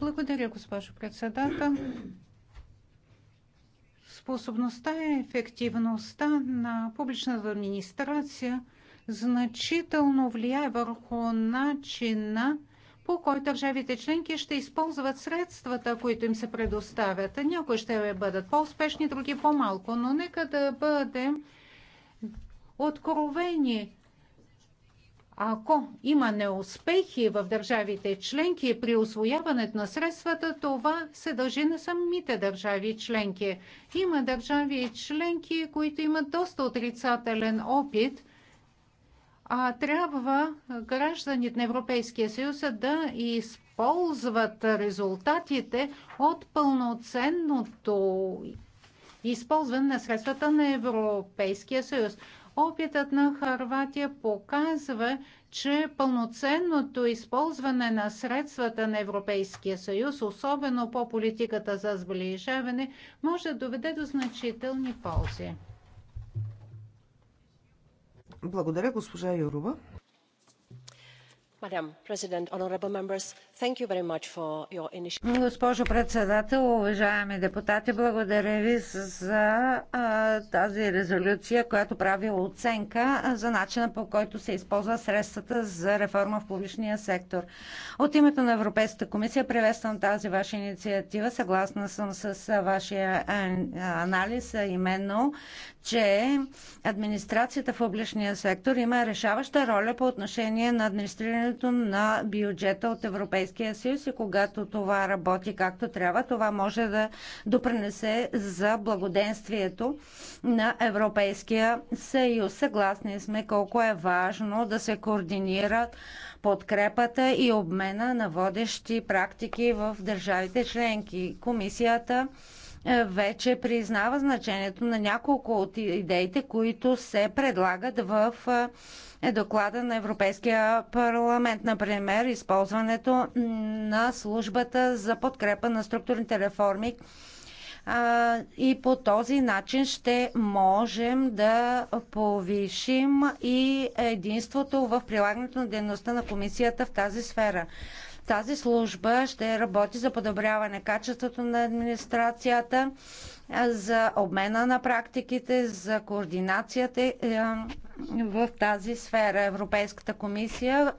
Благодаря, госпожо председател. Способността и ефективността на публичната администрация значително влияе върху начина по който държавите членки ще използват средствата, които им се предоставят. Някои ще бъдат по-успешни, други по-малко, но нека да бъдем откровени ако има неуспехи в държавите членки при освояването на средствата, това се дължи на самите държави членки. Има държави членки, които имат доста отрицателен опит, а трябва гражданите на Европейския съюз да използват резултатите от пълноценното използване на средствата на Европейския съюз. Опитът на Харватия показва, че пълноценното използване на средствата на Европейския съюз, особено по политиката за сближаване, може да доведе до значителни ползи. Благодаря, госпожа Юрова. Мадам президент, honorable members, Госпожо председател, уважаеми депутати, благодаря ви за а, тази резолюция, която прави оценка за начина по който се използва средствата за реформа в публичния сектор. От името на Европейската комисия приветствам тази ваша инициатива. Съгласна съм с вашия анализ, именно, че администрацията в публичния сектор има решаваща роля по отношение на администрирането на бюджета от европейските Европейския съюз и когато това работи както трябва, това може да допринесе за благоденствието на Европейския съюз. Съгласни сме колко е важно да се координират подкрепата и обмена на водещи практики в държавите членки. Комисията е, вече признава значението на няколко от идеите, които се предлагат в е, е доклада на Европейския парламент, например, използването на службата за подкрепа на структурните реформи и по този начин ще можем да повишим и единството в прилагането на дейността на комисията в тази сфера. Тази служба ще работи за подобряване на качеството на администрацията, за обмена на практиките, за координацията е, в тази сфера. Европейската комисия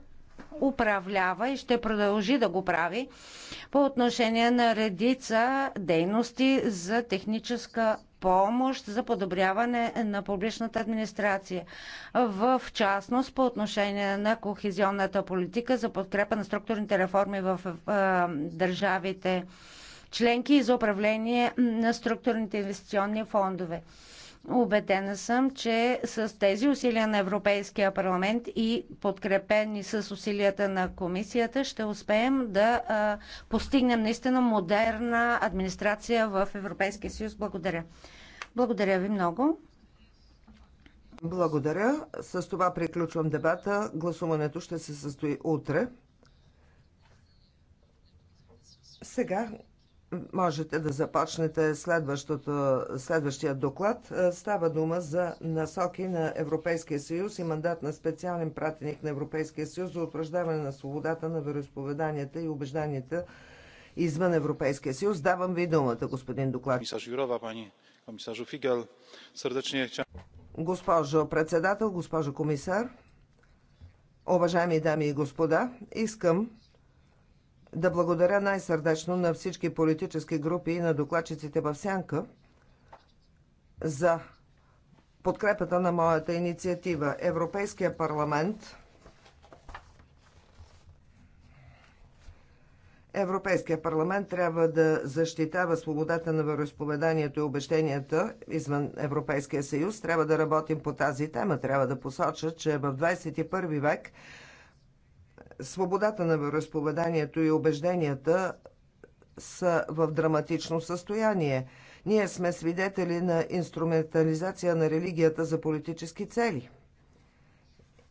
управлява и ще продължи да го прави по отношение на редица дейности за техническа помощ за подобряване на публичната администрация. В частност по отношение на кохезионната политика за подкрепа на структурните реформи в е, е, държавите членки и за управление на структурните инвестиционни фондове. Обедена съм, че с тези усилия на Европейския парламент и подкрепени с усилията на комисията ще успеем да а, постигнем наистина модерна администрация в Европейския съюз. Благодаря. Благодаря ви много. Благодаря. С това приключвам дебата. Гласуването ще се състои утре. Сега можете да започнете следващия доклад. Е, става дума за насоки на Европейския съюз и мандат на специален пратеник на Европейския съюз за утвърждаване на свободата на вероисповеданията и убежданията извън Европейския съюз. Давам ви думата, господин доклад. Юрова, пани комисажу Фигел, Госпожо председател, госпожо комисар, уважаеми дами и господа, искам да благодаря най-сърдечно на всички политически групи и на докладчиците в Сянка за подкрепата на моята инициатива. Европейския парламент Европейския парламент трябва да защитава свободата на вероисповеданието и обещенията извън Европейския съюз. Трябва да работим по тази тема. Трябва да посоча, че в 21 век Свободата на вероисповеданието и убежденията са в драматично състояние. Ние сме свидетели на инструментализация на религията за политически цели.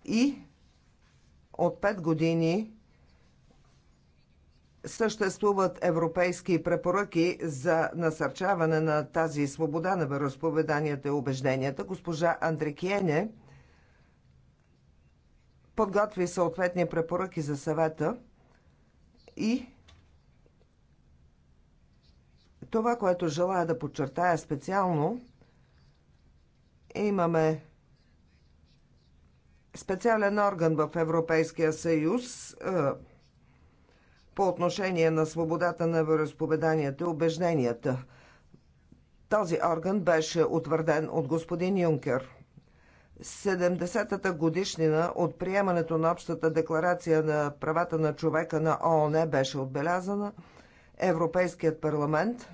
И от пет години съществуват европейски препоръки за насърчаване на тази свобода на вероисповеданията и убежденията. Госпожа Андрекиене – подготви съответни препоръки за съвета и това, което желая да подчертая специално, имаме специален орган в Европейския съюз е, по отношение на свободата на вероисповеданията и убежденията. Този орган беше утвърден от господин Юнкер – 70-та годишнина от приемането на Общата декларация на правата на човека на ООН беше отбелязана. Европейският парламент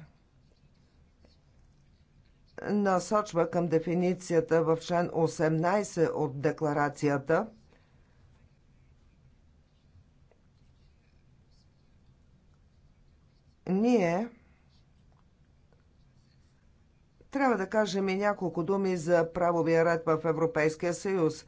насочва към дефиницията в член 18 от декларацията ние трябва да кажем и няколко думи за правовия ред в Европейския съюз.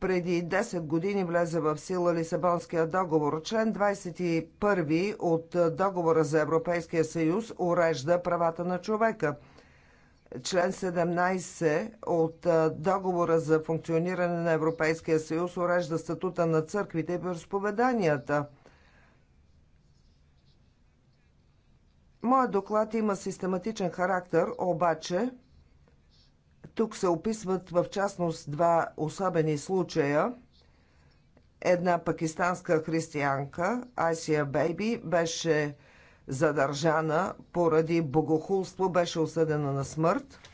Преди 10 години влезе в сила Лисабонския договор. Член 21 от договора за Европейския съюз урежда правата на човека. Член 17 от договора за функциониране на Европейския съюз урежда статута на църквите и възповеданията. Моят доклад има систематичен характер, обаче тук се описват в частност два особени случая. Една пакистанска християнка, Айсия Бейби, беше задържана поради богохулство, беше осъдена на смърт –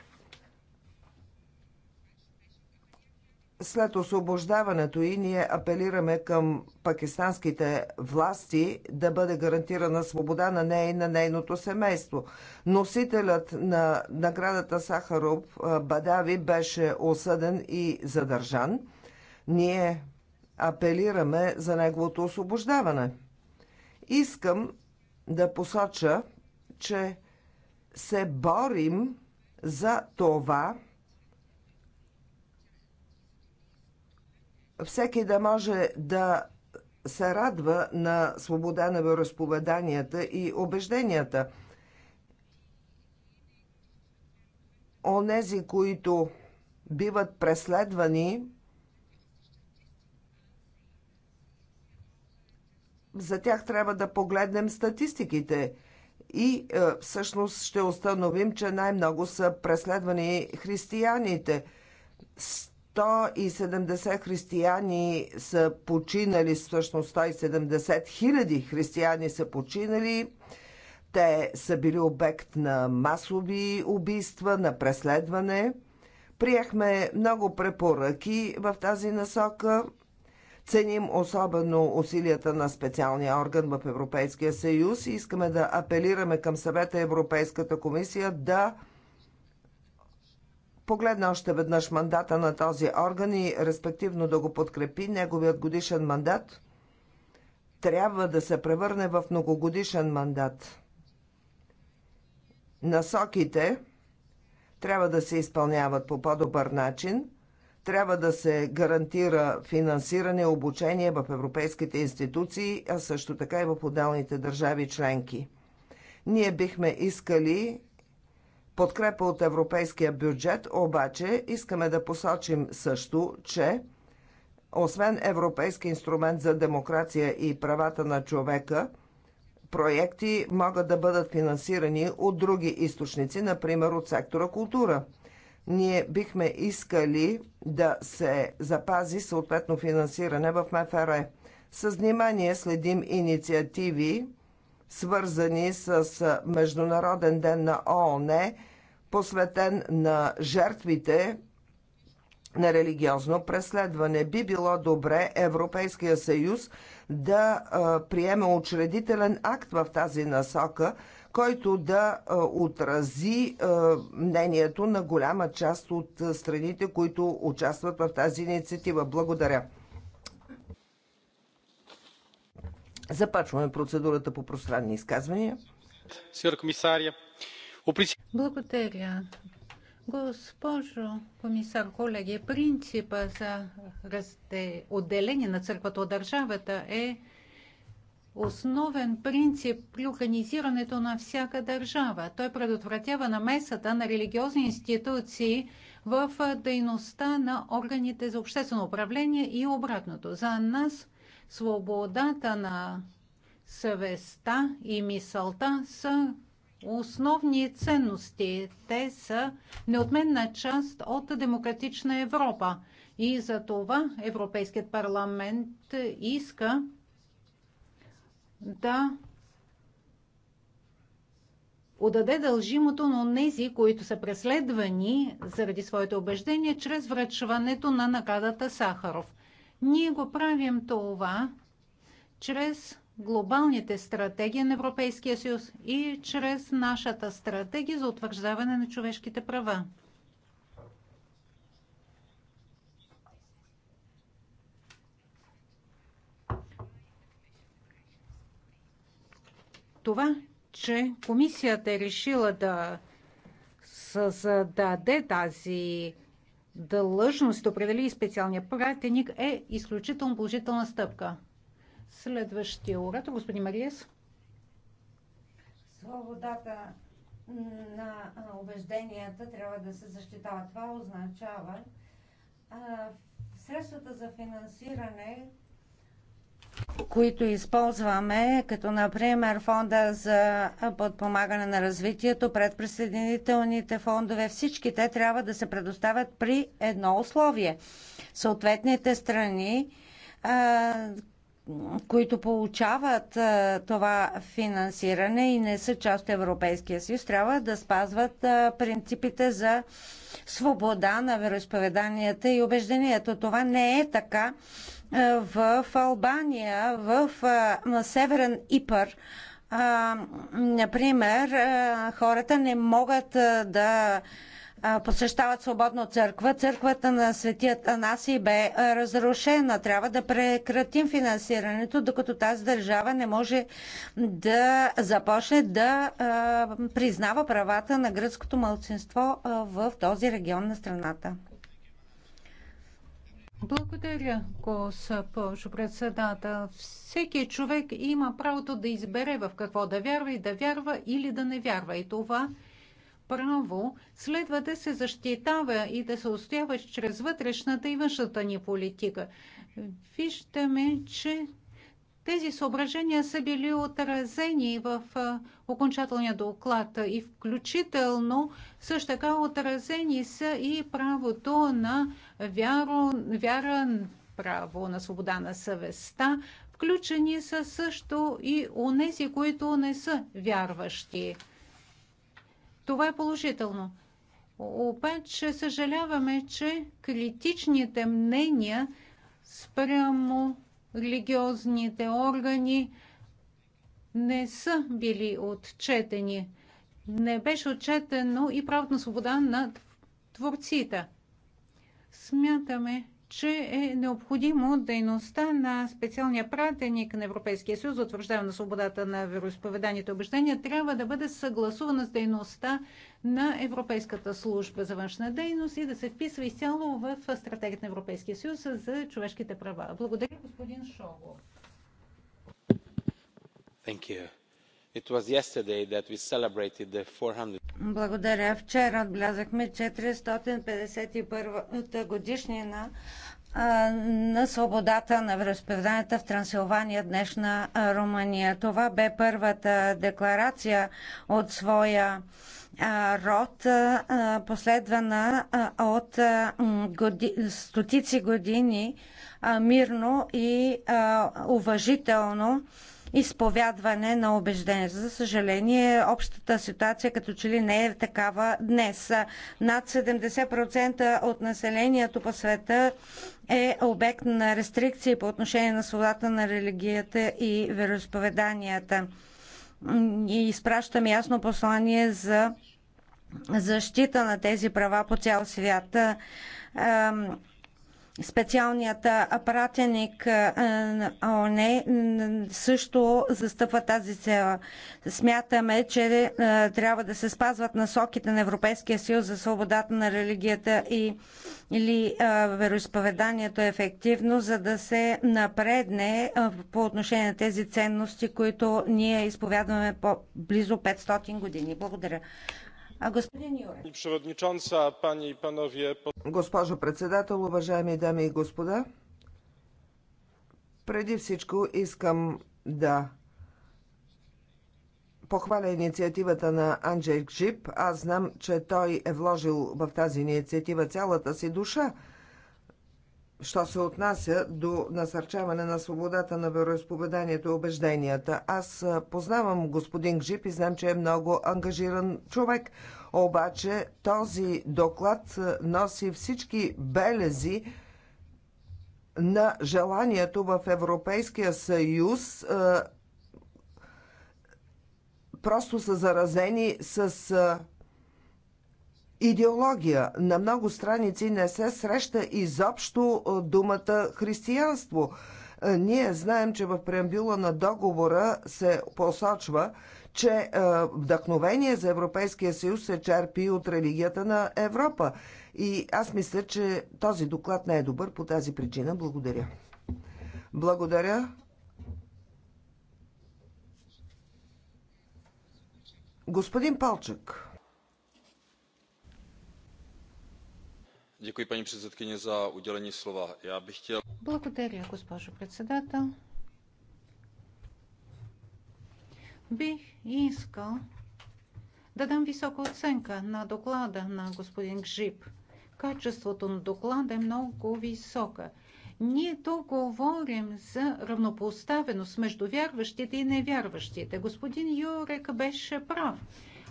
след освобождаването и ние апелираме към пакистанските власти да бъде гарантирана свобода на нея и на нейното семейство. Носителят на наградата Сахаров Бадави беше осъден и задържан. Ние апелираме за неговото освобождаване. Искам да посоча, че се борим за това, всеки да може да се радва на свобода на вероисповеданията и убежденията. Онези, които биват преследвани, за тях трябва да погледнем статистиките и е, всъщност ще установим, че най-много са преследвани християните. С 170 християни са починали, всъщност 170 хиляди християни са починали. Те са били обект на масови убийства, на преследване. Приехме много препоръки в тази насока. Ценим особено усилията на специалния орган в Европейския съюз и искаме да апелираме към съвета Европейската комисия да погледна още веднъж мандата на този орган и респективно да го подкрепи, неговият годишен мандат трябва да се превърне в многогодишен мандат. Насоките трябва да се изпълняват по по-добър начин, трябва да се гарантира финансиране, обучение в европейските институции, а също така и в отделните държави членки. Ние бихме искали подкрепа от европейския бюджет, обаче искаме да посочим също, че освен Европейски инструмент за демокрация и правата на човека, проекти могат да бъдат финансирани от други източници, например от сектора култура. Ние бихме искали да се запази съответно финансиране в МФР. С внимание следим инициативи, свързани с Международен ден на ООН посветен на жертвите на религиозно преследване. Би било добре Европейския съюз да приеме учредителен акт в тази насока, който да отрази мнението на голяма част от страните, които участват в тази инициатива. Благодаря. Започваме процедурата по пространни изказвания. Сър комисария, благодаря. Госпожо комисар, колеги, принципа за разде... отделение на църквата от държавата е основен принцип при организирането на всяка държава. Той предотвратява намесата на религиозни институции в дейността на органите за обществено управление и обратното. За нас свободата на съвестта и мисълта са основни ценности. Те са неотменна част от демократична Европа. И за това Европейският парламент иска да отдаде дължимото на тези, които са преследвани заради своите убеждения, чрез връчването на наградата Сахаров. Ние го правим това чрез глобалните стратегии на Европейския съюз и чрез нашата стратегия за утвърждаване на човешките права. Това, че комисията е решила да създаде тази длъжност, определи специалния пратеник, е изключително положителна стъпка. Следващия оратор, господин Мариес. Свободата на убежденията трябва да се защитава. Това означава а, средствата за финансиране, които използваме, като например фонда за подпомагане на развитието, предприсъединителните фондове, всички те трябва да се предоставят при едно условие. Съответните страни които получават а, това финансиране и не са част от Европейския съюз, трябва да спазват а, принципите за свобода на вероисповеданията и убеждението. Това не е така в Албания, в а, на Северен Ипър. А, например, а, хората не могат а, да посещават свободно църква. Църквата на светият Анаси бе разрушена. Трябва да прекратим финансирането, докато тази държава не може да започне да признава правата на гръцкото мълцинство в този регион на страната. Благодаря, госпожо председател. Всеки човек има правото да избере в какво да вярва и да вярва или да не вярва. И това право следва да се защитава и да се устоява чрез вътрешната и външната ни политика. Виждаме, че тези съображения са били отразени в окончателния доклад и включително също така отразени са и правото на вяро, вяра, право на свобода на съвестта. Включени са също и онези, които не са вярващи. Това е положително. Обаче съжаляваме, че критичните мнения спрямо религиозните органи не са били отчетени. Не беше отчетено и правото на свобода на творците. Смятаме, че е необходимо дейността на специалния пратеник на Европейския съюз за утвърждаване на свободата на вероисповеданието и обещания трябва да бъде съгласувана с дейността на Европейската служба за външна дейност и да се вписва изцяло в стратегията на Европейския съюз за човешките права. Благодаря, господин Шогор. Thank you. Благодаря. Вчера отбелязахме 451-та годишнина на свободата на вероисповеданията в Трансилвания, днешна Румъния. Това бе първата декларация от своя род, последвана от годи... стотици години мирно и уважително изповядване на убеждения. За съжаление, общата ситуация като че ли не е такава днес. Над 70% от населението по света е обект на рестрикции по отношение на свободата на религията и вероисповеданията. И изпращаме ясно послание за защита на тези права по цял свят Специалният апаратеник ООН също застъпва тази цел. Смятаме, че трябва да се спазват насоките на Европейския съюз за свободата на религията и или вероисповеданието е ефективно, за да се напредне по отношение на тези ценности, които ние изповядваме по близо 500 години. Благодаря. Господин Госпожо председател, уважаеми дами и господа, преди всичко искам да похваля инициативата на Анджей Джип. Аз знам, че той е вложил в тази инициатива цялата си душа що се отнася до насърчаване на свободата на вероисповеданието и убежденията. Аз познавам господин Гжип и знам, че е много ангажиран човек. Обаче този доклад носи всички белези на желанието в Европейския съюз просто са заразени с идеология. На много страници не се среща изобщо думата християнство. Ние знаем, че в преамбюла на договора се посочва, че вдъхновение за Европейския съюз се черпи от религията на Европа. И аз мисля, че този доклад не е добър по тази причина. Благодаря. Благодаря. Господин Палчък. Děkuji, paní předsedkyně, за уделение слова. Я бих хотел... Благодаря, госпожо председател. Бих искал да дам висока оценка на доклада на господин Гжип. Качеството на доклада е много висока. Ние тук говорим за равнопоставеност между вярващите и невярващите. Господин Юрек беше прав.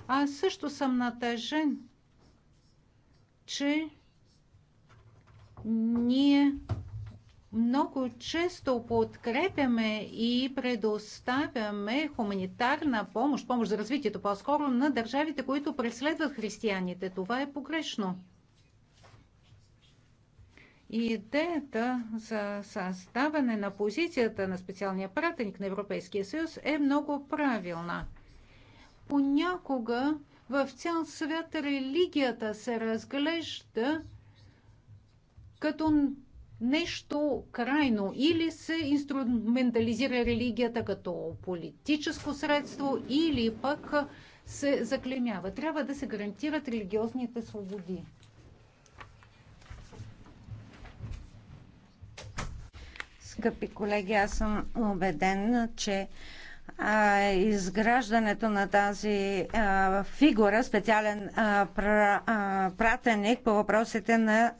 Аз също съм натъжен, че ние много често подкрепяме и предоставяме хуманитарна помощ, помощ за развитието по-скоро на държавите, които преследват християните. Това е погрешно. Идеята за създаване на позицията на специалния пратеник на Европейския съюз е много правилна. Понякога в цял свят религията се разглежда като нещо крайно или се инструментализира религията като политическо средство или пък се заклемява. Трябва да се гарантират религиозните свободи. Скъпи колеги, аз съм убеден, че а, изграждането на тази а, фигура, специален а, пра, а, пратеник по въпросите на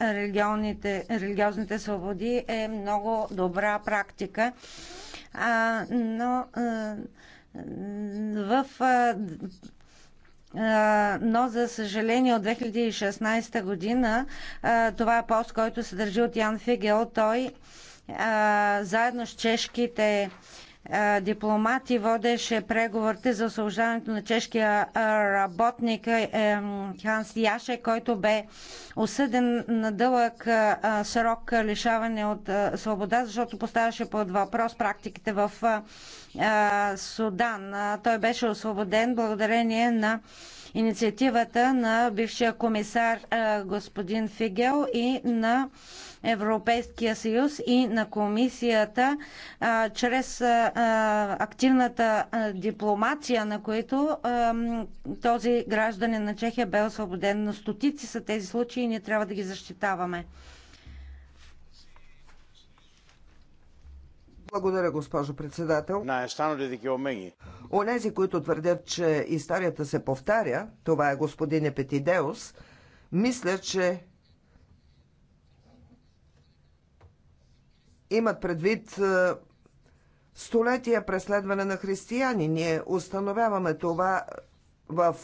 религиозните свободи е много добра практика. А, но а, в а, но за съжаление от 2016 година това е пост, който се държи от Ян Фигел. Той заедно с чешките дипломати водеше преговорите за освобождаването на чешкия работник е, Ханс Яше, който бе осъден на дълъг срок лишаване от свобода, защото поставяше под въпрос практиките в Судан. Той беше освободен благодарение на инициативата на бившия комисар господин Фигел и на Европейския съюз и на комисията а, чрез а, активната а, дипломация, на които а, този гражданин на Чехия бе освободен. на стотици са тези случаи и ние трябва да ги защитаваме. Благодаря, госпожо председател. На Онези, които твърдят, че историята се повтаря, това е господин Епетидеус, мисля, че имат предвид е, столетия преследване на християни. Ние установяваме това в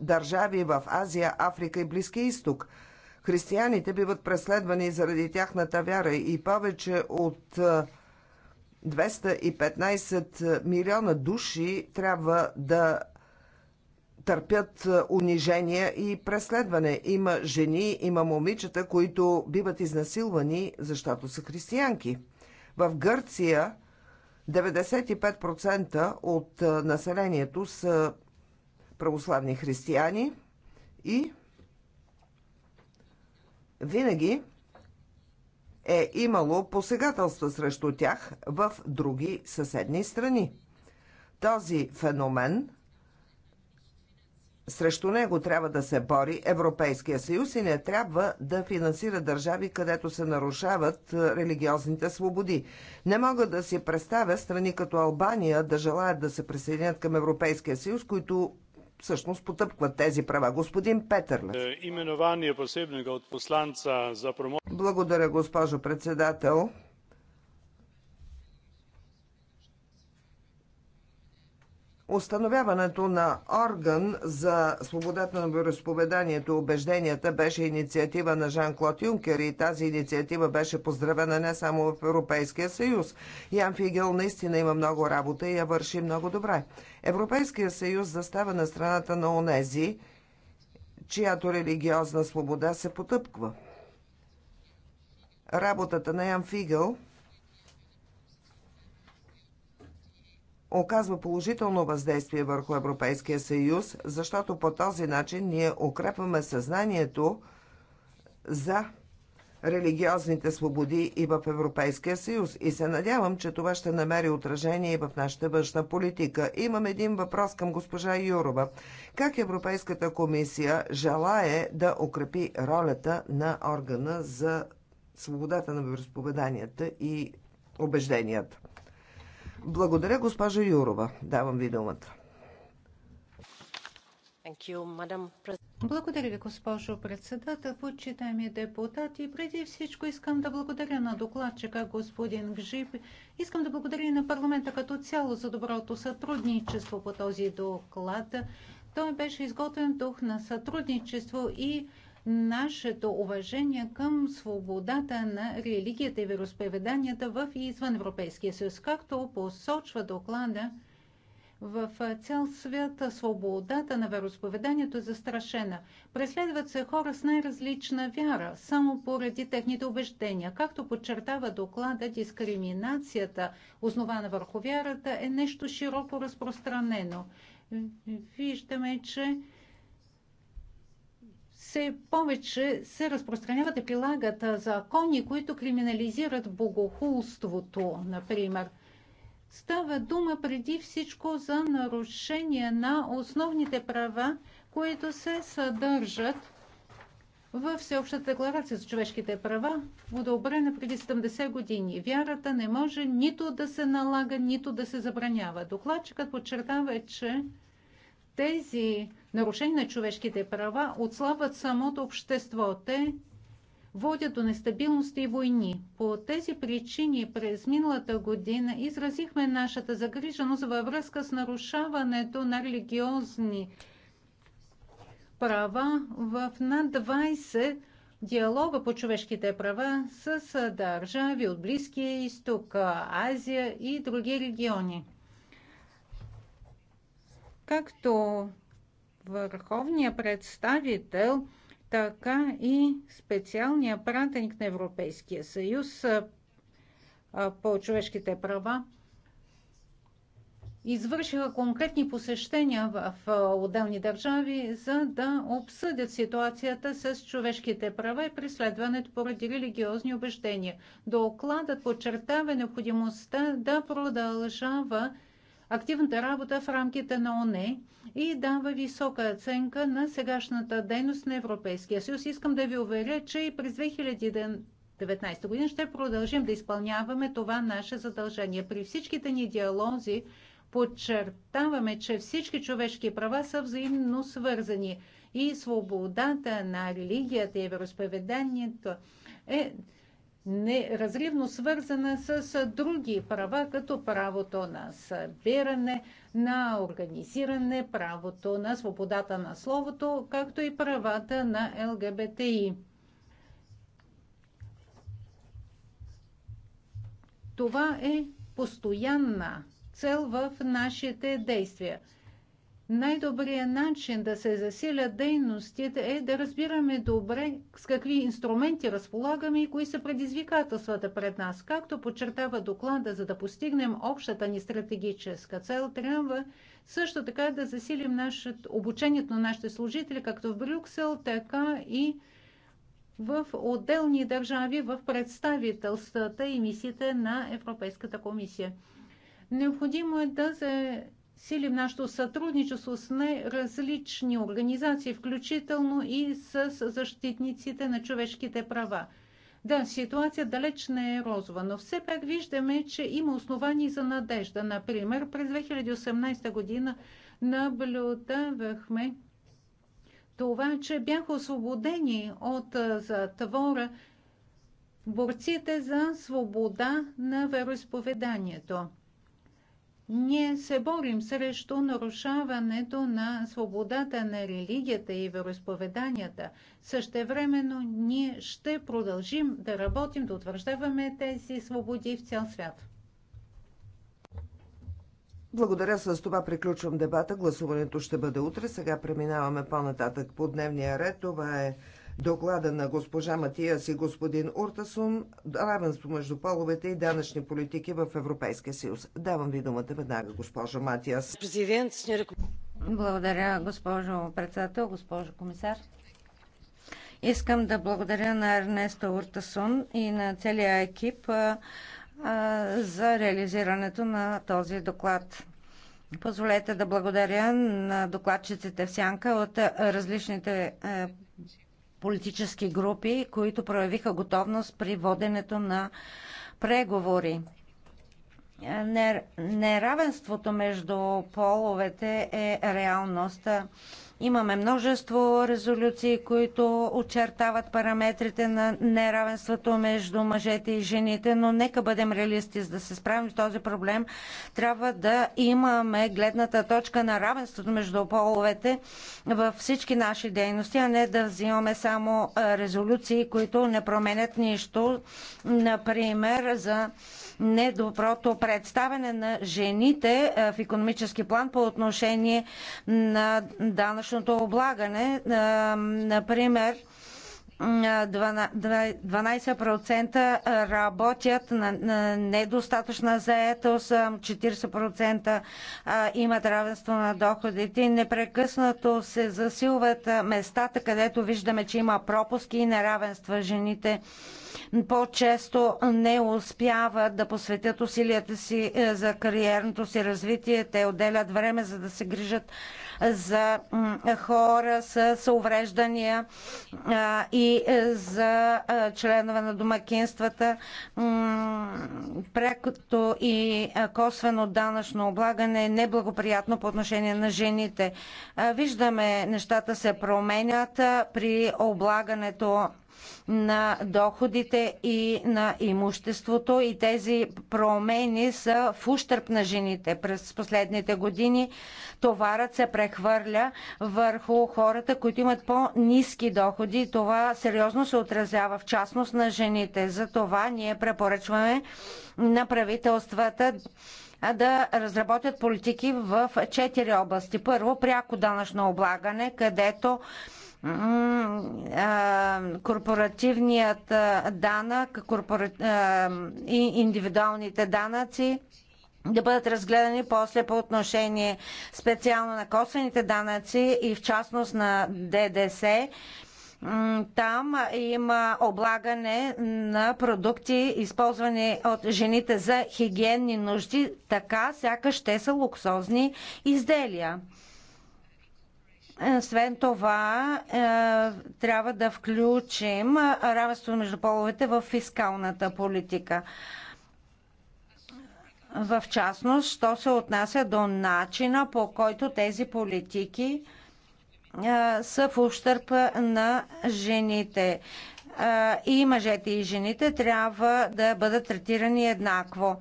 е, държави в Азия, Африка и Близки изток. Християните биват преследвани заради тяхната вяра и повече от 215 е, милиона души трябва да търпят е, унижения и преследване. Има жени, има момичета, които биват изнасилвани, защото са християнки. В Гърция 95% от е, населението са православни християни и винаги е имало посегателства срещу тях в други съседни страни. Този феномен – срещу него трябва да се бори Европейския съюз и не трябва да финансира държави, където се нарушават е, религиозните свободи. Не мога да си представя страни като Албания да желаят да се присъединят към Европейския съюз, които всъщност потъпкват тези права. Господин Петърле. Е, Благодаря, госпожо председател. Установяването на орган за свободата на вероисповеданието и убежденията беше инициатива на Жан-Клод Юнкер и тази инициатива беше поздравена не само в Европейския съюз. Ян Фигел наистина има много работа и я върши много добре. Европейския съюз застава на страната на онези, чиято религиозна свобода се потъпква. Работата на Ян Фигел – оказва положително въздействие върху Европейския съюз, защото по този начин ние укрепваме съзнанието за религиозните свободи и в Европейския съюз. И се надявам, че това ще намери отражение и в нашата външна политика. Имам един въпрос към госпожа Юрова. Как Европейската комисия желае да укрепи ролята на органа за свободата на вероисповеданията и убежденията? Благодаря, госпожа Юрова. Давам ви думата. Благодаря ви, госпожо председател. Почитаеми депутати, преди всичко искам да благодаря на докладчика господин Гжип. Искам да благодаря и на парламента като цяло за доброто сътрудничество по този доклад. Той беше изготвен дух на сътрудничество и нашето уважение към свободата на религията и вероисповеданията в и извън Европейския съюз. Както посочва доклада, в цял свят свободата на вероисповеданието е застрашена. Преследват се хора с най-различна вяра, само поради техните убеждения. Както подчертава доклада, дискриминацията, основана върху вярата, е нещо широко разпространено. Виждаме, че все повече се разпространяват и прилагат закони, които криминализират богохулството, например. Става дума преди всичко за нарушение на основните права, които се съдържат в Всеобщата декларация за човешките права, одобрена преди 70 години. Вярата не може нито да се налага, нито да се забранява. Докладчикът подчертава, че тези Нарушение на човешките права отслабват самото общество. Те водят до нестабилност и войни. По тези причини през миналата година изразихме нашата загриженост във връзка с нарушаването на религиозни права в над 20 диалога по човешките права с държави от Близкия изток, Азия и други региони. Както върховния представител, така и специалния пратеник на Европейския съюз по човешките права извършиха конкретни посещения в отделни държави, за да обсъдят ситуацията с човешките права и преследването поради религиозни убеждения. Докладът подчертава необходимостта да продължава активната работа в рамките на ОНЕ и дава висока оценка на сегашната дейност на Европейския съюз. Искам да ви уверя, че и през 2019 година ще продължим да изпълняваме това наше задължение. При всичките ни диалози подчертаваме, че всички човешки права са взаимно свързани и свободата на религията и вероисповеданието е неразривно свързана с други права, като правото на събиране, на организиране, правото на свободата на словото, както и правата на ЛГБТИ. Това е постоянна цел в нашите действия – най-добрият начин да се засилят дейностите е да разбираме добре с какви инструменти разполагаме и кои са предизвикателствата пред нас. Както подчертава доклада, за да постигнем общата ни стратегическа цел, трябва също така да засилим нашът, обучението на нашите служители, както в Брюксел, така и в отделни държави, в представителствата и мисиите на Европейската комисия. Необходимо е да се силим нашето сътрудничество с най-различни организации, включително и с защитниците на човешките права. Да, ситуация далеч не е розова, но все пак виждаме, че има основания за надежда. Например, през 2018 година наблюдавахме това, че бяха освободени от затвора борците за свобода на вероисповеданието. Ние се борим срещу нарушаването на свободата на религията и вероисповеданията. Същевременно ние ще продължим да работим, да утвърждаваме тези свободи в цял свят. Благодаря. С това приключвам дебата. Гласуването ще бъде утре. Сега преминаваме по-нататък по дневния ред. Това е доклада на госпожа Матиас и господин Уртасун равенство между половете и данъчни политики в Европейския съюз. Давам ви думата веднага, госпожо Матиас. Благодаря, госпожо председател, госпожо комисар. Искам да благодаря на Ернесто Уртасун и на целия екип а, а, за реализирането на този доклад. Позволете да благодаря на докладчиците в Сянка от различните е, политически групи, които проявиха готовност при воденето на преговори. Е, неравенството между половете е реалност. Имаме множество резолюции, които очертават параметрите на неравенството между мъжете и жените, но нека бъдем реалисти. За да се справим с този проблем, трябва да имаме гледната точка на равенството между половете във всички наши дейности, а не да взимаме само резолюции, които не променят нищо. Например, за недоброто представяне на жените е, в економически план по отношение на данъчното облагане. Е, например, 12% е, работят на недостатъчна заетост, 40% имат равенство на доходите. Непрекъснато се засилват местата, където виждаме, че има пропуски и неравенства. Жените по-често не успяват да посветят усилията си е, за кариерното си развитие. Те отделят време за да се грижат е, за хора с увреждания и е, за членове на домакинствата. Прекото и косвено данъчно облагане е неблагоприятно по отношение на жените. Виждаме, нещата се променят при облагането на доходите и на имуществото и тези промени са в ущърп на жените. През последните години товарът се прехвърля върху хората, които имат по-низки доходи това сериозно се отразява в частност на жените. За това ние препоръчваме на правителствата да разработят политики в четири области. Първо, пряко данъчно облагане, където корпоративният данък и индивидуалните данъци да бъдат разгледани после по отношение специално на косвените данъци и в частност на ДДС. Там има облагане на продукти, използвани от жените за хигиенни нужди, така сякаш те са луксозни изделия. Освен това, е, трябва да включим равенство между половете в фискалната политика. В частност, що се отнася до начина по който тези политики е, са в ущърп на жените. Е, и мъжете и жените трябва да бъдат третирани еднакво.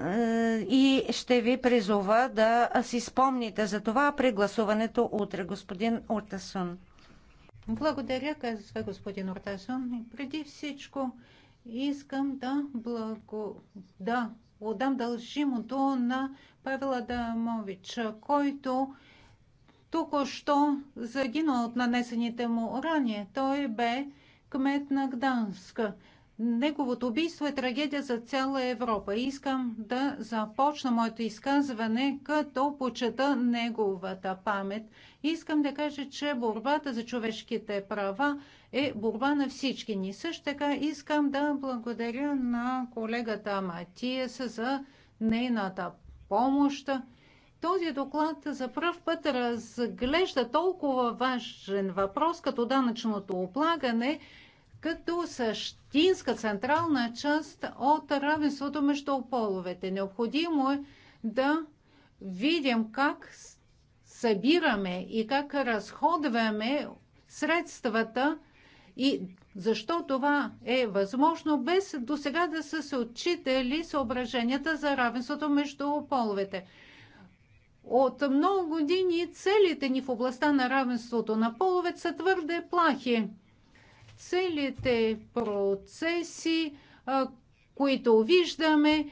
Е, и ще ви призова да си спомните за това при гласуването утре, господин Уртасун. Благодаря, казва господин Уртасун. Преди всичко искам да, благо... да отдам дължимото на Павел Адамович, който току-що загинал от нанесените му рани. Той бе кмет на Гданска. Неговото убийство е трагедия за цяла Европа. Искам да започна моето изказване, като почета неговата памет. Искам да кажа, че борбата за човешките права е борба на всички ни. Също така искам да благодаря на колегата Матиеса за нейната помощ. Този доклад за първ път разглежда толкова важен въпрос като данъчното облагане – като същинска централна част от равенството между половете. Необходимо е да видим как събираме и как разходваме средствата и защо това е възможно, без до сега да са се отчитали съображенията за равенството между половете. От много години целите ни в областта на равенството на половете са твърде плахи целите процеси, които виждаме,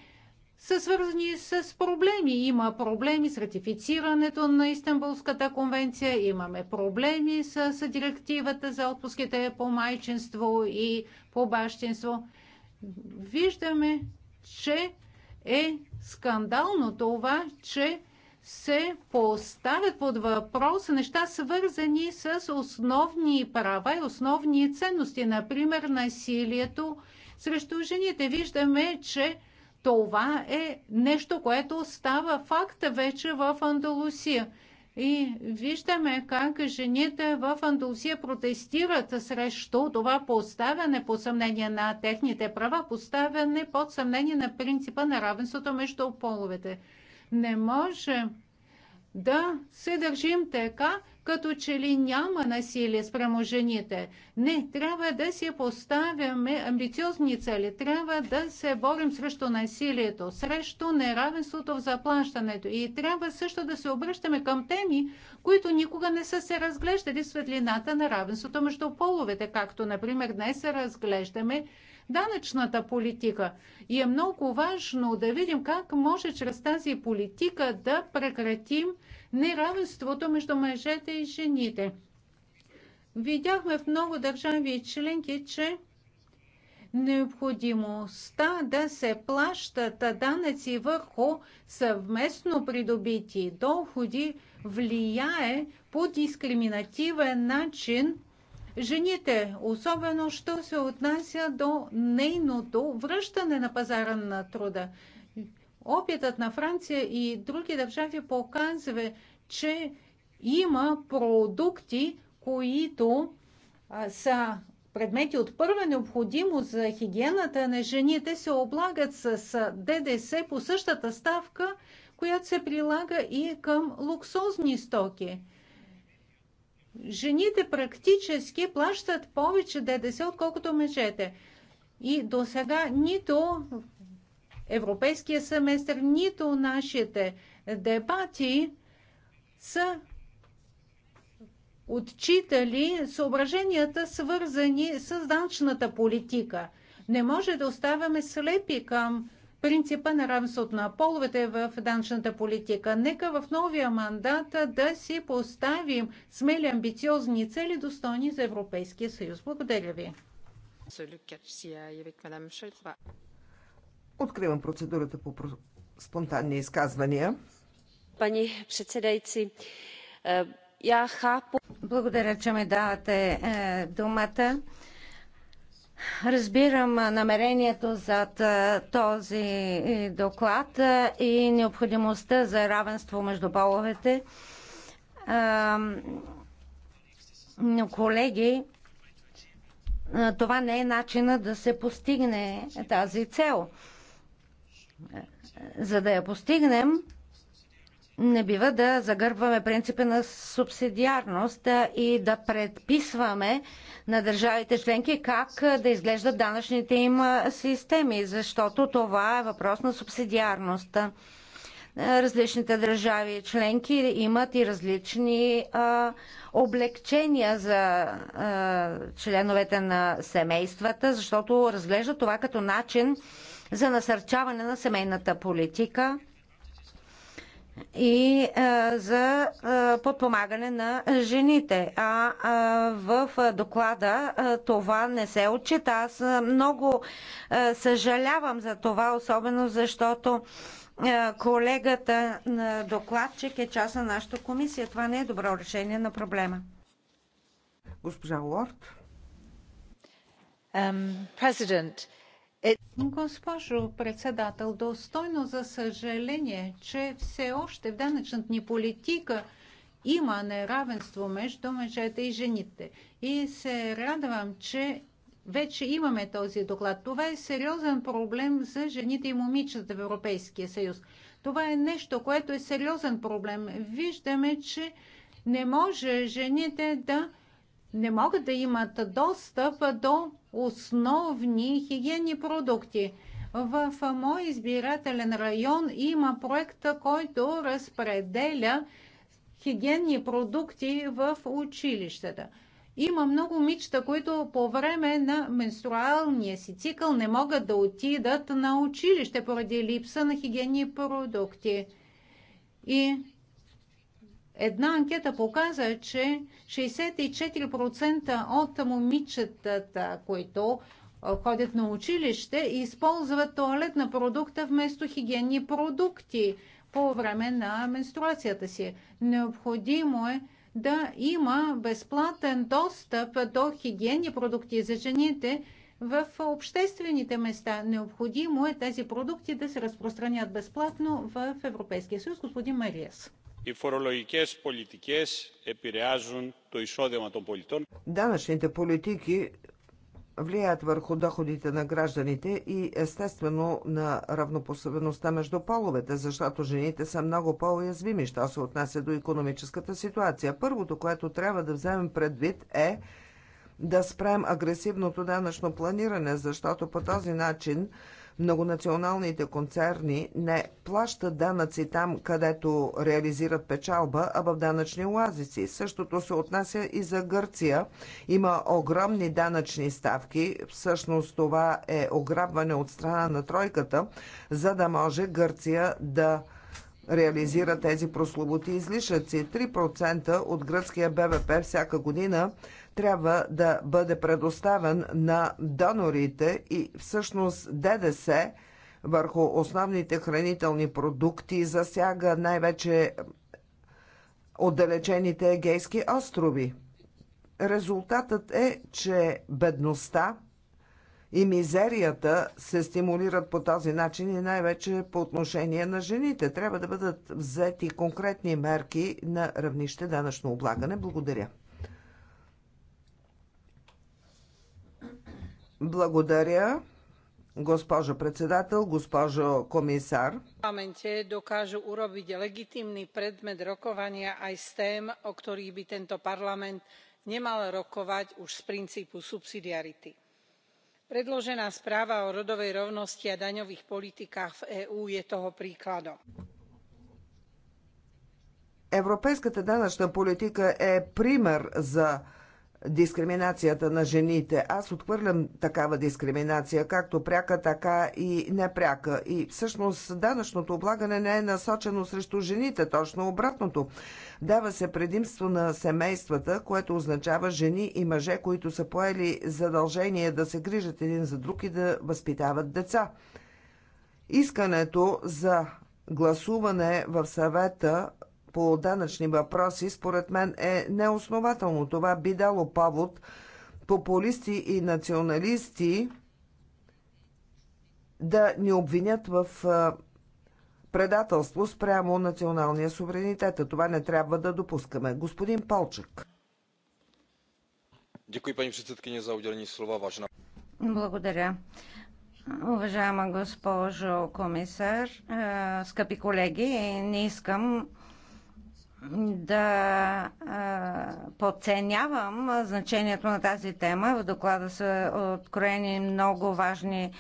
са свързани с проблеми. Има проблеми с ратифицирането на Истанбулската конвенция, имаме проблеми с директивата за отпуските по майчинство и по бащинство. Виждаме, че е скандално това, че се поставят под въпрос неща, свързани с основни права и основни ценности, например насилието срещу жените. Виждаме, че това е нещо, което става факт вече в Андалусия. И виждаме как жените в Андалусия протестират срещу това поставяне по съмнение на техните права, поставяне под съмнение на принципа на равенството между половете. Не може да се държим така, като че ли няма насилие спрямо жените. Не, трябва да си поставяме амбициозни цели. Трябва да се борим срещу насилието, срещу неравенството в заплащането. И трябва също да се обръщаме към теми, които никога не са се разглеждали светлината на равенството между половете, както, например, днес се разглеждаме данъчната политика. И е много важно да видим как може чрез тази политика да прекратим неравенството между мъжете и жените. Видяхме в много държави и членки, че необходимостта да се плащат данъци върху съвместно придобити доходи влияе по дискриминативен начин жените, особено що се отнася до нейното връщане на пазара на труда. Опитът на Франция и други държави показва, че има продукти, които а, са предмети от първа необходимост за хигиената на жените, се облагат с ДДС по същата ставка, която се прилага и към луксозни стоки жените практически плащат повече ДДС, отколкото мъжете. И до сега нито европейския семестър, нито нашите дебати са отчитали съображенията, свързани с данчната политика. Не може да оставаме слепи към принципа на равенството на половете в данъчната политика. Нека в новия мандат да си поставим смели амбициозни цели, достойни за Европейския съюз. Благодаря ви. Откривам процедурата по спонтанни изказвания. Пани председайци, е, я хапу... Благодаря, че ме давате е, думата. Разбирам намерението за този е, доклад и необходимостта за равенство между половете. Но, колеги, това не е начина да се постигне тази цел. За да я постигнем, не бива да загърбваме принципа на субсидиарност и да предписваме на държавите членки как да изглеждат данъчните им системи, защото това е въпрос на субсидиарност. Различните държави членки имат и различни а, облегчения за а, членовете на семействата, защото разглеждат това като начин за насърчаване на семейната политика и а, за а, подпомагане на жените. А, а в доклада а, това не се отчита. Аз много а, съжалявам за това, особено защото а, колегата на докладчик е част на нашата комисия. Това не е добро решение на проблема. Госпожа Лорд. Um, е... Госпожо председател, достойно за съжаление, че все още в данъчната ни политика има неравенство между мъжете и жените. И се радвам, че вече имаме този доклад. Това е сериозен проблем за жените и момичета в Европейския съюз. Това е нещо, което е сериозен проблем. Виждаме, че не може жените да не могат да имат достъп до основни хигиенни продукти. В мой избирателен район има проект, който разпределя хигиенни продукти в училищата. Има много момичета, които по време на менструалния си цикъл не могат да отидат на училище поради липса на хигиенни продукти. И Една анкета показа, че 64% от момичетата, които ходят на училище, използват туалетна продукта вместо хигиенни продукти по време на менструацията си. Необходимо е да има безплатен достъп до хигиенни продукти за жените в обществените места. Необходимо е тези продукти да се разпространят безплатно в Европейския съюз. Господин Мариас. Данъчните политики влияят върху доходите на гражданите и естествено на равнопоставеността между половете, защото жените са много по-уязвими, що се отнася до економическата ситуация. Първото, което трябва да вземем предвид е да спрем агресивното данъчно планиране, защото по този начин Многонационалните концерни не плащат данъци там, където реализират печалба, а в данъчни оазиси. Същото се отнася и за Гърция. Има огромни данъчни ставки. Всъщност това е ограбване от страна на тройката, за да може Гърция да реализира тези прословути излишъци. 3% от гръцкия БВП всяка година трябва да бъде предоставен на донорите и всъщност ДДС върху основните хранителни продукти засяга най-вече отдалечените гейски острови. Резултатът е, че бедността и мизерията се стимулират по този начин и най-вече по отношение на жените. Трябва да бъдат взети конкретни мерки на равнище данъчно облагане. Благодаря. Благодаря, госпожо председател, госпожо комисар. parlamente dokážu urobiť legitímny predmet rokovania aj z tém, o ktorých by tento parlament nemal rokovať už z princípu subsidiarity. Predložená správa o rodovej rovnosti a daňových politikách v EÚ je toho príkladom. Европейската данъчна политика е пример за дискриминацията на жените. Аз отхвърлям такава дискриминация, както пряка, така и непряка. И всъщност данъчното облагане не е насочено срещу жените, точно обратното. Дава се предимство на семействата, което означава жени и мъже, които са поели задължение да се грижат един за друг и да възпитават деца. Искането за гласуване в съвета по данъчни въпроси, според мен е неоснователно. Това би дало повод популисти и националисти да ни обвинят в предателство спрямо националния суверенитет. това не трябва да допускаме. Господин Полчък. Děkuji, пани předsedkyně, за udělení слова vážená. Благодаря. Уважаема госпожо комисар, скъпи колеги, не искам да подценявам значението на тази тема. В доклада са откроени много важни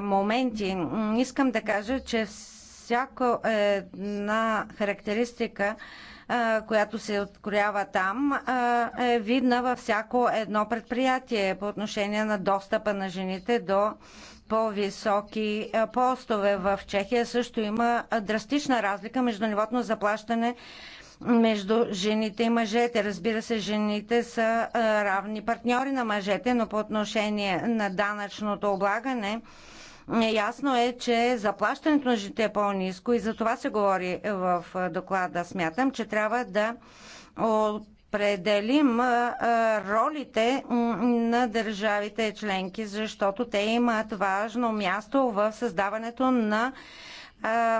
моменти. Искам да кажа, че всяко една характеристика, която се откроява там, е видна във всяко едно предприятие по отношение на достъпа на жените до по-високи постове. В Чехия също има драстична разлика между нивото на заплащане между жените и мъжете. Разбира се, жените са равни партньори на мъжете, но по отношение на данъчното облагане, е, Ясно е, че заплащането на жените е по-низко и за това се говори в доклада. Смятам, че трябва да определим ролите на държавите членки, защото те имат важно място в създаването на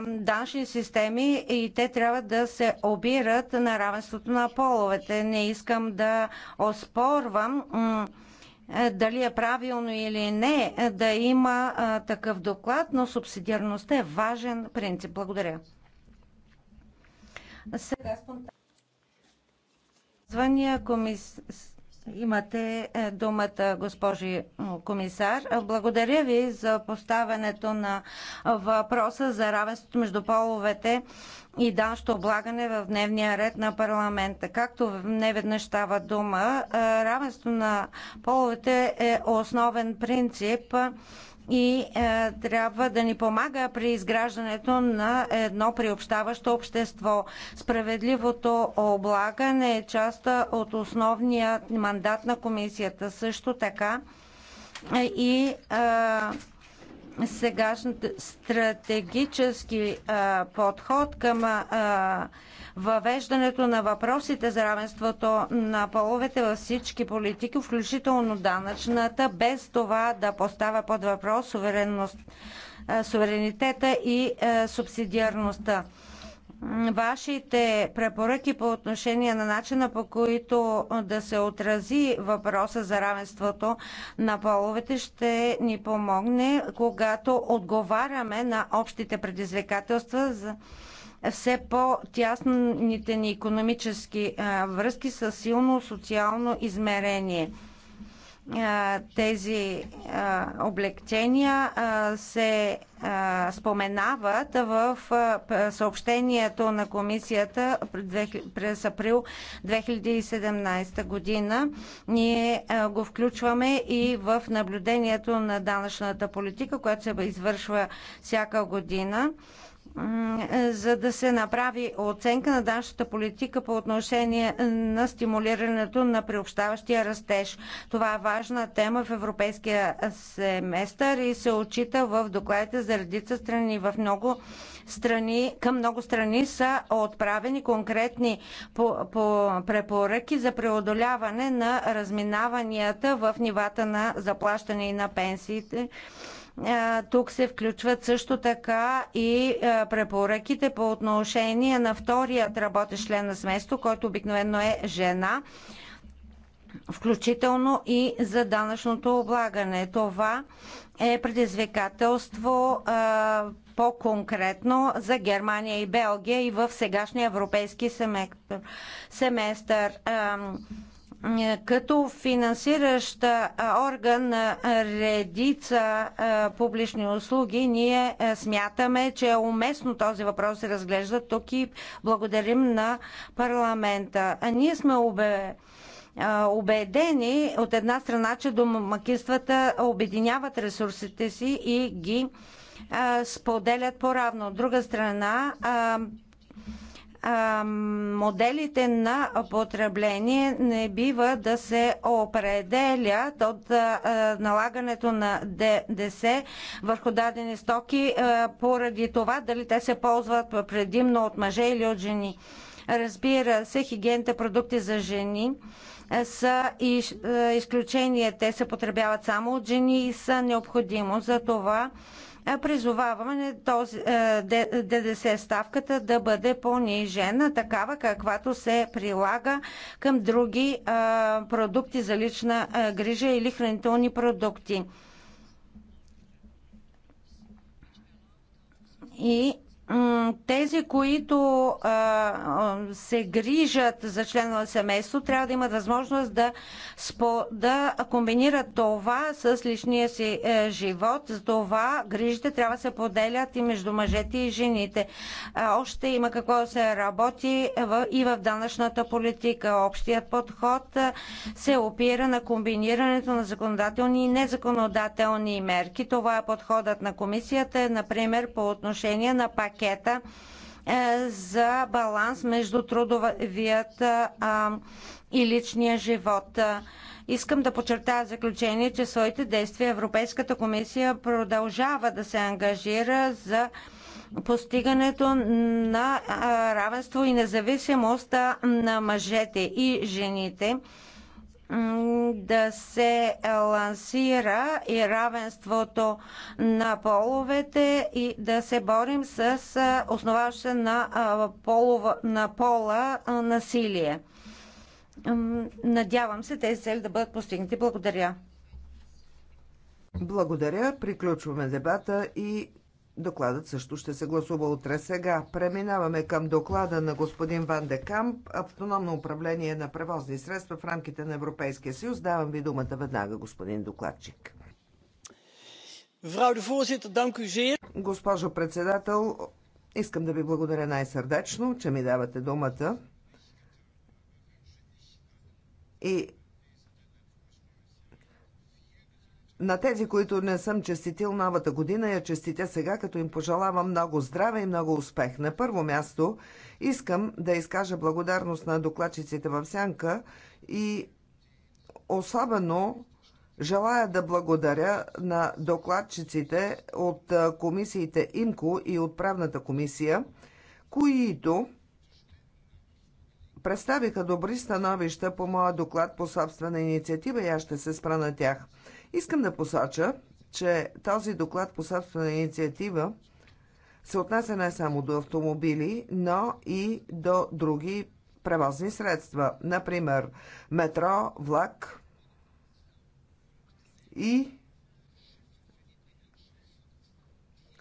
данъчни системи и те трябва да се обират на равенството на половете. Не искам да оспорвам е, дали е правилно или не е, да има такъв доклад, но субсидиарността е важен принцип. Благодаря. Сега спонтанно. Звъния комисия Имате е, думата, госпожи комисар. Благодаря ви за поставянето на въпроса за равенството между половете и данщо облагане в дневния ред на парламента. Както не веднъж става дума, е, равенство на половете е основен принцип и е, трябва да ни помага при изграждането на едно приобщаващо общество. Справедливото облагане е част от основния мандат на комисията. Също така е, и е, сегашната стратегически а, подход към а, въвеждането на въпросите за равенството на половете във всички политики, включително данъчната, без това да поставя под въпрос суверенност, суверенитета и а, субсидиарността вашите препоръки по отношение на начина по който да се отрази въпроса за равенството на половете ще ни помогне, когато отговаряме на общите предизвикателства за все по-тясните ни економически връзки с силно социално измерение тези облегчения се споменават в съобщението на комисията през април 2017 година. Ние го включваме и в наблюдението на данъчната политика, която се извършва всяка година за да се направи оценка на данъчната политика по отношение на стимулирането на приобщаващия растеж. Това е важна тема в европейския семестър и се отчита в докладите за редица страни. В много страни, към много страни са отправени конкретни по, по препоръки за преодоляване на разминаванията в нивата на заплащане и на пенсиите е, тук се включват също така и е, препоръките по отношение на вторият работещ член на сместо, който обикновено е жена включително и за данъчното облагане. Това е предизвикателство е, по-конкретно за Германия и Белгия и в сегашния европейски семестър. семестър. Е, като финансиращ орган на редица публични услуги, ние е, смятаме, че е уместно този въпрос се разглежда тук и благодарим на парламента. А ние сме обе убедени от една страна, че домакинствата обединяват ресурсите си и ги споделят по-равно. От друга страна, а, моделите на потребление не бива да се определят от а, налагането на ДДС върху дадени стоки а, поради това дали те се ползват предимно от мъже или от жени. Разбира се, хигиените продукти за жени са из, изключение. Те се потребяват само от жени и са необходимо. За това е, призоваваме този, е, ДДС ставката да бъде понижена, такава каквато се прилага към други е, продукти за лична грижа или хранителни продукти. И тези, които а, се грижат за члена на семейство, трябва да имат възможност да, спо, да комбинират това с личния си е, живот. За това грижите трябва да се поделят и между мъжете и жените. А, още има какво да се работи в, и в данъчната политика. Общият подход а, се опира на комбинирането на законодателни и незаконодателни мерки. Това е подходът на комисията, например, по отношение на пакет пакета е, за баланс между трудовият е, и личния живот. Е, искам да подчертая заключение, че своите действия Европейската комисия продължава да се ангажира за постигането на равенство и независимост на мъжете и жените да се е, лансира и равенството на половете и да се борим с е, основаваща на, е, полова, на пола насилие. Надявам се тези цели да бъдат постигнати. Благодаря. Благодаря. Приключваме дебата и Докладът също ще се гласува утре. Сега преминаваме към доклада на господин Ван де Камп, автономно управление на превозни средства в рамките на Европейския съюз. Давам ви думата веднага, господин докладчик. Госпожо председател, искам да ви благодаря най-сърдечно, че ми давате думата. И На тези, които не съм честитил новата година, я честите сега, като им пожелавам много здраве и много успех. На първо място искам да изкажа благодарност на докладчиците в Сянка и особено Желая да благодаря на докладчиците от комисиите ИМКО и от правната комисия, които представиха добри становища по моя доклад по собствена инициатива и аз ще се спра на тях. Искам да посоча, че този доклад по собствена инициатива се отнася не само до автомобили, но и до други превозни средства, например метро, влак и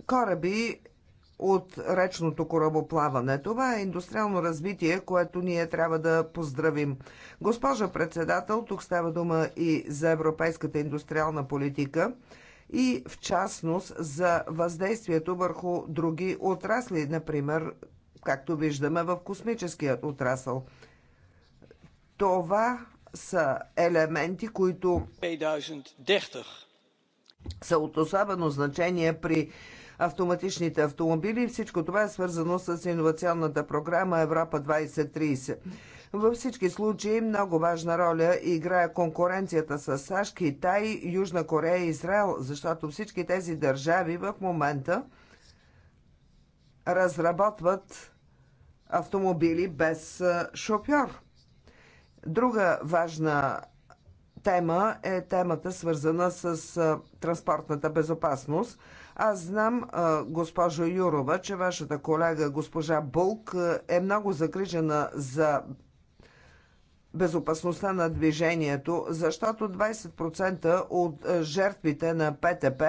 кораби от речното корабоплаване. Това е индустриално развитие, което ние трябва да поздравим. Госпожа председател, тук става дума и за европейската индустриална политика и в частност за въздействието върху други отрасли, например, както виждаме в космическия отрасъл. Това са елементи, които са от особено значение при автоматичните автомобили и всичко това е свързано с инновационната програма Европа 2030. Във всички случаи много важна роля играе конкуренцията с САЩ, Китай, Южна Корея и Израел, защото всички тези държави в момента разработват автомобили без шофьор. Друга важна тема е темата свързана с транспортната безопасност – аз знам, госпожо Юрова, че вашата колега госпожа Булк е много загрижена за безопасността на движението, защото 20% от жертвите на ПТП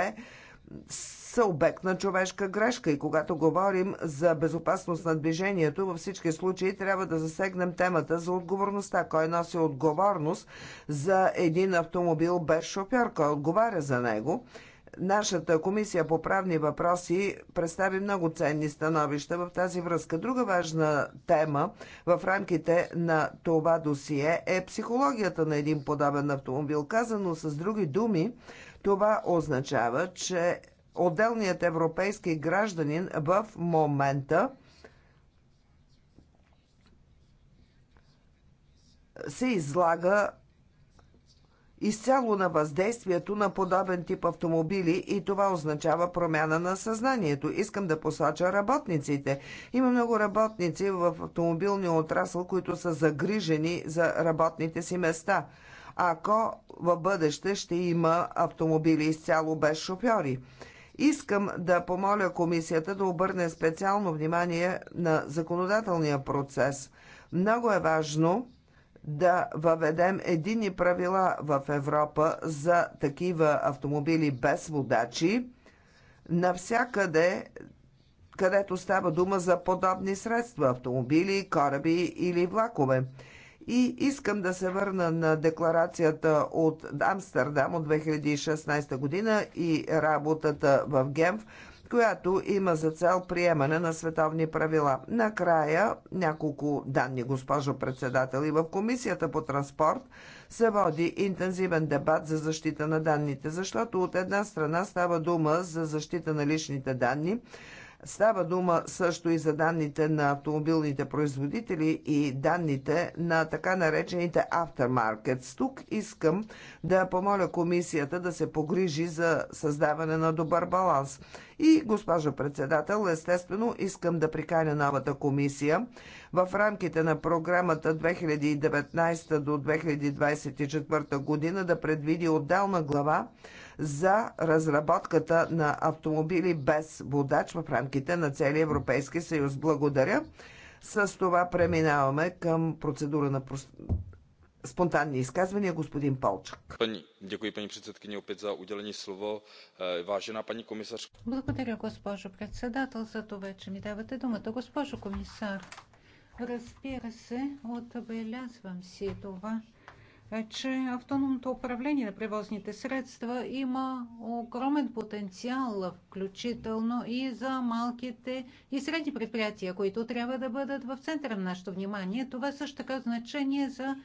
са обект на човешка грешка и когато говорим за безопасност на движението, във всички случаи трябва да засегнем темата за отговорността. Кой носи отговорност за един автомобил без шофьор? Кой отговаря за него? Нашата комисия по правни въпроси представи много ценни становища в тази връзка. Друга важна тема в рамките на това досие е психологията на един подобен автомобил. Казано с други думи, това означава, че отделният европейски гражданин в момента се излага изцяло на въздействието на подобен тип автомобили и това означава промяна на съзнанието. Искам да посоча работниците. Има много работници в автомобилния отрасъл, които са загрижени за работните си места. Ако в бъдеще ще има автомобили изцяло без шофьори. Искам да помоля комисията да обърне специално внимание на законодателния процес. Много е важно да въведем едини правила в Европа за такива автомобили без водачи, навсякъде, където става дума за подобни средства автомобили, кораби или влакове. И искам да се върна на декларацията от Амстердам от 2016 година и работата в Генф която има за цел приемане на световни правила. Накрая няколко данни, госпожо председател, и в Комисията по транспорт се води интензивен дебат за защита на данните, защото от една страна става дума за защита на личните данни, Става дума също и за данните на автомобилните производители и данните на така наречените aftermarkets. Тук искам да помоля комисията да се погрижи за създаване на добър баланс. И, госпожо председател, естествено искам да приканя новата комисия в рамките на програмата 2019 до 2024 година да предвиди отделна глава за разработката на автомобили без водач в рамките на целия Европейски съюз. Благодаря. С това преминаваме към процедура на спонтанни изказвания. Господин Полчак. Пани, дякуй, пани председкиня, опет за уделени слово. Е, важена пани комисар. Благодаря, госпожо председател, за това, че ми давате думата. Госпожо комисар, разбира се, отбелязвам си това, че автономното управление на превозните средства има огромен потенциал, включително и за малките и средни предприятия, които трябва да бъдат в центъра на нашето внимание. Това е също така значение за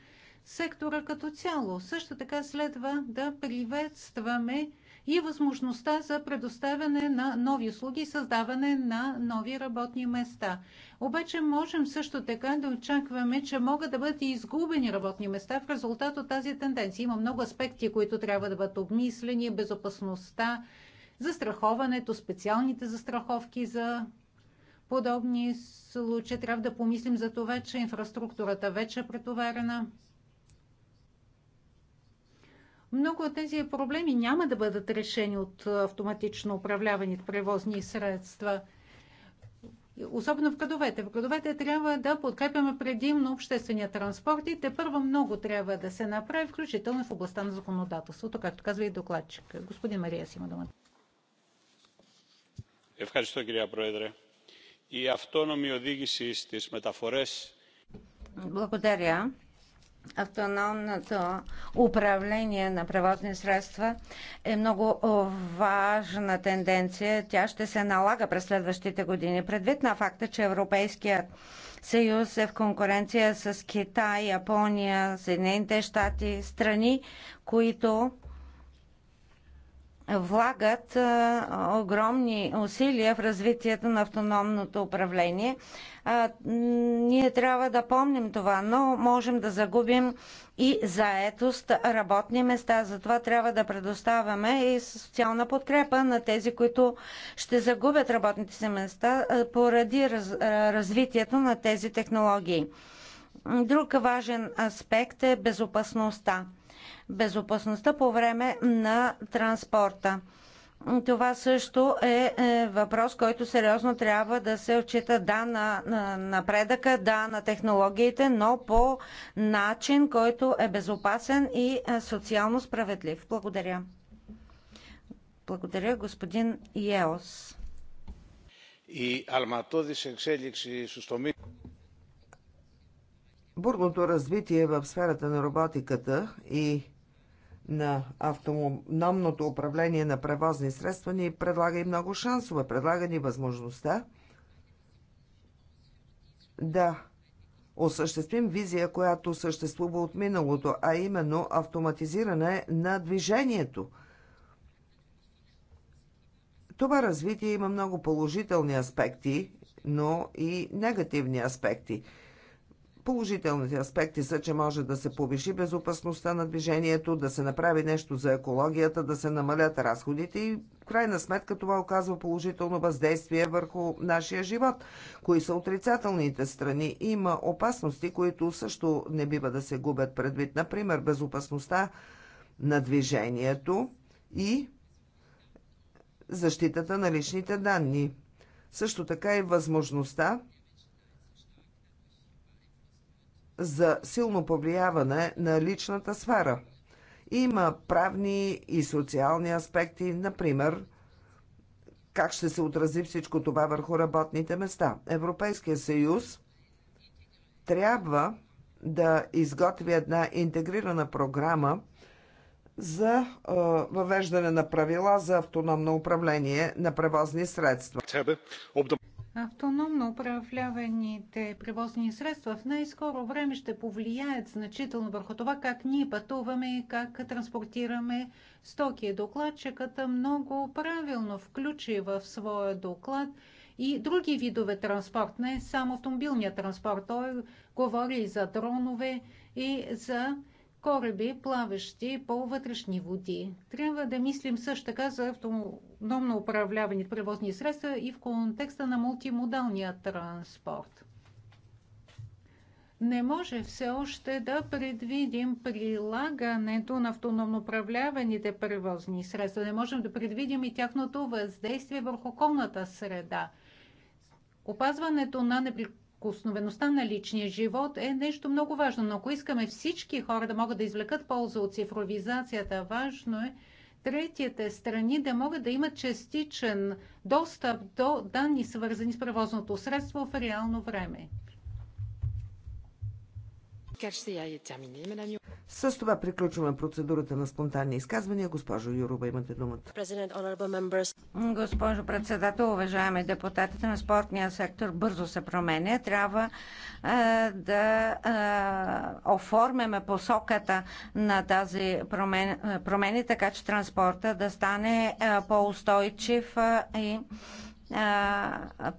сектора като цяло. Също така следва да приветстваме и възможността за предоставяне на нови услуги и създаване на нови работни места. Обаче можем също така да очакваме, че могат да бъдат и изгубени работни места в резултат от тази тенденция. Има много аспекти, които трябва да бъдат обмислени. Безопасността, застраховането, специалните застраховки за подобни случаи. Трябва да помислим за това, че инфраструктурата вече е претоварена. Много от тези проблеми няма да бъдат решени от автоматично управляваните превозни средства – особено в градовете. В градовете трябва да подкрепяме предимно обществения транспорт и те първо много трябва да се направи, включително в областта на законодателството, както казва и докладчик. Господин Мария си има думата. Ευχαριστώ κυρία Πρόεδρε. Η αυτόνομη οδήγηση στις μεταφορές. Благодаря автономното управление на превозни средства е много важна тенденция. Тя ще се налага през следващите години. Предвид на факта, че Европейският съюз е в конкуренция с Китай, Япония, Съединените щати, страни, които влагат а, огромни усилия в развитието на автономното управление. А, ние трябва да помним това, но можем да загубим и заетост, работни места. Затова трябва да предоставяме и социална подкрепа на тези, които ще загубят работните си места поради раз, развитието на тези технологии. Друг важен аспект е безопасността безопасността по време на транспорта. Това също е, е въпрос, който сериозно трябва да се отчита да на напредъка, да на технологиите, но по начин, който е безопасен и е, социално справедлив. Благодаря. Благодаря, господин Йеос. И алматодис εξέλιξη στους τομείς Бурното развитие в сферата на роботиката и на автономното управление на превозни средства ни предлага и много шансове. Предлага ни възможността да осъществим визия, която съществува от миналото, а именно автоматизиране на движението. Това развитие има много положителни аспекти, но и негативни аспекти – Положителните аспекти са, че може да се повиши безопасността на движението, да се направи нещо за екологията, да се намалят разходите и в крайна сметка това оказва положително въздействие върху нашия живот. Кои са отрицателните страни? Има опасности, които също не бива да се губят предвид. Например, безопасността на движението и защитата на личните данни. Също така и възможността за силно повлияване на личната сфера. Има правни и социални аспекти, например как ще се отрази всичко това върху работните места. Европейския съюз трябва да изготви една интегрирана програма за е, въвеждане на правила за автономно управление на превозни средства автономно управляваните превозни средства в най-скоро време ще повлияят значително върху това как ние пътуваме и как транспортираме стоки. Докладчикът много правилно включи в своя доклад и други видове транспорт, не само автомобилния транспорт. Той говори и за дронове и за кораби, плаващи по вътрешни води. Трябва да мислим също така за авто автономно управлявани превозни средства и в контекста на мултимодалния транспорт. Не може все още да предвидим прилагането на автономно управляваните превозни средства. Не можем да предвидим и тяхното въздействие върху околната среда. Опазването на неприкосновеността Косновеността на личния живот е нещо много важно, но ако искаме всички хора да могат да извлекат полза от цифровизацията, важно е третите страни да могат да имат частичен достъп до данни, свързани с превозното средство в реално време. Е С това приключваме процедурата на спонтанни изказвания. Госпожо Юрова, имате думата. Госпожо председател, уважаеми депутати, транспортния сектор бързо се променя. Трябва е, да е, оформяме посоката на тази промен, промени, така че транспорта да стане по-устойчив и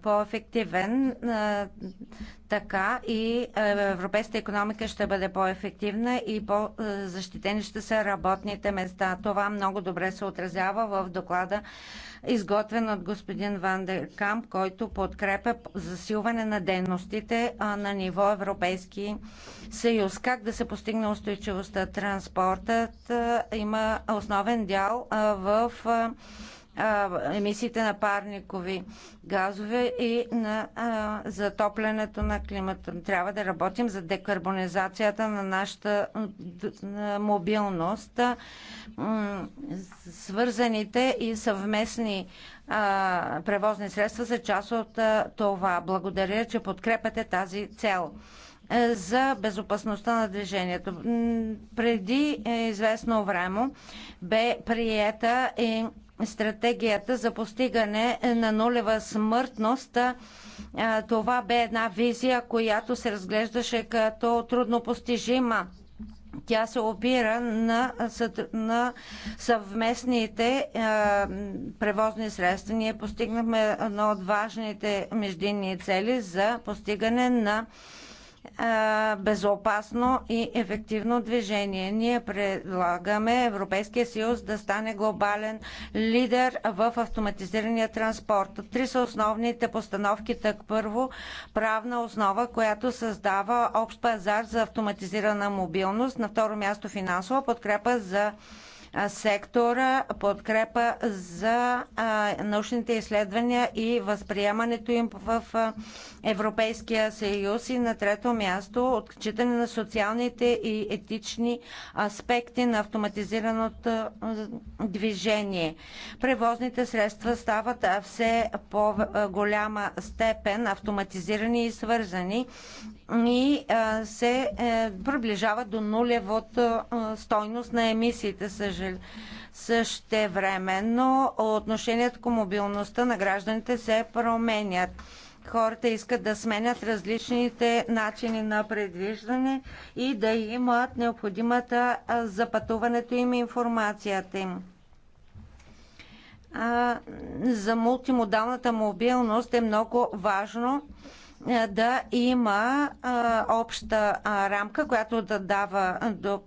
по-ефективен. Така и европейската економика ще бъде по-ефективна и по-защитени ще са работните места. Това много добре се отразява в доклада, изготвен от господин Ван дер Камп, който подкрепя засилване на дейностите на ниво Европейски съюз. Как да се постигне устойчивостта? Транспортът има основен дял в емисиите на парникови газове и на затоплянето на климата. Трябва да работим за декарбонизацията на нашата мобилност. Свързаните и съвместни превозни средства са част от това. Благодаря, че подкрепяте тази цел за безопасността на движението. Преди известно време бе приета и стратегията за постигане на нулева смъртност. Това бе една визия, която се разглеждаше като трудно постижима. Тя се опира на, на съвместните е, превозни средства. Ние постигнахме едно от важните междинни цели за постигане на е, е, безопасно и ефективно движение. Ние предлагаме Европейския съюз да стане глобален лидер в автоматизирания транспорт. Три са основните постановки. Так първо, правна основа, която създава общ пазар за автоматизирана мобилност. На второ място финансова подкрепа за сектора, подкрепа за научните изследвания и възприемането им в Европейския съюз и на трето място отчитане на социалните и етични аспекти на автоматизираното движение. Превозните средства стават все по-голяма степен автоматизирани и свързани и се е, приближават до нулевото стойност на емисиите. Съжалявам време, Същевременно отношението към мобилността на гражданите се променят. Хората искат да сменят различните начини на предвиждане и да имат необходимата за пътуването им информацията им за мултимодалната мобилност е много важно да има обща рамка, която да дава до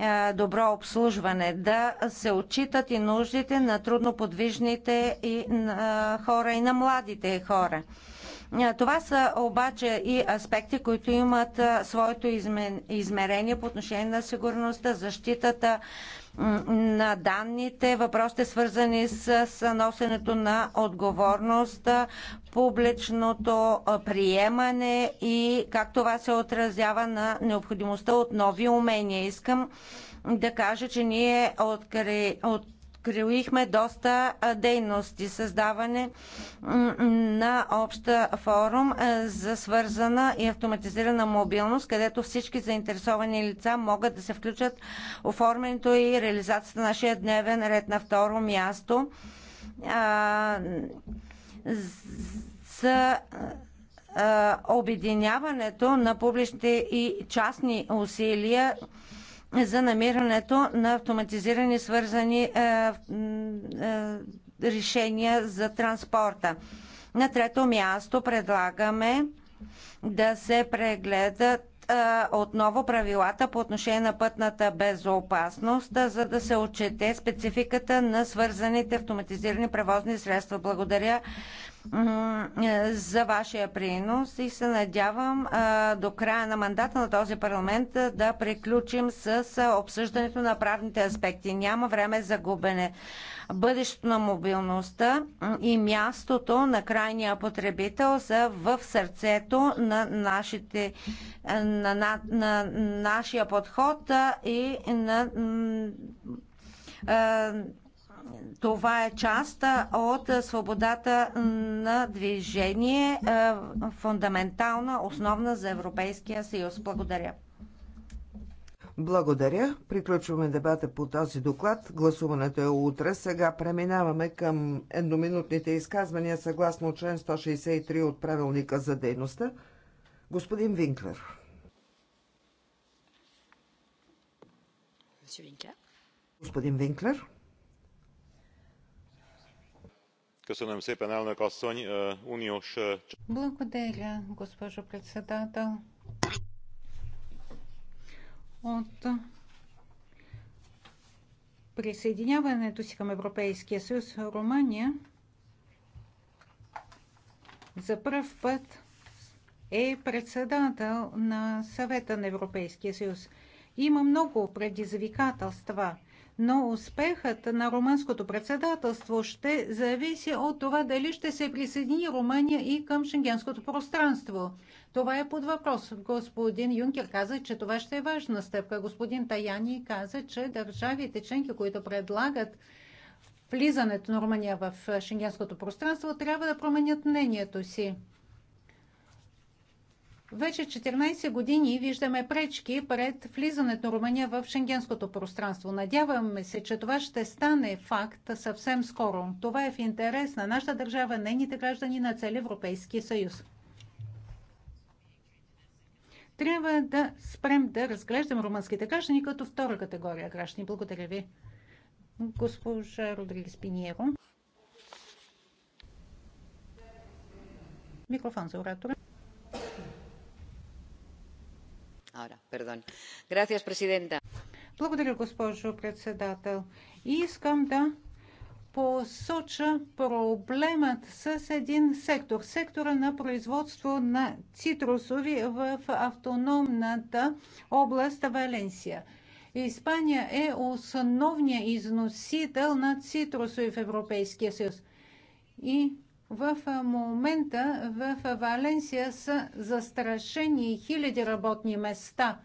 е, добро обслужване, да се отчитат и нуждите на трудноподвижните и, на е, хора и на младите хора. Е, това са обаче и аспекти, които имат своето измерение по отношение на сигурността, защитата на данните, въпросите свързани с, носенето на отговорност, публичното приемане и как това се отразява на необходимостта от нови умения. Искам да кажа, че ние от, от откроихме доста дейности. Създаване на обща форум за свързана и автоматизирана мобилност, където всички заинтересовани лица могат да се включат оформянето и реализацията на нашия дневен ред на второ място. С обединяването на публичните и частни усилия за намирането на автоматизирани свързани е, е, решения за транспорта. На трето място предлагаме да се прегледат е, отново правилата по отношение на пътната безопасност, е, за да се отчете спецификата на свързаните автоматизирани превозни средства. Благодаря е, за вашия принос и се надявам е, до края на мандата на този парламент е, да приключим с обсъждането на правните аспекти. Няма време за губене. Бъдещето на мобилността и мястото на крайния потребител са в сърцето на, нашите, на, на, на нашия подход и на това е част от свободата на движение, фундаментална, основна за Европейския съюз. Благодаря. Благодаря. Приключваме дебата по този доклад. Гласуването е утре. Сега преминаваме към едноминутните изказвания съгласно член 163 от правилника за дейността. Господин Винклер. Господин Винклер. Благодаря, госпожо председател. От присъединяването си към Европейския съюз Румъния за първ път е председател на съвета на Европейския съюз. Има много предизвикателства – но успехът на румънското председателство ще зависи от това дали ще се присъедини Румъния и към шенгенското пространство. Това е под въпрос. Господин Юнкер каза, че това ще е важна стъпка. Господин Таяни каза, че държавите членки, които предлагат влизането на Румъния в шенгенското пространство, трябва да променят мнението си. Вече 14 години виждаме пречки пред влизането на Румъния в шенгенското пространство. Надяваме се, че това ще стане факт съвсем скоро. Това е в интерес на нашата държава, нейните граждани на цели Европейски съюз. Трябва да спрем да разглеждам румънските граждани като втора категория граждани. Благодаря ви. Госпожа Родригес Пиниеро. Микрофон за оратора. Благодаря, госпожо председател. Искам да посоча проблемът с един сектор. Сектора на производство на цитрусови в автономната област Валенсия. Испания е основният износител на цитрусови в Европейския съюз. И в момента в Валенсия са застрашени хиляди работни места.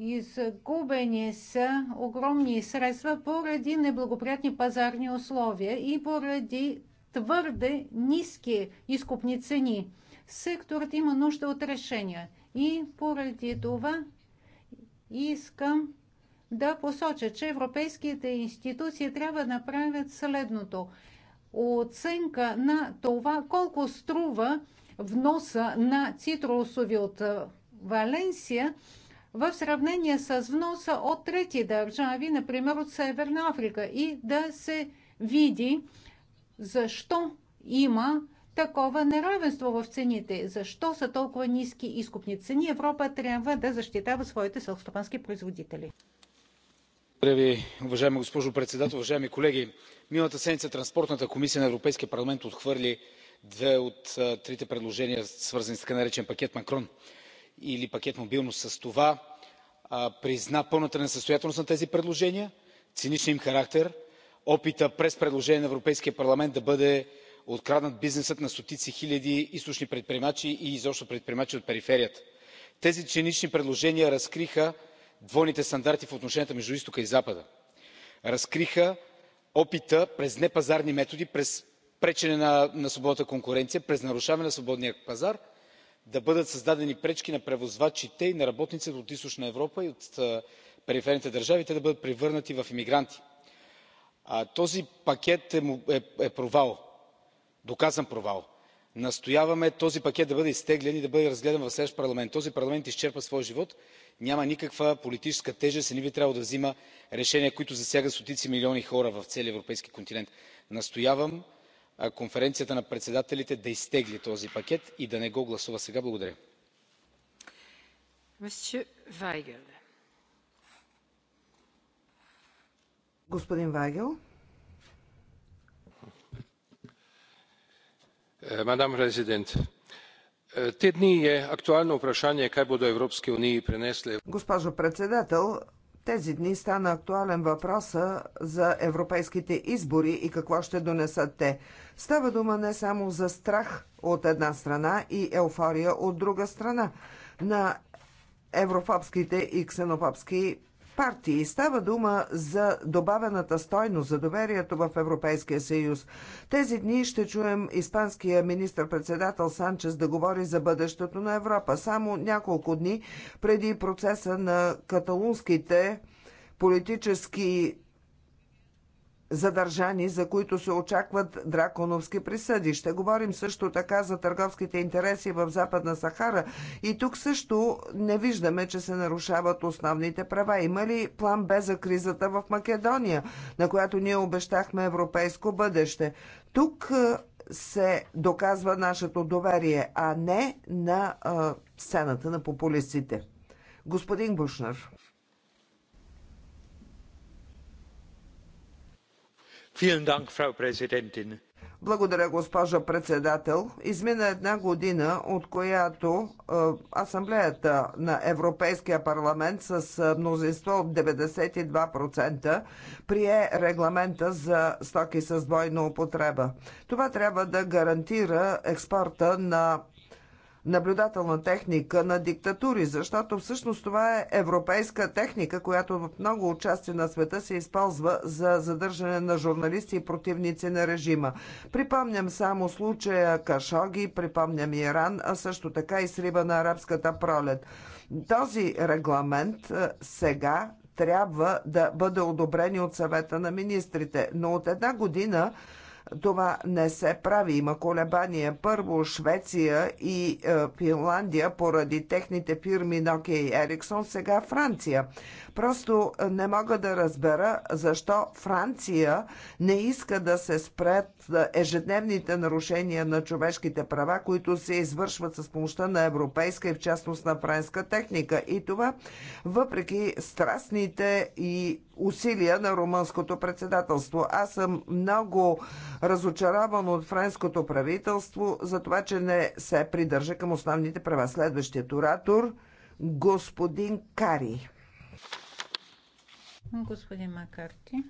Изгубени са огромни средства поради неблагоприятни пазарни условия и поради твърде ниски изкупни цени. Секторът има нужда от решения и поради това искам да посоча, че европейските институции трябва да направят следното. Оценка на това колко струва вноса на цитрусови от Валенсия – в сравнение с вноса от трети държави, например от Северна Африка, и да се види защо има такова неравенство в цените, защо са толкова ниски изкупни цени. Европа трябва да защитава своите селстопански производители. Благодаря ви, уважаема госпожо председател, уважаеми колеги. Миналата седмица Транспортната комисия на Европейския парламент отхвърли две от трите предложения, свързани с така наречен пакет Макрон или пакет мобилност с това призна пълната несъстоятелност на тези предложения циничния им характер опита през предложение на европейския парламент да бъде откраднат бизнесът на стотици хиляди източни предприемачи и изобщо предприемачи от периферията. тези цинични предложения разкриха двойните стандарти в отношенията между изтока и запада разкриха опита през непазарни методи през пречене на свободната конкуренция през нарушаване на свободния пазар да бъдат създадени пречки на превозвачите и на работниците от източна европа и от периферните държави те да бъдат превърнати в емигранти. този пакет е, е, е провал доказан провал. настояваме този пакет да бъде изтеглен и да бъде разгледан в следващ парламент. този парламент изчерпа своя живот няма никаква политическа тежест и не би трябвало да взима решения които засягат стотици милиони хора в целия европейски континент. настоявам конференцията на председателите да изтегли този пакет и да не го гласува сега. Благодаря. Господин Вайгел. madam president te dni je aktualno vprašanje kaj bodo evropski uniji prinesle. Госпожо председател, тези дни стана актуален въпроса за европейските избори и какво ще донесат те. Става дума не само за страх от една страна и еуфория от друга страна на еврофобските и ксенофобски партии. Става дума за добавената стойност, за доверието в Европейския съюз. Тези дни ще чуем испанския министр-председател Санчес да говори за бъдещето на Европа. Само няколко дни преди процеса на каталунските политически задържани, за които се очакват драконовски присъди. Ще говорим също така за търговските интереси в Западна Сахара и тук също не виждаме, че се нарушават основните права. Има ли план Б за кризата в Македония, на която ние обещахме европейско бъдеще? Тук се доказва нашето доверие, а не на а, сцената на популистите. Господин Бушнар. Благодаря, госпожо председател. Измина една година, от която е, Асамблеята на Европейския парламент с е, мнозинство от 92% прие регламента за стоки с двойна употреба. Това трябва да гарантира експорта на наблюдателна техника на диктатури, защото всъщност това е европейска техника, която в много части на света се използва за задържане на журналисти и противници на режима. Припомням само случая Кашоги, припомням Иран, а също така и срива на арабската пролет. Този регламент сега трябва да бъде одобрен от съвета на министрите. Но от една година това не се прави. Има колебания. Първо Швеция и е, Финландия поради техните фирми Nokia и Ericsson, сега Франция. Просто не мога да разбера защо Франция не иска да се спрет ежедневните нарушения на човешките права, които се извършват с помощта на европейска и в частност на френска техника. И това въпреки страстните и усилия на румънското председателство. Аз съм много разочарован от френското правителство за това, че не се придържа към основните права. Следващият оратор господин Кари господин Макарти.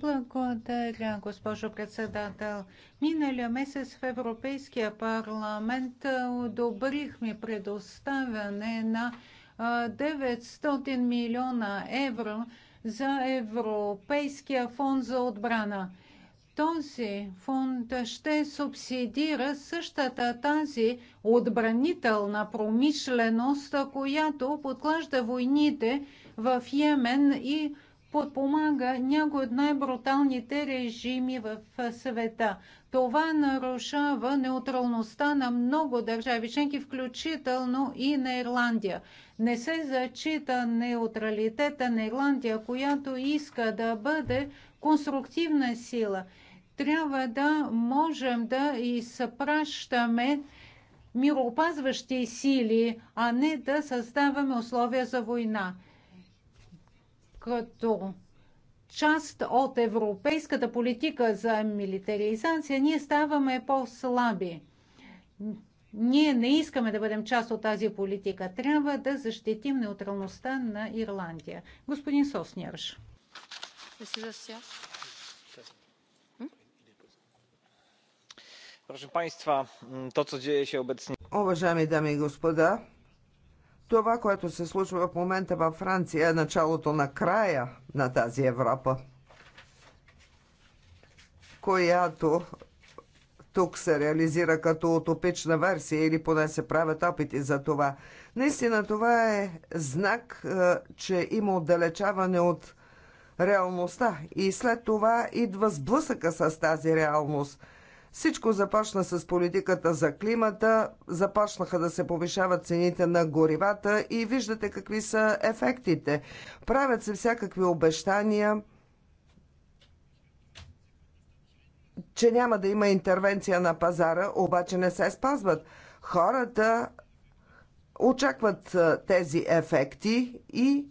Благодаря, госпожо председател. Миналия месец в Европейския парламент одобрихме предоставяне на 900 милиона евро за Европейския фонд за отбрана. Този фонд ще субсидира същата тази отбранителна промишленост, която подклажда войните в Йемен и подпомага някои от най-бруталните режими в света. Това нарушава неутралността на много държави членки, включително и на Ирландия. Не се зачита неутралитета на Ирландия, която иска да бъде конструктивна сила. Трябва да можем да изпращаме мироопазващи сили, а не да създаваме условия за война като част от европейската политика за милитаризация, ние ставаме по-слаби. Ние не искаме да бъдем част от тази политика. Трябва да защитим неутралността на Ирландия. Господин Соснярш. Уважаеми дами и господа, това, което се случва в момента във Франция, е началото на края на тази Европа, която тук се реализира като утопична версия или поне се правят опити за това. Наистина това е знак, е, че има отдалечаване от реалността и след това идва сблъсъка с тази реалност – всичко започна с политиката за климата, започнаха да се повишават цените на горивата и виждате какви са ефектите. Правят се всякакви обещания, че няма да има интервенция на пазара, обаче не се спазват. Хората очакват тези ефекти и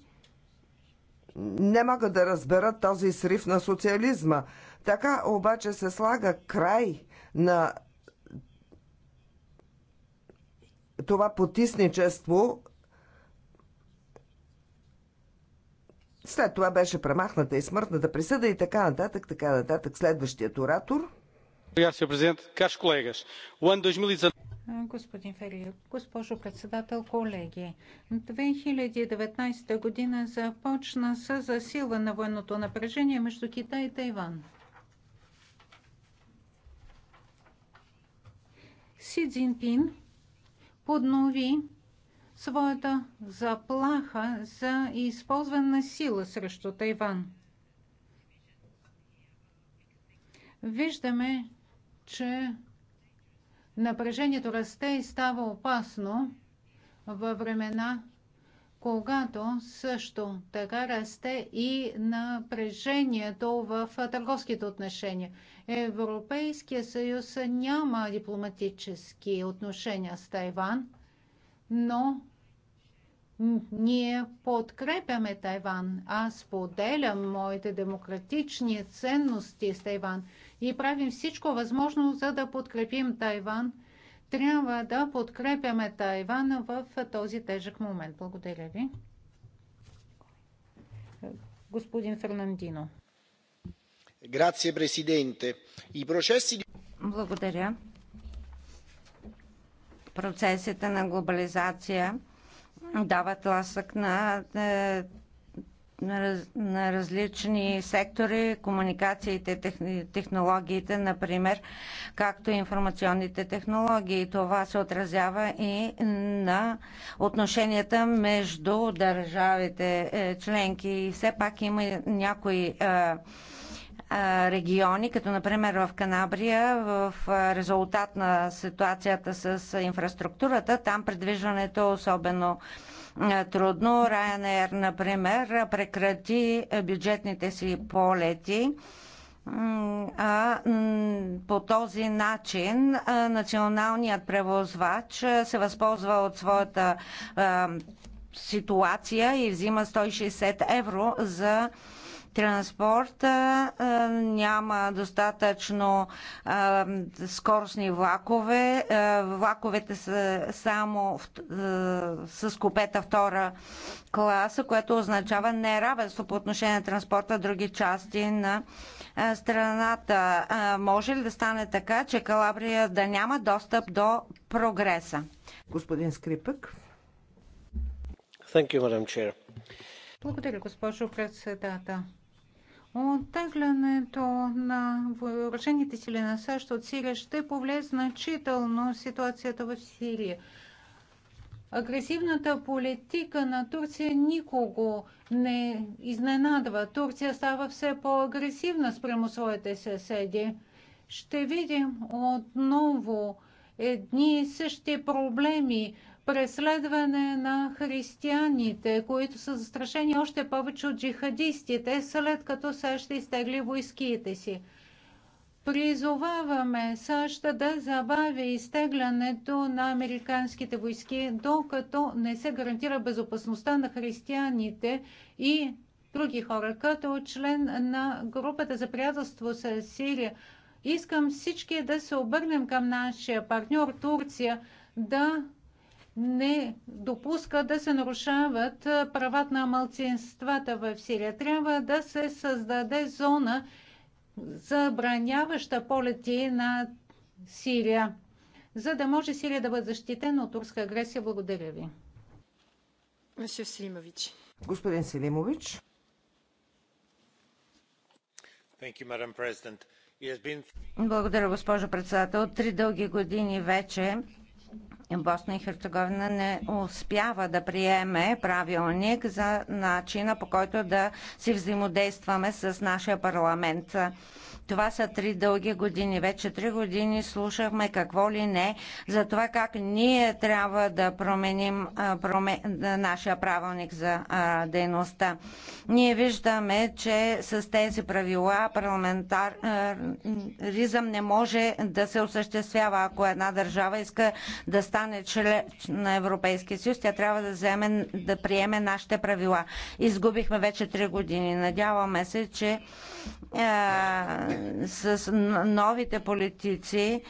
не могат да разберат този срив на социализма. Така обаче се слага край на това потисничество след това беше премахната и смъртната присъда и така нататък, така нататък. Следващият оратор. E Господин Фери, госпожо председател, колеги, 2019 година започна с засилване на военното напрежение между Китай и Тайван. Си Цзинпин поднови своята заплаха за използване на сила срещу Тайван. Виждаме, че напрежението расте и става опасно във времена когато също така расте и напрежението в търговските отношения. Европейския съюз няма дипломатически отношения с Тайван, но ние подкрепяме Тайван. Аз поделям моите демократични ценности с Тайван и правим всичко възможно, за да подкрепим Тайван трябва да подкрепяме Тайван в този тежък момент. Благодаря ви. Господин Фернандино. Грация, президенте. И процеси... Благодаря. Процесите на глобализация дават ласък на е, на различни сектори, комуникациите, технологиите, например, както и информационните технологии. Това се отразява и на отношенията между държавите е, членки. И все пак има някои е, е, региони, като например в Канабрия, в резултат на ситуацията с инфраструктурата, там предвижването е особено трудно. Ryanair, например, прекрати бюджетните си полети а по този начин националният превозвач се възползва от своята ситуация и взима 160 евро за транспорта, няма достатъчно скоростни влакове, влаковете са само с купета втора класа, което означава неравенство по отношение на транспорта в други части на страната. Може ли да стане така, че Калабрия да няма достъп до прогреса? Господин Скрипък. Thank you, Madam Chair. Благодаря, госпожо председател. Оттеглянето на въоръжените сили на САЩ от Сирия ще повлияе значително ситуацията в Сирия. Агресивната политика на Турция никого не изненадва. Турция става все по-агресивна спрямо своите съседи. Ще видим отново едни и същи проблеми преследване на християните, които са застрашени още повече от джихадистите, след като САЩ изтегли войските си. Призоваваме САЩ да забави изтеглянето на американските войски, докато не се гарантира безопасността на християните и други хора. Като член на групата за приятелство с Сирия, искам всички да се обърнем към нашия партньор Турция, да не допуска да се нарушават правата на малцинствата в Сирия. Трябва да се създаде зона, забраняваща полети на Сирия, за да може Сирия да бъде защитена от турска агресия. Благодаря ви. Господин Селимович. Благодаря, госпожо председател. Три дълги години вече Босна и Херцеговина не успява да приеме правилник за начина по който да си взаимодействаме с нашия парламент. Това са три дълги години. Вече три години слушахме какво ли не за това как ние трябва да променим проме... нашия правилник за дейността. Ние виждаме, че с тези правила парламентаризъм не може да се осъществява. Ако една държава иска да стане член на Европейския съюз, тя трябва да, вземе, да приеме нашите правила. Изгубихме вече три години. Надяваме се, че с новите политици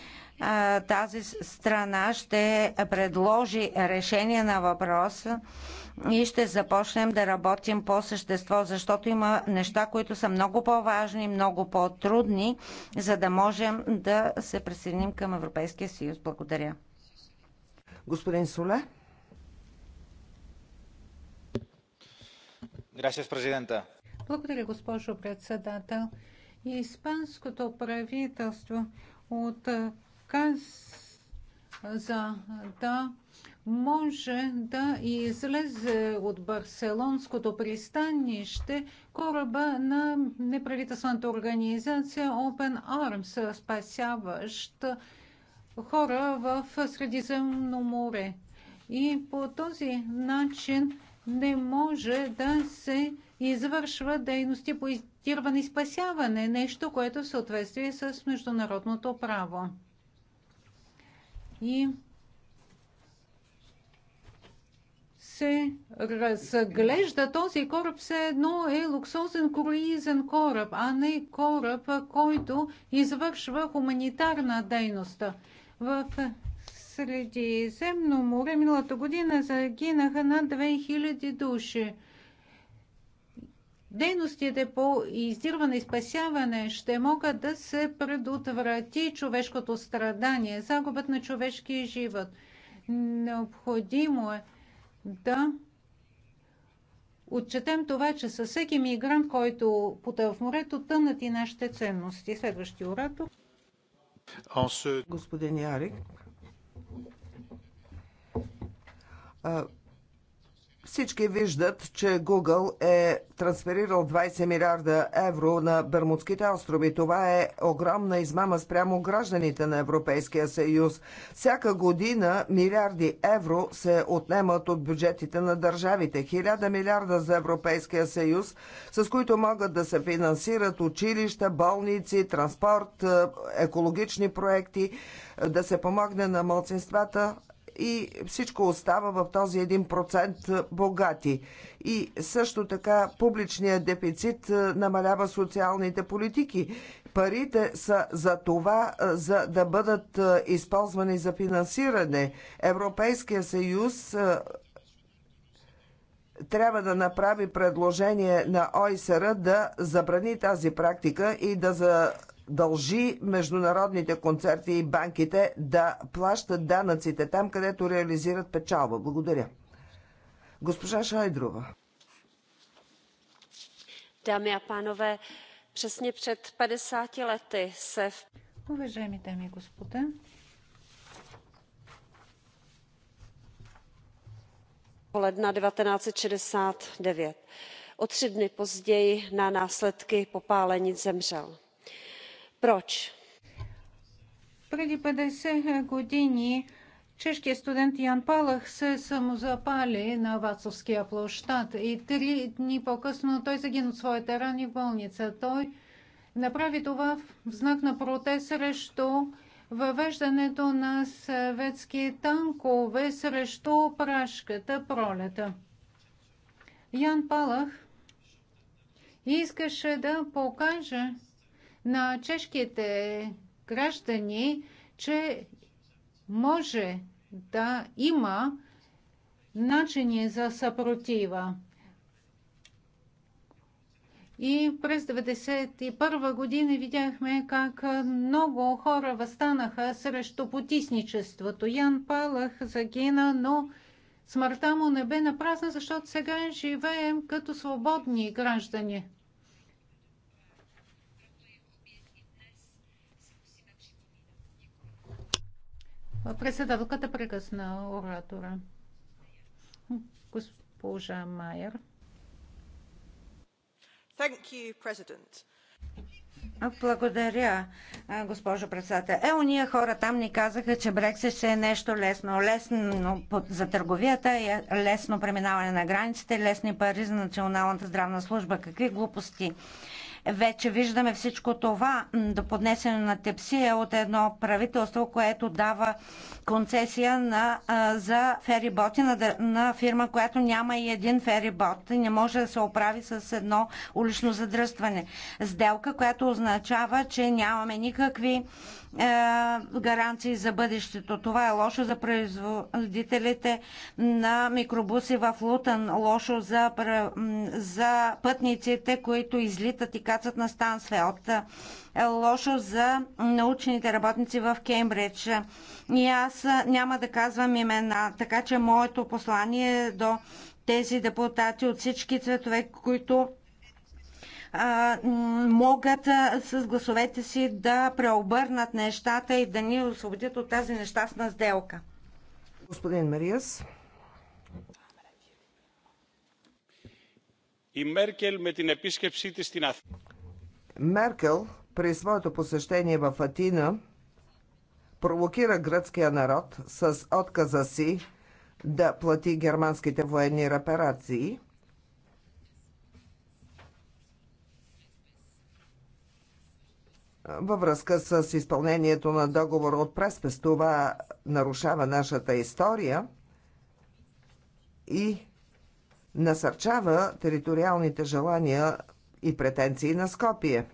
тази страна ще предложи решение на въпроса и ще започнем да работим по същество, защото има неща, които са много по-важни, много по-трудни, за да можем да се присъединим към Европейския съюз. Благодаря. Господин Соле. Благодаря, госпожо председател. Испанското правителство отказа да може да излезе от барселонското пристанище кораба на неправителствената организация Open Arms, спасяващ хора в Средиземно море. И по този начин не може да се извършва дейности по издирване и спасяване, нещо, което е в съответствие с международното право. И се разглежда този кораб все едно е луксозен круизен кораб, а не кораб, който извършва хуманитарна дейност. В Средиземно море миналата година загинаха над 2000 души дейностите по издирване и спасяване ще могат да се предотврати човешкото страдание, загубът на човешкия живот. Необходимо е да отчетем това, че със всеки мигрант, който потъл в морето, тънат и нашите ценности. Следващия оратор. Господин Ярик, всички виждат, че Google е трансферирал 20 милиарда евро на Бермудските острови. Това е огромна измама спрямо гражданите на Европейския съюз. Всяка година милиарди евро се отнемат от бюджетите на държавите. Хиляда милиарда за Европейския съюз, с които могат да се финансират училища, болници, транспорт, е, екологични проекти, е, да се помогне на младсинствата и всичко остава в този 1% богати. И също така публичният дефицит е, намалява социалните политики. Парите са за това, е, за да бъдат е, използвани за финансиране. Европейския съюз трябва да направи предложение на ОИСР да забрани тази практика и да за дължи международните концерти и банките да плащат данъците там, където реализират печалба. Благодаря. Госпожа Шайдрова. Дами и панове, přesně пред 50 lety se... Уважаеми дами и господа, ledna 1969. O tři dny později na následky popálení zemřel Proč? Преди 50 години чешкият студент Ян Палах се самозапали на Вацовския площад и три дни по-късно той загина от своите рани в болница. Той направи това в знак на протест срещу въвеждането на съветски танкове срещу прашката пролета. Ян Палах искаше да покаже, на чешките граждани, че може да има начини за съпротива. И през 1991 година видяхме как много хора възстанаха срещу потисничеството. Ян Палах загина, но смъртта му не бе напразна, защото сега живеем като свободни граждани. Председателката прекъсна оратора. Госпожа Майер. Thank you, President. Благодаря, госпожо председател. Е, уния хора там ни казаха, че Брексит ще е нещо лесно. Лесно за търговията, е лесно преминаване на границите, лесни пари за Националната здравна служба. Какви глупости. Вече виждаме всичко това до поднесене на тепсия е от едно правителство, което дава концесия на, за фериботи на, на фирма, която няма и един ферибот и не може да се оправи с едно улично задръстване. Сделка, която означава, че нямаме никакви е, гаранции за бъдещето. Това е лошо за производителите на микробуси в Лутън, лошо за, за пътниците, които излитат и кандидатстват на Стансфелд. Е лошо за научните работници в Кембридж. И аз няма да казвам имена, така че моето послание е до тези депутати от всички цветове, които а, могат а, с гласовете си да преобърнат нещата и да ни освободят от тази нещастна сделка. Господин Мариас. И, Μέρκελ με την Меркел при своето посещение в Атина провокира гръцкия народ с отказа си да плати германските военни репарации. Във връзка с изпълнението на договор от Преспес, това нарушава нашата история и насърчава териториалните желания и претенции на Скопие.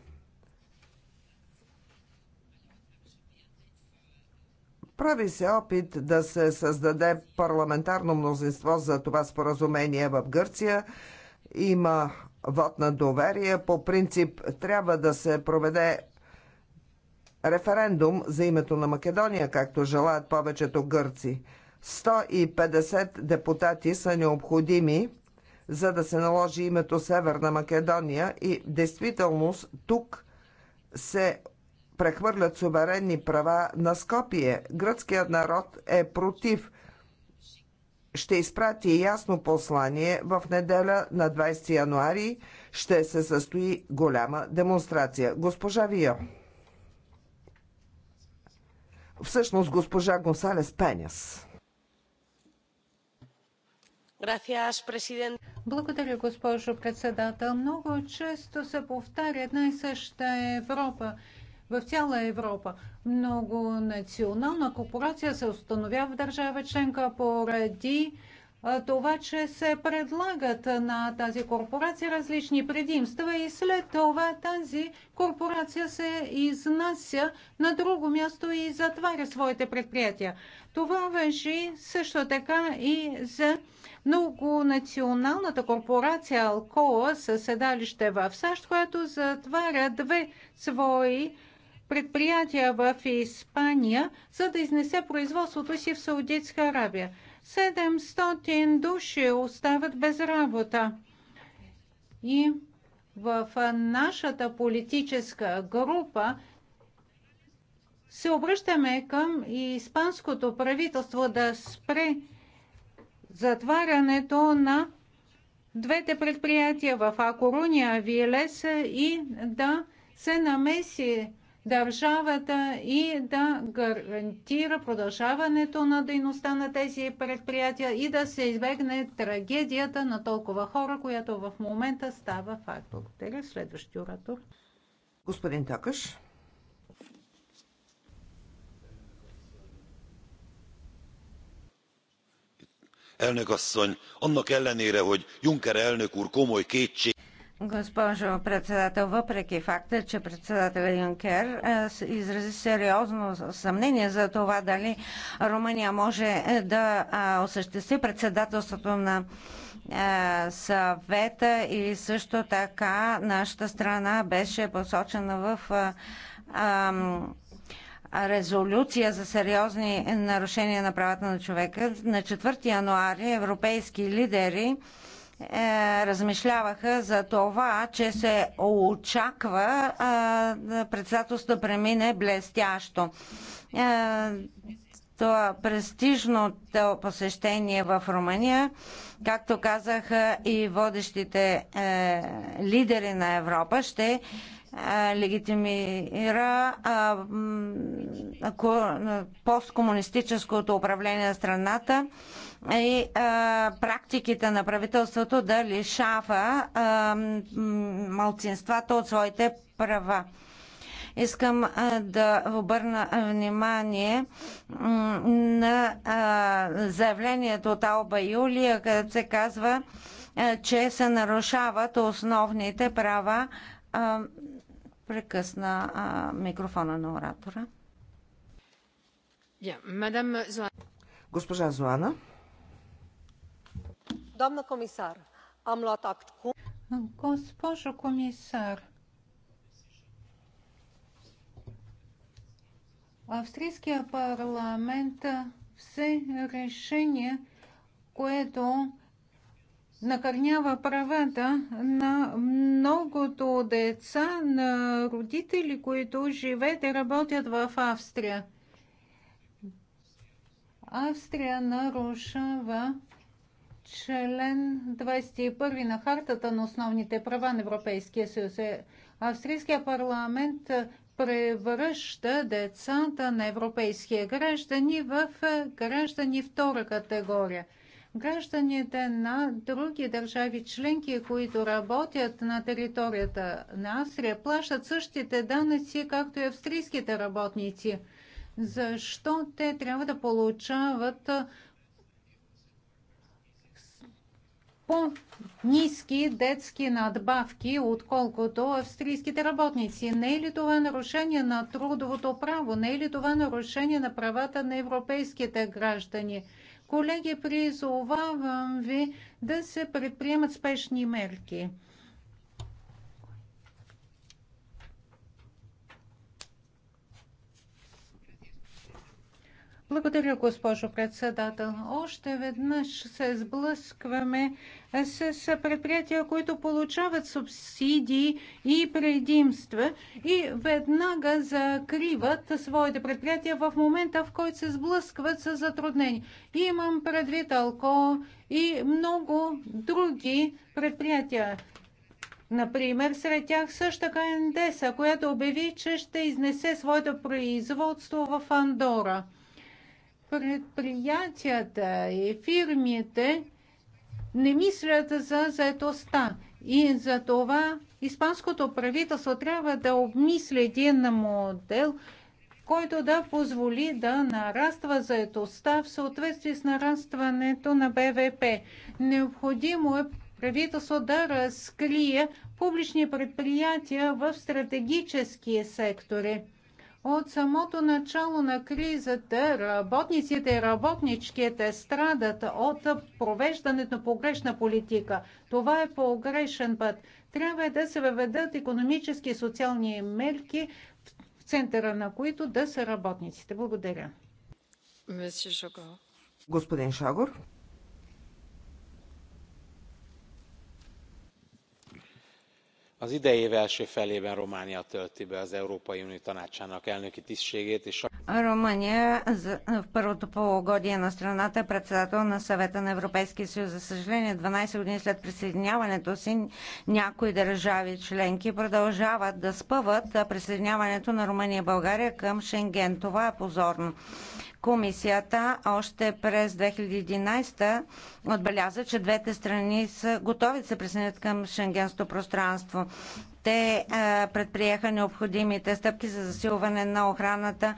Прави се опит да се създаде парламентарно мнозинство за това споразумение в Гърция. Има вод на доверие. По принцип трябва да се проведе референдум за името на Македония, както желаят повечето гърци. 150 депутати са необходими за да се наложи името Северна Македония и действителност тук се прехвърлят суверенни права на Скопие. Гръцкият народ е против. Ще изпрати ясно послание в неделя на 20 януари. Ще се състои голяма демонстрация. Госпожа Вио. Всъщност госпожа Гонсалес Пеняс. Благодаря, госпожо председател. Много често се повтаря една и съща Европа в цяла Европа. Много национална корпорация се установява в държава членка поради това, че се предлагат на тази корпорация различни предимства и след това тази корпорация се изнася на друго място и затваря своите предприятия. Това въжи също така и за многонационалната корпорация Алкоа със седалище в САЩ, която затваря две свои предприятия в Испания, за да изнесе производството си в Саудитска Арабия. 700 души остават без работа. И в нашата политическа група се обръщаме към испанското правителство да спре затварянето на двете предприятия в Акоруния, Вилес и да се намеси държавата и да гарантира продължаването на дейността на тези предприятия и да се избегне трагедията на толкова хора, която в момента става факт. Благодаря. Следващия оратор. Господин Такаш. elnök asszony annak ellenére hogy juncker elnök úr komoly kétség Госпожо председател, въпреки факта, че председател Юнкер е, изрази сериозно съмнение за това дали Румъния може е, да осъществи председателството на е, съвета и също така нашата страна беше посочена в резолюция за сериозни нарушения на правата на човека. На 4 януари европейски лидери е, размишляваха за това, че се очаква е, председателството да премине блестящо. Е, това престижното посещение в Румъния, както казаха и водещите е, лидери на Европа, ще легитимира посткомунистическото управление на страната и практиките на правителството да лишава малцинствата от своите права. Искам да обърна внимание на заявлението от Алба Юлия, където се казва, че се нарушават основните права прекъсна а, микрофона на оратора. Госпожа Зоана. Домна комисар, ам луат акт ку... Госпожо комисар, Австрийския парламент все решение, което накърнява правата на многото деца, на родители, които живеят и работят в Австрия. Австрия нарушава член 21 на Хартата на основните права на Европейския съюз. Е, Австрийския парламент превръща децата на европейския граждани в граждани втора категория – гражданите на други държави членки, които работят на територията на Австрия, плащат същите данъци, както и австрийските работници. Защо те трябва да получават по-низки детски надбавки, отколкото австрийските работници. Не е ли това нарушение на трудовото право? Не е ли това нарушение на правата на европейските граждани? Колеги, призовавам ви да се предприемат спешни мерки. Благодаря, госпожо председател. Още веднъж се сблъскваме с предприятия, които получават субсидии и предимства и веднага закриват своите предприятия в момента, в който се сблъскват с затруднения. Имам предвид Алко и много други предприятия. Например, сред тях също така Ендеса, която обяви, че ще изнесе своето производство в Андора – предприятията и фирмите не мислят за заедостта. И за това испанското правителство трябва да обмисли един модел, който да позволи да нараства заедостта в съответствие с нарастването на БВП. Необходимо е правителство да разкрие публични предприятия в стратегически сектори. От самото начало на кризата работниците и работничките страдат от провеждането на погрешна политика. Това е погрешен път. Трябва да се въведат економически и социални мерки, в центъра на които да са работниците. Благодаря. Господин Шагор. az idei év első felében Románia tölti be az Európai Unió Tanácsának elnöki tisztségét. És... Румъния в първото полугодие на страната е председател на съвета на Европейския съюз. За съжаление, 12 години след присъединяването си, някои държави членки продължават да спъват присъединяването на Румъния и България към Шенген. Това е позорно. Комисията още през 2011 отбеляза, че двете страни са готови да се присъединят към шенгенското пространство. Те е, предприеха необходимите стъпки за засилване на охраната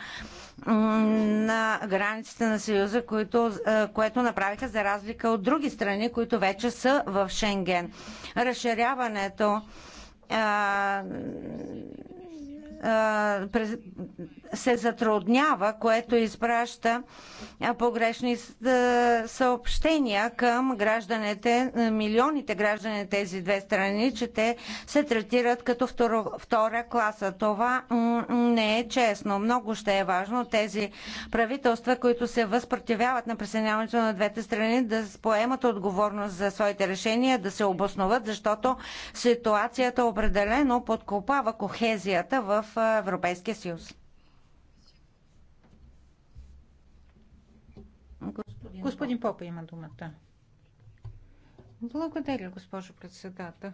на границите на Съюза, които, е, което направиха за разлика от други страни, които вече са в Шенген. Разширяването е, се затруднява, което изпраща погрешни съобщения към гражданите, милионите граждани на тези две страни, че те се третират като второ, втора класа. Това не е честно. Много ще е важно тези правителства, които се възпротивяват на присъединяването на двете страни, да поемат отговорност за своите решения, да се обосноват, защото ситуацията определено подкопава кохезията в Европейския съюз. Господин, Попа има думата. Благодаря, госпожо председател.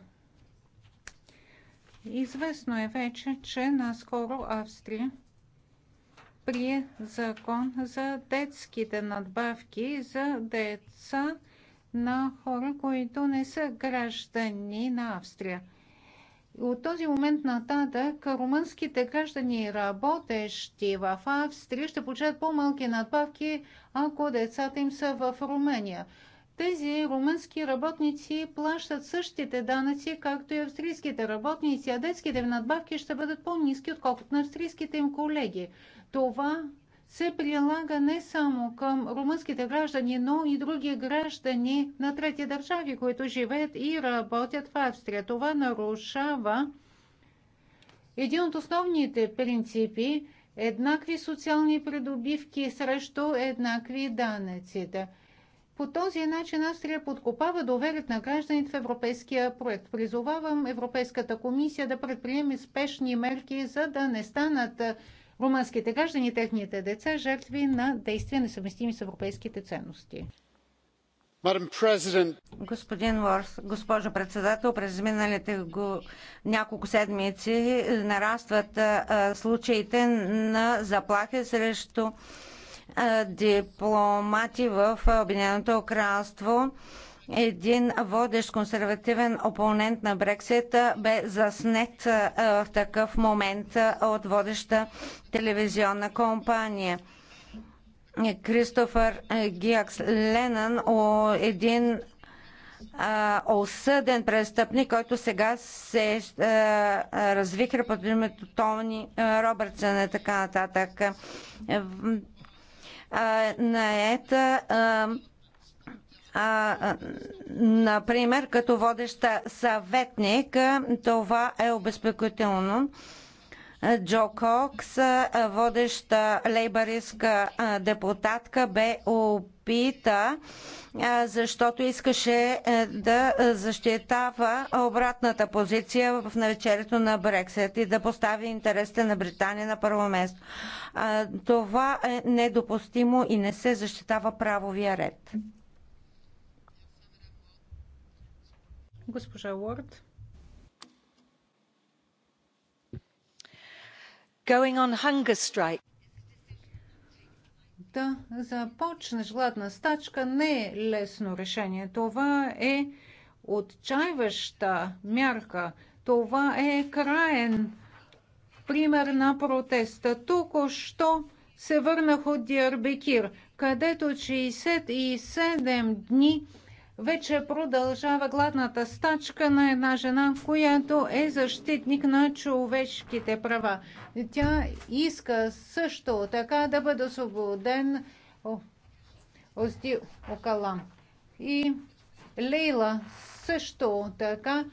Известно е вече, че наскоро Австрия прие закон за детските надбавки за деца на хора, които не са граждани на Австрия. От този момент нататък румънските граждани, работещи в Австрия, ще получат по-малки надбавки, ако децата им са в Румъния. Тези румънски работници плащат същите данъци, както и австрийските работници, а детските им надбавки ще бъдат по-низки, отколкото на австрийските им колеги. Това се прилага не само към румънските граждани, но и други граждани на трети държави, които живеят и работят в Австрия. Това нарушава един от основните принципи еднакви социални придобивки срещу еднакви данъците. По този начин Австрия подкопава доверието на гражданите в европейския проект. Призовавам Европейската комисия да предприеме спешни мерки, за да не станат румънските граждани и техните деца жертви на действия несъвместими с европейските ценности. Господин Уорс, госпожо председател, през миналите го няколко седмици е, нарастват а, е, е, случаите на заплахи срещу а, дипломати в Обединеното кралство един водещ консервативен опонент на Брексит бе заснет в такъв момент от водеща телевизионна компания. Кристофър Гиакс Ленън, един осъден престъпник, който сега се а, развихра под името Тони Робъртсън и така нататък. А, наета а, например, като водеща съветник. Това е обезпекотително. Джо Кокс, водеща лейбаристка депутатка, бе опита, защото искаше е, да защитава обратната позиция в навечерието на Брексит и да постави интересите на Британия на първо место. Това е недопустимо и не се защитава правовия ред. Госпожа Уорд. Going on hunger strike. Да започнеш гладна стачка не е лесно решение. Това е отчаиваща мярка. Това е краен пример на протеста. Току-що се върнах от Диарбекир, където 67 дни вече продължава гладната стачка на една жена, която е защитник на човешките права. Тя иска също така да бъде освободен Ости Окала. И Лейла също така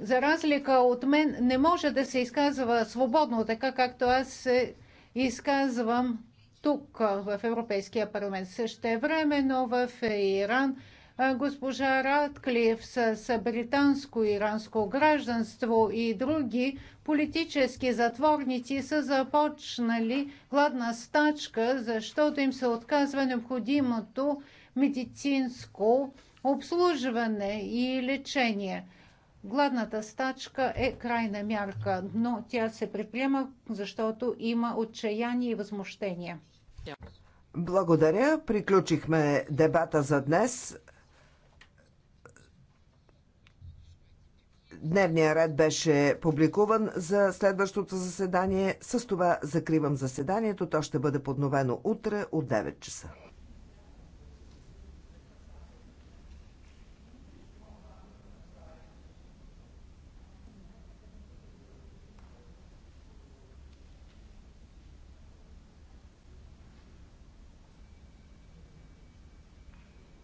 за разлика от мен, не може да се изказва свободно, така както аз се изказвам тук в Европейския парламент. Също време, но в Иран госпожа Радклиф с британско-иранско гражданство и други политически затворници са започнали гладна стачка, защото им се отказва необходимото медицинско обслужване и лечение. Гладната стачка е крайна мярка, но тя се приприема, защото има отчаяние и възмущение. Благодаря. Приключихме дебата за днес. Дневният ред беше публикуван за следващото заседание. С това закривам заседанието. То ще бъде подновено утре от 9 часа.